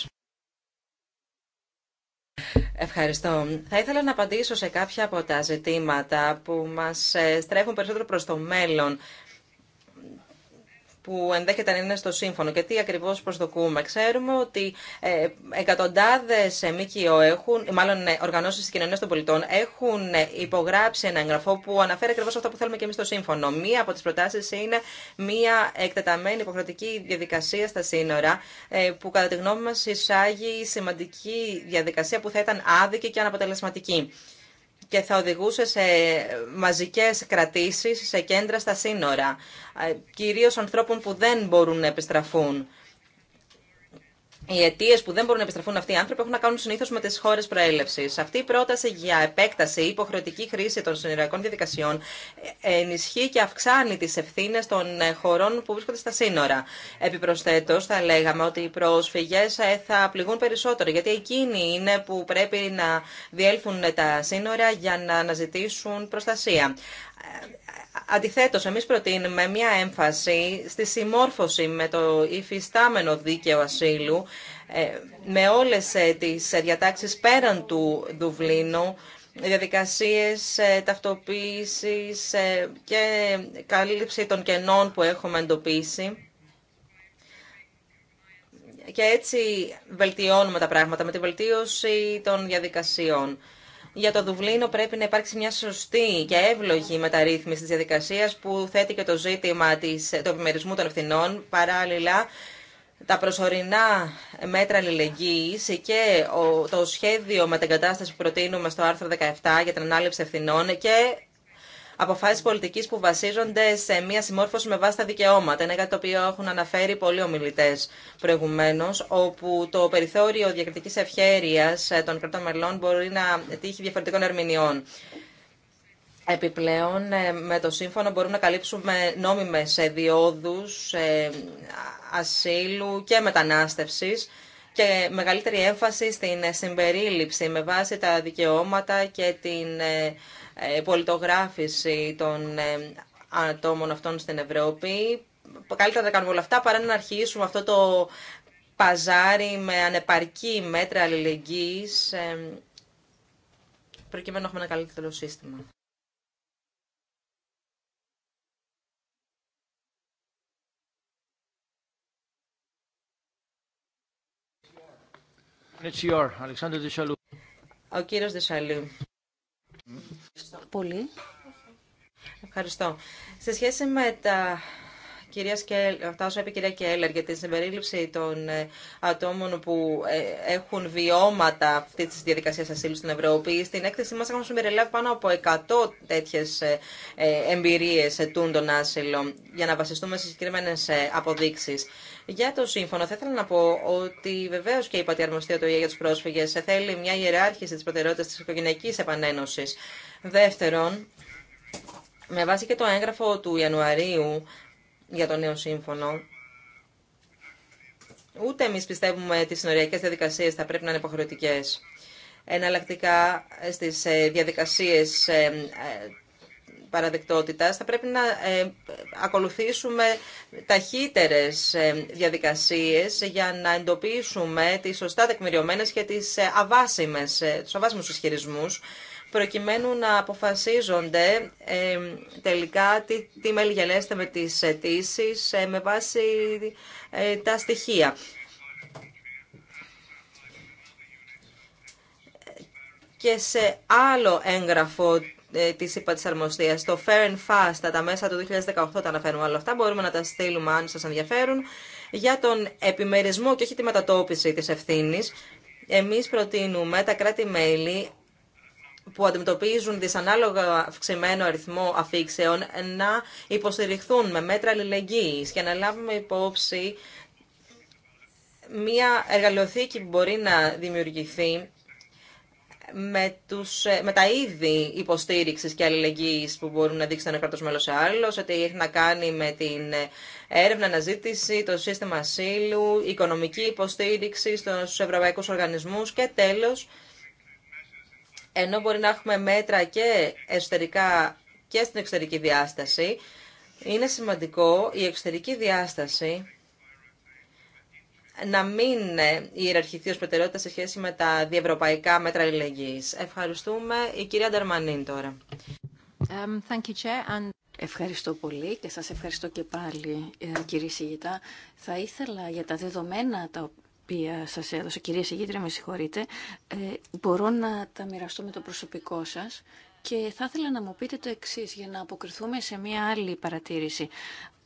S3: Ευχαριστώ. Θα ήθελα να απαντήσω σε κάποια από τα ζητήματα που μας ε, στρέφουν περισσότερο προς το μέλλον που ενδέχεται να είναι στο σύμφωνο και τι ακριβώς προσδοκούμε. Ξέρουμε ότι ε, εκατοντάδε ΜΚΟ έχουν, μάλλον ε, οργανώσεις της κοινωνίας των πολιτών έχουν ε, υπογράψει ένα εγγραφό που αναφέρει ακριβώς αυτό που θέλουμε και εμεί στο σύμφωνο. Μία από τις προτάσεις είναι μία εκτεταμένη υποχρεωτική διαδικασία στα σύνορα που κατά τη γνώμη μα εισάγει σημαντική διαδικασία που θα ήταν άδικη και αναποτελεσματική και θα οδηγούσε σε μαζικές κρατήσεις σε κέντρα στα σύνορα, κυρίως ανθρώπων που δεν μπορούν να επιστραφούν οι αιτίε που δεν μπορούν να επιστραφούν αυτοί οι άνθρωποι έχουν να κάνουν συνήθω με τι χώρε προέλευση. Αυτή η πρόταση για επέκταση ή υποχρεωτική χρήση των συνοριακών διαδικασιών ε, ενισχύει και αυξάνει τι ευθύνε των ε, χωρών που βρίσκονται στα σύνορα. Επιπροσθέτω, θα λέγαμε ότι οι πρόσφυγε ε, θα πληγούν περισσότερο, γιατί εκείνοι είναι που πρέπει να διέλθουν τα σύνορα για να αναζητήσουν προστασία. Αντιθέτω, εμεί προτείνουμε μια έμφαση στη συμμόρφωση με το υφιστάμενο δίκαιο ασύλου, ε, με όλες ε, τις διατάξει πέραν του Δουβλίνου, διαδικασίες ε, ταυτοποίηση και κάλυψη των κενών που έχουμε εντοπίσει. Και έτσι βελτιώνουμε τα πράγματα με τη βελτίωση των διαδικασιών για το Δουβλίνο πρέπει να υπάρξει μια σωστή και εύλογη μεταρρύθμιση της διαδικασίας που θέτει και το ζήτημα της, του επιμερισμού των ευθυνών. Παράλληλα, τα προσωρινά μέτρα αλληλεγγύης και το σχέδιο μετεγκατάσταση που προτείνουμε στο άρθρο 17 για την ανάληψη ευθυνών και αποφάσεις πολιτικής που βασίζονται σε μια συμμόρφωση με βάση τα δικαιώματα. Είναι κάτι το οποίο έχουν αναφέρει πολλοί ομιλητέ προηγουμένω, όπου το περιθώριο διακριτικής ευχέρεια ε, των κρατών μελών μπορεί να τύχει διαφορετικών ερμηνεών. Επιπλέον, ε, με το σύμφωνο μπορούμε να καλύψουμε νόμιμες διόδους ε, ασύλου και μετανάστευσης και μεγαλύτερη έμφαση στην συμπερίληψη με βάση τα δικαιώματα και την ε, πολιτογράφηση των ε, ατόμων αυτών στην Ευρώπη. Καλύτερα να κάνουμε όλα αυτά παρά να αρχίσουμε αυτό το παζάρι με ανεπαρκή μέτρα αλληλεγγύης ε, προκειμένου να έχουμε ένα καλύτερο σύστημα. Ο κύριος Δεσσαλού. Ευχαριστώ πολύ. Ευχαριστώ. Σε σχέση με τα κυρία Σκέλ, φτάσω επί κυρία Κέλλερ για την συμπερίληψη των ε, ατόμων που ε, έχουν βιώματα αυτή τη διαδικασία ασύλου στην Ευρώπη. Στην έκθεσή μα έχουμε συμπεριλάβει πάνω από 100 τέτοιε ε, εμπειρίε ετούντων άσυλων για να βασιστούμε σε συγκεκριμένε αποδείξει. Για το σύμφωνο, θα ήθελα να πω ότι βεβαίω και η Πατιαρμοστία του ΙΕ για του πρόσφυγε θέλει μια ιεράρχηση τη προτεραιότητα τη οικογενειακή επανένωση. Δεύτερον, με βάση και το έγγραφο του Ιανουαρίου για το νέο σύμφωνο. Ούτε εμεί πιστεύουμε ότι οι συνοριακέ διαδικασίε θα πρέπει να είναι υποχρεωτικέ. Εναλλακτικά στι ε, διαδικασίε ε, ε, παραδεκτότητας θα πρέπει να ακολουθήσουμε ταχύτερες διαδικασίες για να εντοπίσουμε τις σωστά τεκμηριωμένες και τις αβάσιμες, τους αβάσιμους ισχυρισμούς προκειμένου να αποφασίζονται τελικά τι, τι μελγελέστε με τις αιτήσει ε, με βάση ε, τα στοιχεία. Και σε άλλο έγγραφο ε, της ΥΠΑ τη Αρμοστία, το Fair and Fast, τα μέσα του 2018 τα αναφέρουμε όλα αυτά. Μπορούμε να τα στείλουμε αν σας ενδιαφέρουν. Για τον επιμερισμό και όχι τη μετατόπιση της ευθύνη, εμείς προτείνουμε τα κράτη-μέλη που αντιμετωπίζουν δυσανάλογα αυξημένο αριθμό αφήξεων να υποστηριχθούν με μέτρα αλληλεγγύης και να λάβουμε υπόψη μια εργαλειοθήκη που μπορεί να δημιουργηθεί με, τους, με τα είδη υποστήριξη και αλληλεγγύη που μπορούν να δείξει ένα κράτο μέλο σε άλλο, ότι έχει να κάνει με την έρευνα αναζήτηση, το σύστημα ασύλου, οικονομική υποστήριξη στου ευρωπαϊκού οργανισμού και τέλο ενώ μπορεί να έχουμε μέτρα και εσωτερικά και στην εξωτερική διάσταση, είναι σημαντικό η εξωτερική διάσταση να μην ιεραρχηθεί ως προτεραιότητα σε σχέση με τα διευρωπαϊκά μέτρα αλληλεγγύης. Ευχαριστούμε. Η κυρία Νταρμανίν τώρα.
S1: Um, thank you, Chair, and... Ευχαριστώ πολύ και σας ευχαριστώ και πάλι ε, κύριε Σιγητά. Θα ήθελα για τα δεδομένα τα οποία σας έδωσα, κυρία Συγήτρια, με συγχωρείτε, ε, μπορώ να τα μοιραστώ με το προσωπικό σας και θα ήθελα να μου πείτε το εξή για να αποκριθούμε σε μία άλλη παρατήρηση.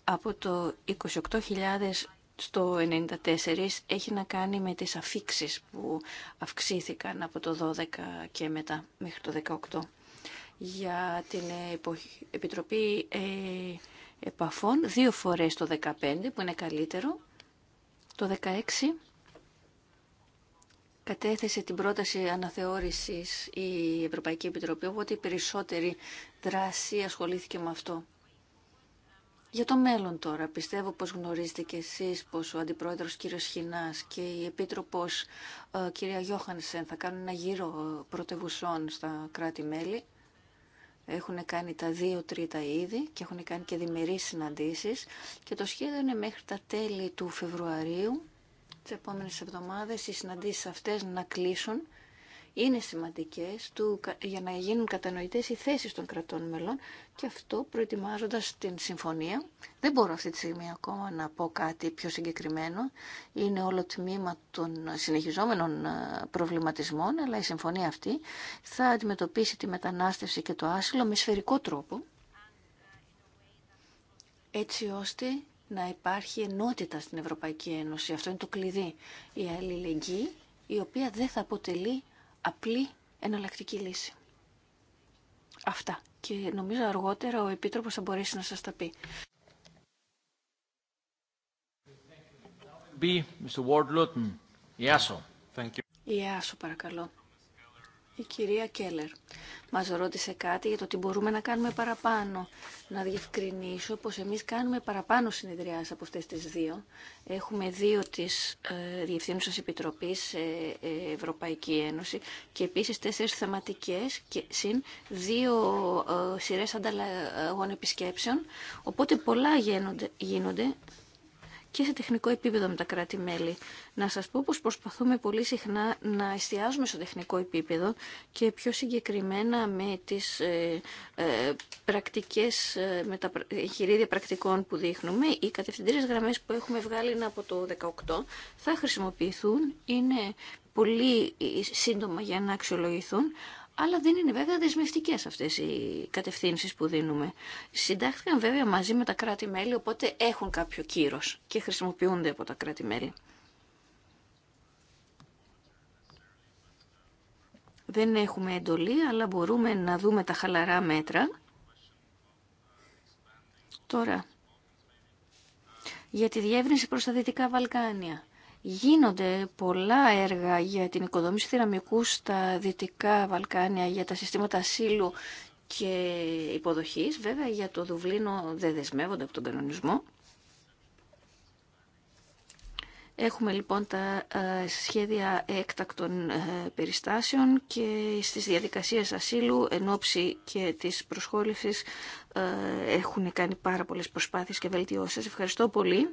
S1: Από το 28.000 στο 94 έχει να κάνει με τις αφήξεις που αυξήθηκαν από το 12 και μετά μέχρι το 18 για την Επιτροπή ε, Επαφών δύο φορές το 15 που είναι καλύτερο το 16 κατέθεσε την πρόταση αναθεώρησης η Ευρωπαϊκή Επιτροπή, οπότε η περισσότερη δράση ασχολήθηκε με αυτό. Για το μέλλον τώρα, πιστεύω πως γνωρίζετε και εσείς πως ο Αντιπρόεδρος κύριος Χινάς και η Επίτροπος ε, κυρία Γιώχανσεν θα κάνουν ένα γύρο πρωτευουσών στα κράτη-μέλη. Έχουν κάνει τα δύο τρίτα ήδη και έχουν κάνει και διμερείς συναντήσεις και το σχέδιο είναι μέχρι τα τέλη του Φεβρουαρίου τις επόμενες εβδομάδες οι συναντήσεις αυτές να κλείσουν είναι σημαντικές για να γίνουν κατανοητές οι θέσεις των κρατών μελών και αυτό προετοιμάζοντας την συμφωνία. Δεν μπορώ αυτή τη στιγμή ακόμα να πω κάτι πιο συγκεκριμένο. Είναι όλο τμήμα των συνεχιζόμενων ε, προβληματισμών, αλλά η συμφωνία αυτή θα αντιμετωπίσει τη μετανάστευση και το άσυλο με σφαιρικό τρόπο, έτσι ώστε να υπάρχει ενότητα στην Ευρωπαϊκή Ένωση. Αυτό είναι το κλειδί. Η αλληλεγγύη η οποία δεν θα αποτελεί απλή εναλλακτική λύση. Αυτά. Και νομίζω αργότερα ο Επίτροπος θα μπορέσει να σας τα πει. B, Mr. παρακαλώ. Η κυρία Κέλλερ μας ρώτησε κάτι για το τι μπορούμε να κάνουμε παραπάνω. Να διευκρινίσω πως εμείς κάνουμε παραπάνω συνεδριάσεις από αυτές τις δύο. Έχουμε δύο της ε, Διευθύνουσας Επιτροπής ε, Ευρωπαϊκή Ένωση και επίσης τέσσερις θεματικές και συν δύο ε, σειρές ανταλλαγών επισκέψεων. Οπότε πολλά γίνονται, γίνονται και σε τεχνικό επίπεδο με τα κράτη-μέλη. Να σας πω πως προσπαθούμε πολύ συχνά να εστιάζουμε στο τεχνικό επίπεδο και πιο συγκεκριμένα με τις ε, ε πρακτικές, ε, με τα εγχειρίδια πρακτικών που δείχνουμε. Οι κατευθυντήριες γραμμές που έχουμε βγάλει από το 18 θα χρησιμοποιηθούν, είναι πολύ ε, σύντομα για να αξιολογηθούν, αλλά δεν είναι βέβαια δεσμευτικέ αυτές οι κατευθύνσεις που δίνουμε. Συντάχθηκαν βέβαια μαζί με τα κράτη-μέλη, οπότε έχουν κάποιο κύρος και χρησιμοποιούνται από τα κράτη-μέλη. Δεν έχουμε εντολή, αλλά μπορούμε να δούμε τα χαλαρά μέτρα. Τώρα, για τη διεύρυνση προς τα Δυτικά Βαλκάνια. Γίνονται πολλά έργα για την οικοδόμηση θεραμικού στα Δυτικά Βαλκάνια, για τα συστήματα ασύλου και υποδοχής. Βέβαια για το Δουβλίνο δεν δεσμεύονται από τον κανονισμό. Έχουμε λοιπόν τα ε, σχέδια έκτακτων ε, περιστάσεων και στις διαδικασίες ασύλου εν ώψη και της προσχόλησης ε, έχουν κάνει πάρα πολλές προσπάθειες και βελτιώσεις. Ευχαριστώ πολύ.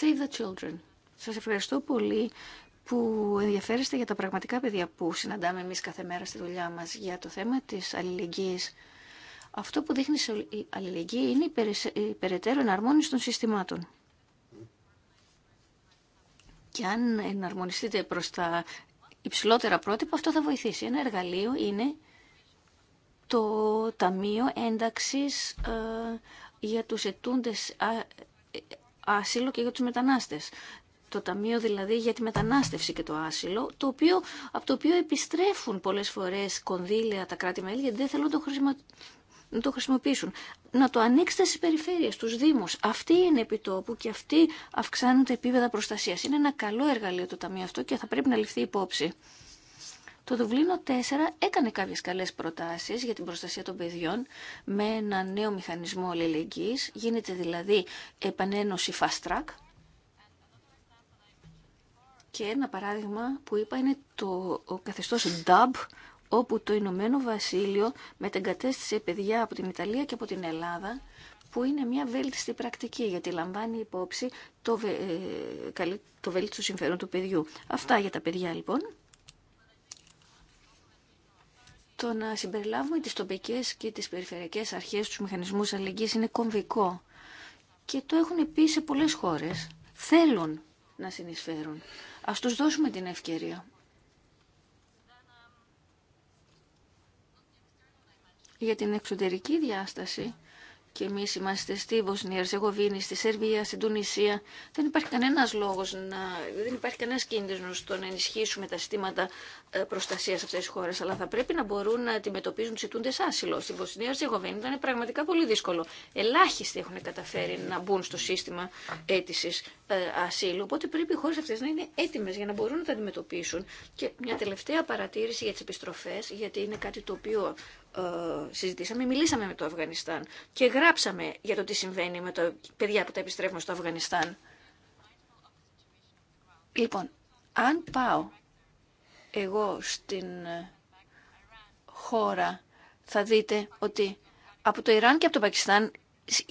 S1: Save the Children. Σας ευχαριστώ πολύ που ενδιαφέρεστε για τα πραγματικά παιδιά που συναντάμε εμείς κάθε μέρα στη δουλειά μας για το θέμα της αλληλεγγύης. Αυτό που δείχνει η αλληλεγγύη είναι η περαιτέρω εναρμόνιση των συστημάτων. Και αν εναρμονιστείτε προς τα υψηλότερα πρότυπα, αυτό θα βοηθήσει. Ένα εργαλείο είναι το Ταμείο Ένταξης ε, για τους ετούντες άσυλο και για τους μετανάστες. Το Ταμείο δηλαδή για τη μετανάστευση και το άσυλο, το οποίο, από το οποίο επιστρέφουν πολλές φορές κονδύλια τα κράτη-μέλη γιατί δεν θέλουν να το, το χρησιμοποιήσουν. Να το ανοίξετε στις περιφέρειες, στους Δήμους. Αυτή είναι επιτόπου και αυτή αυξάνουν τα επίπεδα προστασίας. Είναι ένα καλό εργαλείο το Ταμείο αυτό και θα πρέπει να ληφθεί υπόψη. Το Δουβλίνο 4 έκανε κάποιες καλές προτάσεις για την προστασία των παιδιών με ένα νέο μηχανισμό αλληλεγγύης. Γίνεται δηλαδή επανένωση fast track. Και ένα παράδειγμα που είπα είναι το καθεστώς DUB, όπου το Ηνωμένο Βασίλειο μετεγκατέστησε παιδιά από την Ιταλία και από την Ελλάδα που είναι μια βέλτιστη πρακτική, γιατί λαμβάνει υπόψη το, ε, το βέλτιστο συμφέρον του παιδιού. Αυτά για τα παιδιά λοιπόν το να συμπεριλάβουμε τις τοπικές και τις περιφερειακές αρχές στους μηχανισμούς αλληλεγγύης είναι κομβικό. Και το έχουν πει σε πολλές χώρες. Θέλουν να συνεισφέρουν. Ας τους δώσουμε την ευκαιρία. Για την εξωτερική διάσταση και εμεί είμαστε στη Βοσνία, Γοβίνη, στη Σερβία, στην Τουνησία. Δεν υπάρχει κανένα λόγο να, δεν υπάρχει κανένα κίνδυνο στο να ενισχύσουμε τα συστήματα ε, προστασίας αυτέ τι χώρε. αλλά θα πρέπει να μπορούν να αντιμετωπίζουν τους ζητούντε άσυλο. Στη Βοσνία, Γοβίνη ήταν πραγματικά πολύ δύσκολο. Ελάχιστοι έχουν καταφέρει να μπουν στο σύστημα αίτηση ε, ασύλου, οπότε πρέπει οι χώρε αυτέ να είναι έτοιμε για να μπορούν να τα αντιμετωπίσουν. Και μια τελευταία παρατήρηση για τι επιστροφέ, γιατί είναι κάτι το οποίο ε, συζητήσαμε, μιλήσαμε με το Αφγανιστάν και γράψαμε για το τι συμβαίνει με τα παιδιά που τα επιστρέφουν στο Αφγανιστάν. Λοιπόν, αν πάω εγώ στην ε, χώρα, θα δείτε ότι από το Ιράν και από το Πακιστάν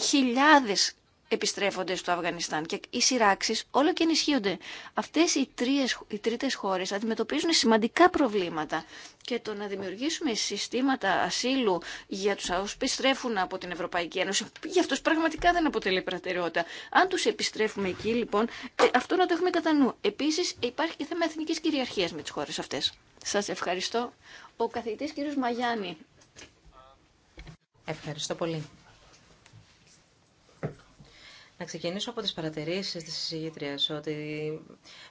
S1: χιλιάδες επιστρέφονται στο Αφγανιστάν και οι σειράξει όλο και ενισχύονται. Αυτέ οι, τρίες, οι τρίτες χώρες αντιμετωπίζουν σημαντικά προβλήματα και το να δημιουργήσουμε συστήματα ασύλου για τους που επιστρέφουν από την Ευρωπαϊκή Ένωση, για αυτού πραγματικά δεν αποτελεί προτεραιότητα. Αν του επιστρέφουμε εκεί λοιπόν, ε, αυτό να το έχουμε κατά νου. Επίσης υπάρχει και θέμα εθνική κυριαρχία με τι χώρε αυτέ. Σα ευχαριστώ. Ο καθηγητής κ. Μαγιάννη.
S3: Ευχαριστώ πολύ. Να ξεκινήσω από τις παρατηρήσεις της συζήτριας ότι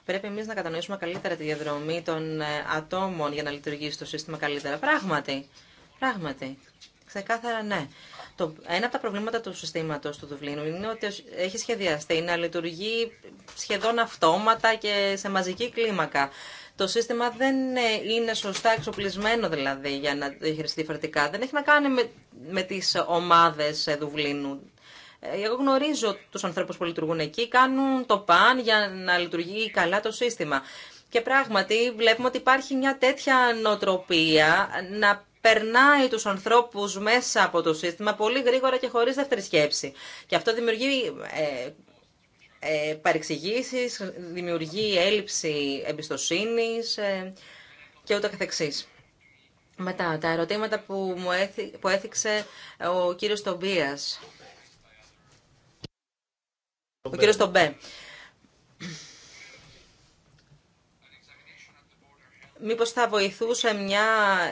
S3: πρέπει εμείς να κατανοήσουμε καλύτερα τη διαδρομή των ε, ατόμων για να λειτουργήσει το σύστημα καλύτερα. Πράγματι, πράγματι. Ξεκάθαρα ναι. Το, ένα από τα προβλήματα του συστήματος του Δουβλίνου είναι ότι έχει σχεδιαστεί να λειτουργεί σχεδόν αυτόματα και σε μαζική κλίμακα. Το σύστημα δεν ε, είναι σωστά εξοπλισμένο δηλαδή για να διαχειριστεί διαφορετικά. Δεν έχει να κάνει με, με τις ομάδες ε, Δουβλίνου ε, εγώ γνωρίζω τους ανθρώπους που λειτουργούν εκεί, κάνουν το παν για να λειτουργεί καλά το σύστημα. Και πράγματι βλέπουμε ότι υπάρχει μια τέτοια νοοτροπία να περνάει τους ανθρώπους μέσα από το σύστημα πολύ γρήγορα και χωρίς δεύτερη σκέψη. Και αυτό δημιουργεί ε, ε, παρεξηγήσεις, δημιουργεί έλλειψη εμπιστοσύνη ε, και ούτω καθεξής. Μετά, τα ερωτήματα που μου που έθιξε ο κύριος Τομπίας ο τον Στομπέ, Μήπως θα βοηθούσε μια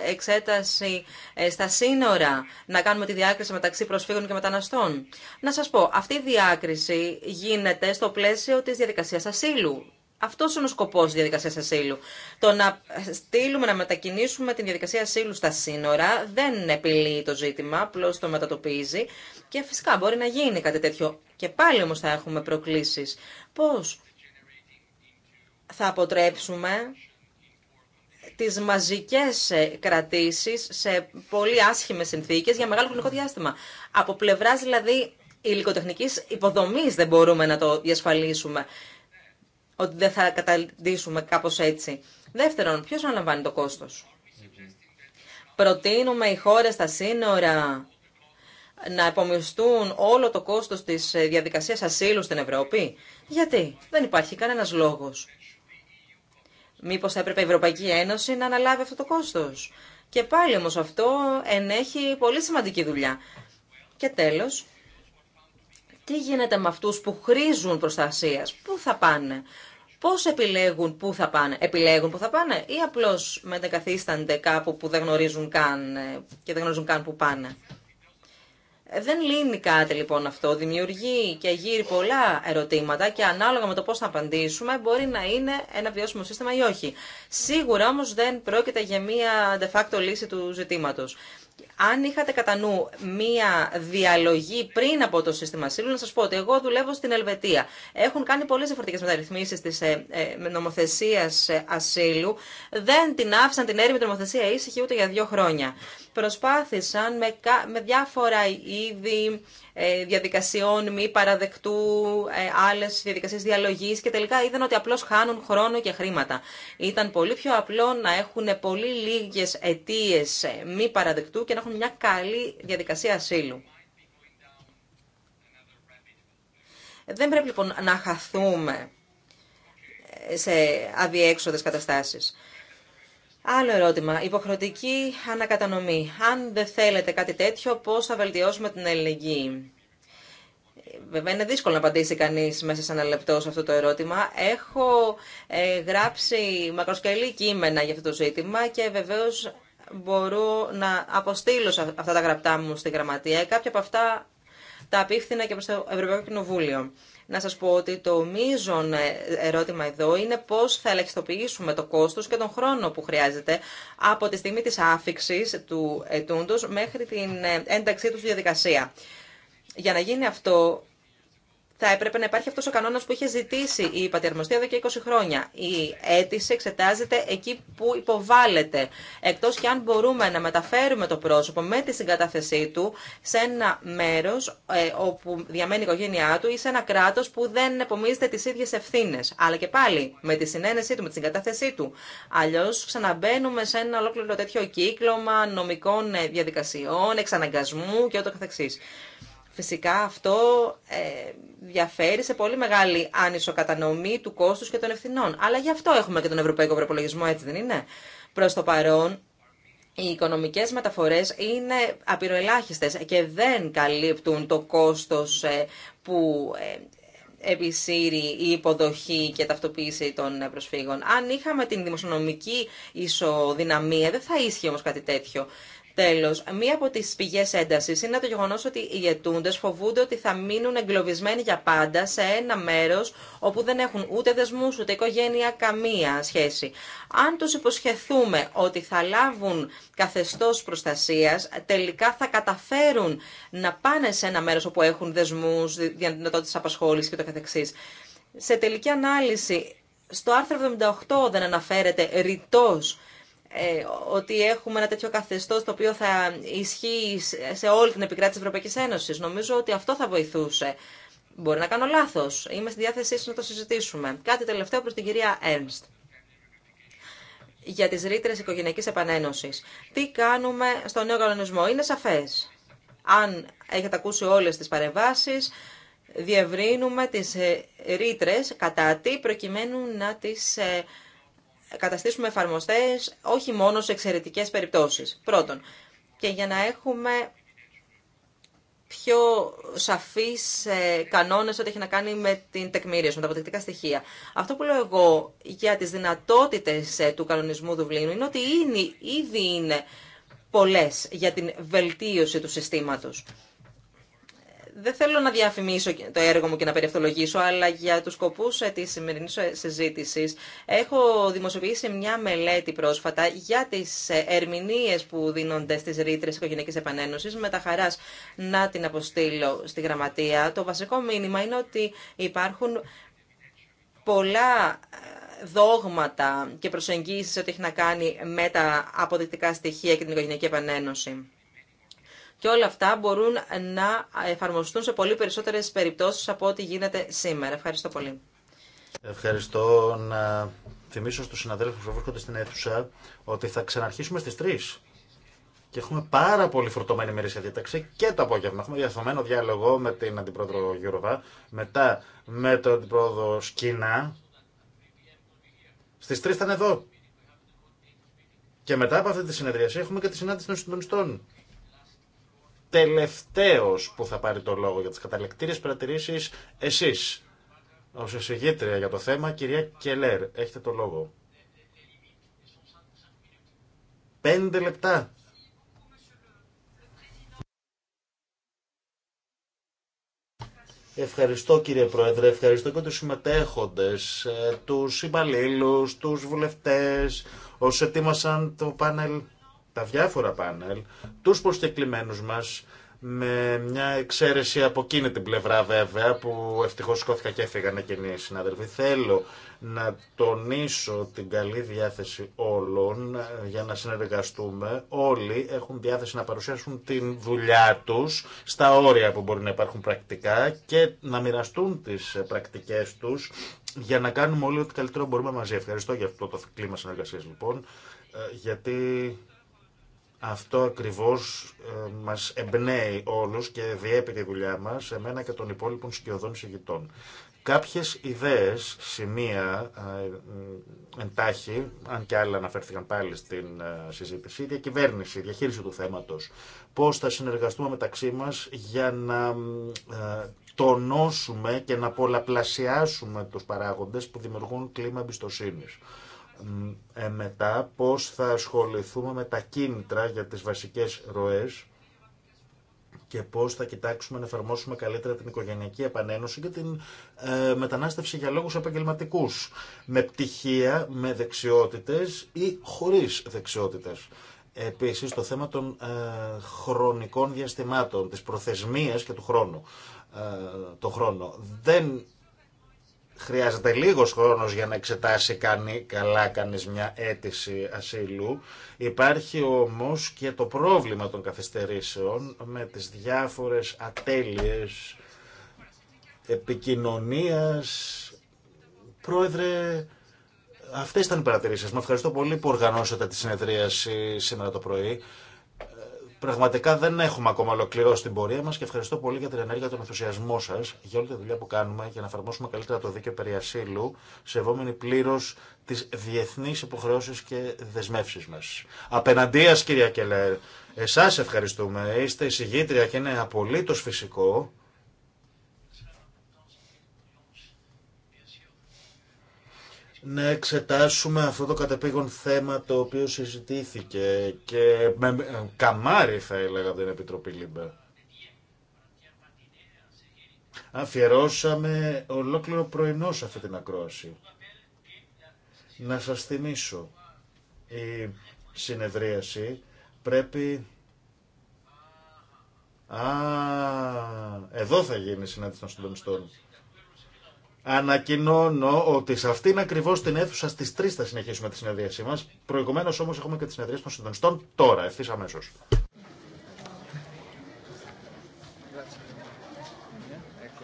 S3: εξέταση ε, στα σύνορα να κάνουμε τη διάκριση μεταξύ προσφύγων και μεταναστών. Να σας πω, αυτή η διάκριση γίνεται στο πλαίσιο της διαδικασίας ασύλου αυτό είναι ο σκοπό τη διαδικασία ασύλου. Το να στείλουμε, να μετακινήσουμε την διαδικασία ασύλου στα σύνορα δεν επιλύει το ζήτημα, απλώ το μετατοπίζει. Και φυσικά μπορεί να γίνει κάτι τέτοιο. Και πάλι όμω θα έχουμε προκλήσει. Πώ θα αποτρέψουμε τις μαζικές ε, κρατήσεις σε πολύ άσχημες συνθήκες για μεγάλο χρονικό διάστημα. Από πλευράς δηλαδή υλικοτεχνικής υποδομής δεν μπορούμε να το διασφαλίσουμε ότι δεν θα καταντήσουμε κάπως έτσι. Δεύτερον, ποιος αναλαμβάνει το κόστος. Προτείνουμε οι χώρες στα σύνορα να επομιστούν όλο το κόστος της διαδικασίας ασύλου στην Ευρώπη. Γιατί δεν υπάρχει κανένας λόγος. Μήπως θα έπρεπε η Ευρωπαϊκή Ένωση να αναλάβει αυτό το κόστος. Και πάλι όμως αυτό ενέχει πολύ σημαντική δουλειά. Και τέλος, τι γίνεται με αυτούς που χρήζουν προστασίας, πού θα πάνε, πώς επιλέγουν πού θα πάνε, επιλέγουν πού θα πάνε ή απλώς μετακαθίστανται κάπου που δεν γνωρίζουν καν ε, και δεν γνωρίζουν καν που πάνε. Ε, δεν λύνει κάτι λοιπόν αυτό, δημιουργεί και γύρει πολλά ερωτήματα και ανάλογα με το πώς θα απαντήσουμε μπορεί να είναι ένα βιώσιμο σύστημα ή όχι. Σίγουρα όμως δεν πρόκειται για μια de facto λύση του ζητήματος αν είχατε κατά νου μία διαλογή πριν από το σύστημα ασύλου, να σα πω ότι εγώ δουλεύω στην Ελβετία. Έχουν κάνει πολλέ διαφορετικέ μεταρρυθμίσει τη ε, ε, νομοθεσία ε, ασύλου. Δεν την άφησαν την έρημη νομοθεσία ήσυχη ούτε για δύο χρόνια. Προσπάθησαν με, με διάφορα είδη ε, διαδικασιών μη παραδεκτού, ε, άλλε διαδικασίες διαλογής και τελικά είδαν ότι απλώς χάνουν χρόνο και χρήματα. Ήταν πολύ πιο απλό να έχουν πολύ λίγες αιτίε ε, μη παραδεκτού και να έχουν μια καλή διαδικασία ασύλου. Δεν πρέπει λοιπόν να χαθούμε σε αδιέξοδες καταστάσεις. Άλλο ερώτημα. Υποχρεωτική ανακατανομή. Αν δεν θέλετε κάτι τέτοιο, πώ θα βελτιώσουμε την ελληνική. Βέβαια είναι δύσκολο να απαντήσει κανεί μέσα σε ένα λεπτό σε αυτό το ερώτημα. Έχω ε, γράψει μακροσκελή κείμενα για αυτό το ζήτημα και βεβαίω μπορώ να αποστείλω αυτά τα γραπτά μου στη γραμματεία. Κάποια από αυτά τα απίφθηνα και προ το Ευρωπαϊκό Κοινοβούλιο να σας πω ότι το μείζον ε, ερώτημα εδώ είναι πώς θα ελεγχιστοποιήσουμε το κόστος και τον χρόνο που χρειάζεται από τη στιγμή της άφηξης του ετούντος μέχρι την ε, ένταξή του στη διαδικασία. Για να γίνει αυτό θα έπρεπε να υπάρχει αυτό ο κανόνα που είχε ζητήσει η Πατιαρμοστία εδώ και 20 χρόνια. Η αίτηση εξετάζεται εκεί που υποβάλλεται, Εκτό και αν μπορούμε να μεταφέρουμε το πρόσωπο με τη συγκατάθεσή του σε ένα μέρο ε, όπου διαμένει η οικογένειά του ή σε ένα κράτο που δεν επομίζεται τι ίδιε ευθύνε. Αλλά και πάλι με τη συνένεσή του, με τη συγκατάθεσή του. Αλλιώ ξαναμπαίνουμε σε ένα ολόκληρο τέτοιο κύκλωμα νομικών ε, διαδικασιών, εξαναγκασμού και ούτω Φυσικά αυτό ε, διαφέρει σε πολύ μεγάλη ανισοκατανομή του κόστους και των ευθυνών. Αλλά γι' αυτό έχουμε και τον Ευρωπαϊκό Προπολογισμό, έτσι δεν είναι. Προς το παρόν, οι οικονομικές μεταφορές είναι απειροελάχιστες και δεν καλύπτουν το κόστος ε, που ε, επισύρει η υποδοχή και ταυτοποίηση των προσφύγων. Αν είχαμε την δημοσιονομική ισοδυναμία, δεν θα ίσχυε όμως κάτι τέτοιο. Τέλο, μία από τι πηγέ ένταση είναι το γεγονό ότι οι ετούντε φοβούνται ότι θα μείνουν εγκλωβισμένοι για πάντα σε ένα μέρο όπου δεν έχουν ούτε δεσμού ούτε οικογένεια καμία σχέση. Αν του υποσχεθούμε ότι θα λάβουν καθεστώ προστασία, τελικά θα καταφέρουν να πάνε σε ένα μέρο όπου έχουν δεσμού, δυνατότητε απασχόληση κ.ο.κ. Σε τελική ανάλυση, στο άρθρο 78 δεν αναφέρεται ρητός ε, ότι έχουμε ένα τέτοιο καθεστώς το οποίο θα ισχύει σε όλη την επικράτηση της Ευρωπαϊκής Ένωσης. Νομίζω ότι αυτό θα βοηθούσε. Μπορεί να κάνω λάθος. Είμαι στη διάθεσή σας να το συζητήσουμε. Κάτι τελευταίο προς την κυρία Ernst. Για τις ρήτρες οικογενειακής επανένωσης. Τι κάνουμε στο νέο κανονισμό. Είναι σαφές. Αν έχετε ακούσει όλες τις παρεμβάσεις, διευρύνουμε τις ε, ρήτρε κατά τι προκειμένου να τις ε, καταστήσουμε εφαρμοστέ όχι μόνο σε εξαιρετικέ περιπτώσεις. Πρώτον, και για να έχουμε πιο σαφείς ε, κανόνες ό,τι έχει να κάνει με την τεκμήριωση, με τα αποδεικτικά στοιχεία. Αυτό που λέω εγώ για τις δυνατότητες ε, του κανονισμού Δουβλίνου είναι ότι ήδη είναι πολλέ για την βελτίωση του συστήματος δεν θέλω να διαφημίσω το έργο μου και να περιευθολογήσω, αλλά για τους σκοπούς ε, της σημερινή ε, συζήτηση. έχω δημοσιοποιήσει μια μελέτη πρόσφατα για τις ε, ερμηνείες που δίνονται στις ρήτρε οικογενειακή επανένωσης. Με τα χαράς να την αποστείλω στη γραμματεία. Το βασικό μήνυμα είναι ότι υπάρχουν πολλά δόγματα και προσεγγίσεις ότι έχει να κάνει με τα αποδεικτικά στοιχεία και την οικογενειακή επανένωση. Και όλα αυτά μπορούν να εφαρμοστούν σε πολύ περισσότερε περιπτώσει από ό,τι γίνεται σήμερα. Ευχαριστώ πολύ.
S2: Ευχαριστώ. Να θυμίσω στους συναδέλφους που βρίσκονται στην αίθουσα ότι θα ξαναρχίσουμε στις 3. Και έχουμε πάρα πολύ φορτωμένη ημερήσια διάταξη και το απόγευμα. Έχουμε διαθωμένο διάλογο με την Αντιπρόεδρο Γιούροβα, μετά με τον Αντιπρόεδρο Σκίνα. Στις 3 θα είναι εδώ. Και μετά από αυτή τη συνεδρίαση έχουμε και τη συνάντηση των συντονιστών τελευταίος που θα πάρει το λόγο για τις καταλεκτήριες παρατηρήσει, εσείς. Ω εισηγήτρια για το θέμα, κυρία Κελέρ, έχετε το λόγο. Πέντε λεπτά. Ευχαριστώ κύριε Πρόεδρε, ευχαριστώ και τους συμμετέχοντες, ε, τους υπαλλήλους, τους βουλευτές, όσοι ετοίμασαν το πάνελ τα διάφορα πάνελ, τους προσκεκλημένους μας, με μια εξαίρεση από εκείνη την πλευρά βέβαια, που ευτυχώς σκόθηκα και έφυγαν εκείνοι οι συνάδελφοι. Θέλω να τονίσω την καλή διάθεση όλων ε, για να συνεργαστούμε. Όλοι έχουν διάθεση να παρουσιάσουν την δουλειά τους στα όρια που μπορεί να υπάρχουν πρακτικά και να μοιραστούν τις ε, πρακτικές τους για να κάνουμε όλοι ό,τι καλύτερο μπορούμε μαζί. Ευχαριστώ για αυτό το κλίμα συνεργασίας λοιπόν, ε, γιατί αυτό ακριβώς ε, μας εμπνέει όλους και διέπει τη δουλειά μας, εμένα και των υπόλοιπων σκιωδών συγκητών. Κάποιες ιδέες, σημεία, ε, εντάχει, αν και άλλα αναφέρθηκαν πάλι στην ε, συζήτηση, η διακυβέρνηση, η διαχείριση του θέματος, πώς θα συνεργαστούμε μεταξύ μας για να τονώσουμε και να πολλαπλασιάσουμε τους παράγοντες που δημιουργούν κλίμα εμπιστοσύνη. Ε, μετά πώς θα ασχοληθούμε με τα κίνητρα για τις βασικές ροές και πώς θα κοιτάξουμε να εφαρμόσουμε καλύτερα την οικογενειακή επανένωση και την ε, μετανάστευση για λόγους επαγγελματικού. με πτυχία, με δεξιότητες ή χωρίς δεξιότητες. Επίσης το θέμα των ε, χρονικών διαστημάτων, της προθεσμίας και του χρόνου. Ε, το χρόνο. Δεν χρειάζεται λίγος χρόνος για να εξετάσει κανεί, καλά κανείς μια αίτηση ασύλου. Υπάρχει όμως και το πρόβλημα των καθυστερήσεων με τις διάφορες ατέλειες επικοινωνίας. Πρόεδρε, αυτές ήταν οι παρατηρήσεις. Με ευχαριστώ πολύ που οργανώσατε τη συνεδρίαση σήμερα το πρωί. Πραγματικά δεν έχουμε ακόμα ολοκληρώσει την πορεία μα και ευχαριστώ πολύ για την ενέργεια, τον ενθουσιασμό σα, για όλη τη δουλειά που κάνουμε για να εφαρμόσουμε καλύτερα το δίκαιο περί σε σεβόμενοι πλήρω τι διεθνεί υποχρεώσει και δεσμεύσει μα. Απέναντία, κυρία Κελέρ, εσά ευχαριστούμε. Είστε εισηγήτρια και είναι απολύτω φυσικό να εξετάσουμε αυτό το κατεπήγον θέμα το οποίο συζητήθηκε και με καμάρι θα έλεγα από την Επιτροπή Λίμπε. Αφιερώσαμε ολόκληρο πρωινό σε αυτή την ακρόαση. Να σας θυμίσω, η συνεδρίαση πρέπει... Α, εδώ θα γίνει η συνάντηση των συντονιστών. Ανακοινώνω ότι σε αυτήν ακριβώ την αίθουσα στι 3 θα συνεχίσουμε τη συνεδρίασή μα. Προηγουμένω όμω έχουμε και τη συνεδρίαση των συντονιστών τώρα, ευθύ αμέσω.